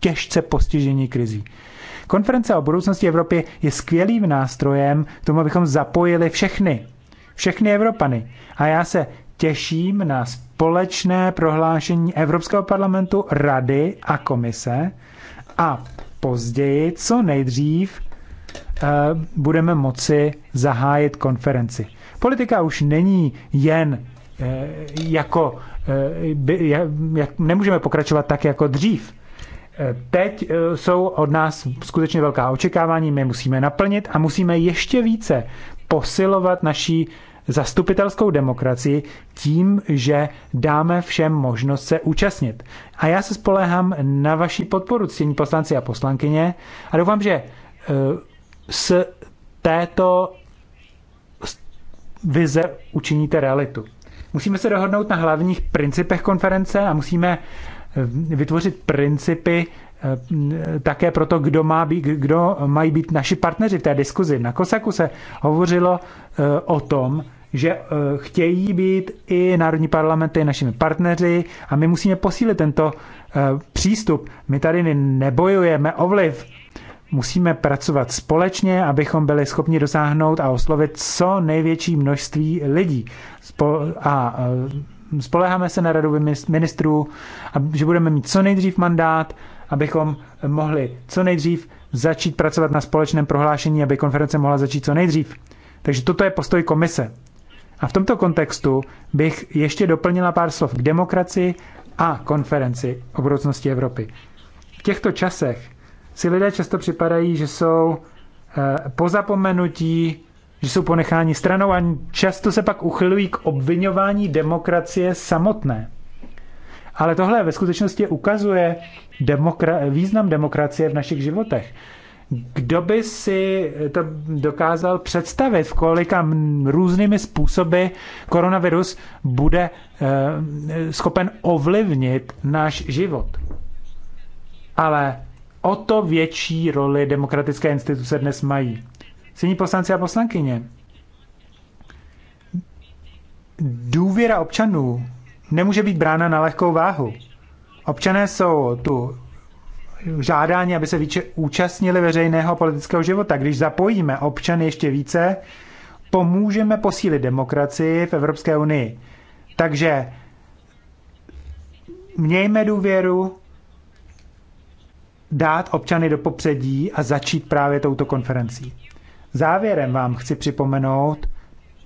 těžce postiženi krizí. Konference o budoucnosti Evropy je skvělým nástrojem k tomu, abychom zapojili všechny, všechny Evropany. A já se těším na společné prohlášení Evropského parlamentu, Rady a Komise a později, co nejdřív, Eh, budeme moci zahájit konferenci. Politika už není jen eh, jako, eh, nemůžeme pokračovat tak jako dřív. Teď jsou od nás skutečně velká očekávání, my musíme naplnit a musíme ještě více posilovat naší zastupitelskou demokracii tím, že dáme všem možnost se účastnit. A já se spolehám na vaši podporu, ctění poslanci a poslankyně, a doufám, že z této vize učiníte realitu. Musíme se dohodnout na hlavních principech konference a musíme eh, vytvořit principy eh, také pro to, kdo, má být, kdo mají být naši partneři v té diskuzi. Na Kosaku se hovořilo eh, o tom, že chtějí být i národní parlamenty našimi partneři a my musíme posílit tento přístup. My tady nebojujeme o vliv, musíme pracovat společně, abychom byli schopni dosáhnout a oslovit co největší množství lidí. a eh, spoleháme se na radu ministrů, že budeme mít co nejdřív mandát, abychom mohli co nejdřív začít pracovat na společném prohlášení, aby konference mohla začít co nejdřív. Takže toto je postoj komise. A v tomto kontextu bych ještě doplnila pár slov k demokracii a konferenci o budoucnosti Evropy. V těchto časech si lidé často připadají, že jsou eh, pozapomenutí, že jsou ponecháni stranou a často se pak uchylují k obvinování demokracie samotné. Ale tohle ve skutečnosti ukazuje demokra- význam demokracie v našich životech. Kdo by si to dokázal představit, v kolika různými způsoby koronavirus bude eh, schopen ovlivnit náš život? Ale o to větší roli demokratické instituce dnes mají. Sení poslanci a poslankyně, důvěra občanů nemůže být brána na lehkou váhu. Občané jsou tu žádání, aby se více účastnili veřejného politického života. Když zapojíme občany ještě více, pomůžeme posílit demokracii v Evropské unii. Takže mějme důvěru, dát občany do popředí a začít právě touto konferencí. Závěrem vám chci připomenout,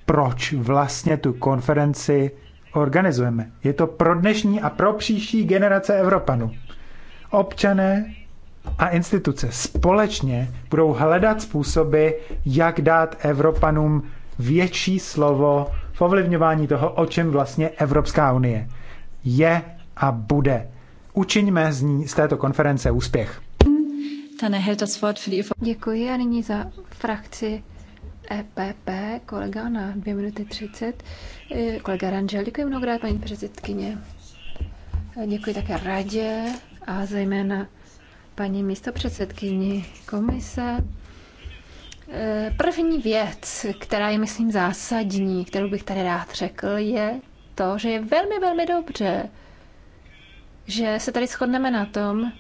proč vlastně tu konferenci organizujeme. Je to pro dnešní a pro příští generace Evropanů. Občané a instituce společně budou hledat způsoby, jak dát Evropanům větší slovo v ovlivňování toho, o čem vlastně Evropská unie je a bude. Učiňme z, ní, z této konference úspěch. Děkuji a nyní za frakci EPP, kolega na 2 minuty 30, eh, kolega Rangel, Děkuji mnohokrát, paní předsedkyně. Eh, děkuji také radě a zejména paní místopředsedkyni komise. Eh, první věc, která je, myslím, zásadní, kterou bych tady rád řekl, je to, že je velmi, velmi dobře, že se tady shodneme na tom,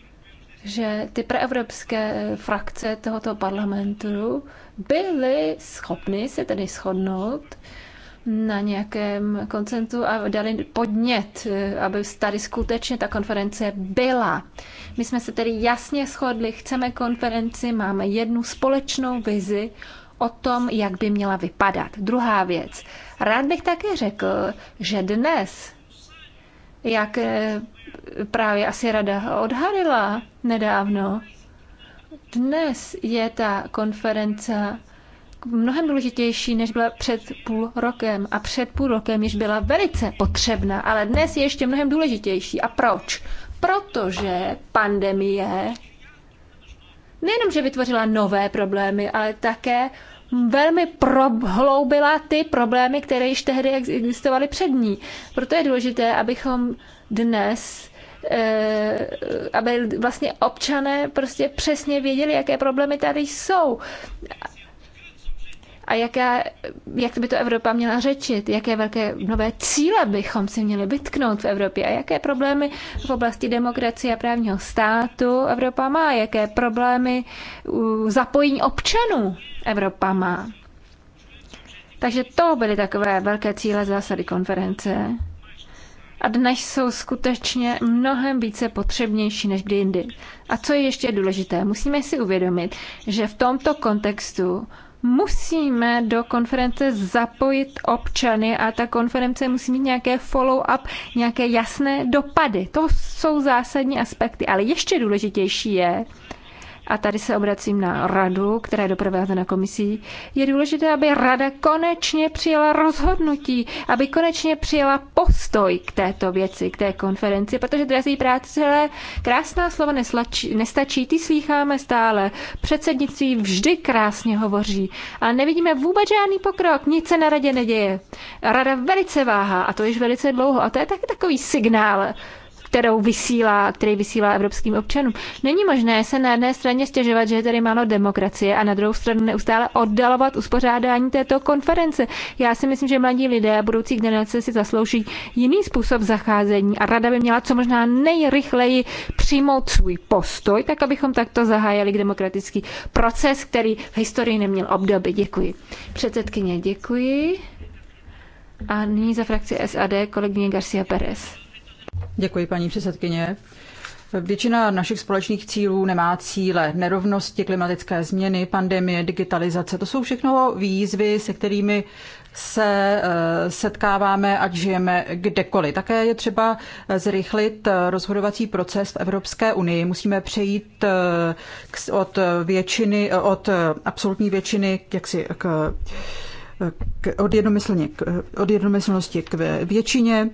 že ty preevropské frakce tohoto parlamentu byly schopny se tedy shodnout na nějakém koncentu a dali podnět, aby tady skutečně ta konference byla. My jsme se tedy jasně shodli, chceme konferenci, máme jednu společnou vizi o tom, jak by měla vypadat. Druhá věc. Rád bych také řekl, že dnes jak eh, právě asi rada odhalila nedávno. Dnes je ta konference mnohem důležitější, než byla před půl rokem. A před půl rokem již byla velice potřebná, ale dnes je ještě mnohem důležitější. A proč? Protože pandemie nejenom, že vytvořila nové problémy, ale také velmi prohloubila ty problémy, které již tehdy existovaly před ní. Proto je důležité, abychom dnes eh, aby vlastně občané prostě přesně věděli, jaké problémy tady jsou a jaké, jak by to Evropa měla řečit, jaké velké nové cíle bychom si měli vytknout v Evropě a jaké problémy v oblasti demokracie a právního státu Evropa má, jaké problémy zapojení občanů Evropa má. Takže to byly takové velké cíle zásady konference. A dnes jsou skutečně mnohem více potřebnější než kdy jindy. A co je ještě důležité, musíme si uvědomit, že v tomto kontextu musíme do konference zapojit občany a ta konference musí mít nějaké follow-up, nějaké jasné dopady. To jsou zásadní aspekty, ale ještě důležitější je, a tady se obracím na radu, která je doprovázena komisí, je důležité, aby rada konečně přijela rozhodnutí, aby konečně přijela postoj k této věci, k té konferenci, protože, drazí práce, krásná slova neslačí, nestačí, ty slýcháme stále. Předsednictví vždy krásně hovoří a nevidíme vůbec žádný pokrok, nic se na radě neděje. Rada velice váhá a to již velice dlouho a to je taky takový signál, kterou vysílá, který vysílá evropským občanům. Není možné se na jedné straně stěžovat, že je tady málo demokracie a na druhou stranu neustále oddalovat uspořádání této konference. Já si myslím, že mladí lidé a budoucí generace si zaslouží jiný způsob zacházení a rada by měla co možná nejrychleji přijmout svůj postoj, tak abychom takto zahájili demokratický proces, který v historii neměl obdoby. Děkuji. Předsedkyně, děkuji. A nyní za frakci SAD kolegyně Garcia Perez. Děkuji, paní předsedkyně. Většina našich společných cílů nemá cíle. Nerovnosti, klimatické změny, pandemie, digitalizace, to jsou všechno výzvy, se kterými se eh, setkáváme, ať žijeme kdekoliv. Také je třeba zrychlit rozhodovací proces v Evropské unii. Musíme přejít eh, od většiny, eh, od absolutní většiny k, k od, jednomyslně, k, od jednomyslnosti k většině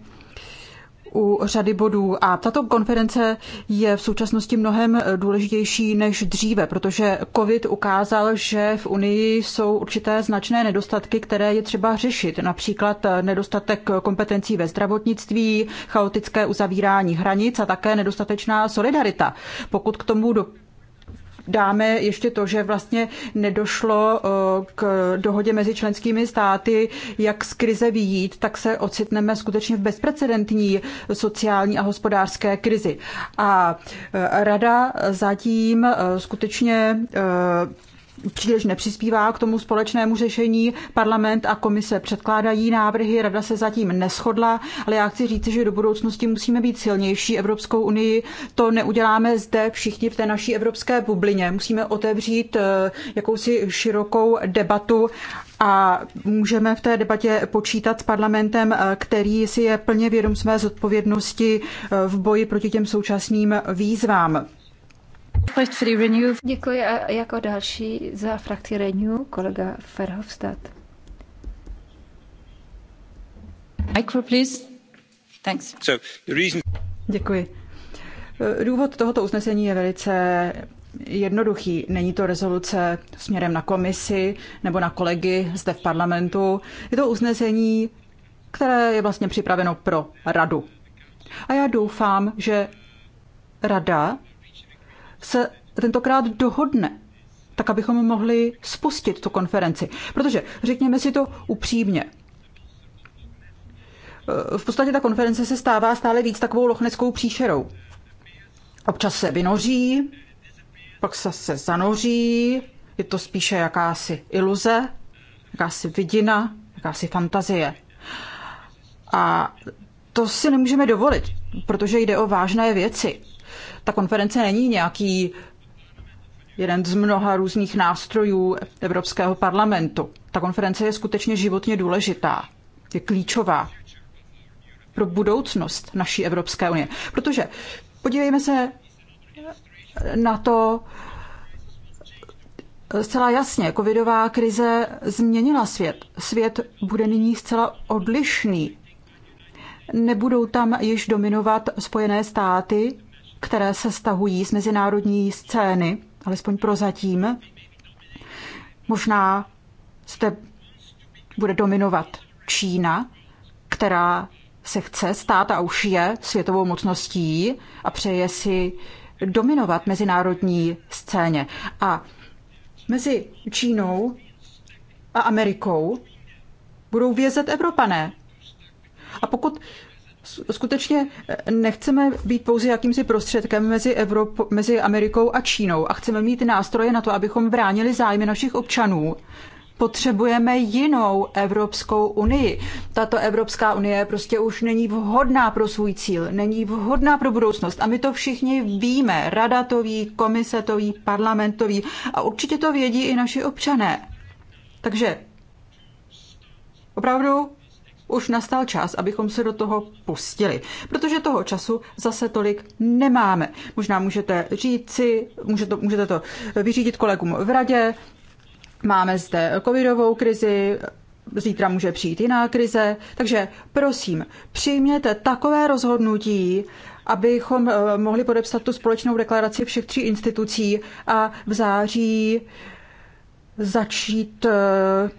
u řady bodů. A tato konference je v současnosti mnohem důležitější než dříve, protože COVID ukázal, že v Unii jsou určité značné nedostatky, které je třeba řešit. Například nedostatek kompetencí ve zdravotnictví, chaotické uzavírání hranic a také nedostatečná solidarita. Pokud k tomu do dáme ještě to, že vlastně nedošlo eh, k dohodě mezi členskými státy, jak z krize vyjít, tak se ocitneme skutečně v bezprecedentní sociální a hospodářské krizi. A eh, rada zatím eh, skutečně příliš nepřispívá k tomu společnému řešení. Parlament a komise předkládají návrhy, rada se zatím neschodla, ale já chci říct, že do budoucnosti musíme být silnější Evropskou unii. To neuděláme zde všichni v té naší evropské bublině. Musíme otevřít eh, jakousi širokou debatu a můžeme v té debatě počítat s parlamentem, eh, který si je plně vědom své zodpovědnosti eh, v boji proti těm současným výzvám. Děkuji a jako další za frakci Renew kolega Verhofstadt. Micro, please. Thanks. So, the reason... Děkuji. Důvod tohoto usnesení je velice jednoduchý. Není to rezoluce směrem na komisi nebo na kolegy zde v parlamentu. Je to usnesení, které je vlastně připraveno pro radu. A já doufám, že rada se tentokrát dohodne, tak abychom mohli spustit tu konferenci. Protože řekněme si to upřímně, v podstatě ta konference se stává stále víc takovou lochneskou příšerou. Občas se vynoří, pak se, se zanoří, je to spíše jakási iluze, jakási vidina, jakási fantazie. A to si nemůžeme dovolit, protože jde o vážné věci ta konference není nějaký jeden z mnoha různých nástrojů Evropského parlamentu. Ta konference je skutečně životně důležitá, je klíčová pro budoucnost naší Evropské unie. Protože podívejme se na to zcela jasně. Covidová krize změnila svět. Svět bude nyní zcela odlišný. Nebudou tam již dominovat Spojené státy, které se stahují z mezinárodní scény, alespoň prozatím. Možná zde bude dominovat Čína, která se chce stát a už je světovou mocností a přeje si dominovat mezinárodní scéně. A mezi Čínou a Amerikou budou vězet Evropané. A pokud skutečně eh, nechceme být pouze jakýmsi prostředkem mezi, Evropou, mezi Amerikou a Čínou a chceme mít nástroje na to, abychom bránili zájmy našich občanů, potřebujeme jinou Evropskou unii. Tato Evropská unie prostě už není vhodná pro svůj cíl, není vhodná pro budoucnost. A my to všichni víme. Rada to ví, komise to ví, parlament to ví a určitě to vědí i naši občané. Takže opravdu už nastal čas, abychom se do toho pustili, protože toho času zase tolik nemáme. Možná můžete říci, můžete, můžete to vyřídit kolegům v radě, máme zde covidovou krizi, zítra může přijít jiná krize, takže prosím, přijměte takové rozhodnutí, abychom eh, mohli podepsat tu společnou deklaraci všech tří institucí a v září začít eh,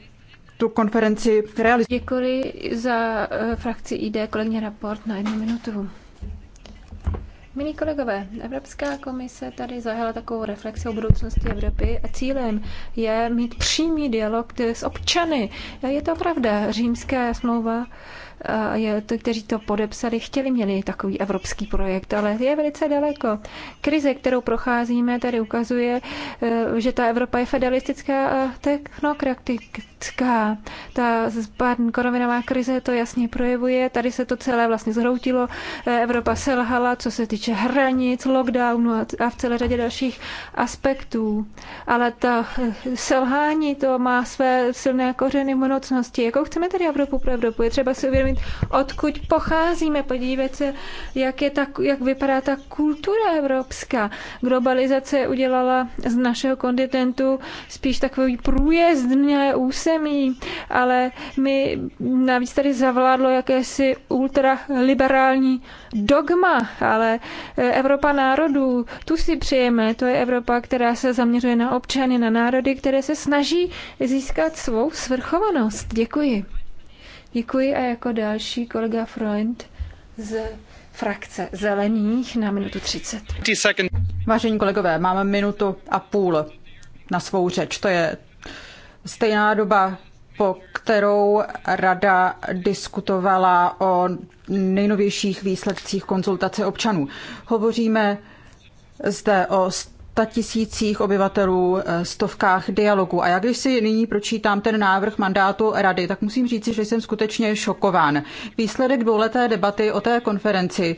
tu konferenci realizovat. Děkuji za eh, frakci ID kolegyně Raport na jednu minutu. Milí kolegové, Evropská komise tady zahájila takovou reflexi o budoucnosti Evropy a cílem je mít přímý dialog s občany. Je to pravda, římská smlouva to, kteří to podepsali, chtěli měli takový evropský projekt, ale je velice daleko. Krize, kterou procházíme, tady ukazuje, eh, že ta Evropa je federalistická a technokratická. Ta koronavinová krize to jasně projevuje. Tady se to celé vlastně zhroutilo. Eh, Evropa selhala, co se týče hranic, lockdownu a v celé řadě dalších aspektů. Ale ta eh, selhání to má své silné kořeny v monocnosti. Jakou chceme tady Evropu pro Evropu? Je třeba si uvědomit, uvědomit, odkud pocházíme, podívat se, jak, je ta, jak vypadá ta kultura evropská. Globalizace udělala z našeho kontinentu spíš takový průjezd mě úsemí, ale my navíc tady zavládlo jakési ultraliberální dogma, ale e, Evropa národů, tu si přejeme, to je Evropa, která se zaměřuje na občany, na národy, které se snaží získat svou svrchovanost. Děkuji. Děkuji a jako další kolega Freund z frakce Zelených na minutu 30. Vážení kolegové, máme minutu a půl na svou řeč. To je stejná doba, po kterou rada diskutovala o nejnovějších výsledcích konzultace občanů. Hovoříme zde o tisících obyvatelů, eh, stovkách dialogů. A já když si nyní pročítám ten návrh mandátu rady, tak musím říci, že jsem skutečně šokován. Výsledek dvouleté debaty o té konferenci,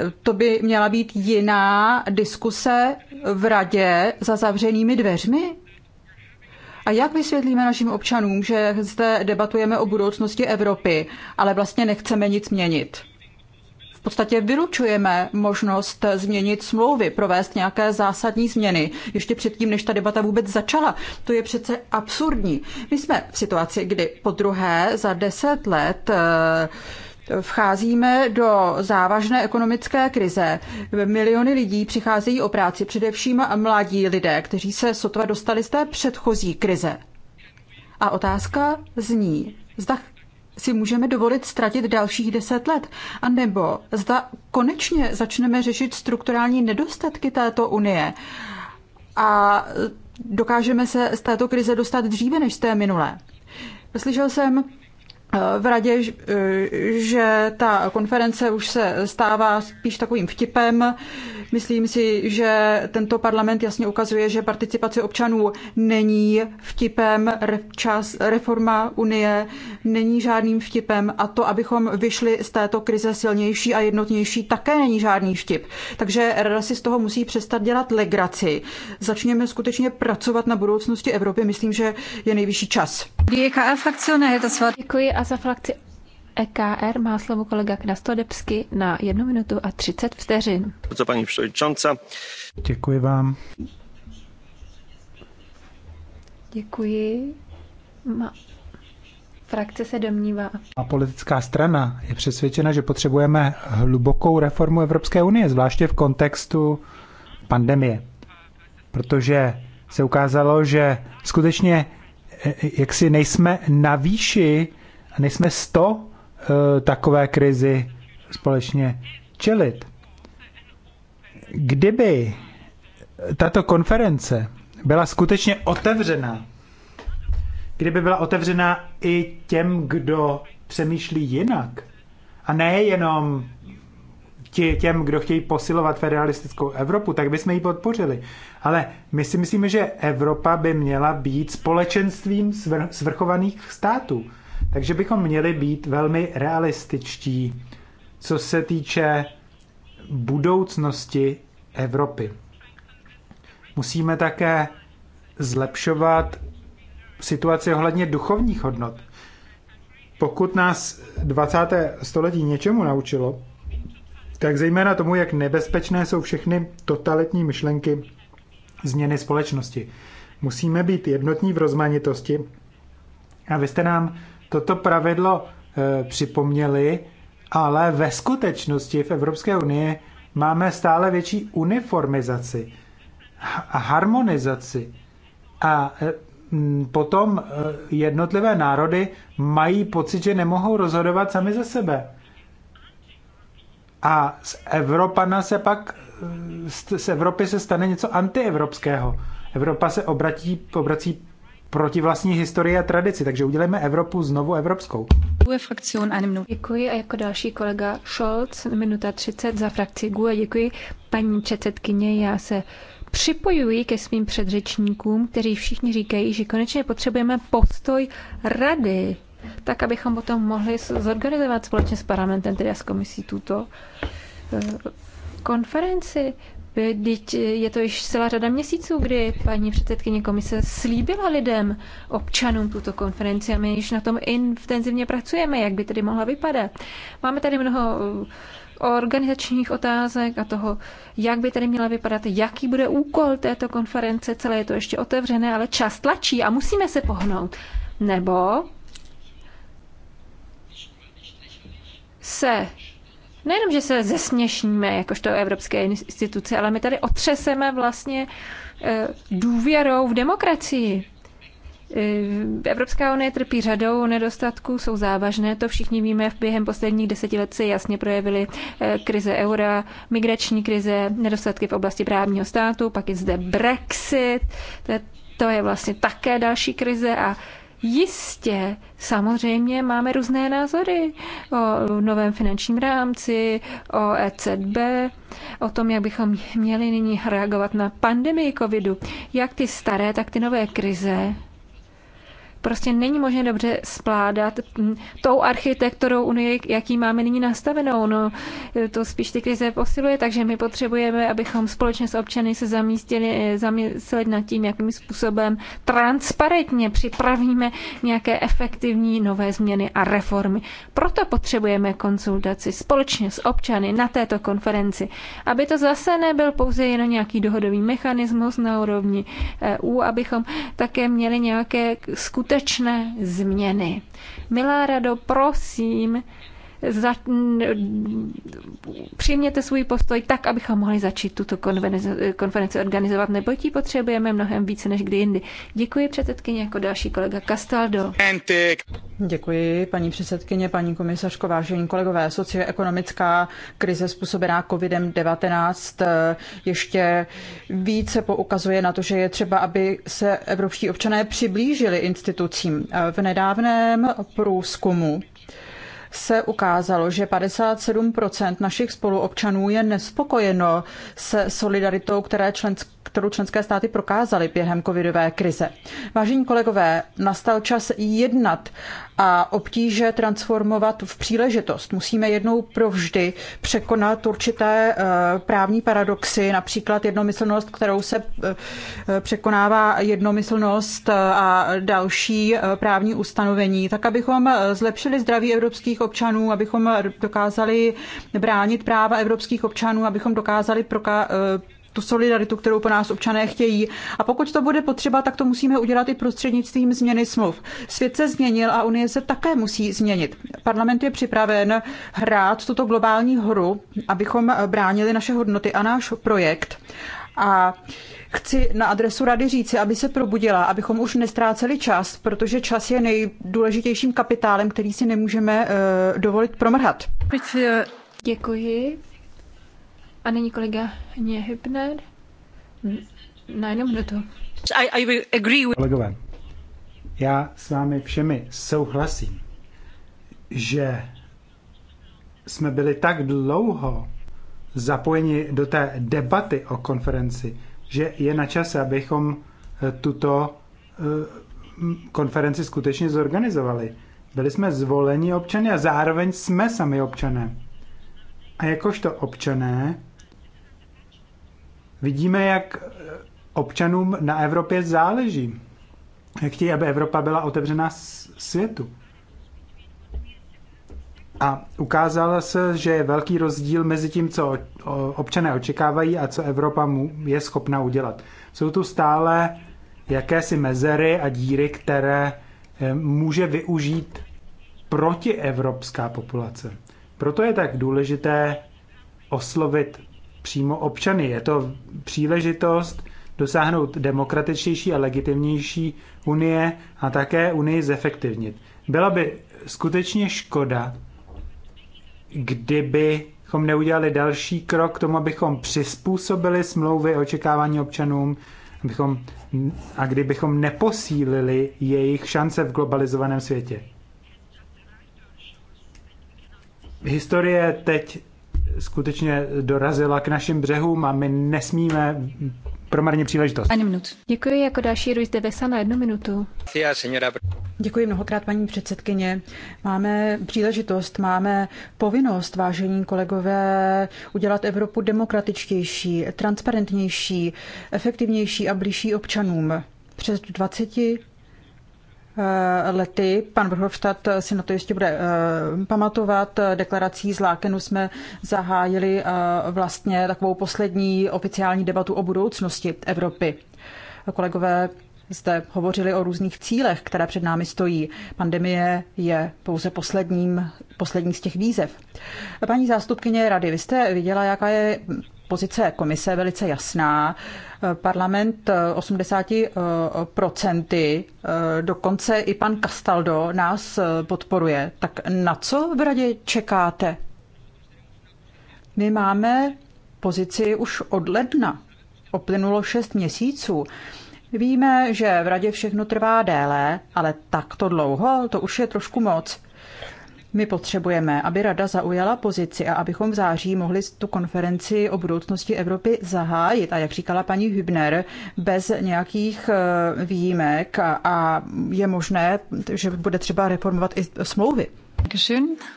eh, to by měla být jiná diskuse v radě za zavřenými dveřmi? A jak vysvětlíme našim občanům, že zde debatujeme o budoucnosti Evropy, ale vlastně nechceme nic měnit? podstatě vylučujeme možnost změnit smlouvy, provést nějaké zásadní změny, ještě předtím, než ta debata vůbec začala. To je přece absurdní. My jsme v situaci, kdy po druhé za deset let eh, Vcházíme do závažné ekonomické krize. Miliony lidí přicházejí o práci, především mladí lidé, kteří se sotva dostali z té předchozí krize. A otázka zní, zda si můžeme dovolit ztratit dalších deset let. A nebo zda konečně začneme řešit strukturální nedostatky této unie a dokážeme se z této krize dostat dříve než z té minulé. Slyšel jsem eh, v radě, eh, že ta konference už se stává spíš takovým vtipem, Myslím si, že tento parlament jasně ukazuje, že participace občanů není vtipem, čas, reforma Unie není žádným vtipem a to, abychom vyšli z této krize silnější a jednotnější, také není žádný vtip. Takže rada si z toho musí přestat dělat legraci. Začněme skutečně pracovat na budoucnosti Evropy. Myslím, že je nejvyšší čas. Děkuji a za frakci EKR má slovo kolega Knastodebsky na 1 minutu a 30 vteřin. Co paní předsedající? Děkuji vám. Děkuji. Ma... Frakce se domnívá. A politická strana je přesvědčena, že potřebujeme hlubokou reformu Evropské unie, zvláště v kontextu pandemie. Protože se ukázalo, že skutečně eh, eh, jaksi nejsme na výši, nejsme 100 Eh, takové krizi společně čelit. Kdyby tato konference byla skutečně otevřená, kdyby byla otevřená i těm, kdo přemýšlí jinak, a ne jenom těm, kdo chtějí posilovat federalistickou Evropu, tak bychom ji podpořili. Ale my si myslíme, že Evropa by měla být společenstvím svr- svrchovaných států. Takže bychom měli být velmi realističtí, co se týče budoucnosti Evropy. Musíme také zlepšovat situaci ohledně duchovních hodnot. Pokud nás 20. století něčemu naučilo, tak zejména tomu, jak nebezpečné jsou všechny totalitní myšlenky změny společnosti. Musíme být jednotní v rozmanitosti. A vy jste nám toto pravidlo eh, připomněli, ale ve skutečnosti v Evropské unii máme stále větší uniformizaci a harmonizaci. A eh, potom eh, jednotlivé národy mají pocit, že nemohou rozhodovat sami za sebe. A z Evropana se pak, z Evropy se stane něco antievropského. Evropa se obratí, obrací proti vlastní historii a tradici, takže udělejme Evropu znovu evropskou. Děkuji a jako další kolega Scholz, minuta 30 za frakci GUE. Děkuji paní předsedkyně, já se připojuji ke svým předřečníkům, kteří všichni říkají, že konečně potřebujeme postoj rady, tak abychom potom mohli zorganizovat společně s parlamentem, tedy a s komisí tuto eh, konferenci. Vždyť je to již celá řada měsíců, kdy paní předsedkyně komise slíbila lidem, občanům tuto konferenci a my již na tom intenzivně pracujeme, jak by tedy mohla vypadat. Máme tady mnoho uh, organizačních otázek a toho, jak by tady měla vypadat, jaký bude úkol této konference, celé je to ještě otevřené, ale čas tlačí a musíme se pohnout. Nebo se nejenom, že se zesměšníme jakožto evropské instituce, ale my tady otřeseme vlastně e, důvěrou v demokracii. E, Evropská unie trpí řadou nedostatků, jsou závažné, to všichni víme, v během posledních deseti let se jasně projevily e, krize eura, migrační krize, nedostatky v oblasti právního státu, pak je zde Brexit, to je, to je vlastně také další krize a Jistě, samozřejmě máme různé názory o novém finančním rámci, o ECB, o tom, jak bychom měli nyní reagovat na pandemii covidu, jak ty staré, tak ty nové krize prostě není možné dobře spládat tou architekturou Unie, jaký máme nyní nastavenou. No, to spíš ty krize posiluje, takže my potřebujeme, abychom společně s občany se zamístili, eh, zamysleli nad tím, jakým způsobem transparentně připravíme nějaké efektivní nové změny a reformy. Proto potřebujeme konzultaci společně s občany na této konferenci, aby to zase nebyl pouze jenom nějaký dohodový mechanismus na úrovni EU, abychom také měli nějaké skutečné skutečné změny. Milá Rado, prosím, za, přijměte svůj postoj tak, abychom mohli začít tuto konferenci, konferenci organizovat, neboť ji potřebujeme mnohem více než kdy jindy. Děkuji předsedkyně jako další kolega Castaldo. Děkuji, paní předsedkyně, paní komisařko, vážení kolegové. Socioekonomická krize způsobená COVID-19 eh, ještě více poukazuje na to, že je třeba, aby se evropští občané přiblížili institucím. Eh, v nedávném průzkumu se ukázalo, že 57% našich spoluobčanů je nespokojeno se solidaritou, které členské kterou členské státy prokázaly během covidové krize. Vážení kolegové, nastal čas jednat a obtíže transformovat v příležitost. Musíme jednou provždy překonat určité eh, právní paradoxy, například jednomyslnost, kterou se eh, překonává jednomyslnost eh, a další právní ustanovení, tak abychom zlepšili zdraví evropských občanů, abychom dokázali bránit práva evropských občanů, abychom dokázali tu solidaritu, kterou po nás občané chtějí. A pokud to bude potřeba, tak to musíme udělat i prostřednictvím změny smluv. Svět se změnil a Unie se také musí změnit. Parlament je připraven hrát tuto globální hru, abychom bránili naše hodnoty a náš projekt. A chci na adresu rady říci, aby se probudila, abychom už nestráceli čas, protože čas je nejdůležitějším kapitálem, který si nemůžeme uh, dovolit promrhat. Eh, Děkuji. A není kolega Hybner. Na jednu minutu. Kolegové, já s vámi všemi souhlasím, že jsme byli tak dlouho zapojeni do té debaty o konferenci, že je na čase, abychom eh, tuto eh, konferenci skutečně zorganizovali. Byli jsme zvoleni občany a zároveň jsme sami občané. A jakožto občané Vidíme, jak občanům na Evropě záleží. Jak chtějí, aby Evropa byla otevřená světu. A ukázalo se, že je velký rozdíl mezi tím, co občané očekávají a co Evropa mu je schopna udělat. Jsou tu stále jakési mezery a díry, které eh, může využít protievropská populace. Proto je tak důležité oslovit přímo občany. Je to příležitost dosáhnout demokratičtější a legitimnější unie a také unii zefektivnit. Byla by skutečně škoda, kdybychom neudělali další krok k tomu, abychom přizpůsobili smlouvy očekávání občanům abychom, a kdybychom neposílili jejich šance v globalizovaném světě. Historie teď skutečně dorazila k našim břehům a my nesmíme promarnit příležitost. Ani minut. Děkuji jako další Ruiz de Vesa na jednu minutu. Děkuji mnohokrát, paní předsedkyně. Máme příležitost, máme povinnost, vážení kolegové, udělat Evropu demokratičtější, transparentnější, efektivnější a blížší občanům. Před 20 Eh, lety. Pan Verhofstadt si na to ještě bude eh, pamatovat. Deklarací z Lákenu jsme zahájili eh, vlastně takovou poslední oficiální debatu o budoucnosti Evropy. Kolegové jste hovořili o různých cílech, které před námi stojí. Pandemie je pouze posledním, poslední z těch výzev. Paní zástupkyně Rady, vy jste viděla, jaká je pozice komise velice jasná. Parlament 80%, eh, eh, eh, dokonce i pan Castaldo nás podporuje. Tak na co v radě čekáte? My máme pozici už od ledna. Oplynulo 6 měsíců. Víme, že v radě všechno trvá déle, ale takto dlouho to už je trošku moc. My potřebujeme, aby Rada zaujala pozici a abychom v září mohli tu konferenci o budoucnosti Evropy zahájit. A jak říkala paní Hübner, bez nějakých eh, výjimek a je možné, že bude třeba reformovat i smlouvy.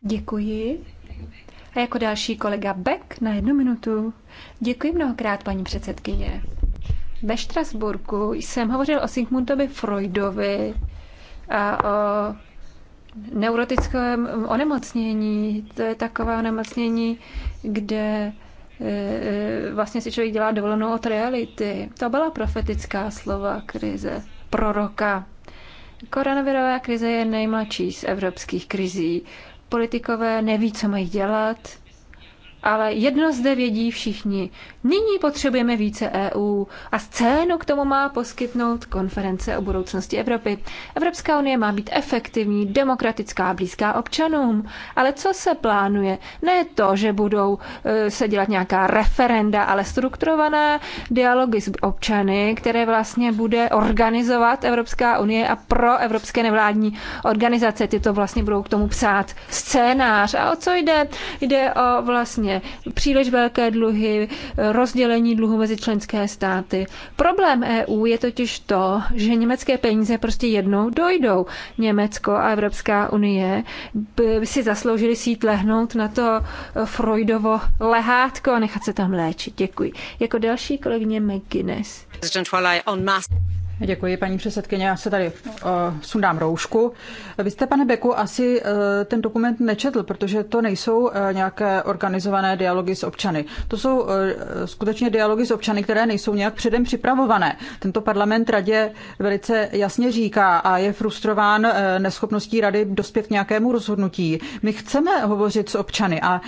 Děkuji. A jako další kolega Beck na jednu minutu. Děkuji mnohokrát, paní předsedkyně. Ve Štrasburku jsem hovořil o Sigmundovi Freudovi a o neurotické onemocnění. To je takové onemocnění, kde eh, eh, vlastně si člověk dělá dovolenou od reality. To byla profetická slova krize, proroka. Koronavirová krize je nejmladší z evropských krizí. Politikové neví, co mají dělat, ale jedno zde vědí všichni. Nyní potřebujeme více EU a scénu k tomu má poskytnout konference o budoucnosti Evropy. Evropská unie má být efektivní, demokratická, blízká občanům. Ale co se plánuje? Ne to, že budou e, se dělat nějaká referenda, ale strukturované dialogy s občany, které vlastně bude organizovat Evropská unie a pro evropské nevládní organizace. tyto vlastně budou k tomu psát scénář. A o co jde? Jde o vlastně skutečně příliš velké dluhy, rozdělení dluhu mezi členské státy. Problém EU je totiž to, že německé peníze prostě jednou dojdou. Německo a Evropská unie by si zasloužili sít lehnout na to Freudovo lehátko a nechat se tam léčit. Děkuji. Jako další kolegyně McGuinness. Děkuji, paní předsedkyně. Já se tady uh, sundám roušku. Vy jste, pane Beku, asi uh, ten dokument nečetl, protože to nejsou uh, nějaké organizované dialogy s občany. To jsou uh, skutečně dialogy s občany, které nejsou nějak předem připravované. Tento parlament radě velice jasně říká a je frustrován uh, neschopností rady dospět k nějakému rozhodnutí. My chceme hovořit s občany a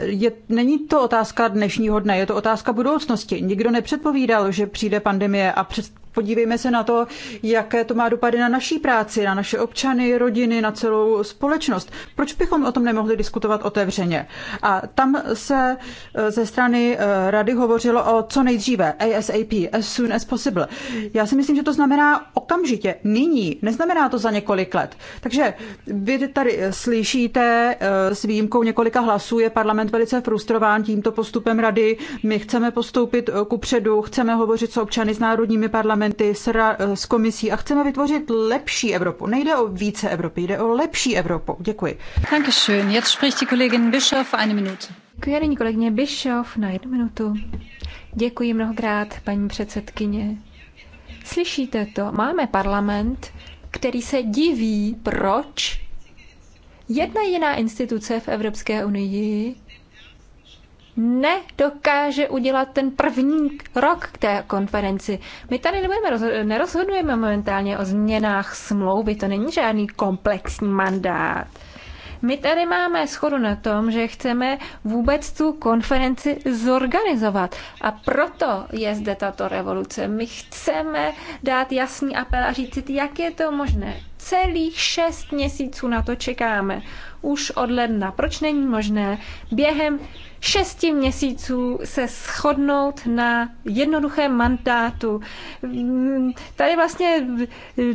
je, není to otázka dnešního dne, je to otázka budoucnosti. Nikdo nepředpovídal, že přijde pandemie a před, podívejme se na to, jaké to má dopady na naší práci, na naše občany, rodiny, na celou společnost. Proč bychom o tom nemohli diskutovat otevřeně? A tam se eh, ze strany eh, rady hovořilo o co nejdříve, ASAP, as soon as possible. Já si myslím, že to znamená okamžitě, nyní, neznamená to za několik let. Takže vy tady slyšíte eh, s výjimkou několika hlasů, je parlament velice frustrován tímto postupem rady. My chceme postoupit ku předu, chceme hovořit s občany, s národními parlamenty, parlamenty, s, ra- s komisí a chceme vytvořit lepší Evropu. Nejde o více Evropy, jde o lepší Evropu. Děkuji. Dankeschön. Jetzt spricht die Kollegin eine Minute. Děkuji, nyní kolegyně Bischoff na jednu minutu. Děkuji mnohokrát, paní předsedkyně. Slyšíte to? Máme parlament, který se diví, proč jedna jediná instituce v Evropské unii nedokáže udělat ten první rok k té konferenci. My tady nebudeme, nerozhodujeme momentálně o změnách smlouvy, to není žádný komplexní mandát. My tady máme schodu na tom, že chceme vůbec tu konferenci zorganizovat. A proto je zde tato revoluce. My chceme dát jasný apel a říct, jak je to možné. Celých šest měsíců na to čekáme už od ledna. Proč není možné během šesti měsíců se shodnout na jednoduchém mandátu. Tady vlastně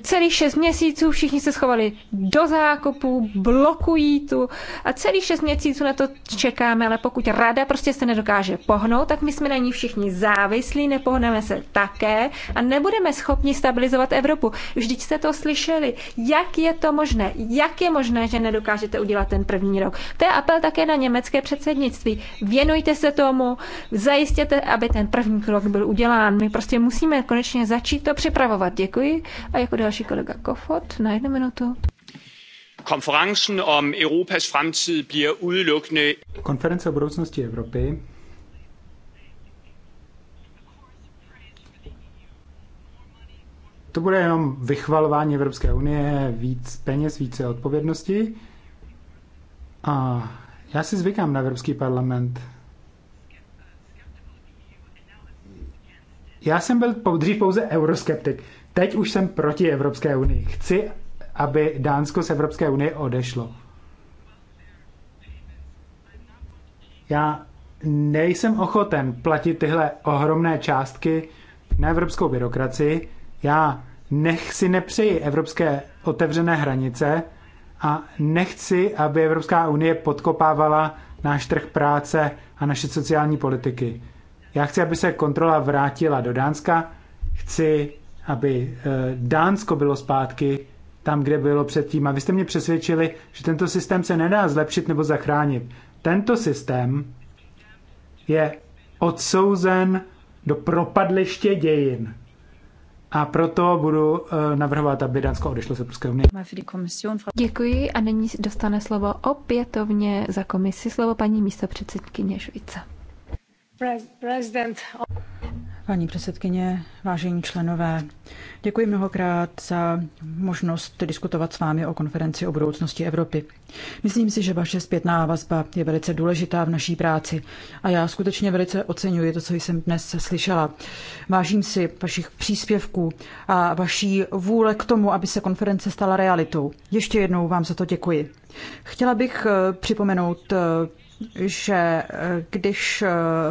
celý šest měsíců všichni se schovali do zákopů, blokují tu a celý šest měsíců na to čekáme, ale pokud rada prostě se nedokáže pohnout, tak my jsme na ní všichni závislí, nepohneme se také a nebudeme schopni stabilizovat Evropu. Vždyť jste to slyšeli. Jak je to možné? Jak je možné, že nedokážete udělat udělat ten první rok. To je apel také na německé předsednictví. Věnujte se tomu, zajistěte, aby ten první krok byl udělán. My prostě musíme konečně začít to připravovat. Děkuji. A jako další kolega Kofot na jednu minutu. Konference o budoucnosti Evropy to bude jenom vychvalování Evropské unie, víc peněz, více odpovědnosti. A já si zvykám na Evropský parlament. Já jsem byl dřív pouze euroskeptik. Teď už jsem proti Evropské unii. Chci, aby Dánsko z Evropské unie odešlo. Já nejsem ochoten platit tyhle ohromné částky na evropskou byrokracii. Já nech si nepřeji evropské otevřené hranice, a nechci, aby Evropská unie podkopávala náš trh práce a naše sociální politiky. Já chci, aby se kontrola vrátila do Dánska, chci, aby eh, Dánsko bylo zpátky tam, kde bylo předtím. A vy jste mě přesvědčili, že tento systém se nedá zlepšit nebo zachránit. Tento systém je odsouzen do propadliště dějin. A proto budu eh, navrhovat, aby Dánsko odešlo z Evropské unie. Děkuji a nyní dostane slovo opětovně za komisi slovo paní místopředsedkyně Švice. Paní předsedkyně, vážení členové, děkuji mnohokrát za možnost diskutovat s vámi o konferenci o budoucnosti Evropy. Myslím si, že vaše zpětná vazba je velice důležitá v naší práci a já skutečně velice oceňuji to, co jsem dnes slyšela. Vážím si vašich příspěvků a vaší vůle k tomu, aby se konference stala realitou. Ještě jednou vám za to děkuji. Chtěla bych eh, připomenout eh, že eh, když eh,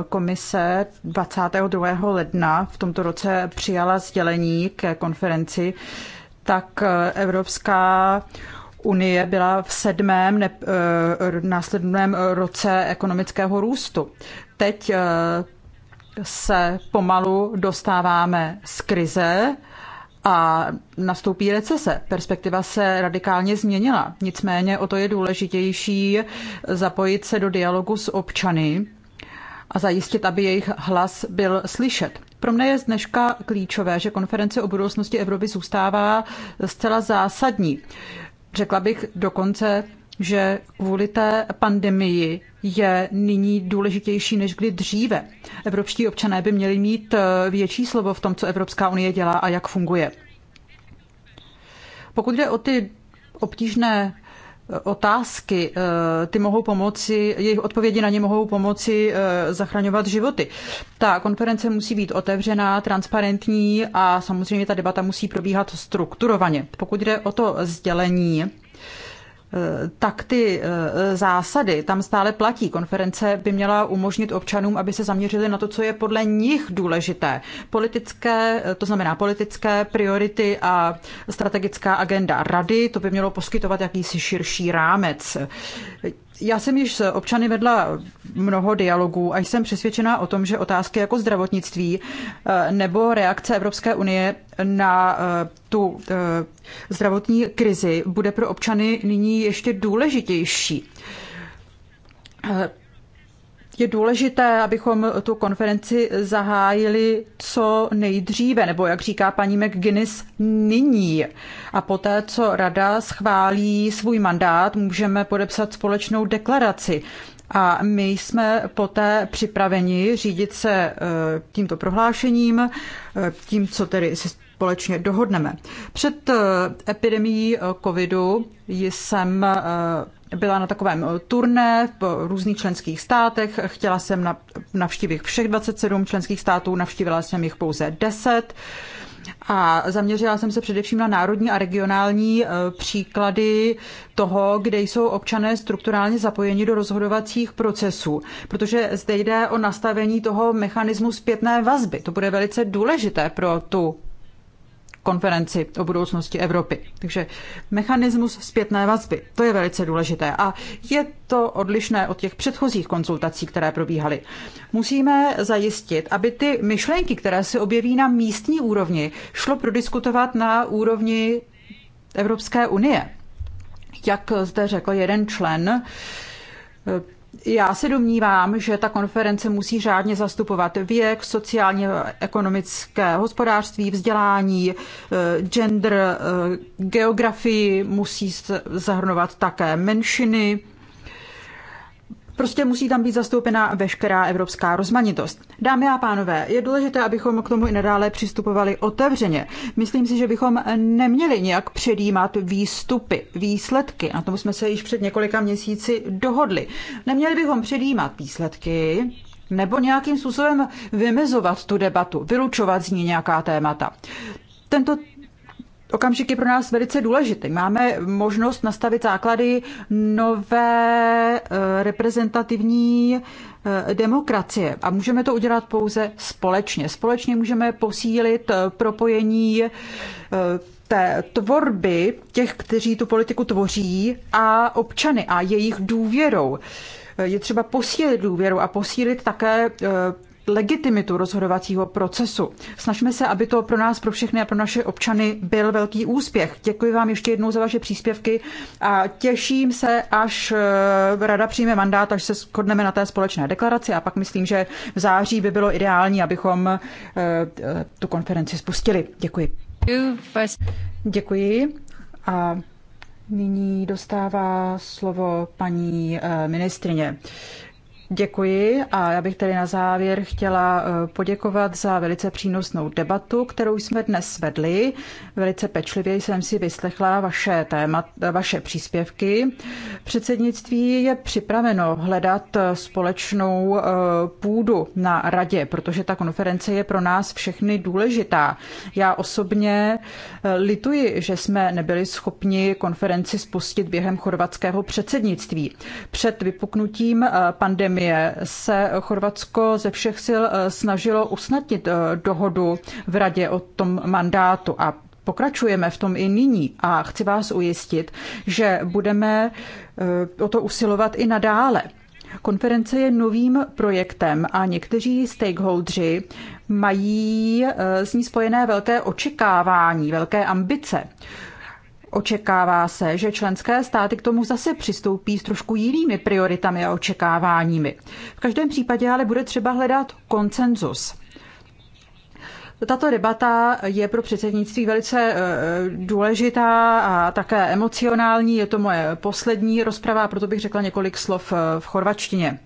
komise 22. ledna v tomto roce přijala sdělení ke konferenci, tak eh, Evropská unie byla v sedmém ne, následném roce ekonomického růstu. Teď se pomalu dostáváme z krize, a nastoupí recese. Perspektiva se radikálně změnila. Nicméně o to je důležitější zapojit se do dialogu s občany a zajistit, aby jejich hlas byl slyšet. Pro mne je dneška klíčové, že konference o budoucnosti Evropy zůstává zcela zásadní. Řekla bych dokonce že kvůli té pandemii je nyní důležitější než kdy dříve. Evropští občané by měli mít eh, větší slovo v tom, co Evropská unie dělá a jak funguje. Pokud jde o ty obtížné eh, otázky, eh, ty mohou pomoci, jejich odpovědi na ně mohou pomoci zachraňovat životy. Ta konference musí být otevřená, transparentní a samozřejmě ta debata musí probíhat strukturovaně. Pokud jde o to sdělení, Eh, tak ty eh, zásady tam stále platí. Konference by měla umožnit občanům, aby se zaměřili na to, co je podle nich důležité. Politické, eh, to znamená politické priority a strategická agenda rady, to by mělo poskytovat jakýsi širší rámec. Já jsem již s občany vedla mnoho dialogů a jsem přesvědčená o tom, že otázky jako zdravotnictví eh, nebo reakce Evropské unie na eh, tu eh, zdravotní krizi bude pro občany nyní ještě důležitější je důležité, abychom tu konferenci zahájili co nejdříve, nebo jak říká paní McGuinness, nyní. A poté, co rada schválí svůj mandát, můžeme podepsat společnou deklaraci. A my jsme poté připraveni řídit se eh, tímto prohlášením, eh, tím, co tedy společně dohodneme. Před eh, epidemií eh, covidu jsem eh, byla na takovém turné v různých členských státech. Chtěla jsem navštívit všech 27 členských států, navštívila jsem jich pouze 10. A zaměřila jsem se především na národní a regionální příklady toho, kde jsou občané strukturálně zapojeni do rozhodovacích procesů. Protože zde jde o nastavení toho mechanismu zpětné vazby. To bude velice důležité pro tu konferenci o budoucnosti Evropy. Takže mechanismus zpětné vazby, to je velice důležité. A je to odlišné od těch předchozích konzultací, které probíhaly. Musíme zajistit, aby ty myšlenky, které se objeví na místní úrovni, šlo prodiskutovat na úrovni Evropské unie. Jak zde řekl jeden člen, já se domnívám, že ta konference musí řádně zastupovat věk, sociálně ekonomické hospodářství, vzdělání, eh, gender, eh, geografii, musí zahrnovat také menšiny, Prostě musí tam být zastoupena veškerá evropská rozmanitost. Dámy a pánové, je důležité, abychom k tomu i nadále přistupovali otevřeně. Myslím si, že bychom neměli nějak předjímat výstupy, výsledky. Na tom jsme se již před několika měsíci dohodli. Neměli bychom předjímat výsledky, nebo nějakým způsobem vymezovat tu debatu, vylučovat z ní nějaká témata. Tento okamžik je pro nás velice důležitý. Máme možnost nastavit základy nové eh, reprezentativní eh, demokracie a můžeme to udělat pouze společně. Společně můžeme posílit eh, propojení té tvorby těch, kteří tu politiku tvoří a občany a jejich důvěrou. Je třeba posílit důvěru a posílit také legitimitu rozhodovacího procesu. Snažme se, aby to pro nás, pro všechny a pro naše občany byl velký úspěch. Děkuji vám ještě jednou za vaše příspěvky a těším se, až eh, Rada přijme mandát, až se shodneme na té společné deklaraci a pak myslím, že v září by bylo ideální, abychom eh, tu konferenci spustili. Děkuji. Děkuji. A nyní dostává slovo paní eh, ministrině. Děkuji a já bych tedy na závěr chtěla eh, poděkovat za velice přínosnou debatu, kterou jsme dnes vedli. Velice pečlivě jsem si vyslechla vaše, téma, eh, vaše příspěvky. Předsednictví je připraveno hledat eh, společnou půdu na radě, protože ta konference je pro nás všechny důležitá. Já osobně lituji, že jsme nebyli schopni konferenci spustit během chorvatského předsednictví. Před vypuknutím pandemie pandemie se Chorvatsko ze všech sil eh, snažilo usnadnit eh, dohodu v radě o tom mandátu a pokračujeme v tom i nyní a chci vás ujistit, že budeme eh, o to usilovat i nadále. Konference je novým projektem a někteří stakeholdři mají s ní spojené velké očekávání, velké ambice. Očekává se, že členské státy k tomu zase přistoupí s trošku jinými prioritami a očekáváními. V každém případě ale bude třeba hledat konsenzus. Tato debata je pro předsednictví velice eh, důležitá a také emocionální. Je to moje poslední rozprava, proto bych řekla několik slov eh, v chorvačtině.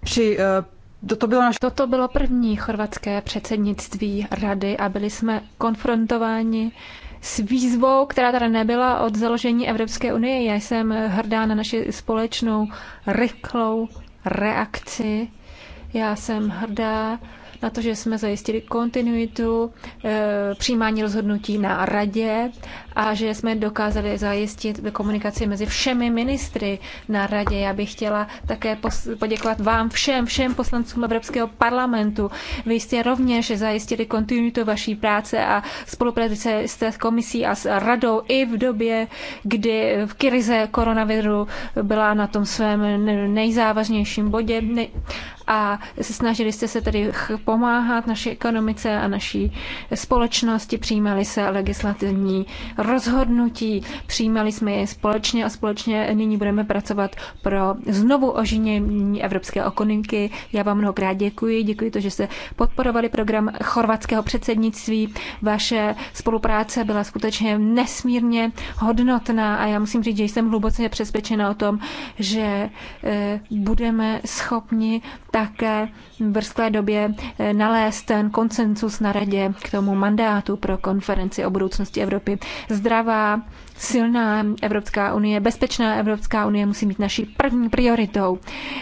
Při eh, Toto bylo, naš... Toto bylo první chorvatské předsednictví rady a byli jsme konfrontováni s výzvou, která tady nebyla od založení Evropské unie. Já jsem hrdá na naši společnou rychlou reakci. Já jsem hrdá na to, že jsme zajistili kontinuitu e, přijímání rozhodnutí na radě a že jsme dokázali zajistit komunikaci mezi všemi ministry na radě. Já bych chtěla také poděkovat vám všem, všem poslancům Evropského parlamentu. Vy jste rovněž zajistili kontinuitu vaší práce a spolupráce s komisí a s radou i v době, kdy v krize koronaviru byla na tom svém nejzávažnějším bodě a snažili jste se tedy pomáhat naší ekonomice a naší společnosti, přijímali se legislativní rozhodnutí. Přijímali jsme je společně a společně nyní budeme pracovat pro znovu oženění evropské okoninky. Já vám mnohokrát děkuji. Děkuji to, že jste podporovali program chorvatského předsednictví. Vaše spolupráce byla skutečně nesmírně hodnotná a já musím říct, že jsem hluboce přesvědčena o tom, že eh, budeme schopni také v brzké době eh, nalézt ten koncensus na radě k tomu mandátu pro konferenci o budoucnosti Evropy zdravá, silná Evropská unie, bezpečná Evropská unie musí být naší první prioritou.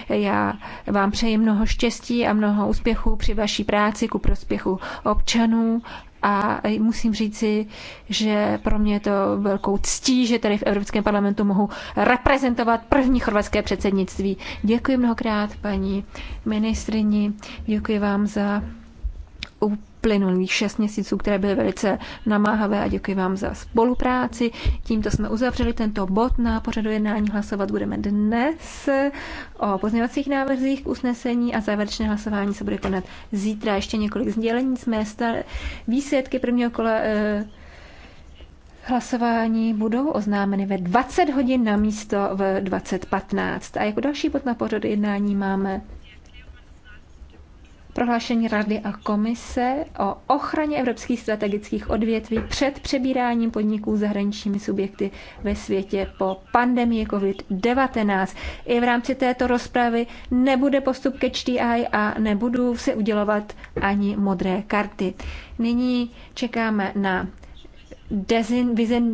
Já vám přeji mnoho štěstí a mnoho úspěchů při vaší práci ku prospěchu občanů a musím říci, že pro mě je to velkou ctí, že tady v Evropském parlamentu mohu reprezentovat první chorvatské předsednictví. Děkuji mnohokrát paní ministrini, děkuji vám za uplynulých šest měsíců, které byly velice namáhavé a děkuji vám za spolupráci. Tímto jsme uzavřeli tento bod na pořadu jednání. Hlasovat budeme dnes o pozměvacích návrzích k usnesení a závěrečné hlasování se bude konat zítra. Ještě několik sdělení jsme výsledky prvního kola eh, Hlasování budou oznámeny ve 20 hodin na místo v 20.15. A jako další bod na pořadu jednání máme prohlášení Rady a Komise o ochraně evropských strategických odvětví před přebíráním podniků zahraničními subjekty ve světě po pandemii COVID-19. I v rámci této rozpravy nebude postup ke HDI a nebudu se udělovat ani modré karty. Nyní čekáme na dezin, vizin,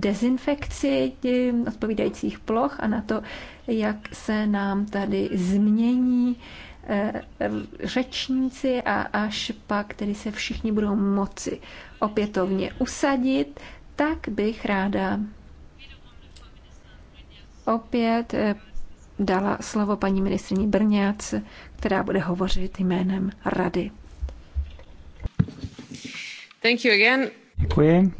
dezinfekci hm, odpovídajících ploch a na to, jak se nám tady změní Eh, řečníci a až pak tedy se všichni budou moci opětovně usadit, tak bych ráda opět eh, dala slovo paní ministrině Brňác, která bude hovořit jménem Rady. Thank you again. Děkuji.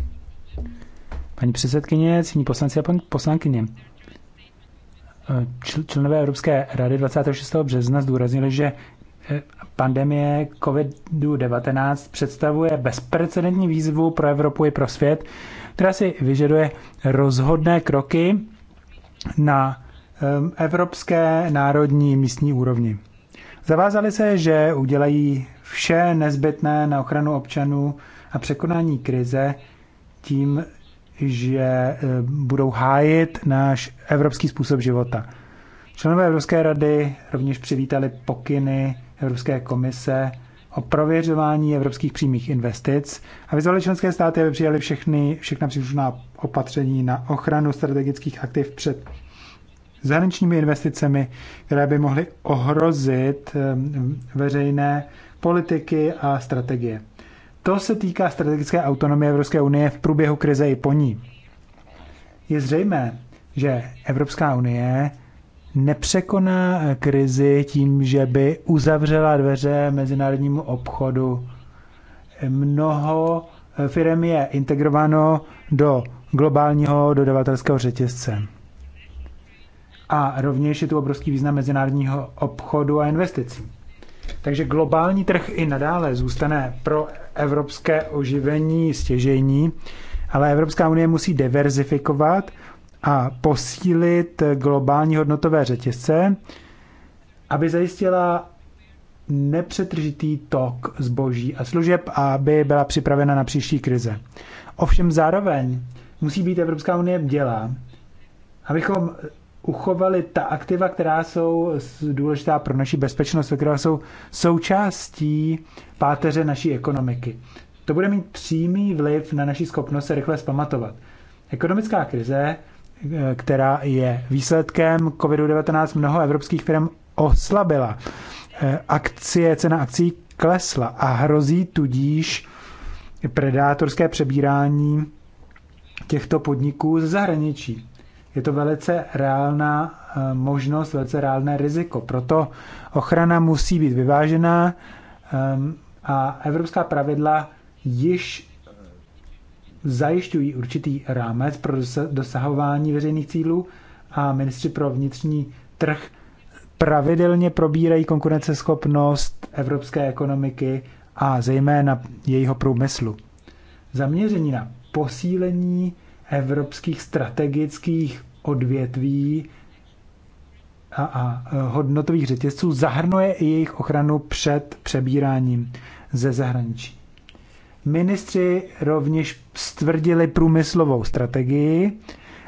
Paní předsedkyně, cení poslanci a paní poslankyně. Eh, členové Evropské rady 26. března zdůraznili, že eh, pandemie COVID-19 představuje bezprecedentní výzvu pro Evropu i pro svět, která si vyžaduje rozhodné kroky na eh, evropské, národní, místní úrovni. Zavázali se, že udělají vše nezbytné na ochranu občanů a překonání krize tím, že eh, budou hájit náš evropský způsob života. Členové Evropské rady rovněž přivítali pokyny Evropské komise o prověřování evropských přímých investic a vyzvali členské státy, aby přijali všechny, všechna příslušná opatření na ochranu strategických aktiv před zahraničními investicemi, které by mohly ohrozit eh, veřejné politiky a strategie. To se týká strategické autonomie Evropské unie v průběhu krize i po ní. Je zřejmé, že Evropská unie nepřekoná krizi tím, že by uzavřela dveře mezinárodnímu obchodu. Mnoho firm je integrováno do globálního dodavatelského řetězce. A rovněž je tu obrovský význam mezinárodního obchodu a investicí. Takže globální trh i nadále zůstane pro evropské oživení stěžení, ale Evropská unie musí diverzifikovat a posílit globální hodnotové řetězce, aby zajistila nepřetržitý tok zboží a služeb a aby byla připravena na příští krize. Ovšem zároveň musí být Evropská unie bdělá, abychom uchovali ta aktiva, která jsou důležitá pro naši bezpečnost, která jsou součástí páteře naší ekonomiky. To bude mít přímý vliv na naši schopnost se rychle zpamatovat. Ekonomická krize, e, která je výsledkem COVID-19 mnoho evropských firm oslabila. E, akcie, cena akcí klesla a hrozí tudíž predátorské přebírání těchto podniků z zahraničí je to velice reálná eh, možnost, velice reálné riziko. Proto ochrana musí být vyvážená ehm, a evropská pravidla již eh, zajišťují určitý rámec pro dosahování veřejných cílů a ministři pro vnitřní trh pravidelně probírají konkurenceschopnost evropské ekonomiky a zejména jejího průmyslu. Zaměření na posílení evropských strategických odvětví a, a e, hodnotových řetězců zahrnuje i jejich ochranu před přebíráním ze zahraničí. Ministři rovněž stvrdili průmyslovou strategii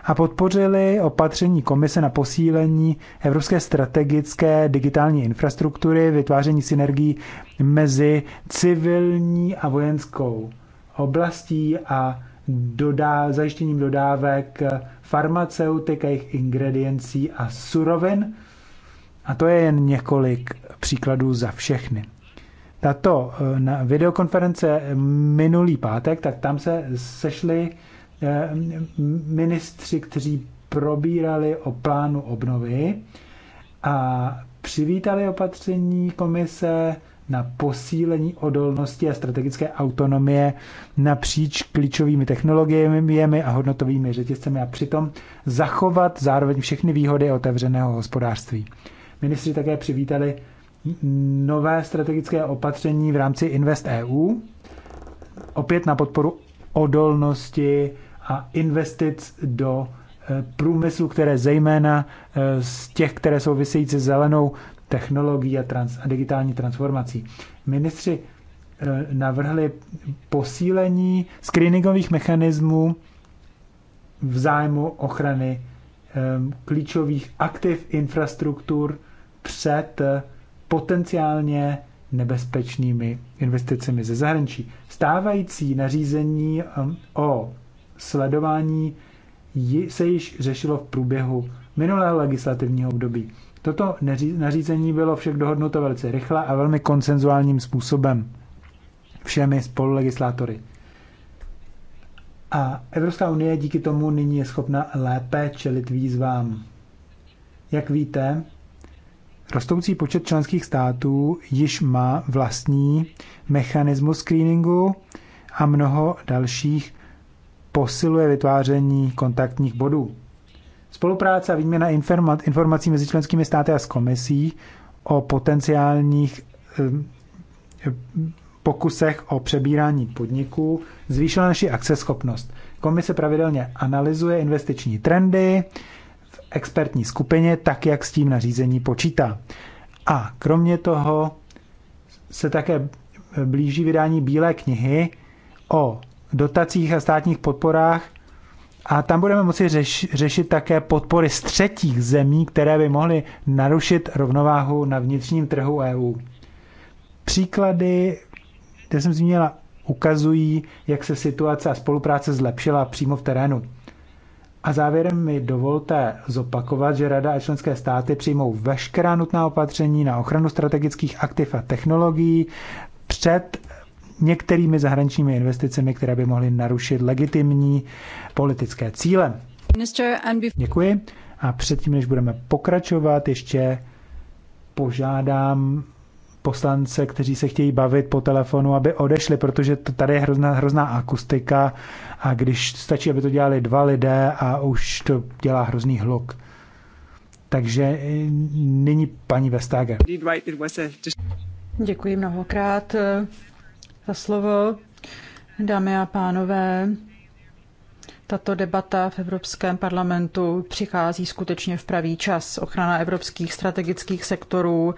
a podpořili opatření komise na posílení evropské strategické digitální infrastruktury, vytváření synergií mezi civilní a vojenskou oblastí a dodá, zajištěním dodávek farmaceutik a jejich ingrediencí a surovin. A to je jen několik příkladů za všechny. Tato eh, na videokonference minulý pátek, tak tam se sešli eh, ministři, kteří probírali o plánu obnovy a přivítali opatření komise na posílení odolnosti a strategické autonomie napříč klíčovými technologiemi a hodnotovými řetězcemi a přitom zachovat zároveň všechny výhody otevřeného hospodářství. Ministři také přivítali nové strategické opatření v rámci Invest EU, opět na podporu odolnosti a investic do eh, průmyslu, které zejména eh, z těch, které souvisejí se zelenou technologií a, trans, a digitální transformací. Ministři eh, navrhli posílení screeningových mechanismů v zájmu ochrany ehm, klíčových aktiv infrastruktur před eh, potenciálně nebezpečnými investicemi ze zahraničí. Stávající nařízení ehm, o sledování se již řešilo v průběhu minulého legislativního období. Toto nařízení bylo však dohodnuto velice rychle a velmi konsenzuálním způsobem všemi spolulegislátory. A Evropská unie díky tomu nyní je schopna lépe čelit výzvám. Jak víte, rostoucí počet členských států již má vlastní mechanismus screeningu a mnoho dalších posiluje vytváření kontaktních bodů. Spolupráce a výměna informací mezi členskými státy a s komisí o potenciálních pokusech o přebírání podniků zvýšila naši akceschopnost. Komise pravidelně analyzuje investiční trendy v expertní skupině, tak jak s tím nařízení počítá. A kromě toho se také blíží vydání Bílé knihy o dotacích a státních podporách a tam budeme moci řeš, řešit také podpory z třetích zemí, které by mohly narušit rovnováhu na vnitřním trhu EU. Příklady, které jsem zmínila, ukazují, jak se situace a spolupráce zlepšila přímo v terénu. A závěrem mi dovolte zopakovat, že Rada a členské státy přijmou veškerá nutná opatření na ochranu strategických aktiv a technologií před některými zahraničními investicemi, které by mohly narušit legitimní politické cíle. Děkuji. A předtím, než budeme pokračovat, ještě požádám poslance, kteří se chtějí bavit po telefonu, aby odešli, protože to tady je hrozná, hrozná akustika a když stačí, aby to dělali dva lidé a už to dělá hrozný hluk. Takže eh, nyní paní Vestager. Děkuji mnohokrát za slovo. Dámy a pánové, tato debata v Evropském parlamentu přichází skutečně v pravý čas. Ochrana evropských strategických sektorů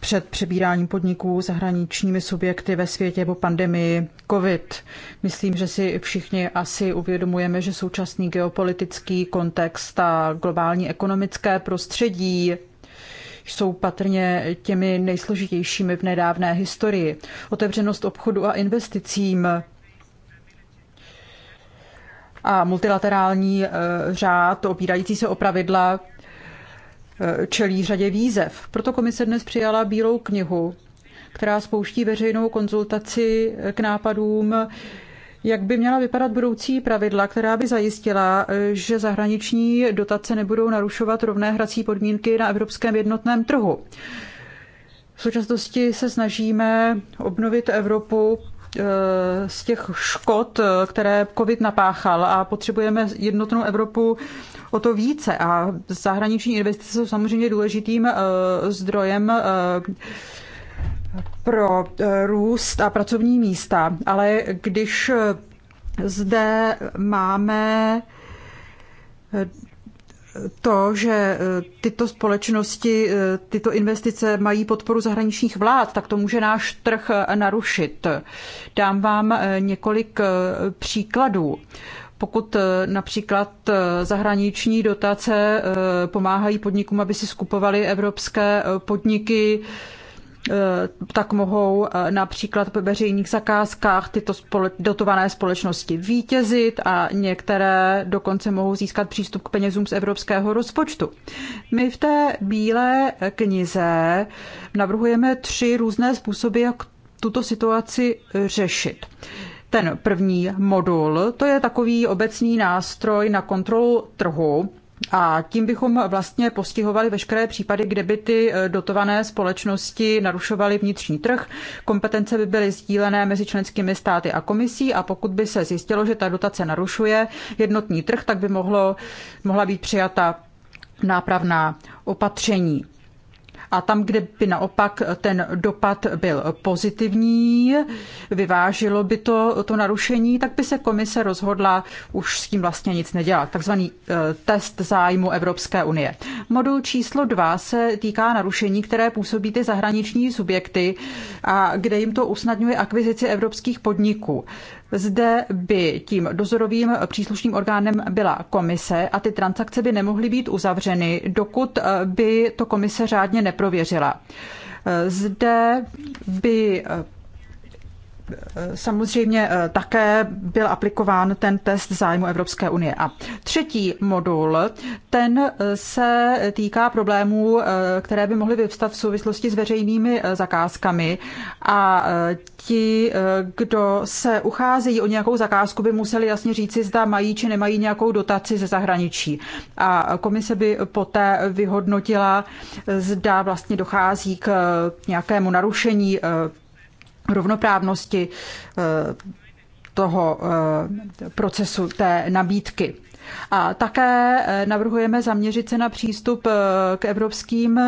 před přebíráním podniků zahraničními subjekty ve světě po pandemii COVID. Myslím, že si všichni asi uvědomujeme, že současný geopolitický kontext a globální ekonomické prostředí jsou patrně těmi nejsložitějšími v nedávné historii. Otevřenost obchodu a investicím a multilaterální eh, řád opírající se o pravidla eh, čelí řadě výzev. Proto komise dnes přijala Bílou knihu, která spouští veřejnou konzultaci k nápadům, jak by měla vypadat budoucí pravidla, která by zajistila, eh, že zahraniční dotace nebudou narušovat rovné hrací podmínky na evropském jednotném trhu. V současnosti se snažíme obnovit Evropu eh, z těch škod, eh, které COVID napáchal a potřebujeme jednotnou Evropu o to více. A zahraniční investice jsou samozřejmě důležitým zdrojem pro eh, růst a pracovní místa, ale když eh, zde máme eh, to, že tyto společnosti, tyto investice mají podporu zahraničních vlád, tak to může náš trh narušit. Dám vám několik příkladů. Pokud například zahraniční dotace pomáhají podnikům, aby si skupovali evropské podniky, Eh, tak mohou eh, například ve veřejných zakázkách tyto spole- dotované společnosti vítězit a některé dokonce mohou získat přístup k penězům z evropského rozpočtu. My v té bílé knize navrhujeme tři různé způsoby, jak tuto situaci řešit. Ten první modul, to je takový obecný nástroj na kontrolu trhu, a tím bychom vlastně postihovali veškeré případy, kde by ty eh, dotované společnosti narušovaly vnitřní trh. Kompetence by byly sdílené mezi členskými státy a komisí a pokud by se zjistilo, že ta dotace narušuje jednotný trh, tak by mohlo, mohla být přijata nápravná opatření a tam, kde by naopak ten dopad byl pozitivní, vyvážilo by to, to narušení, tak by se komise rozhodla už s tím vlastně nic nedělat. Takzvaný eh, test zájmu Evropské unie. Modul číslo dva se týká narušení, které působí ty zahraniční subjekty a kde jim to usnadňuje akvizici evropských podniků. Zde by tím dozorovým příslušným orgánem byla komise a ty transakce by nemohly být uzavřeny, dokud eh, by to komise řádně neprověřila. Eh, zde by eh, samozřejmě eh, také byl aplikován ten test zájmu Evropské unie. A třetí modul, ten eh, se týká problémů, eh, které by mohly vyvstat v souvislosti s veřejnými zakázkami a ti, kdo se ucházejí o nějakou zakázku, by museli jasně říci, zda mají či nemají nějakou dotaci ze zahraničí. A komise by poté vyhodnotila, zda vlastně dochází k nějakému narušení rovnoprávnosti eh, toho eh, procesu té nabídky. A také eh, navrhujeme zaměřit se na přístup k evropským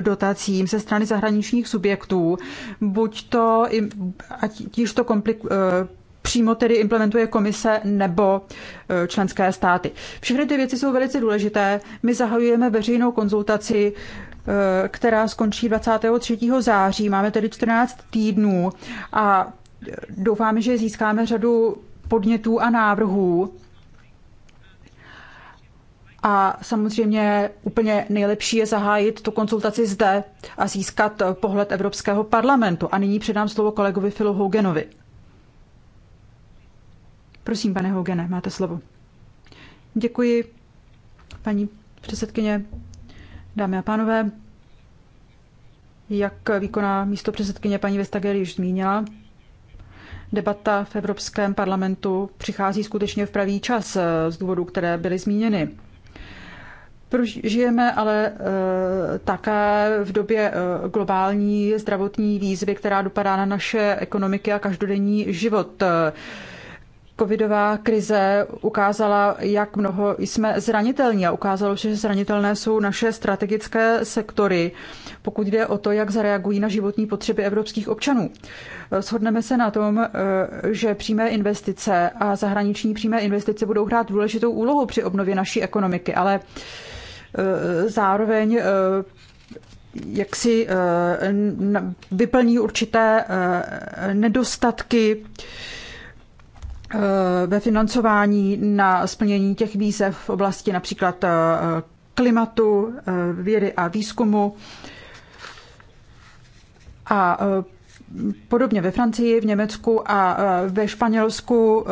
dotacím ze strany zahraničních subjektů, buď to, ať již to komplik, přímo tedy implementuje komise nebo členské státy. Všechny ty věci jsou velice důležité. My zahajujeme veřejnou konzultaci Eh, která skončí 23. září. Máme tedy 14 týdnů a doufáme, že získáme řadu podnětů a návrhů. A samozřejmě úplně nejlepší je zahájit tu konzultaci zde a získat pohled Evropského parlamentu. A nyní předám slovo kolegovi Filu Hougenovi. Prosím, pane Hougene, máte slovo. Děkuji, paní předsedkyně. Dámy a pánové, jak výkonná místo předsedkyně paní Vestager již zmínila, debata v Evropském parlamentu přichází skutečně v pravý čas eh, z důvodů, které byly zmíněny. Žijeme ale eh, také v době eh, globální zdravotní výzvy, která dopadá na naše ekonomiky a každodenní život. Covidová krize ukázala, jak mnoho jsme zranitelní a ukázalo, že zranitelné jsou naše strategické sektory, pokud jde o to, jak zareagují na životní potřeby evropských občanů. Shodneme se na tom, eh, že přímé investice a zahraniční přímé investice budou hrát důležitou úlohu při obnově naší ekonomiky, ale eh, zároveň eh, jak si vyplní určité nedostatky Eh, ve financování na splnění těch výzev v oblasti například eh, klimatu, eh, vědy a výzkumu. A podobně ve Francii, v Německu a ve Španělsku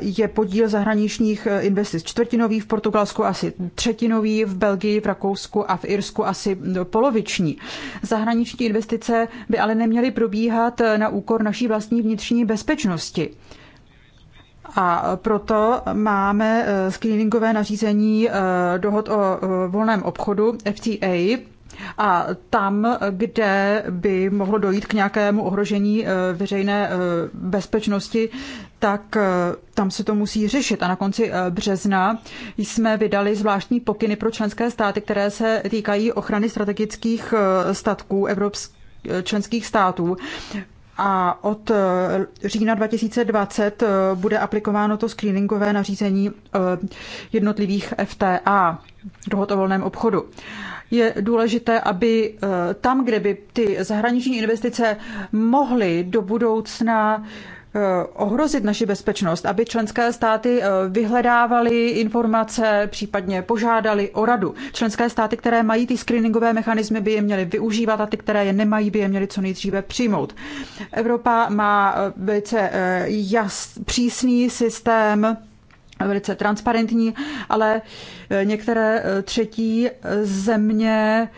je podíl zahraničních investic čtvrtinový, v Portugalsku asi třetinový, v Belgii, v Rakousku a v Irsku asi hm, poloviční. Zahraniční investice by ale neměly probíhat na úkor naší vlastní vnitřní bezpečnosti. A proto máme eh, screeningové nařízení eh, dohod o eh, volném obchodu FTA, a tam, kde by mohlo dojít k nějakému ohrožení veřejné bezpečnosti, tak tam se to musí řešit. A na konci března jsme vydali zvláštní pokyny pro členské státy, které se týkají ochrany strategických statků evropských členských států a od eh, října 2020 eh, bude aplikováno to screeningové nařízení eh, jednotlivých FTA, dohod o volném obchodu. Je důležité, aby tam, kde by ty zahraniční investice mohly do budoucna Eh, ohrozit naši bezpečnost, aby členské státy eh, vyhledávaly informace, případně požádali o radu. Členské státy, které mají ty screeningové mechanismy, by je měly využívat a ty, které je nemají, by je měly co nejdříve přijmout. Evropa má eh, velice jas, přísný systém velice transparentní, ale e, některé e, třetí e, země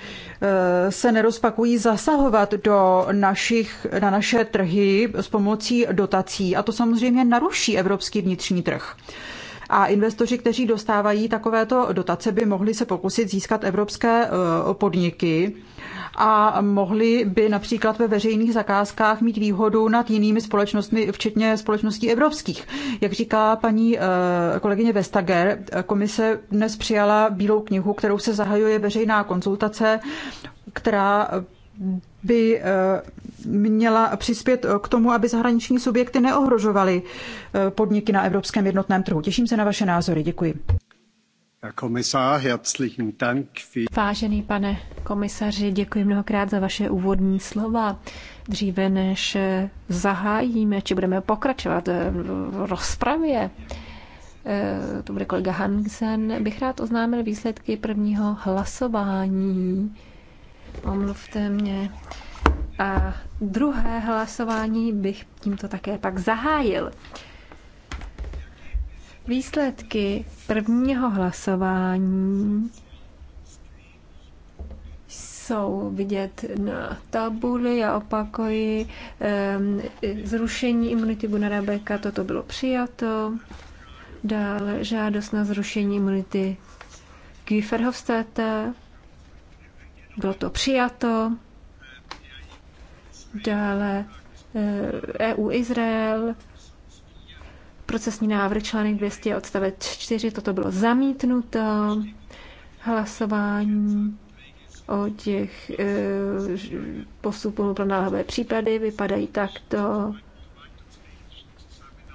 se nerozpakují zasahovat do našich, na naše trhy s pomocí dotací a to samozřejmě naruší evropský vnitřní trh a investoři, kteří dostávají takovéto dotace, by mohli se pokusit získat evropské eh, podniky a mohli by například ve veřejných zakázkách mít výhodu nad jinými společnostmi, včetně společností evropských. Jak říká paní eh, kolegyně Vestager, komise dnes přijala bílou knihu, kterou se zahajuje veřejná konzultace, která by eh, měla přispět k tomu, aby zahraniční subjekty neohrožovaly eh, podniky na evropském jednotném trhu. Těším se na vaše názory. Děkuji. Vážený pane komisaři, děkuji mnohokrát za vaše úvodní slova. Dříve než eh, zahájíme, či budeme pokračovat v rozpravě, to bude kolega Hansen, bych rád oznámil výsledky prvního hlasování omluvte mě. A druhé hlasování bych tímto také pak zahájil. Výsledky prvního hlasování jsou vidět na tabuli. Já opakuji, ehm, zrušení imunity Bunarabeka. toto bylo přijato. Dále žádost na zrušení imunity Guy bylo to přijato. Dále EU eh, e Izrael, procesní návrh článek 200 odstavec 4, toto bylo zamítnuto, hlasování o těch e, postupů pro náhlové případy vypadají takto.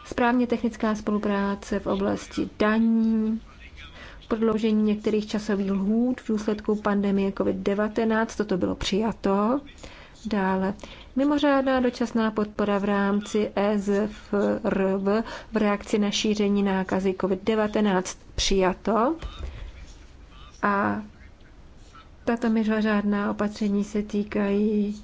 Správně technická spolupráce v oblasti daní, prodloužení některých časových lhůt v důsledku pandemie COVID-19. Toto bylo přijato. Dále mimořádná dočasná podpora v rámci EZFRV v reakci na šíření nákazy COVID-19 přijato. A tato mimořádná opatření se týkají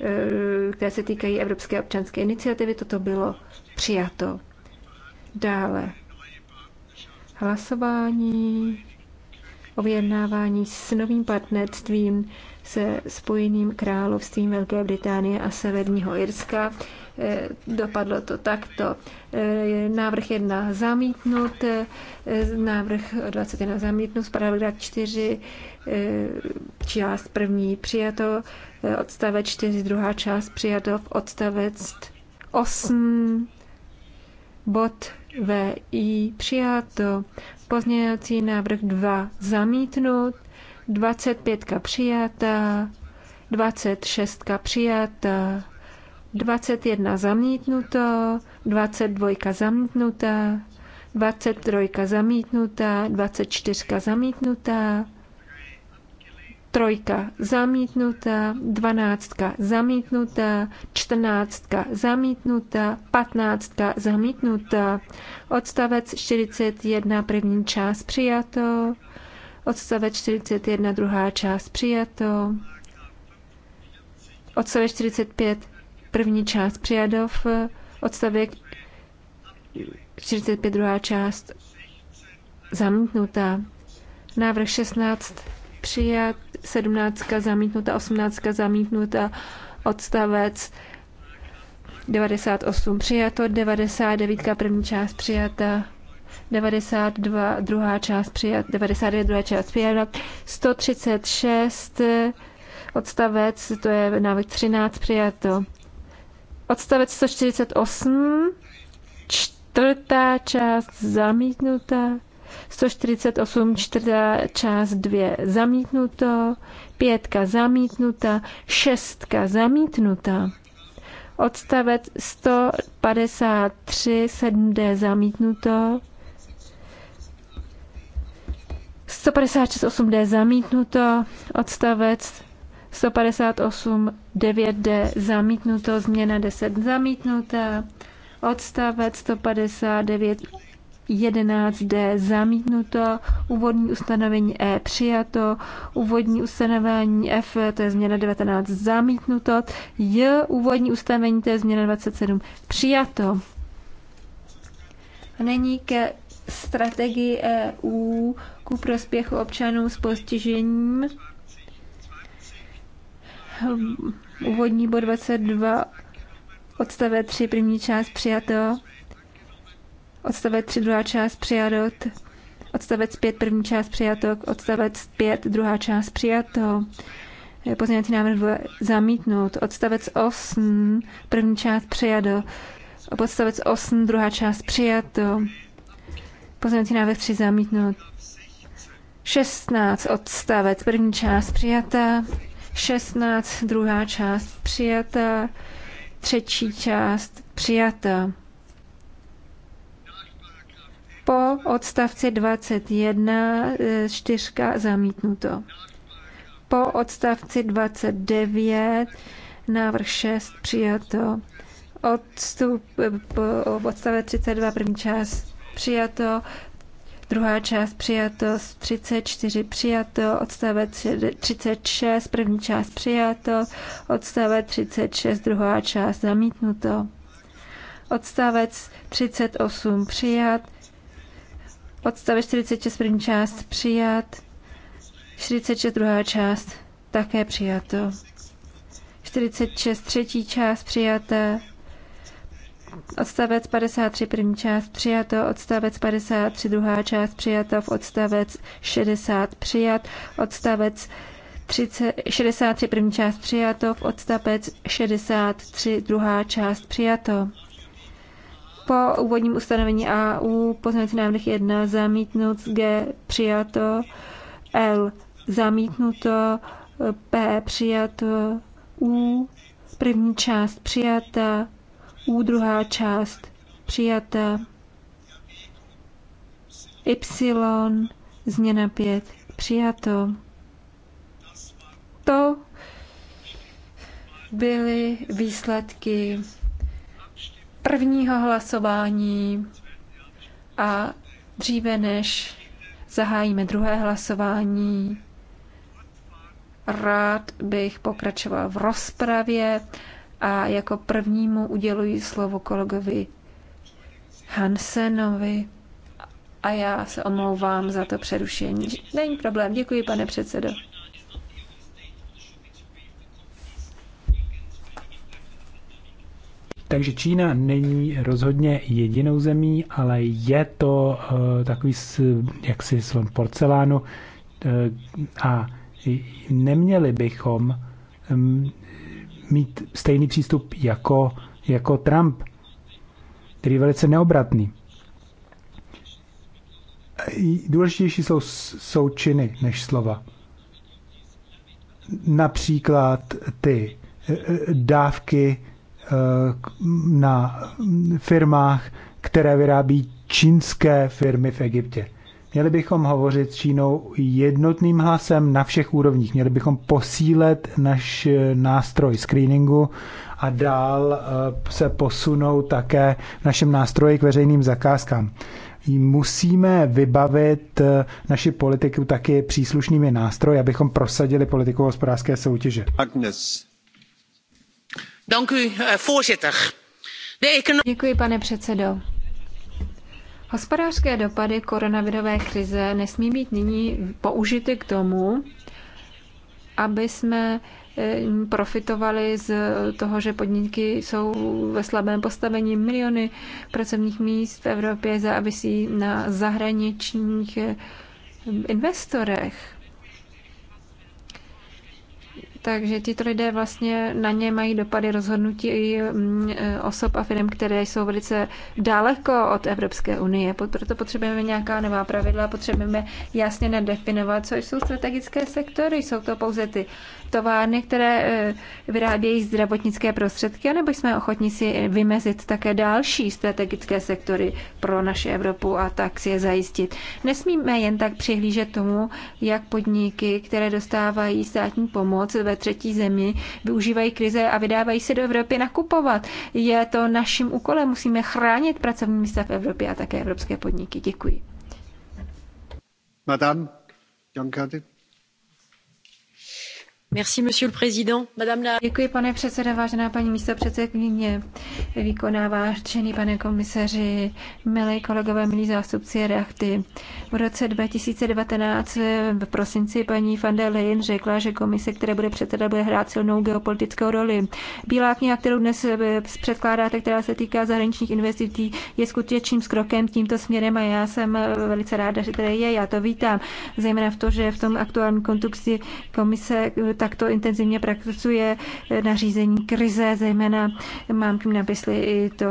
eh, které se týkají Evropské občanské iniciativy, toto bylo přijato. Dále hlasování o vyjednávání s novým partnerstvím se Spojeným královstvím Velké Británie a Severního Irska. Eh, dopadlo to takto. Eh, návrh 1 zamítnut, eh, návrh 21 zamítnut, paragraf 4, část první přijato, odstavec 4, druhá část přijato, odstavec 8, bod VI přijato, pozměňovací návrh 2 zamítnut, 25 přijata, 26 přijata, 21 zamítnuto, 22 zamítnuta, 23 zamítnuta, 24 zamítnuta trojka zamítnutá, dvanáctka zamítnutá, čtrnáctka zamítnutá, patnáctka zamítnutá, odstavec 41 první část přijato, odstavec 41 druhá část přijato, odstavec 45 první část přijadov, odstavec 45 druhá část zamítnutá, návrh 16 přijat, 17. zamítnuta, 18. zamítnuta, odstavec 98 přijato, 99 první část přijata, 92 druhá část přijata, 99 druhá část přijata, 136 odstavec, to je návrh 13 přijato. Odstavec 148, čtvrtá část zamítnuta. 148, čtvrtá část 2 zamítnuto, pětka zamítnuta, šestka zamítnuta. Odstavec 153, 7D zamítnuto, 156, 8D zamítnuto, odstavec 158, 9D zamítnuto, změna 10 zamítnuta, odstavec 159, 11D zamítnuto, úvodní ustanovení E přijato, úvodní ustanovení F, to je změna 19 zamítnuto, J, úvodní ustanovení, to je změna 27 přijato. A není ke strategii EU ku prospěchu občanů s postižením. Úvodní bod 22, odstavec 3, první část přijato odstavec 3 druhá část přijato, odstavec 5 první část přijato, odstavec 5 druhá část přijato, pozměňovací návrh dvoje, zamítnut, odstavec 8 první část přijato, odstavec 8 druhá část přijato, pozměňovací návrh 3 zamítnut, 16 odstavec první část přijata, 16 druhá část přijata, třetí část přijata. Po odstavci 21 čtyřka zamítnuto. Po odstavci 29 návrh 6 přijato. Odstup, odstavec 32 první část přijato, druhá část přijato, 34 přijato, odstavec 36, první část přijato, odstavec 36, druhá část zamítnuto, odstavec 38 přijat, Odstavec 46 první část přijat. 46 druhá část také přijato. 46 třetí část přijaté. Odstavec 53 první část přijato, odstavec 53 druhá část přijato, v odstavec 60 přijat, odstavec 30, 63 první část přijato, v odstavec 63 druhá část přijato. Po úvodním ustanovení A u pozměňovací návrh 1 zamítnut G přijato L zamítnuto P přijato U první část přijata U druhá část přijata Y změna 5 přijato to byly výsledky prvního hlasování a dříve než zahájíme druhé hlasování, rád bych pokračoval v rozpravě a jako prvnímu uděluji slovo kolegovi Hansenovi a já se omlouvám za to přerušení. Není problém, děkuji pane předsedo. Takže Čína není rozhodně jedinou zemí, ale je to uh, takový jaksi slon porcelánu uh, a neměli bychom um, mít stejný přístup jako, jako Trump, který je velice neobratný. Důležitější jsou, jsou činy než slova. Například ty eh, dávky Eh, na firmách, které vyrábí čínské firmy v Egyptě. Měli bychom hovořit s Čínou jednotným hlasem na všech úrovních. Měli bychom posílet náš eh, nástroj screeningu a dál eh, se posunout také v našem nástroji k veřejným zakázkám. Musíme vybavit naši politiku taky příslušnými nástroji, abychom prosadili politiku hospodářské soutěže. Agnes. Eh, Děkuji, pane předsedající Hospodářské dopady koronavirové krize nesmí být nyní použity k tomu, aby jsme eh, profitovali z toho, že podniky jsou ve slabém postavení. Miliony pracovních míst v Evropě závisí na zahraničních eh, investorech. Takže tito lidé vlastně na ně mají dopady rozhodnutí i mm, e, osob a firm, které jsou velice daleko od Evropské unie. Proto potřebujeme nějaká nová pravidla, potřebujeme jasně nadefinovat, co jsou strategické sektory. Jsou to pouze ty továrny, které e, vyrábějí zdravotnické prostředky, anebo jsme ochotní si vymezit také další strategické sektory pro naši Evropu a tak si je zajistit. Nesmíme jen tak přihlížet tomu, jak podniky, které dostávají státní pomoc ve třetí zemi, využívají krize a vydávají se do Evropy nakupovat. Je to naším úkolem, musíme chránit pracovní místa v Evropě a také evropské podniky. Děkuji. Madame, Jan Merci, monsieur le président. Madame la... Děkuji, pane předseda, vážená paní místopředsedkyně, výkonná vážený pane komisaři, milé kolegové, milí zástupci reakty. V roce 2019 v prosinci paní van der Leyen řekla, že komise, které bude předsedat, bude hrát silnou geopolitickou roli. Bílá kniha, kterou dnes eh, předkládáte, která se týká zahraničních investicí, je skutečným krokem tímto směrem a já jsem eh, velice ráda, že tady je. Já to vítám, zejména v to, že v tom aktuálním kontextu komise eh, tak takto intenzivně praktizuje nařízení krize, zejména mám tím napisli i to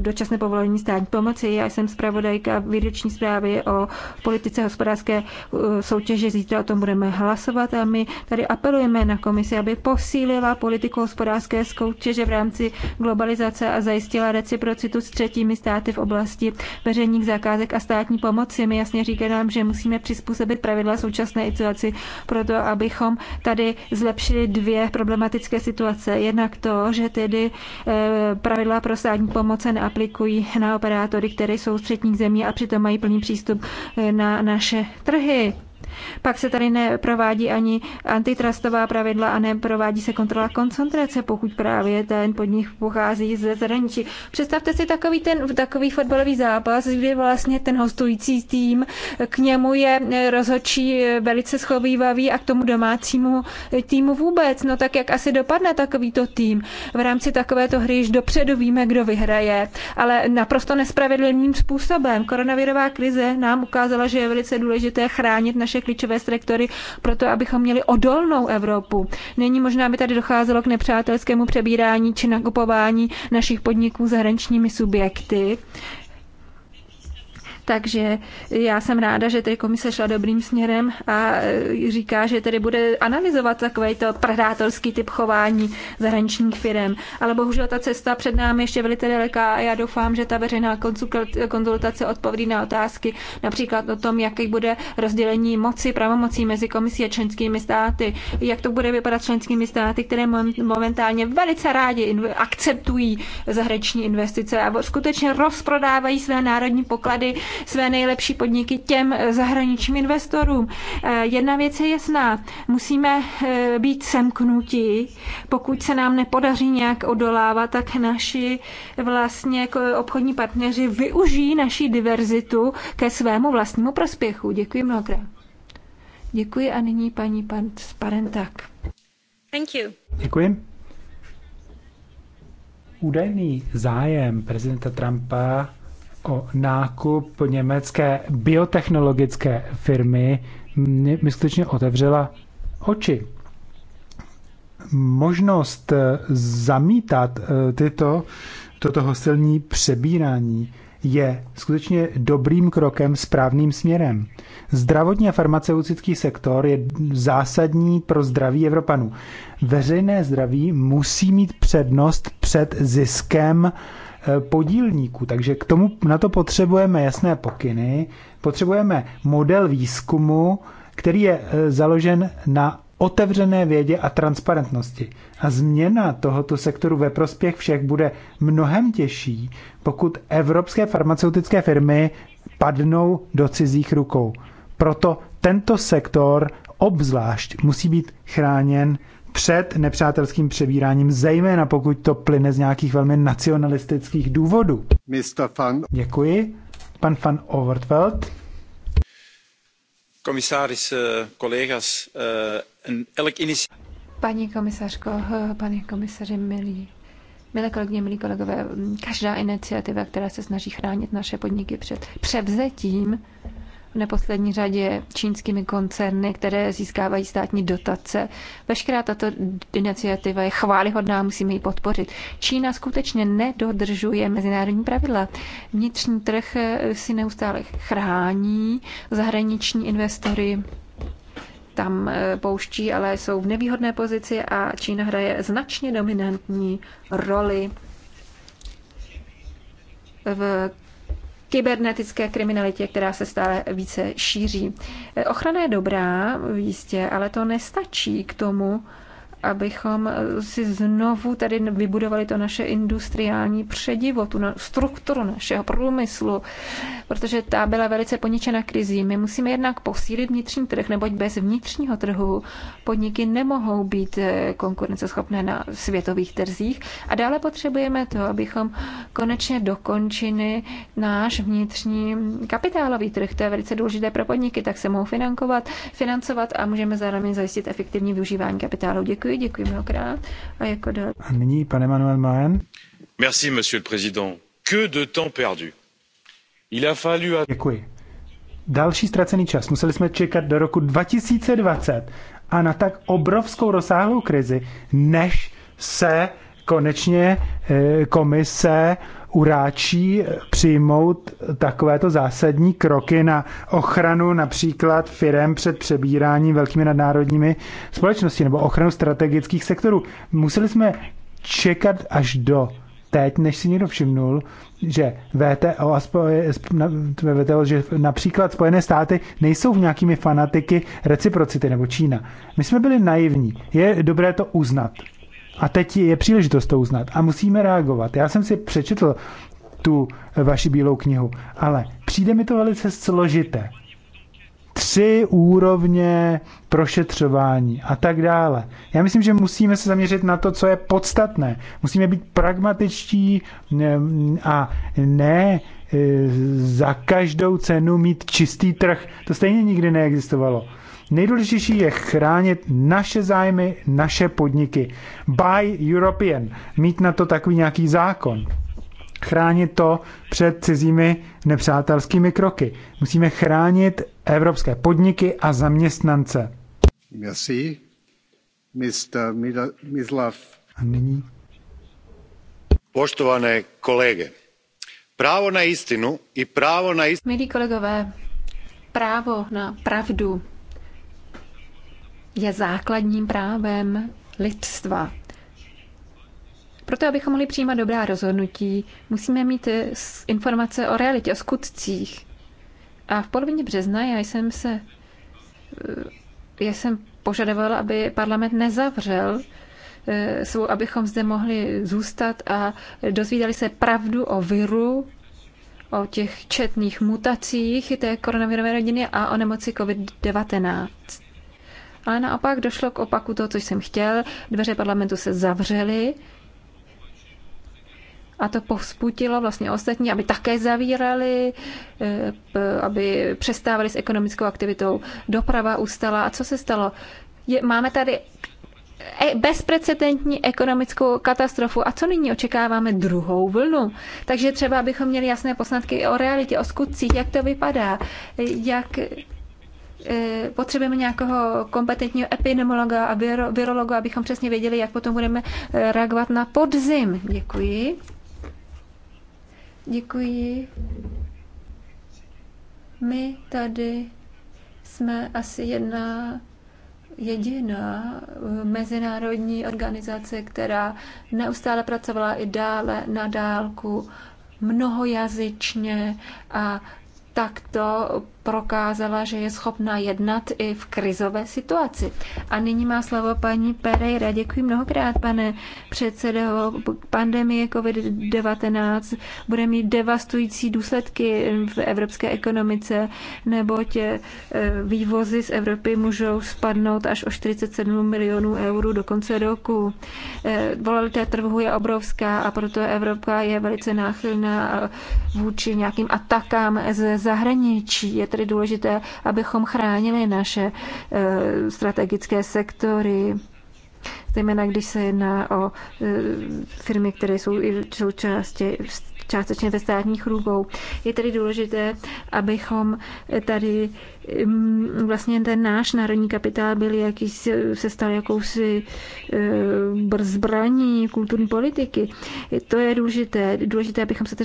dočasné povolení státní pomoci. Já jsem zpravodajka výroční zprávy o politice hospodářské uh, soutěže. Zítra o tom budeme hlasovat a my tady apelujeme na komisi, aby posílila politiku hospodářské soutěže v rámci globalizace a zajistila reciprocitu s třetími státy v oblasti veřejných zakázek a státní pomoci. My jasně říkáme, že musíme přizpůsobit pravidla současné situaci proto, abychom tady zlepšili dvě problematické situace. Jednak to, že tedy eh, pravidla pro státní pomoc se neaplikují na operátory, které jsou středních zemí a přitom mají plný přístup eh, na naše trhy. Pak se tady neprovádí ani antitrustová pravidla a neprovádí se kontrola koncentrace, pokud právě ten podnik pochází ze zahraničí. Představte si takový, ten, takový fotbalový zápas, kdy vlastně ten hostující tým k němu je rozhodčí velice schovývavý a k tomu domácímu týmu vůbec. No tak jak asi dopadne takovýto tým? V rámci takovéto hry již dopředu víme, kdo vyhraje, ale naprosto nespravedlivým způsobem. Koronavirová krize nám ukázala, že je velice důležité chránit naše klíčové sektory pro to, abychom měli odolnou Evropu. Není možná, aby tady docházelo k nepřátelskému přebírání či nakupování našich podniků zahraničními subjekty. Takže já jsem ráda, že tedy komise šla dobrým směrem a e, říká, že tedy bude analyzovat to predátorský typ chování zahraničních firm. Ale bohužel ta cesta před námi ještě velice daleká a já doufám, že ta veřejná konzultace odpoví na otázky například o tom, jaký bude rozdělení moci, pravomocí mezi komisí a členskými státy, jak to bude vypadat členskými státy, které momentálně velice rádi akceptují zahraniční investice a skutečně rozprodávají své národní poklady své nejlepší podniky těm eh, zahraničním investorům. Eh, jedna věc je jasná. Musíme eh, být semknutí. Pokud se nám nepodaří nějak odolávat, tak naši vlastně obchodní partneři využijí naší diverzitu ke svému vlastnímu prospěchu. Děkuji mnohokrát. Děkuji a nyní paní pan Sparentak. Thank you. Děkuji. Údajný zájem prezidenta Trumpa o nákup německé biotechnologické firmy mě, mě skutečně otevřela oči. Možnost eh, zamítat eh, tyto, toto hostilní přebírání je skutečně dobrým krokem správným směrem. Zdravotní a farmaceutický sektor je zásadní pro zdraví Evropanů. Veřejné zdraví musí mít přednost před ziskem uh, Eh, podílníků. Takže k tomu na to potřebujeme jasné pokyny, potřebujeme model výzkumu, který je eh, založen na otevřené vědě a transparentnosti. A změna tohoto sektoru ve prospěch všech bude mnohem těžší, pokud evropské farmaceutické firmy padnou do cizích rukou. Proto tento sektor obzvlášť musí být chráněn před nepřátelským přebíráním, zejména pokud to plyne z nějakých velmi nacionalistických důvodů. Mr. Van... Děkuji. Pan van Overtveld. Komisáris, eh, kolegas, elek eh, inici... Paní komisařko, eh, pane komisaři, milí Milé kolegyně, milí kolegové, mm, každá iniciativa, která se snaží chránit naše podniky před převzetím, neposlední řadě čínskými koncerny, které získávají státní dotace. Veškerá tato iniciativa je chválihodná, musíme ji podpořit. Čína skutečně nedodržuje mezinárodní pravidla. Vnitřní trh eh, si neustále chrání zahraniční investory, tam eh, pouští, ale jsou v nevýhodné pozici a Čína hraje značně dominantní roli v kybernetické kriminalitě, která se stále více šíří. Eh, ochrana je dobrá, jistě, ale to nestačí k tomu, abychom eh, si znovu tady vybudovali to naše industriální předivo, tu strukturu našeho průmyslu, protože ta byla velice poničena krizí. My musíme jednak posílit vnitřní trh, neboť bez vnitřního trhu podniky nemohou být eh, konkurenceschopné na světových trzích. A dále potřebujeme to, abychom konečně dokončili náš vnitřní kapitálový trh. To je velice důležité pro podniky, tak se mohou financovat, financovat a můžeme zároveň zajistit efektivní využívání kapitálu. Děkuji. Děkuji, děkuji mnohokrát. A jako dal... A nyní pan Emmanuel Mahen. Merci, monsieur le président. Que de temps perdu. Il a fallu... Děkuji. Další ztracený čas. Museli jsme čekat do roku 2020 a na tak obrovskou rozsáhlou krizi, než se konečně e, komise uráčí přijmout takovéto zásadní kroky na ochranu například firem před přebíráním velkými nadnárodními společnosti nebo ochranu strategických sektorů. Museli jsme čekat až do teď, než si někdo všimnul, že VTO, a spoje, VTO, že například Spojené státy nejsou v nějakými fanatiky reciprocity nebo Čína. My jsme byli naivní. Je dobré to uznat. A teď je příležitost to uznat a musíme reagovat. Já jsem si přečetl tu vaši bílou knihu, ale přijde mi to velice složité. Tři úrovně prošetřování a tak dále. Já myslím, že musíme se zaměřit na to, co je podstatné. Musíme být pragmatičtí a ne e, za každou cenu mít čistý trh. To stejně nikdy neexistovalo. Nejdůležitější je chránit naše zájmy, naše podniky. Buy European, mít na to takový nějaký zákon. Chránit to před cizími nepřátelskými kroky. Musíme chránit evropské podniky a zaměstnance. Merci. Mr. Mislav. A nyní. Poštované kolege, právo na istinu i právo na istinu. Milí kolegové, právo na pravdu je základním právem lidstva. Proto, abychom mohli přijímat dobrá rozhodnutí, musíme mít eh, informace o realitě, o skutcích. A v polovině března já jsem se eh, já jsem požadoval, aby parlament nezavřel eh, svou, abychom zde mohli zůstat a dozvídali se pravdu o viru, o těch četných mutacích té koronavirové rodiny a o nemoci COVID-19 ale naopak došlo k opaku toho, co jsem chtěl. Dveře parlamentu se zavřely a to povzputilo vlastně ostatní, aby také zavírali, eh, aby přestávali s ekonomickou aktivitou. Doprava ustala. A co se stalo? Je, máme tady e, bezprecedentní ekonomickou katastrofu. A co nyní očekáváme? Druhou vlnu. Takže třeba bychom měli jasné posnatky o realitě, o skutcích, jak to vypadá, jak Eh, potřebujeme nějakého kompetentního epidemiologa a virologa, abychom přesně věděli, jak potom budeme eh, reagovat na podzim. Děkuji. Děkuji. My tady jsme asi jedna jediná eh, mezinárodní organizace, která neustále pracovala i dále na dálku, mnohojazyčně a takto prokázala, že je schopná jednat i v krizové situaci. A nyní má slovo paní Pereira. Děkuji mnohokrát, pane předsedo. Pandemie COVID-19 bude mít devastující důsledky v evropské ekonomice, neboť eh, vývozy z Evropy můžou spadnout až o 47 milionů eurů do konce roku. Eh, Volalité trhu je obrovská a proto Evropa je velice náchylná vůči nějakým atakám ze zahraničí. Je tedy důležité, abychom chránili naše eh, strategické sektory, zejména když se jedná o eh, firmy, které jsou i součástí částečně ve státních rukou. Je tedy důležité, abychom tady mm, vlastně ten náš národní kapitál byl jakýsi, se stal jakousi eh, zbraní kulturní politiky. To je důležité. Důležité, abychom se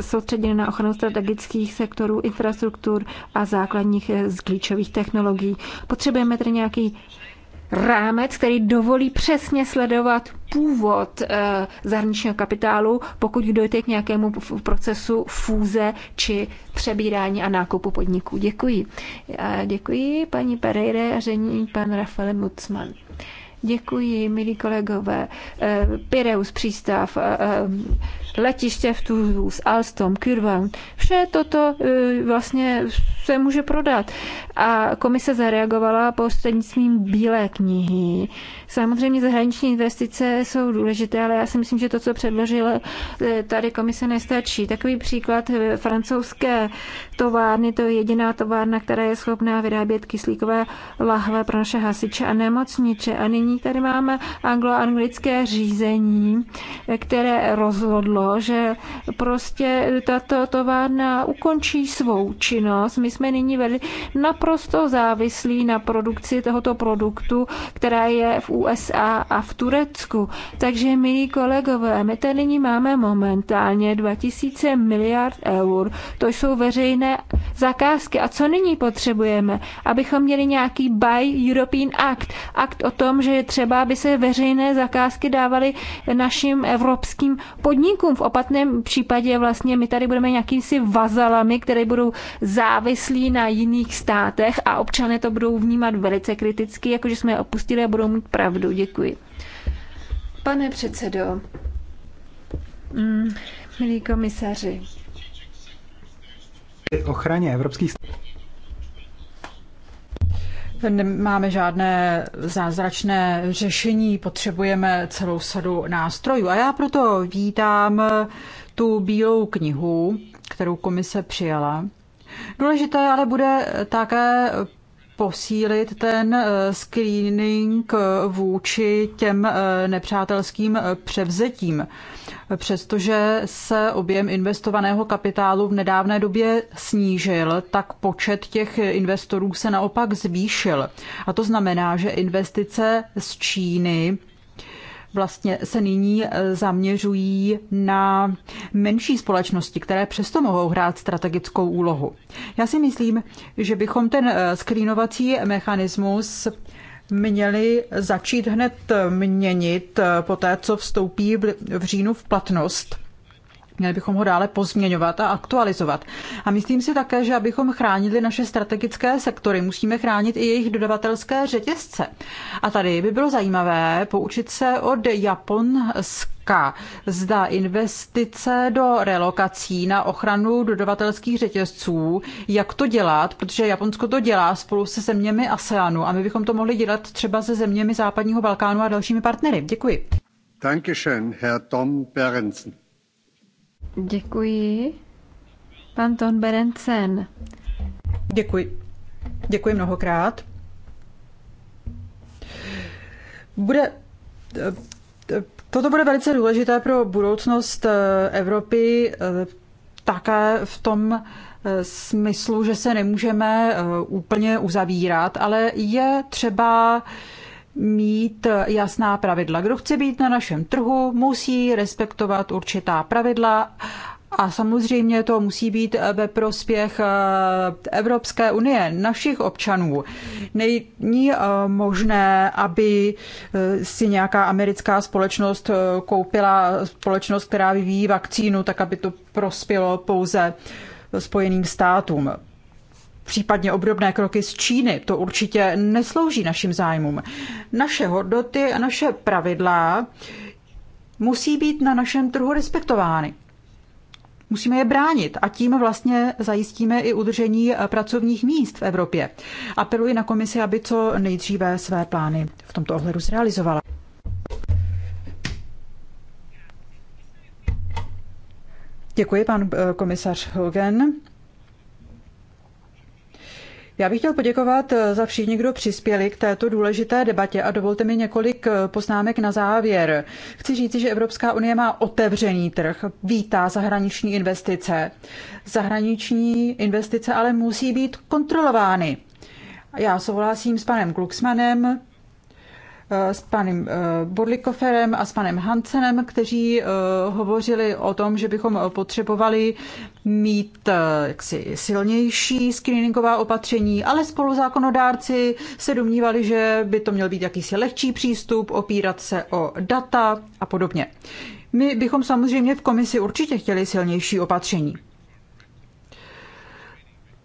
soustředěny na ochranu strategických sektorů, infrastruktur a základních eh, z klíčových technologií. Potřebujeme tedy nějaký rámec, který dovolí přesně sledovat původ eh, zahraničního kapitálu, pokud dojde k nějakému procesu fúze či přebírání a nákupu podniků. Děkuji. Děkuji paní Pereire a řední pan Rafael Mucman. Děkuji, milí kolegové. Eh, Pireus přístav letiště v Toulouse, Alstom, Curvan. Vše toto e, vlastně se může prodat. A komise zareagovala prostřednictvím Bílé knihy, Samozřejmě zahraniční investice jsou důležité, ale já si myslím, že to, co předložila eh, tady komise, nestačí. Takový příklad eh, francouzské továrny, to je jediná továrna, která je schopná vyrábět kyslíkové lahve pro naše hasiče a nemocniče. A nyní tady máme angloanglické anglické řízení, eh, které rozhodlo, že prostě tato továrna ukončí svou činnost. My jsme nyní vedli naprosto závislí na produkci tohoto produktu, která je v USA a v Turecku. Takže, milí kolegové, my tady nyní máme momentálně 2000 miliard eur. To jsou veřejné zakázky. A co nyní potřebujeme? Abychom měli nějaký Buy European Act. Akt o tom, že je třeba, aby se veřejné zakázky dávaly našim evropským podnikům. V opatném případě vlastně my tady budeme nějakými vazalami, které budou závislí na jiných státech a občané to budou vnímat velice kriticky, jakože jsme je opustili a budou mít pravdu pravdu. Děkuji. Pane předsedo, mm, milí komisaři, ochraně evropských Nemáme žádné zázračné řešení, potřebujeme celou sadu nástrojů. A já proto vítám tu bílou knihu, kterou komise přijala. Důležité ale bude také posílit ten eh, screening eh, vůči těm eh, nepřátelským převzetím, přestože se objem investovaného kapitálu v nedávné době snížil, tak počet těch investorů se naopak zvýšil. A to znamená, že investice z Číny vlastně se nyní eh, zaměřují na menší společnosti, které přesto mohou hrát strategickou úlohu. Já si myslím, že bychom ten eh, skrýnovací mechanismus měli začít hned eh, měnit po té, co vstoupí v říjnu v platnost Měli bychom ho dále pozměňovat a aktualizovat. A myslím si také, že abychom chránili naše strategické sektory, musíme chránit i jejich dodavatelské řetězce. A tady by bylo zajímavé poučit se od Japonska. Zda investice do relokací na ochranu dodavatelských řetězců, jak to dělat, protože Japonsko to dělá spolu se zeměmi ASEANu a my bychom to mohli dělat třeba se zeměmi západního Balkánu a dalšími partnery. Děkuji. Dankeschön, Herr Tom Berensen. Děkuji. Pan Ton Berencen. Děkuji. Děkuji mnohokrát. Bude Toto bude velice důležité pro budoucnost eh, Evropy eh, také v tom eh, smyslu, že se nemůžeme úplně uzavírat, ale je třeba mít jasná pravidla. Kdo chce být na našem trhu, musí respektovat určitá pravidla a samozřejmě to musí být ve prospěch eh, Evropské unie, našich občanů. Není eh, možné, aby eh, si nějaká americká společnost koupila společnost, která vyvíjí vakcínu, tak aby to prospělo pouze Spojeným státům případně obdobné kroky z Číny. To určitě neslouží našim zájmům. Naše hodnoty a naše pravidla musí být na našem trhu respektovány. Musíme je bránit a tím vlastně zajistíme i udržení pracovních míst v Evropě. Apeluji na komisi, aby co nejdříve své plány v tomto ohledu zrealizovala. Děkuji, pan eh, komisař Hogan. Já bych chtěl poděkovat eh, za všichni, kdo přispěli k této důležité debatě a dovolte mi několik eh, poznámek na závěr. Chci říci, že Evropská unie má otevřený trh, vítá zahraniční investice. Zahraniční investice ale musí být kontrolovány. Já souhlasím s panem Glucksmanem, Eh, s panem eh, Burlikoferem a s panem Hansenem, kteří eh, hovořili o tom, že bychom potřebovali mít jaksi silnější screeningová opatření, ale spoluzákonodárci se domnívali, že by to měl být jakýsi lehčí přístup, opírat se o data a podobně. My bychom samozřejmě v komisi určitě chtěli silnější opatření.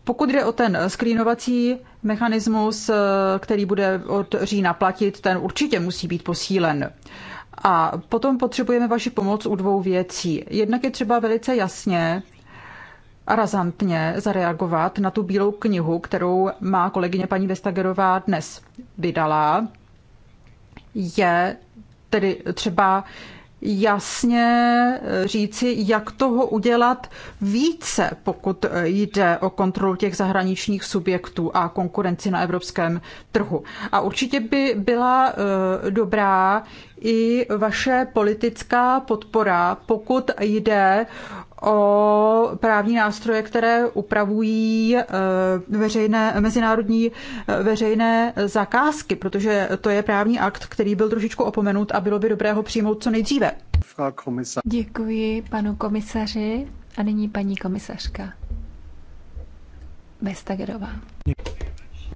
Pokud jde o ten skrýnovací mechanismus, eh, který bude od října platit, ten určitě musí být posílen. A potom potřebujeme vaši pomoc u dvou věcí. Jednak je třeba velice jasně a razantně zareagovat na tu bílou knihu, kterou má kolegyně paní Vestagerová dnes vydala. Je tedy třeba jasně eh, říci, jak toho udělat více, pokud eh, jde o kontrolu těch zahraničních subjektů a konkurenci na evropském trhu. A určitě by byla eh, dobrá i vaše politická podpora, pokud jde o právní nástroje, které upravují eh, veřejné, mezinárodní eh, veřejné zakázky, protože to je právní akt, který byl trošičku opomenut a bylo by dobré ho přijmout co nejdříve. Děkuji panu komisaři a nyní paní komisařka Vestagerová.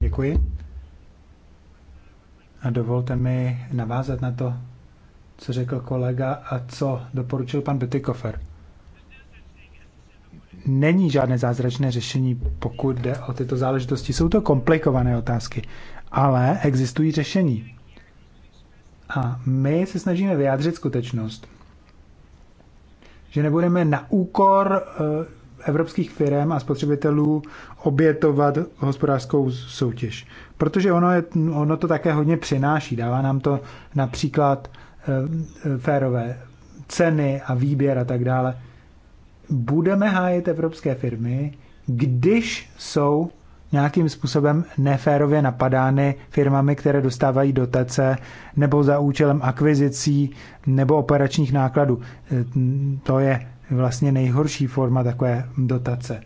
Děkuji. A dovolte mi navázat na to, co řekl kolega a co doporučil pan Bytykofer není žádné zázračné řešení, pokud jde o tyto záležitosti. Jsou to komplikované otázky, ale existují řešení. A my se snažíme vyjádřit skutečnost, že nebudeme na úkor eh, evropských firm a spotřebitelů obětovat hospodářskou soutěž. Protože ono, je, ono to také hodně přináší. Dává nám to například eh, eh, férové ceny a výběr a tak dále budeme hájit evropské firmy, když jsou nějakým způsobem neférově napadány firmami, které dostávají dotace nebo za účelem akvizicí nebo operačních nákladů. E, to je vlastně nejhorší forma takové dotace.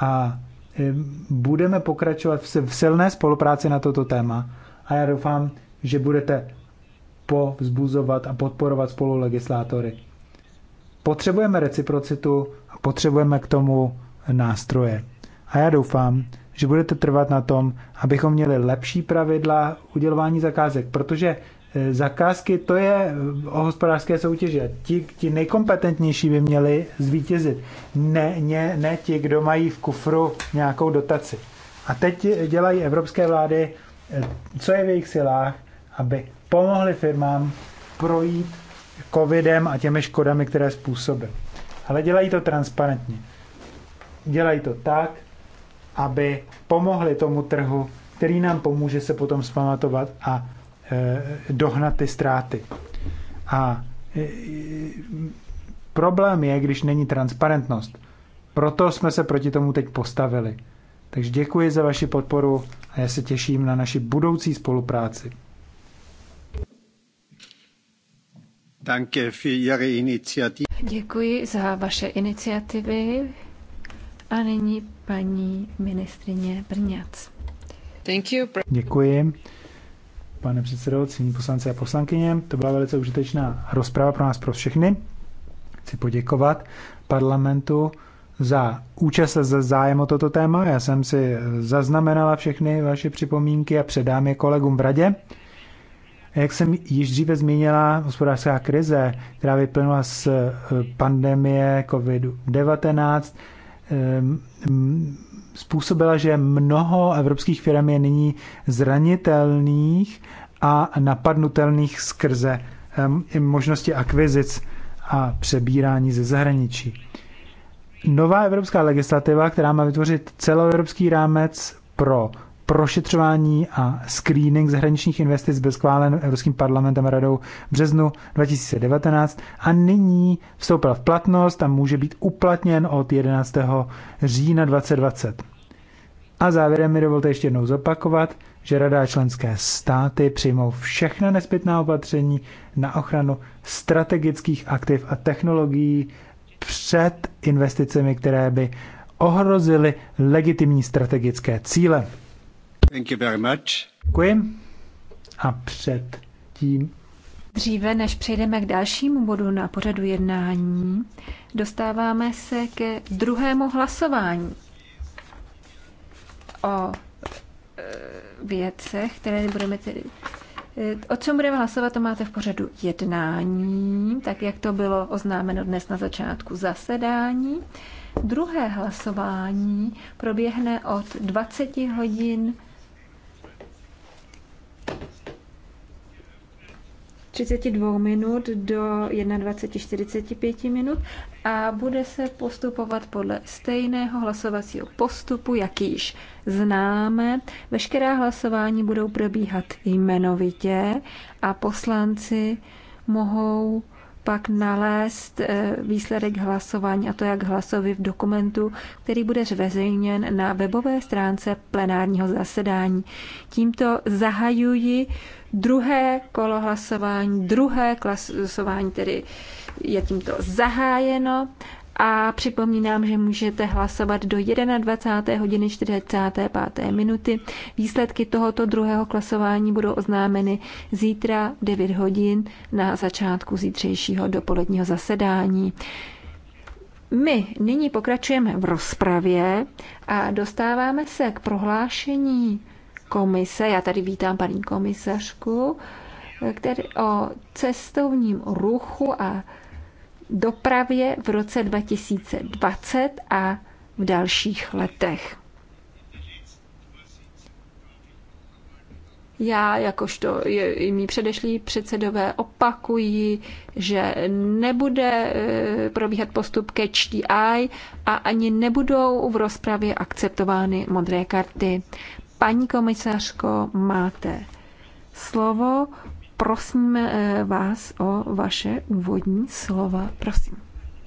A e, budeme pokračovat v silné spolupráci na toto téma a já doufám, že budete povzbuzovat a podporovat spolu legislátory Potřebujeme reciprocitu a potřebujeme k tomu nástroje. A já doufám, že budete trvat na tom, abychom měli lepší pravidla udělování zakázek, protože eh, zakázky to je eh, o hospodářské soutěže. Ti, ti nejkompetentnější by měli zvítězit, ne, ne, ne ti, kdo mají v kufru nějakou dotaci. A teď dělají evropské vlády, eh, co je v jejich silách, aby pomohly firmám projít covidem a těmi škodami, které způsobil. Ale dělají to transparentně. Dělají to tak, aby pomohli tomu trhu, který nám pomůže se potom zpamatovat a e, dohnat ty ztráty. A e, e, problém je, když není transparentnost. Proto jsme se proti tomu teď postavili. Takže děkuji za vaši podporu a já se těším na naši budoucí spolupráci. Děkuji za vaše iniciativy. A nyní paní ministrině Brňac. Děkuji. Pane předsedo, cení poslanci a poslankyně, to byla velice užitečná rozprava pro nás, pro všechny. Chci poděkovat parlamentu za účast a za zájem o toto téma. Já jsem si zaznamenala všechny vaše připomínky a předám je kolegům v radě. Jak jsem již dříve zmínila, hospodářská krize, která vyplynula z eh, pandemie COVID-19, eh, způsobila, že mnoho evropských firm je nyní zranitelných a napadnutelných skrze eh, možnosti akvizic a přebírání ze zahraničí. Nová evropská legislativa, která má vytvořit celoevropský rámec pro prošetřování a screening zahraničních investic byl schválen Evropským parlamentem a radou v březnu 2019 a nyní vstoupil v platnost a může být uplatněn od 11. října 2020. A závěrem mi dovolte ještě jednou zopakovat, že Rada a členské státy přijmou všechna nezbytná opatření na ochranu strategických aktiv a technologií před investicemi, které by ohrozily legitimní strategické cíle. Thank you very much. Děkuji. A před tím Dříve, než přejdeme k dalšímu bodu na pořadu jednání, dostáváme se ke druhému hlasování o eh, věcech, které budeme tedy... Eh, o čem budeme hlasovat, to máte v pořadu jednání, tak jak to bylo oznámeno dnes na začátku zasedání. Druhé hlasování proběhne od 20 hodin 32 minut do 21.45 minut a bude se postupovat podle stejného hlasovacího postupu, jak již známe. Veškerá hlasování budou probíhat jmenovitě a poslanci mohou pak nalézt eh, výsledek hlasování, a to jak hlasovy v dokumentu, který bude zveřejněn na webové stránce plenárního zasedání. Tímto zahajuji druhé kolo hlasování, druhé hlasování tedy je tímto zahájeno a připomínám, že můžete hlasovat do 21. hodiny 45. minuty. Výsledky tohoto druhého klasování budou oznámeny zítra v 9 hodin na začátku zítřejšího dopoledního zasedání. My nyní pokračujeme v rozpravě a dostáváme se k prohlášení komise. Já tady vítám paní komisařku, který o cestovním ruchu a dopravě v roce 2020 a v dalších letech. Já, jakožto i mý předešlí předsedové, opakují, že nebude e, probíhat postup the eye a ani nebudou v rozpravě akceptovány modré karty. Paní komisařko, máte slovo prosím eh, vás o vaše úvodní slova. Prosím.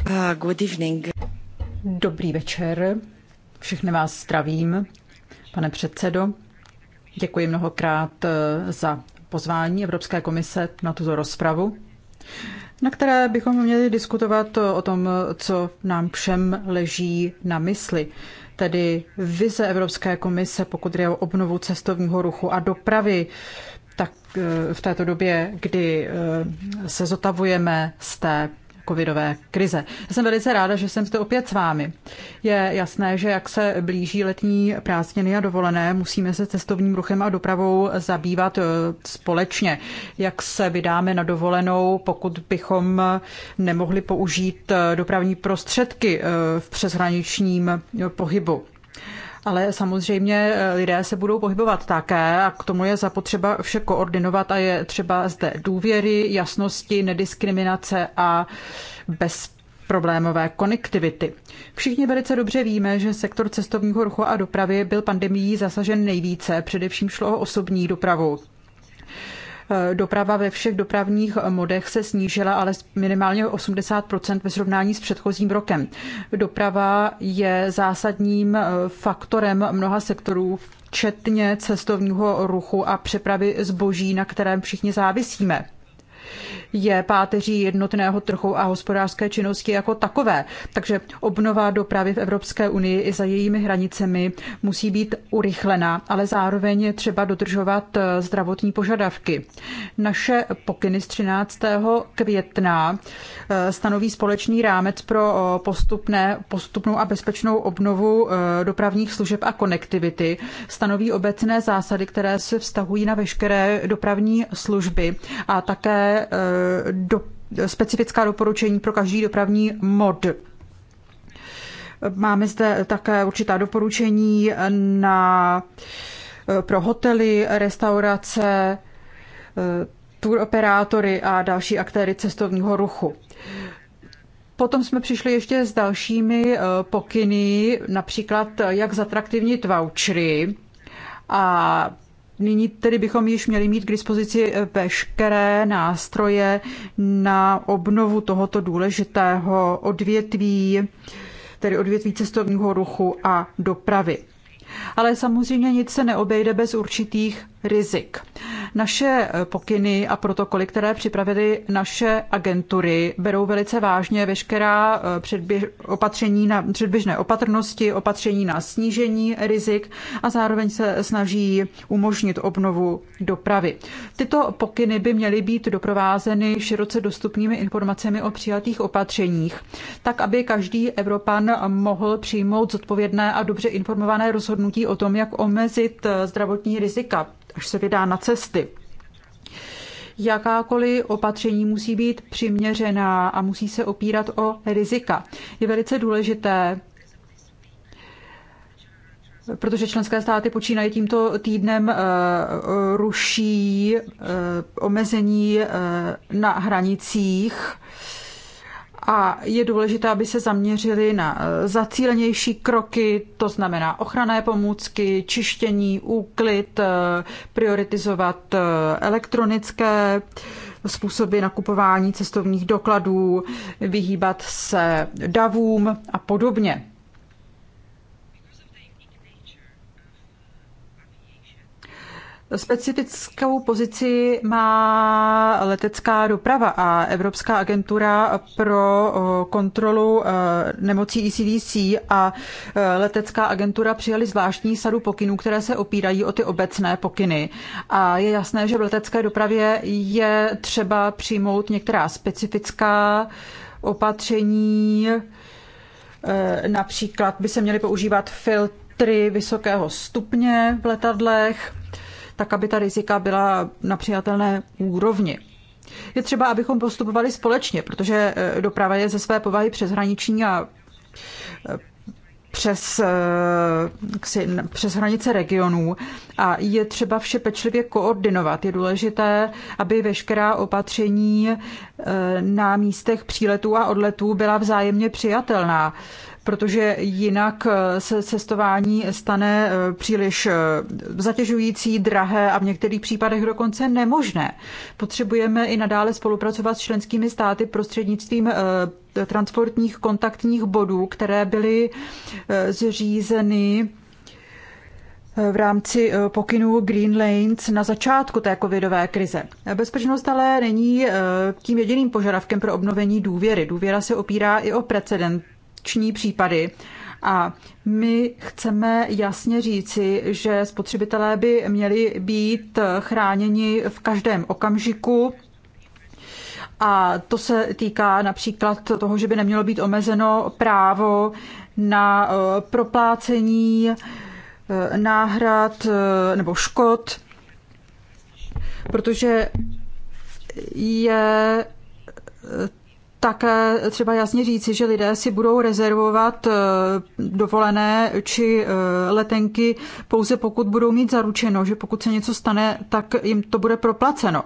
Uh, good evening. Dobrý večer. Všechny vás zdravím, pane předsedo. Děkuji mnohokrát eh, za pozvání Evropské komise na tuto rozpravu, na které bychom měli diskutovat eh, o tom, co nám všem leží na mysli, tedy vize Evropské komise, pokud jde o obnovu cestovního ruchu a dopravy tak eh, v této době, kdy eh, se zotavujeme z té covidové krize. Já jsem velice ráda, že jsem zde opět s vámi. Je jasné, že jak se blíží letní prázdniny a dovolené, musíme se cestovním ruchem a dopravou zabývat eh, společně. Jak se vydáme na dovolenou, pokud bychom nemohli použít dopravní prostředky v přeshraničním pohybu ale samozřejmě eh, lidé se budou pohybovat také a k tomu je zapotřeba vše koordinovat a je třeba zde důvěry, jasnosti, nediskriminace a bezpečnosti problémové konektivity. Všichni velice dobře víme, že sektor cestovního ruchu a dopravy byl pandemií zasažen nejvíce, především šlo o osobní dopravu. Eh, doprava ve všech dopravních modech se snížila ale minimálně o 80 ve srovnání s předchozím rokem. Doprava je zásadním eh, faktorem mnoha sektorů, včetně cestovního ruchu a přepravy zboží, na kterém všichni závisíme je páteří jednotného trhu a hospodářské činnosti jako takové. Takže obnova dopravy v Evropské unii i za jejími hranicemi musí být urychlena, ale zároveň je třeba dodržovat eh, zdravotní požadavky. Naše pokyny z 13. května eh, stanoví společný rámec pro eh, postupné, postupnou a bezpečnou obnovu dopravních služeb a konektivity. Stanoví obecné zásady, které se vztahují na veškeré dopravní služby a také do, specifická doporučení pro každý dopravní mod. Máme zde také určitá doporučení na, pro hotely, restaurace, tour operátory a další aktéry cestovního ruchu. Potom jsme přišli ještě s dalšími eh, pokyny, například jak zatraktivnit vouchery a Nyní tedy bychom již měli mít k dispozici eh, veškeré nástroje na obnovu tohoto důležitého odvětví, tedy odvětví cestovního ruchu a dopravy. Ale samozřejmě nic se neobejde bez určitých rizik. Naše pokyny a protokoly, které připravily naše agentury, berou velice vážně veškerá eh, předběž, opatření na předběžné opatrnosti, opatření na snížení rizik a zároveň se snaží umožnit obnovu dopravy. Tyto pokyny by měly být doprovázeny široce dostupnými informacemi o přijatých opatřeních, tak aby každý Evropan mohl přijmout zodpovědné a dobře informované rozhodnutí o tom, jak omezit eh, zdravotní rizika až se vydá na cesty. Jakákoliv opatření musí být přiměřená a musí se opírat o rizika. Je velice důležité, protože členské státy počínají tímto týdnem eh, ruší eh, omezení eh, na hranicích a je důležité, aby se zaměřili na eh, zacílenější kroky, to znamená ochranné pomůcky, čištění, úklid, eh, prioritizovat eh, elektronické způsoby nakupování cestovních dokladů, vyhýbat se davům a podobně. Specifickou pozici má letecká doprava a Evropská agentura pro eh, kontrolu eh, nemocí ECDC a eh, letecká agentura přijali zvláštní sadu pokynů, které se opírají o ty obecné pokyny. A je jasné, že v letecké dopravě je třeba přijmout některá specifická opatření, například by se měly používat filtry vysokého stupně v letadlech, tak aby ta rizika byla na přijatelné úrovni. Je třeba, abychom postupovali společně, protože eh, doprava je ze své povahy přeshraniční a eh, přes, eh, ksi, přes hranice regionů a je třeba vše pečlivě koordinovat. Je důležité, aby veškerá opatření na místech příletů a odletů byla vzájemně přijatelná protože jinak eh, se cestování stane eh, příliš eh, zatěžující, drahé a v některých případech dokonce nemožné. Potřebujeme i nadále spolupracovat s členskými státy prostřednictvím transportních kontaktních bodů, které byly zřízeny v rámci pokynů Green Lanes na začátku té covidové krize. Bezpečnost ale není tím jediným požadavkem pro obnovení důvěry. Důvěra se opírá i o precedent korupční případy. A my chceme jasně říci, že spotřebitelé by měli být chráněni v každém okamžiku. A to se týká například toho, že by nemělo být omezeno právo na eh, proplácení eh, náhrad eh, nebo škod, protože je také třeba jasně říci, že lidé si budou rezervovat eh, dovolené či eh, letenky pouze pokud budou mít zaručeno, že pokud se něco stane, tak jim to bude proplaceno.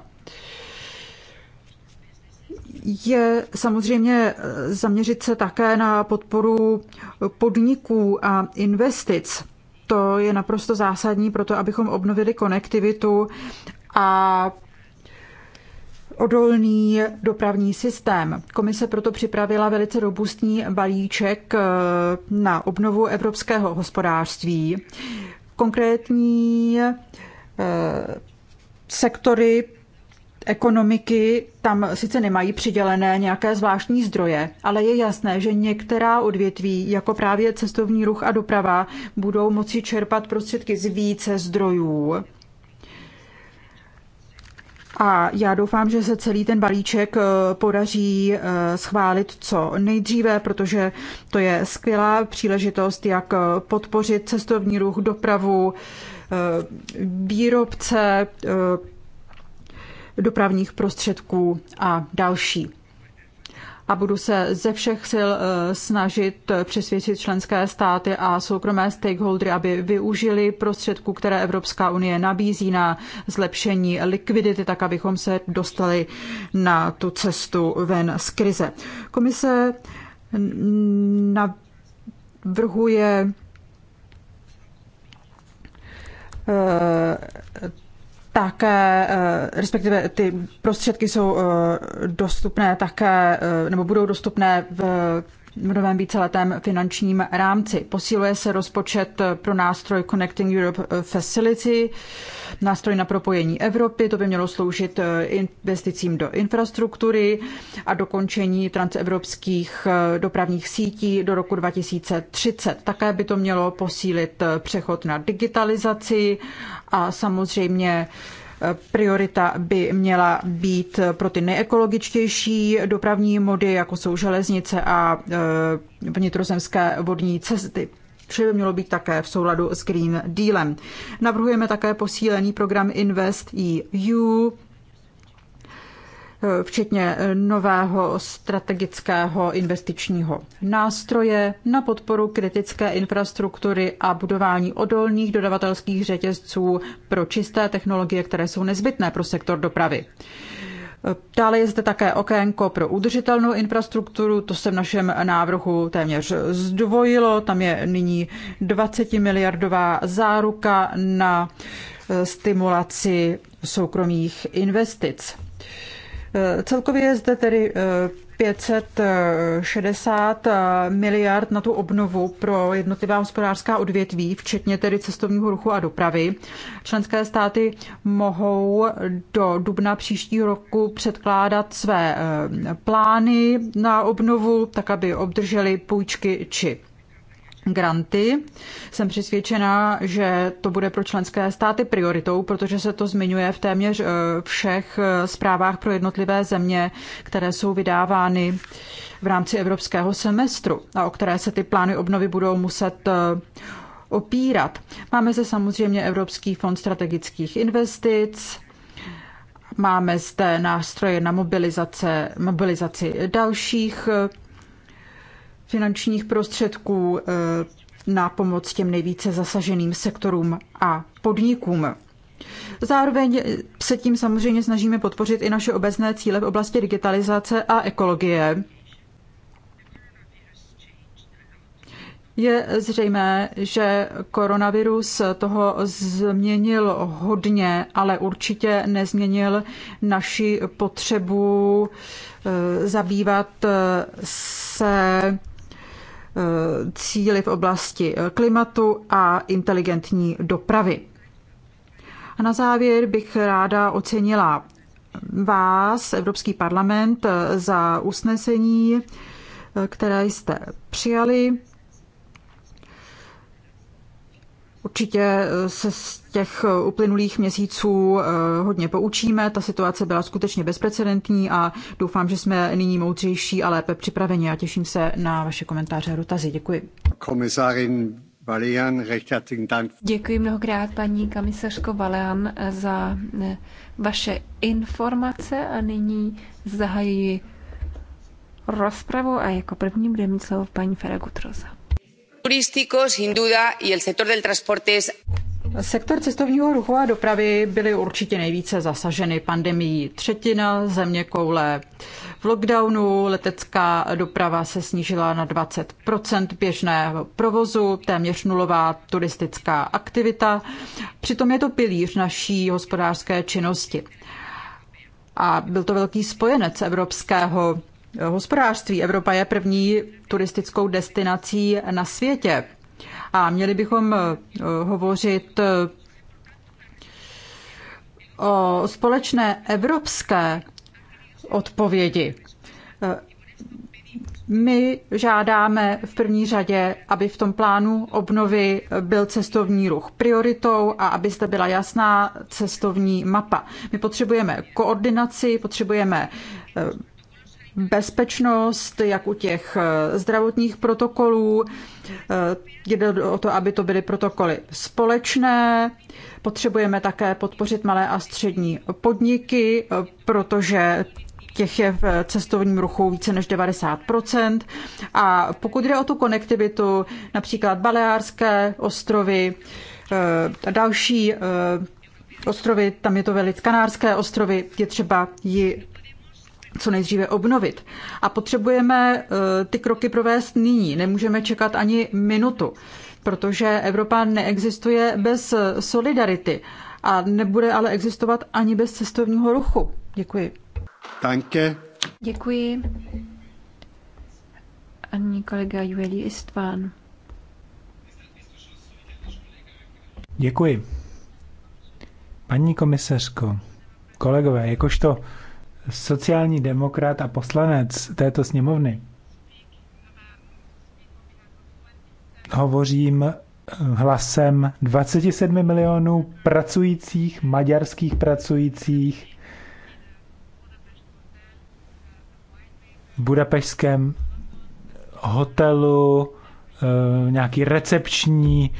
Je samozřejmě eh, zaměřit se také na podporu podniků a investic. To je naprosto zásadní pro to, abychom obnovili konektivitu a odolný dopravní systém. Komise proto připravila velice robustní balíček eh, na obnovu evropského hospodářství. Konkrétní eh, sektory ekonomiky tam sice nemají přidělené nějaké zvláštní zdroje, ale je jasné, že některá odvětví, jako právě cestovní ruch a doprava, budou moci čerpat prostředky z více zdrojů a já doufám, že se celý ten balíček eh, podaří eh, schválit co nejdříve, protože to je skvělá příležitost, jak eh, podpořit cestovní ruch, dopravu, výrobce dopravních prostředků a další a budu se ze všech sil eh, snažit eh, přesvědčit členské státy a soukromé stakeholdery, aby využili prostředků, které Evropská unie nabízí na zlepšení likvidity, tak abychom se dostali na tu cestu ven z krize. Komise navrhuje eh, také, eh, eh, respektive ty prostředky jsou eh, dostupné také, nebo budou dostupné v v novém víceletém finančním rámci. Posíluje se rozpočet pro nástroj Connecting Europe Facility nástroj na propojení Evropy, to by mělo sloužit eh, investicím do infrastruktury a dokončení transevropských eh, dopravních sítí do roku 2030. Také by to mělo posílit eh, přechod na digitalizaci a samozřejmě priorita by měla být pro ty neekologičtější dopravní mody, jako jsou železnice a vnitrozemské vodní cesty vše by mělo být také v souladu s Green Dealem. Navrhujeme také posílený program Invest EU, eh, včetně nového strategického investičního nástroje na podporu kritické infrastruktury a budování odolných dodavatelských řetězců pro čisté technologie, které jsou nezbytné pro sektor dopravy. Dále je zde také okénko pro udržitelnou infrastrukturu, to se v našem návrhu téměř zdvojilo, tam je nyní 20 miliardová záruka na eh, stimulaci soukromých investic. Eh, celkově je zde tedy eh, 560 eh, miliard na tu obnovu pro jednotlivá hospodářská odvětví, včetně tedy cestovního ruchu a dopravy. Členské státy mohou do dubna příštího roku předkládat své eh, plány na obnovu, tak aby obdrželi půjčky či granty. Jsem přesvědčena, že to bude pro členské státy prioritou, protože se to zmiňuje v téměř eh, všech eh, zprávách pro jednotlivé země, které jsou vydávány v rámci evropského semestru a o které se ty plány obnovy budou muset eh, opírat. Máme zde samozřejmě Evropský fond strategických investic, máme zde nástroje na mobilizace, mobilizaci dalších finančních prostředků eh, na pomoc těm nejvíce zasaženým sektorům a podnikům. Zároveň se tím samozřejmě snažíme podpořit i naše obecné cíle v oblasti digitalizace a ekologie. Je zřejmé, že koronavirus toho změnil hodně, ale určitě nezměnil naši potřebu eh, zabývat eh, se Eh, cíly v oblasti eh, klimatu a inteligentní dopravy. A na závěr bych ráda ocenila vás, Evropský parlament, eh, za usnesení, které jste přijali. Určitě se z těch eh, uplynulých měsíců eh, hodně poučíme. Ta situace byla skutečně bezprecedentní a doufám, že jsme nyní moudřejší a lépe připraveni. A těším se na vaše komentáře a dotazy. Děkuji. Komisárin Valian, Dank. Děkuji mnohokrát, paní komisařko Valian, za eh, vaše informace a nyní zahajuji rozpravu a jako první bude mít slovo paní Feragutrosa turístico, sin duda, y el sector del transporte es... Sektor cestovního ruchu a dopravy byly určitě nejvíce zasaženy pandemií. Třetina země koule v lockdownu, letecká doprava se snížila na 20 běžného provozu, téměř nulová turistická aktivita. Přitom je to pilíř naší hospodářské činnosti. A byl to velký spojenec evropského hospodářství. Evropa je první turistickou destinací na světě. A měli bychom eh, hovořit eh, o společné evropské odpovědi. Eh, my žádáme v první řadě, aby v tom plánu obnovy byl cestovní ruch prioritou a aby zde byla jasná cestovní mapa. My potřebujeme koordinaci, potřebujeme bezpečnost, jak u těch eh, zdravotních protokolů. Eh, jde o to, aby to byly protokoly společné. Potřebujeme také podpořit malé a střední podniky, eh, protože těch je v cestovním ruchu více než 90%. A pokud jde o tu konektivitu, například Baleárské ostrovy, další ostrovy, tam je to velice Kanárské ostrovy, je třeba ji co nejdříve obnovit. A potřebujeme eh, ty kroky provést nyní. Nemůžeme čekat ani minutu, protože Evropa neexistuje bez eh, solidarity a nebude ale existovat ani bez cestovního ruchu. Děkuji. Danke. Děkuji. Ani kolega Jueli István. Děkuji. Paní komisařko, kolegové, jakožto sociální demokrat a poslanec této sněmovny, hovořím eh, hlasem 27 milionů pracujících, maďarských pracujících v budapešském hotelu, eh, nějaký recepční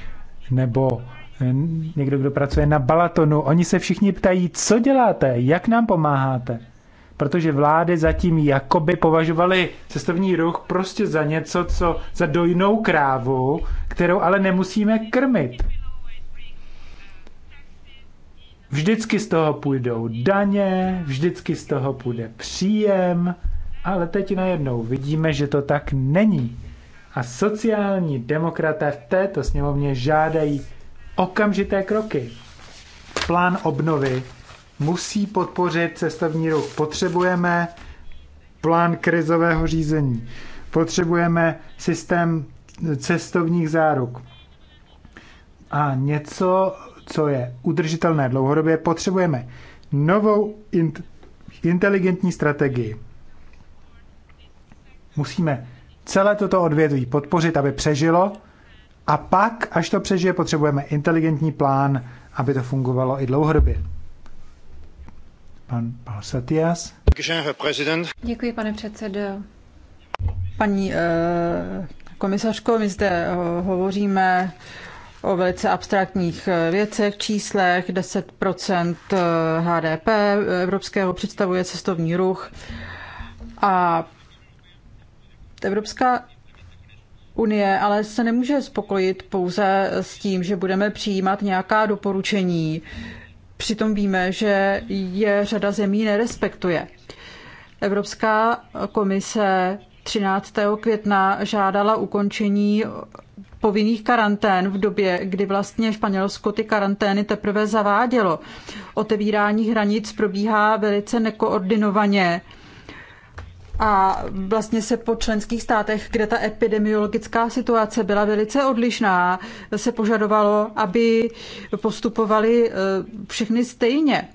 nebo eh, někdo, kdo pracuje na Balatonu. Oni se všichni ptají, co děláte, jak nám pomáháte protože vlády zatím jakoby považovaly cestovní ruch prostě za něco, co za dojnou krávu, kterou ale nemusíme krmit. Vždycky z toho půjdou daně, vždycky z toho půjde příjem, ale teď najednou vidíme, že to tak není. A sociální demokraté v této sněmovně žádají okamžité kroky. Plán obnovy musí podpořit cestovní ruch. Potřebujeme plán krizového řízení. Potřebujeme systém cestovních záruk. A něco, co je udržitelné dlouhodobě, potřebujeme novou int- inteligentní strategii. Musíme celé toto odvětví podpořit, aby přežilo, a pak, až to přežije, potřebujeme inteligentní plán, aby to fungovalo i dlouhodobě. Pan Děkuji, pane předsedo. Paní eh, komisařko, my zde hovoříme o velice abstraktních eh, věcech, číslech, 10% eh, HDP evropského představuje cestovní ruch a Evropská unie ale se nemůže spokojit pouze s tím, že budeme přijímat nějaká doporučení, Přitom víme, že je řada zemí nerespektuje. Evropská komise 13. května žádala ukončení povinných karantén v době, kdy vlastně Španělsko ty karantény teprve zavádělo. Otevírání hranic probíhá velice nekoordinovaně a vlastně se po členských státech, kde ta epidemiologická situace byla velice odlišná, se požadovalo, aby postupovali eh, všechny stejně.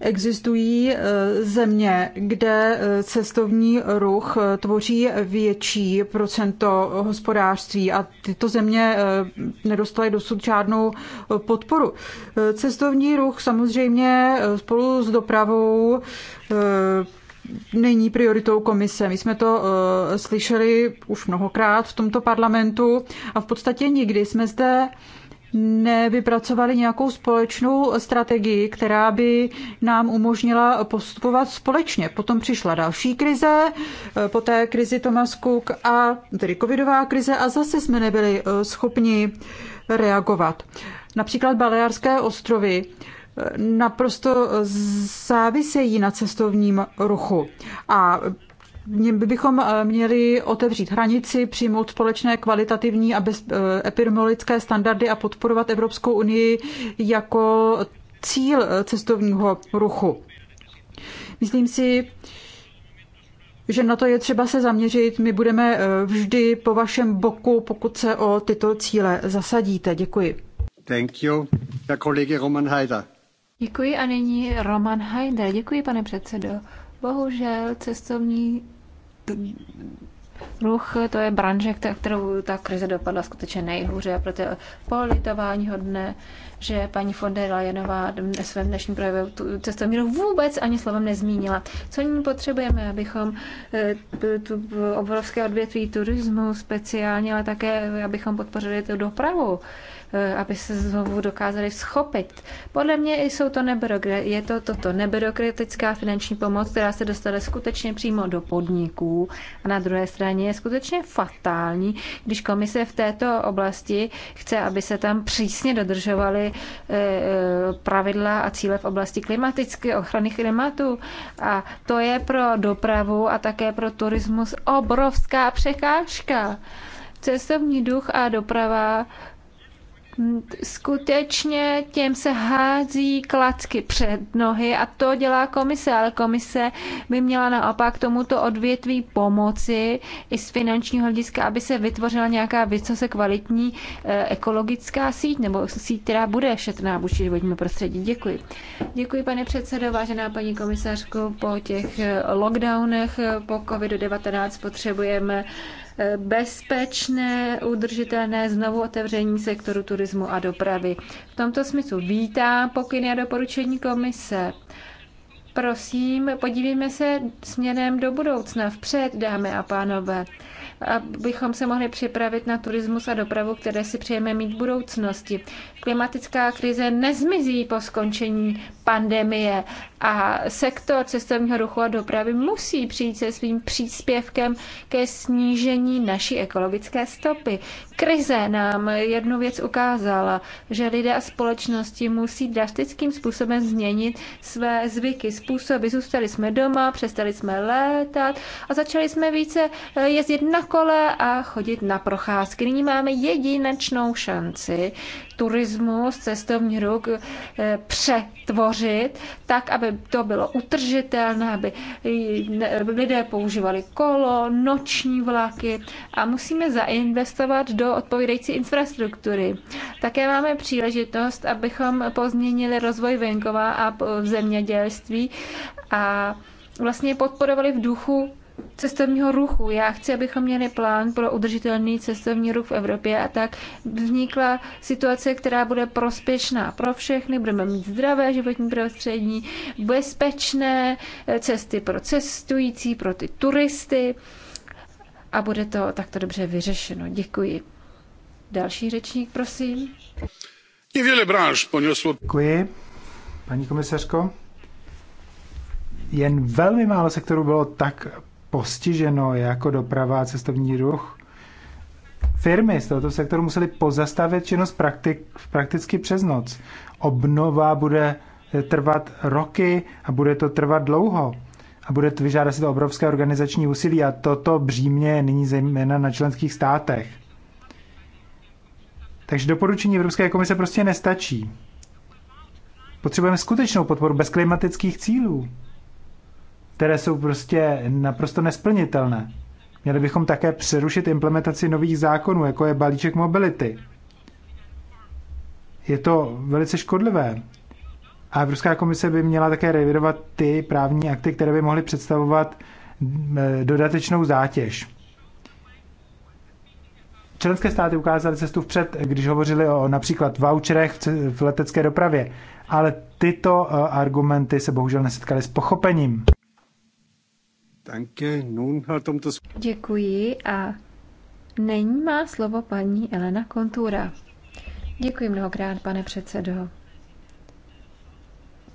Existují eh, země, kde eh, cestovní ruch tvoří větší procento hospodářství a tyto země nedostaly dosud žádnou podporu. Cestovní ruch samozřejmě spolu s dopravou není prioritou komise. My jsme to eh, slyšeli už mnohokrát v tomto parlamentu a v podstatě nikdy jsme zde nevypracovali nějakou společnou strategii, která by nám umožnila postupovat společně. Potom přišla další krize, eh, po té krizi Thomas Cook a tedy covidová krize a zase jsme nebyli eh, schopni reagovat. Například Balearské ostrovy naprosto závisejí na cestovním ruchu. A bychom eh, měli otevřít hranici, přijmout společné kvalitativní a bez, eh, epidemiologické standardy a podporovat Evropskou unii jako cíl eh, cestovního ruchu. Myslím si, že na to je třeba se zaměřit. My budeme vždy po vašem boku, pokud se o tyto cíle zasadíte. Děkuji. Thank you. Der Kollege Roman Heider. Děkuji a nyní Roman Heinder. Děkuji, pane předsedo. Bohužel cestovní ruch, to je branže, kterou ta krize dopadla skutečně nejhůře a proto politování hodné, že paní von der Leyenová ve svém dnešním projevu tu cestovní ruch vůbec ani slovem nezmínila. Co ní potřebujeme, abychom eh, tu obrovské odvětví turismu speciálně, ale také abychom podpořili tu dopravu. Eh, aby se znovu dokázali schopit. Podle mě jsou to nebyrokra- je to toto nebyrokratická finanční pomoc, která se dostane skutečně přímo do podniků a na druhé straně je skutečně fatální, když komise v této oblasti chce, aby se tam přísně dodržovaly eh, eh, pravidla a cíle v oblasti klimatické ochrany klimatu. A to je pro dopravu a také pro turismus obrovská překážka. Cestovní duch a doprava skutečně těm se hází klacky před nohy a to dělá komise, ale komise by měla naopak tomuto odvětví pomoci i z finančního hlediska, aby se vytvořila nějaká vysoce kvalitní eh, ekologická síť nebo síť, která bude šetrná vůči životnímu prostředí. Děkuji. Děkuji, pane předsedo, vážená paní komisařko, po těch eh, lockdownech eh, po COVID-19 potřebujeme bezpečné, udržitelné znovu otevření sektoru turismu a dopravy. V tomto smyslu vítám pokyny a doporučení komise. Prosím, podívejme se směrem do budoucna, vpřed, dámy a pánové abychom se mohli připravit na turismus a dopravu, které si přejeme mít v budoucnosti. Klimatická krize nezmizí po skončení pandemie a sektor cestovního ruchu a dopravy musí přijít se svým příspěvkem ke snížení naší ekologické stopy. Krize nám jednu věc ukázala, že lidé a společnosti musí drastickým způsobem změnit své zvyky, způsoby. Zůstali jsme doma, přestali jsme létat a začali jsme více eh, jezdit na kole a chodit na procházky. Nyní máme jedinečnou šanci turismus, cestovní ruch eh, přetvořit tak, aby to bylo utržitelné, aby lidé používali kolo, noční vlaky a musíme zainvestovat do odpovídající infrastruktury. Také máme příležitost, abychom pozměnili rozvoj venkova a zemědělství a vlastně podporovali v duchu cestovního ruchu. Já chci, abychom měli plán pro udržitelný cestovní ruch v Evropě a tak vznikla situace, která bude prospěšná pro všechny. Budeme mít zdravé životní prostředí, bezpečné eh, cesty pro cestující, pro ty turisty a bude to takto dobře vyřešeno. Děkuji. Další řečník, prosím. Niewiele branż poniosło. Děkuji, paní komisařko. Jen velmi málo sektorů bylo tak postiženo jako doprava a cestovní ruch. Firmy z tohoto sektoru museli pozastavit činnost praktik, prakticky přes noc. Obnova bude trvat roky a bude to trvat dlouho. A bude to vyžádat si to obrovské organizační úsilí a toto břímně je nyní zejména na členských státech. Takže doporučení Evropské komise prostě nestačí. Potřebujeme skutečnou podporu bez klimatických cílů které jsou prostě naprosto nesplnitelné. Měli bychom také přerušit implementaci nových zákonů, jako je balíček mobility. Je to velice škodlivé. A Evropská komise by měla také revidovat ty právní akty, které by mohly představovat eh, dodatečnou zátěž. Členské státy ukázaly cestu vpřed, když hovořili o například voucherech v letecké dopravě, ale tyto eh, argumenty se bohužel nesetkaly s pochopením. Um Děkuji a není má slovo paní Elena Kontura. Děkuji mnohokrát, pane předsedo.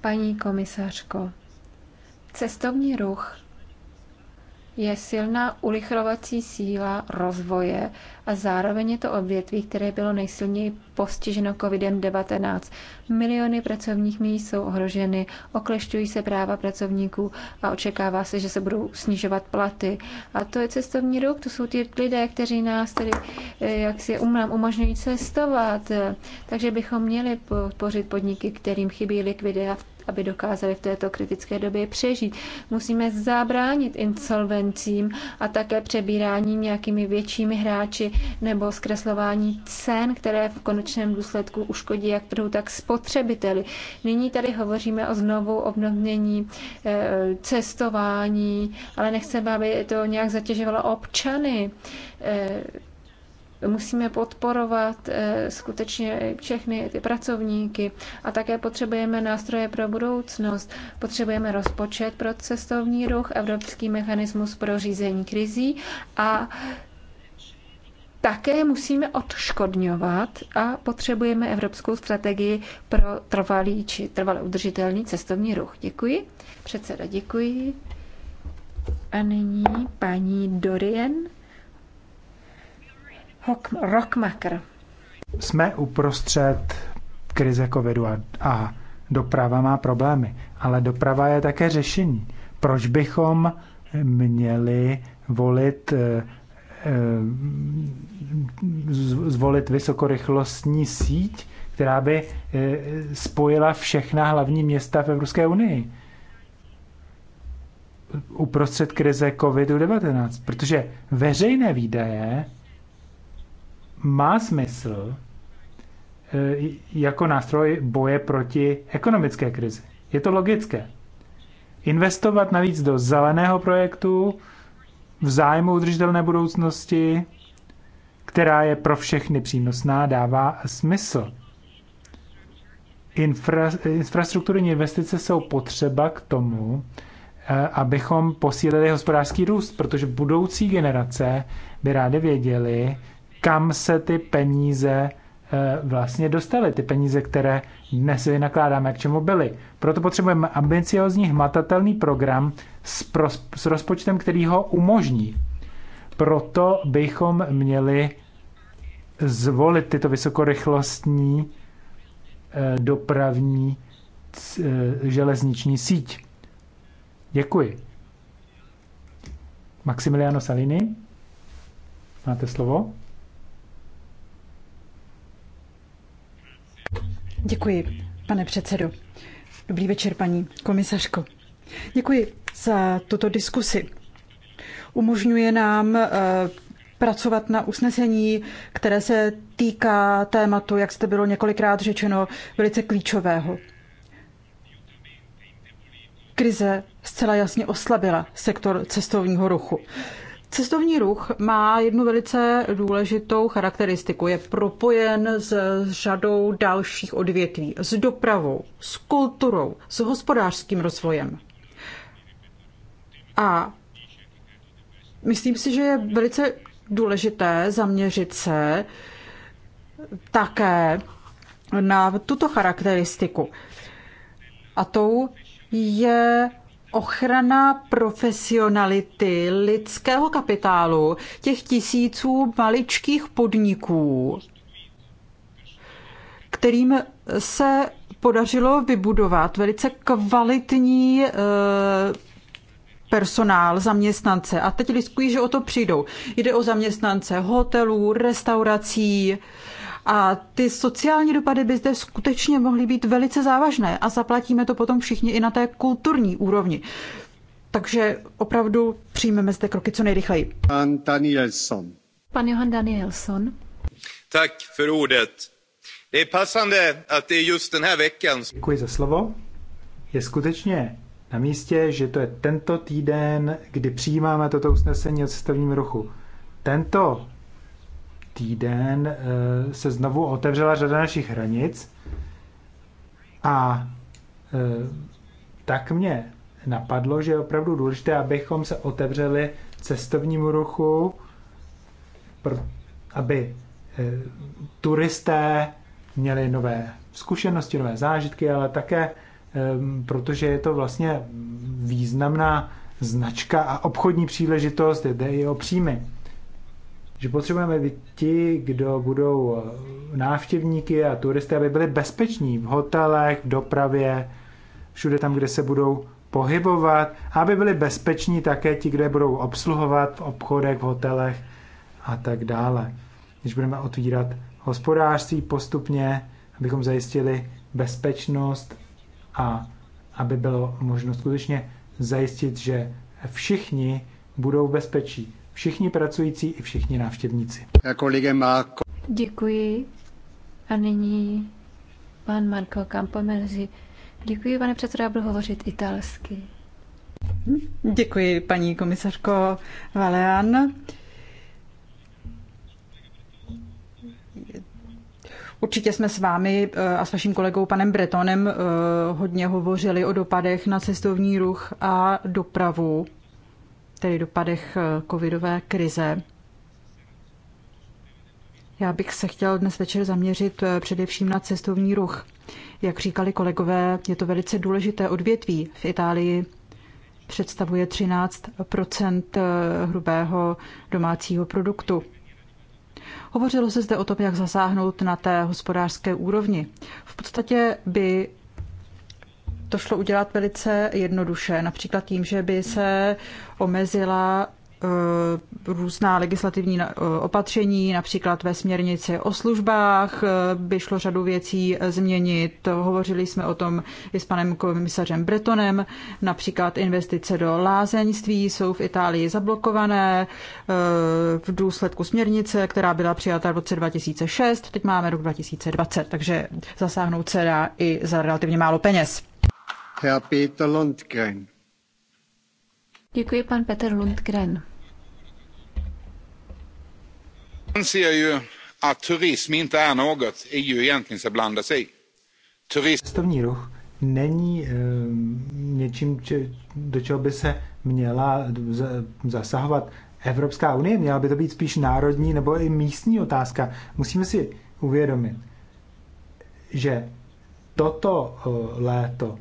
Paní komisařko, cestovní ruch je silná urychlovací síla rozvoje a zároveň je to odvětví, které bylo nejsilněji postiženo COVID-19. Miliony pracovních míst jsou ohroženy, oklešťují se práva pracovníků a očekává se, že se budou snižovat platy. A to je cestovní ruch, to jsou ti lidé, kteří nás tedy, eh, jak si umám, umožňují cestovat. Takže bychom měli podpořit podniky, kterým chybí likvidita v aby dokázali v této kritické době přežít. Musíme zabránit insolvencím a také přebírání nějakými většími hráči nebo zkreslování cen, které v konečném důsledku uškodí jak trhu, tak spotřebiteli. Nyní tady hovoříme o znovu obnovnění eh, cestování, ale nechceme, aby to nějak zatěžovalo občany eh, Musíme podporovat eh, skutečně všechny ty pracovníky a také potřebujeme nástroje pro budoucnost. Potřebujeme rozpočet pro cestovní ruch, evropský mechanismus pro řízení krizí a také musíme odškodňovat a potřebujeme evropskou strategii pro trvalý či trvale udržitelný cestovní ruch. Děkuji. Předseda, děkuji. A nyní paní Dorien. Rockmaker. Jsme uprostřed krize covidu a, a doprava má problémy, ale doprava je také řešení. Proč bychom měli volit eh, eh, zvolit vysokorychlostní síť, která by eh, spojila všechna hlavní města v Evropské unii uprostřed krize COVID-19, protože veřejné výdaje má smysl e, jako nástroj boje proti ekonomické krizi. Je to logické. Investovat navíc do zeleného projektu v zájmu udržitelné budoucnosti, která je pro všechny přínosná, dává smysl. Infra, infrastrukturní investice jsou potřeba k tomu, e, abychom posílili hospodářský růst, protože budoucí generace by rádi věděli, kam se ty peníze eh, vlastně dostaly, ty peníze, které dnes vynakládáme, k čemu byly. Proto potřebujeme ambiciozní hmatatelný program s, pros, s rozpočtem, který ho umožní. Proto bychom měli zvolit tyto vysokorychlostní eh, dopravní eh, železniční síť. Děkuji. Maximiliano Salini, máte slovo. Děkuji, pane předsedo. Dobrý večer, paní komisařko. Děkuji za tuto diskusi. Umožňuje nám eh, pracovat na usnesení, které se týká tématu, jak jste bylo několikrát řečeno, velice klíčového. Krize zcela jasně oslabila sektor cestovního ruchu. Cestovní ruch má jednu velice důležitou charakteristiku. Je propojen s řadou dalších odvětví, s dopravou, s kulturou, s hospodářským rozvojem. A myslím si, že je velice důležité zaměřit se také na tuto charakteristiku. A tou je ochrana profesionality lidského kapitálu těch tisíců maličkých podniků, kterým se podařilo vybudovat velice kvalitní eh, personál, zaměstnance. A teď riskují, že o to přijdou. Jde o zaměstnance hotelů, restaurací, a ty sociální dopady by zde skutečně mohly být velice závažné a zaplatíme to potom všichni i na té kulturní úrovni. Takže opravdu přijmeme zde kroky co nejrychleji. Pan Danielson. Pan Johan Danielson. Tak, för ordet. Det är passande att det är just den här veckan. Děkuji za slovo. Je skutečně na místě, že to je tento týden, kdy přijímáme toto usnesení o cestovním ruchu. Tento týden eh, se znovu otevřela řada našich hranic a eh, tak mě napadlo, že je opravdu důležité, abychom se otevřeli cestovnímu ruchu, aby eh, turisté měli nové zkušenosti, nové zážitky, ale také protože je to vlastně významná značka a obchodní příležitost, jde i o příjmy že potřebujeme ti, kdo budou eh, návštěvníky a turisty, aby byli bezpeční v hotelech, v dopravě, všude tam, kde se budou pohybovat, aby byli bezpeční také ti, kde budou obsluhovat v obchodech, v hotelech a tak dále. Když budeme otvírat hospodářství postupně, abychom zajistili bezpečnost a aby bylo možno skutečně zajistit, že všichni budou v bezpečí všichni pracující i všichni návštěvníci. Děkuji. A nyní pan Marko Campomelzi. Děkuji, pane předsedo, já budu hovořit italsky. Děkuji, paní komisařko Valean. Určitě jsme s vámi eh, a s vaším kolegou panem Bretonem eh, hodně hovořili o dopadech na cestovní ruch a dopravu tedy dopadech eh, covidové krize. Já bych se chtěl dnes večer zaměřit eh, především na cestovní ruch. Jak říkali kolegové, je to velice důležité odvětví. V Itálii představuje 13 eh, hrubého domácího produktu. Hovořilo se zde o tom, jak zasáhnout na té hospodářské úrovni. V podstatě by to šlo udělat velice jednoduše, například tím, že by se omezila Eh, různá legislativní eh, opatření, například ve směrnici o službách eh, by šlo řadu věcí změnit. Hovořili jsme o tom i s panem komisařem Bretonem, například investice do lázeňství jsou v Itálii zablokované v důsledku směrnice, která byla přijata v roce 2006, teď máme rok 2020, takže zasáhnout se dá i za relativně málo peněz. Herr Peter Lundgren. Děkuji, pan Petr Lundgren pane předsedající anser ju att turism inte är något EU egentligen ska blanda sig i. Cestovní ruch není um, něčím, či, do čeho by se měla zasahovat Evropská unie. Měla by to být spíš národní nebo i místní otázka. Musíme si uvědomit, že toto eh, léto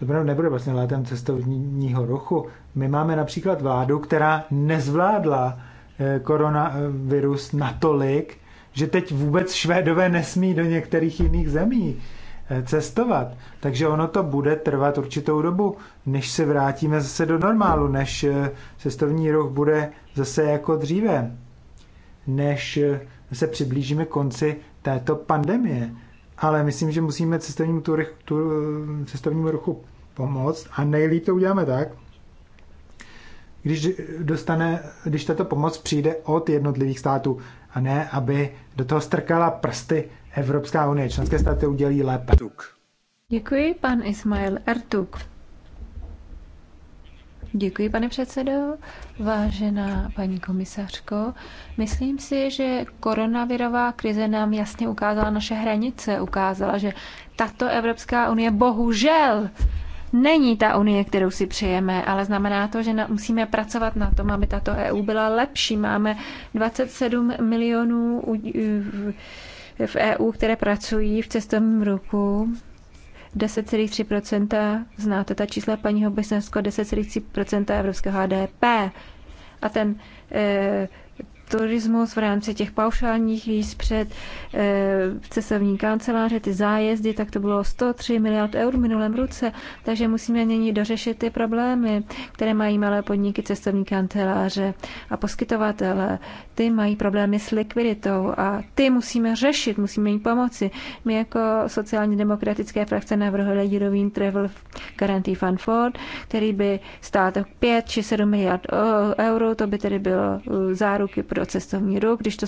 Dobrou nebude vlastně létem cestovního ruchu. My máme například vládu, která nezvládla Eh, koronavirus natolik, že teď vůbec Švédové nesmí do některých jiných zemí eh, cestovat. Takže ono to bude trvat určitou dobu, než se vrátíme zase do normálu, než eh, cestovní ruch bude zase jako dříve, než se přiblížíme konci této pandemie. Ale myslím, že musíme cestovnímu, tu, tu, cestovnímu ruchu pomoct a nejlíp to uděláme tak, když, dostane, když tato pomoc přijde od jednotlivých států a ne, aby do toho strkala prsty Evropská unie. Členské státy udělí lépe. Děkuji, pan Ismail Ertuk. Děkuji, pane předsedo. Vážená paní komisařko, myslím si, že koronavirová krize nám jasně ukázala naše hranice. Ukázala, že tato Evropská unie bohužel není ta unie, kterou si přejeme, ale znamená to, že na, musíme pracovat na tom, aby tato EU byla lepší. Máme 27 milionů v EU, které pracují v cestovním ruku. 10,3%, znáte ta čísla paní Hobesnesko, 10,3% evropského HDP. A ten eh, turismus v rámci těch paušálních výz před eh, cestovní kanceláře, ty zájezdy, tak to bylo 103 miliard eur v minulém roce, takže musíme nyní dořešit ty problémy, které mají malé podniky, cestovní kanceláře a poskytovatele. Ty mají problémy s likviditou a ty musíme řešit, musíme jim pomoci. My jako sociálně demokratické frakce navrhli jírový travel guarantee fund Ford, který by stál 5 či 7 miliard eur, to by tedy bylo eh, záruky pro pro cestovní ruch, když to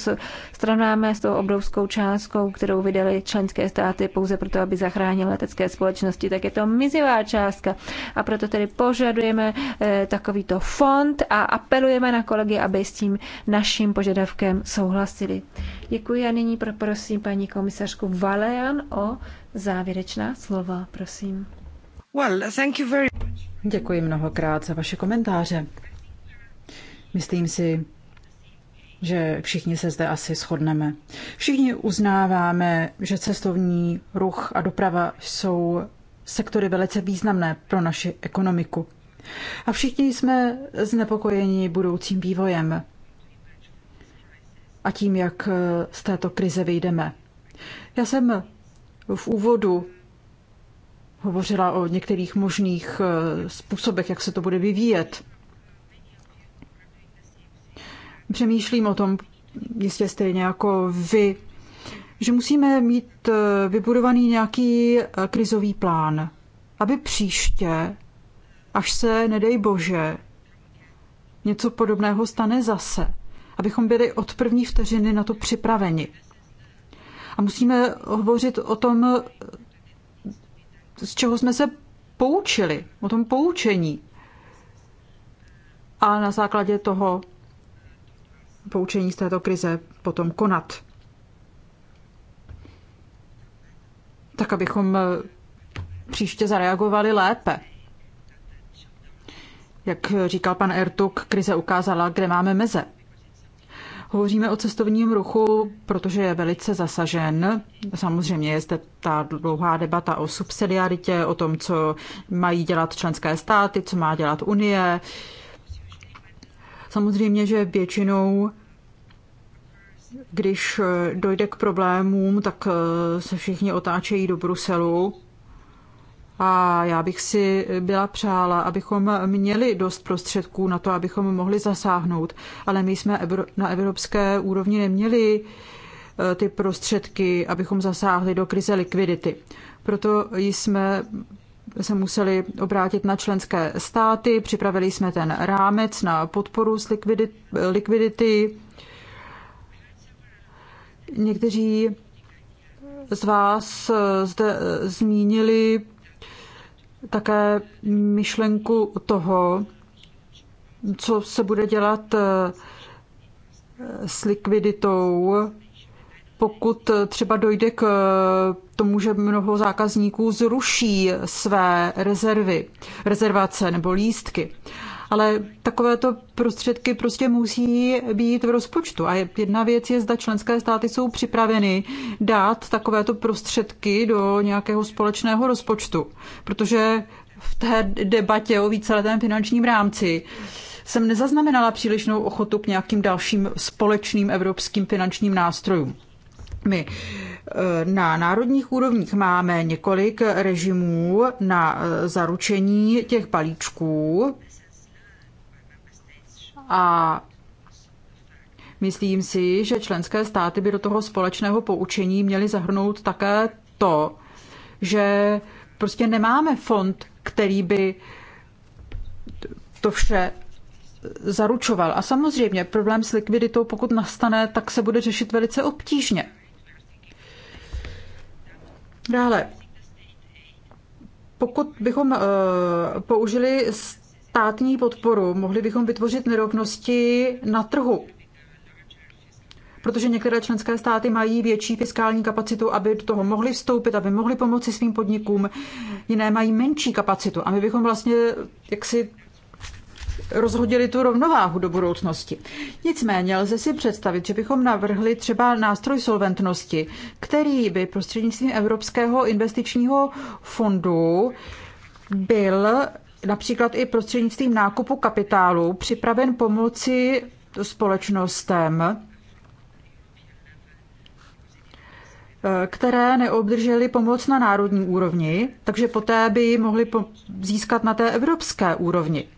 srovnáme s tou obrovskou částkou, kterou vydali členské státy pouze proto, aby zachránili letecké společnosti, tak je to mizivá částka. A proto tedy požadujeme eh, takovýto fond a apelujeme na kolegy, aby s tím naším požadavkem souhlasili. Děkuji a nyní poprosím paní komisařku Valean o závěrečná slova, prosím. Well, thank you very Děkuji mnohokrát za vaše komentáře. Myslím si, že všichni se zde asi shodneme. Všichni uznáváme, že cestovní ruch a doprava jsou sektory velice významné pro naši ekonomiku. A všichni jsme znepokojeni budoucím vývojem a tím, jak z této krize vyjdeme. Já jsem v úvodu hovořila o některých možných eh, způsobech, jak se to bude vyvíjet přemýšlím o tom, jistě stejně jako vy, že musíme mít eh, vybudovaný nějaký eh, krizový plán, aby příště, až se, nedej bože, něco podobného stane zase, abychom byli od první vteřiny na to připraveni. A musíme hovořit o tom, z čeho jsme se poučili, o tom poučení. A na základě toho poučení z této krize potom konat. Tak, abychom eh, příště zareagovali lépe. Jak eh, říkal pan Ertuk, krize ukázala, kde máme meze. Hovoříme o cestovním ruchu, protože je velice zasažen. Samozřejmě je zde ta dlouhá debata o subsidiaritě, o tom, co mají dělat členské státy, co má dělat Unie. Uh, Samozřejmě, že většinou když eh, dojde k problémům, tak eh, se všichni otáčejí do Bruselu. A já bych si byla přála, abychom měli dost prostředků na to, abychom mohli zasáhnout. Ale my jsme na evropské úrovni neměli eh, ty prostředky, abychom zasáhli do krize likvidity. Proto jsme se museli obrátit na členské státy, připravili jsme ten rámec na podporu z likvidity. Někteří z vás zde zmínili také myšlenku toho, co se bude dělat s likviditou pokud třeba dojde k tomu, že mnoho zákazníků zruší své rezervy, rezervace nebo lístky. Ale takovéto prostředky prostě musí být v rozpočtu. A jedna věc je, zda členské státy jsou připraveny dát takovéto prostředky do nějakého společného rozpočtu. Protože v té debatě o víceletém finančním rámci jsem nezaznamenala přílišnou ochotu k nějakým dalším společným evropským finančním nástrojům státmi. Eh, na národních úrovních máme několik režimů na eh, zaručení těch balíčků a myslím si, že členské státy by do toho společného poučení měly zahrnout také to, že prostě nemáme fond, který by to vše zaručoval. A samozřejmě problém s likviditou, pokud nastane, tak se bude řešit velice obtížně. Dále, pokud bychom eh, použili státní podporu, mohli bychom vytvořit nerovnosti na trhu, protože některé členské státy mají větší fiskální kapacitu, aby do toho mohli vstoupit, aby mohli pomoci svým podnikům, jiné mají menší kapacitu. A my bychom vlastně jaksi rozhodili tu rovnováhu do budoucnosti. Nicméně lze si představit, že bychom navrhli třeba nástroj solventnosti, který by prostřednictvím Evropského investičního fondu byl například i prostřednictvím nákupu kapitálu připraven pomoci společnostem, které neobdržely pomoc na národní úrovni, takže poté by ji mohli získat na té evropské úrovni.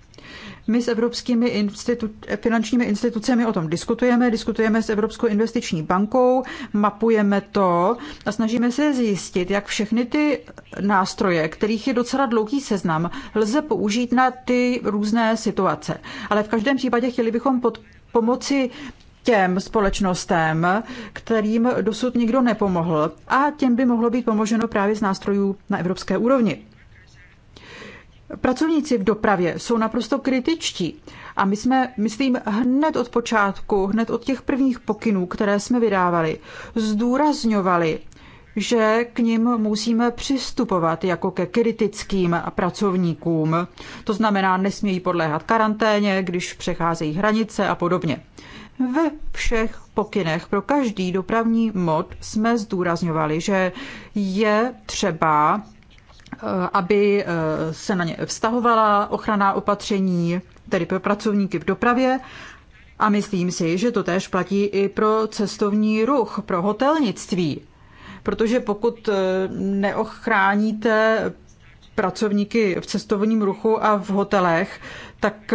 My s evropskými institu- finančními institucemi o tom diskutujeme, diskutujeme s Evropskou investiční bankou, mapujeme to a snažíme se zjistit, jak všechny ty nástroje, kterých je docela dlouhý seznam, lze použít na ty různé situace. Ale v každém případě chtěli bychom pod pomoci těm společnostem, kterým dosud nikdo nepomohl a těm by mohlo být pomoženo právě z nástrojů na evropské úrovni. Pracovníci v dopravě jsou naprosto kritičtí a my jsme, myslím, hned od počátku, hned od těch prvních pokynů, které jsme vydávali, zdůrazňovali, že k ním musíme přistupovat jako ke kritickým pracovníkům. To znamená, nesmějí podléhat karanténě, když přecházejí hranice a podobně. Ve všech pokynech pro každý dopravní mod jsme zdůrazňovali, že je třeba Eh, aby eh, se na ně vztahovala ochranná opatření, tedy pro pracovníky v dopravě. A myslím si, že to též platí i pro cestovní ruch, pro hotelnictví. Protože pokud eh, neochráníte pracovníky v cestovním ruchu a v hotelech, tak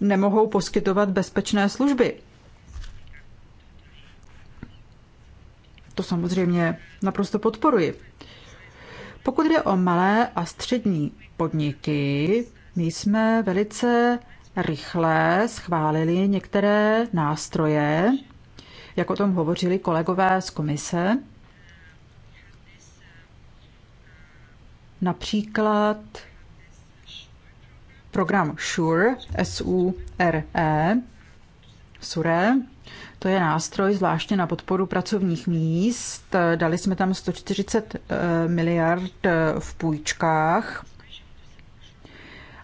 nemohou poskytovat bezpečné služby. To samozřejmě naprosto podporuji. Pokud jde o malé a střední podniky, my jsme velice rychle schválili některé nástroje, jak o tom hovořili kolegové z komise. Například program SURE, e, S-U-R-E, SURE, to je nástroj zvláště na podporu pracovních míst. Dali jsme tam 140 eh, miliard eh, v půjčkách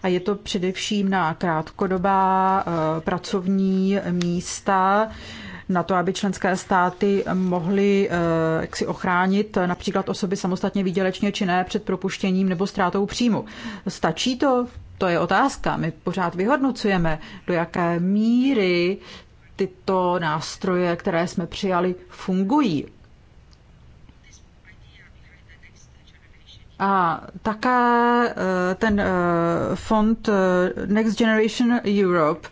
a je to především na krátkodobá eh, pracovní místa, na to, aby členské státy mohly jak si ochránit například osoby samostatně výdělečně činné před propuštěním nebo ztrátou příjmu. Stačí to? To je otázka. My pořád vyhodnocujeme, do jaké míry tyto nástroje, které jsme přijali, fungují. A také eh, ten eh, fond eh, Next Generation Europe,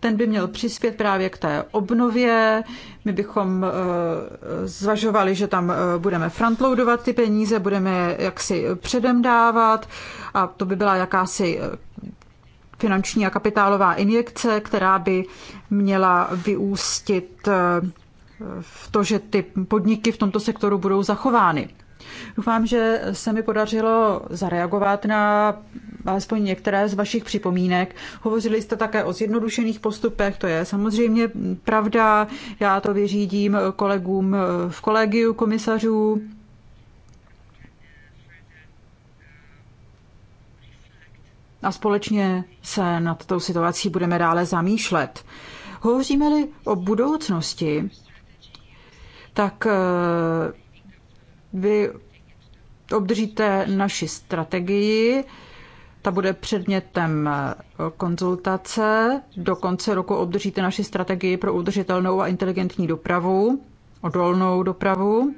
ten by měl přispět právě k té obnově. My bychom zvažovali, že tam budeme frontloadovat ty peníze, budeme je jaksi předem dávat a to by byla jakási finanční a kapitálová injekce, která by měla vyústit eh, v to, že ty podniky v tomto sektoru budou zachovány. Doufám, že se mi podařilo zareagovat na alespoň některé z vašich připomínek. Hovořili jste také o zjednodušených postupech, to je samozřejmě pravda. Já to vyřídím kolegům v kolegiu komisařů. a společně se nad tou situací budeme dále zamýšlet. Hovoříme-li o budoucnosti, tak eh, vy obdržíte naši strategii, ta bude předmětem eh, konzultace. Do konce roku obdržíte naši strategii pro udržitelnou a inteligentní dopravu, odolnou dopravu.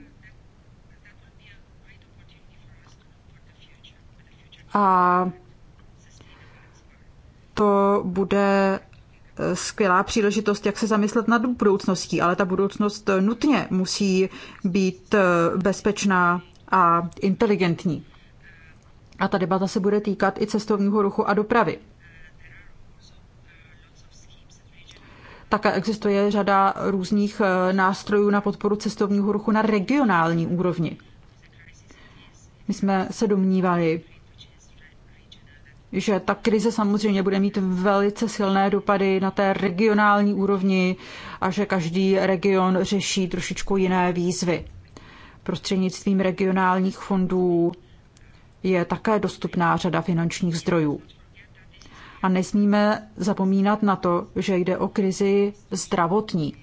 A to bude eh, skvělá příležitost, jak se zamyslet nad budoucností, ale ta budoucnost nutně musí být eh, bezpečná a inteligentní. A ta debata se bude týkat i cestovního ruchu a dopravy. Také existuje řada různých eh, nástrojů na podporu cestovního ruchu na regionální úrovni. My jsme se domnívali, že ta krize samozřejmě bude mít velice silné dopady na té regionální úrovni a že každý region řeší trošičku jiné výzvy. Prostřednictvím regionálních fondů je také dostupná řada finančních zdrojů. A nesmíme zapomínat na to, že jde o krizi zdravotní.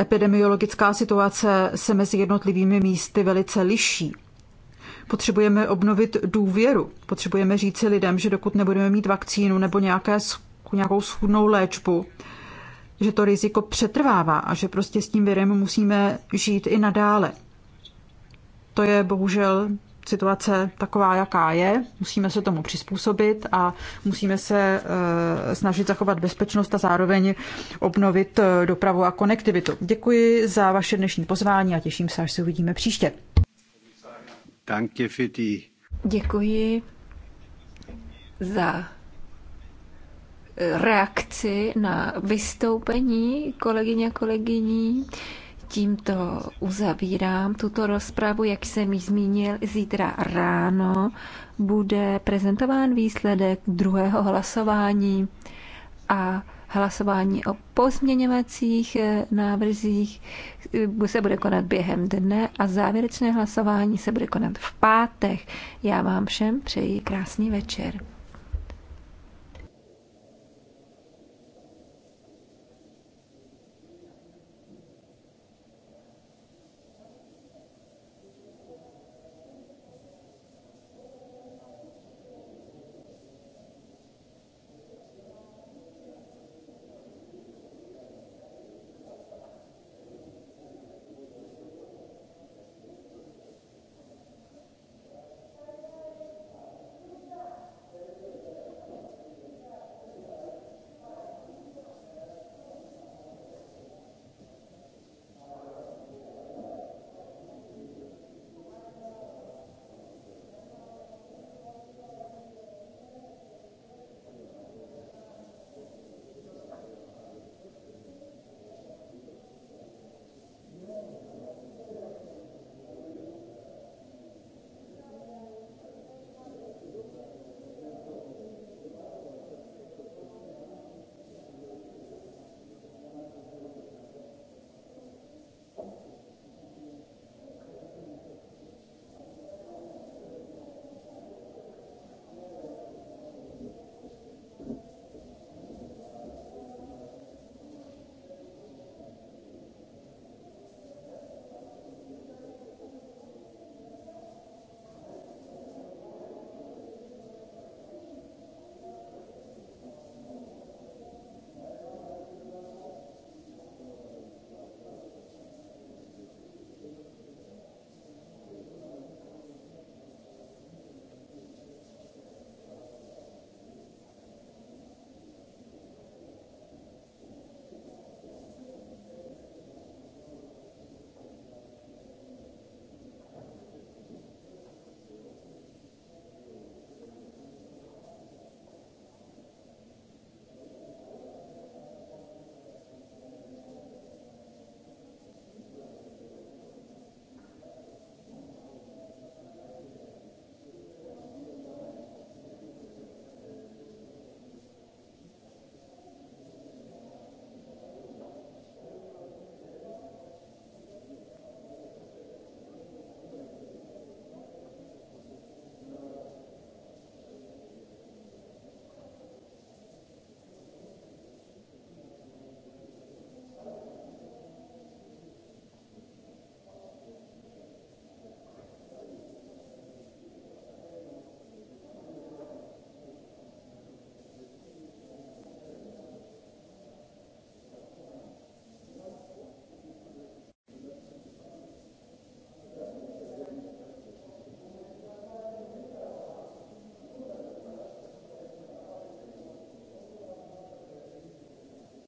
Epidemiologická situace se mezi jednotlivými místy velice liší. Potřebujeme obnovit důvěru. Potřebujeme říci lidem, že dokud nebudeme mít vakcínu nebo nějaké, nějakou schůdnou léčbu, že to riziko přetrvává a že prostě s tím virem musíme žít i nadále. To je bohužel situace taková, jaká je. Musíme se tomu přizpůsobit a musíme se eh, snažit zachovat bezpečnost a zároveň obnovit eh, dopravu a konektivitu. Děkuji za vaše dnešní pozvání a těším se, až se uvidíme příště. Děkuji za eh, reakci na vystoupení kolegyně a kolegyní. Tímto uzavírám tuto rozpravu, jak jsem ji zmínil, zítra ráno bude prezentován výsledek druhého hlasování a hlasování o pozměňovacích eh, návrzích eh, se bude konat během dne a závěrečné hlasování se bude konat v pátech. Já vám všem přeji krásný večer.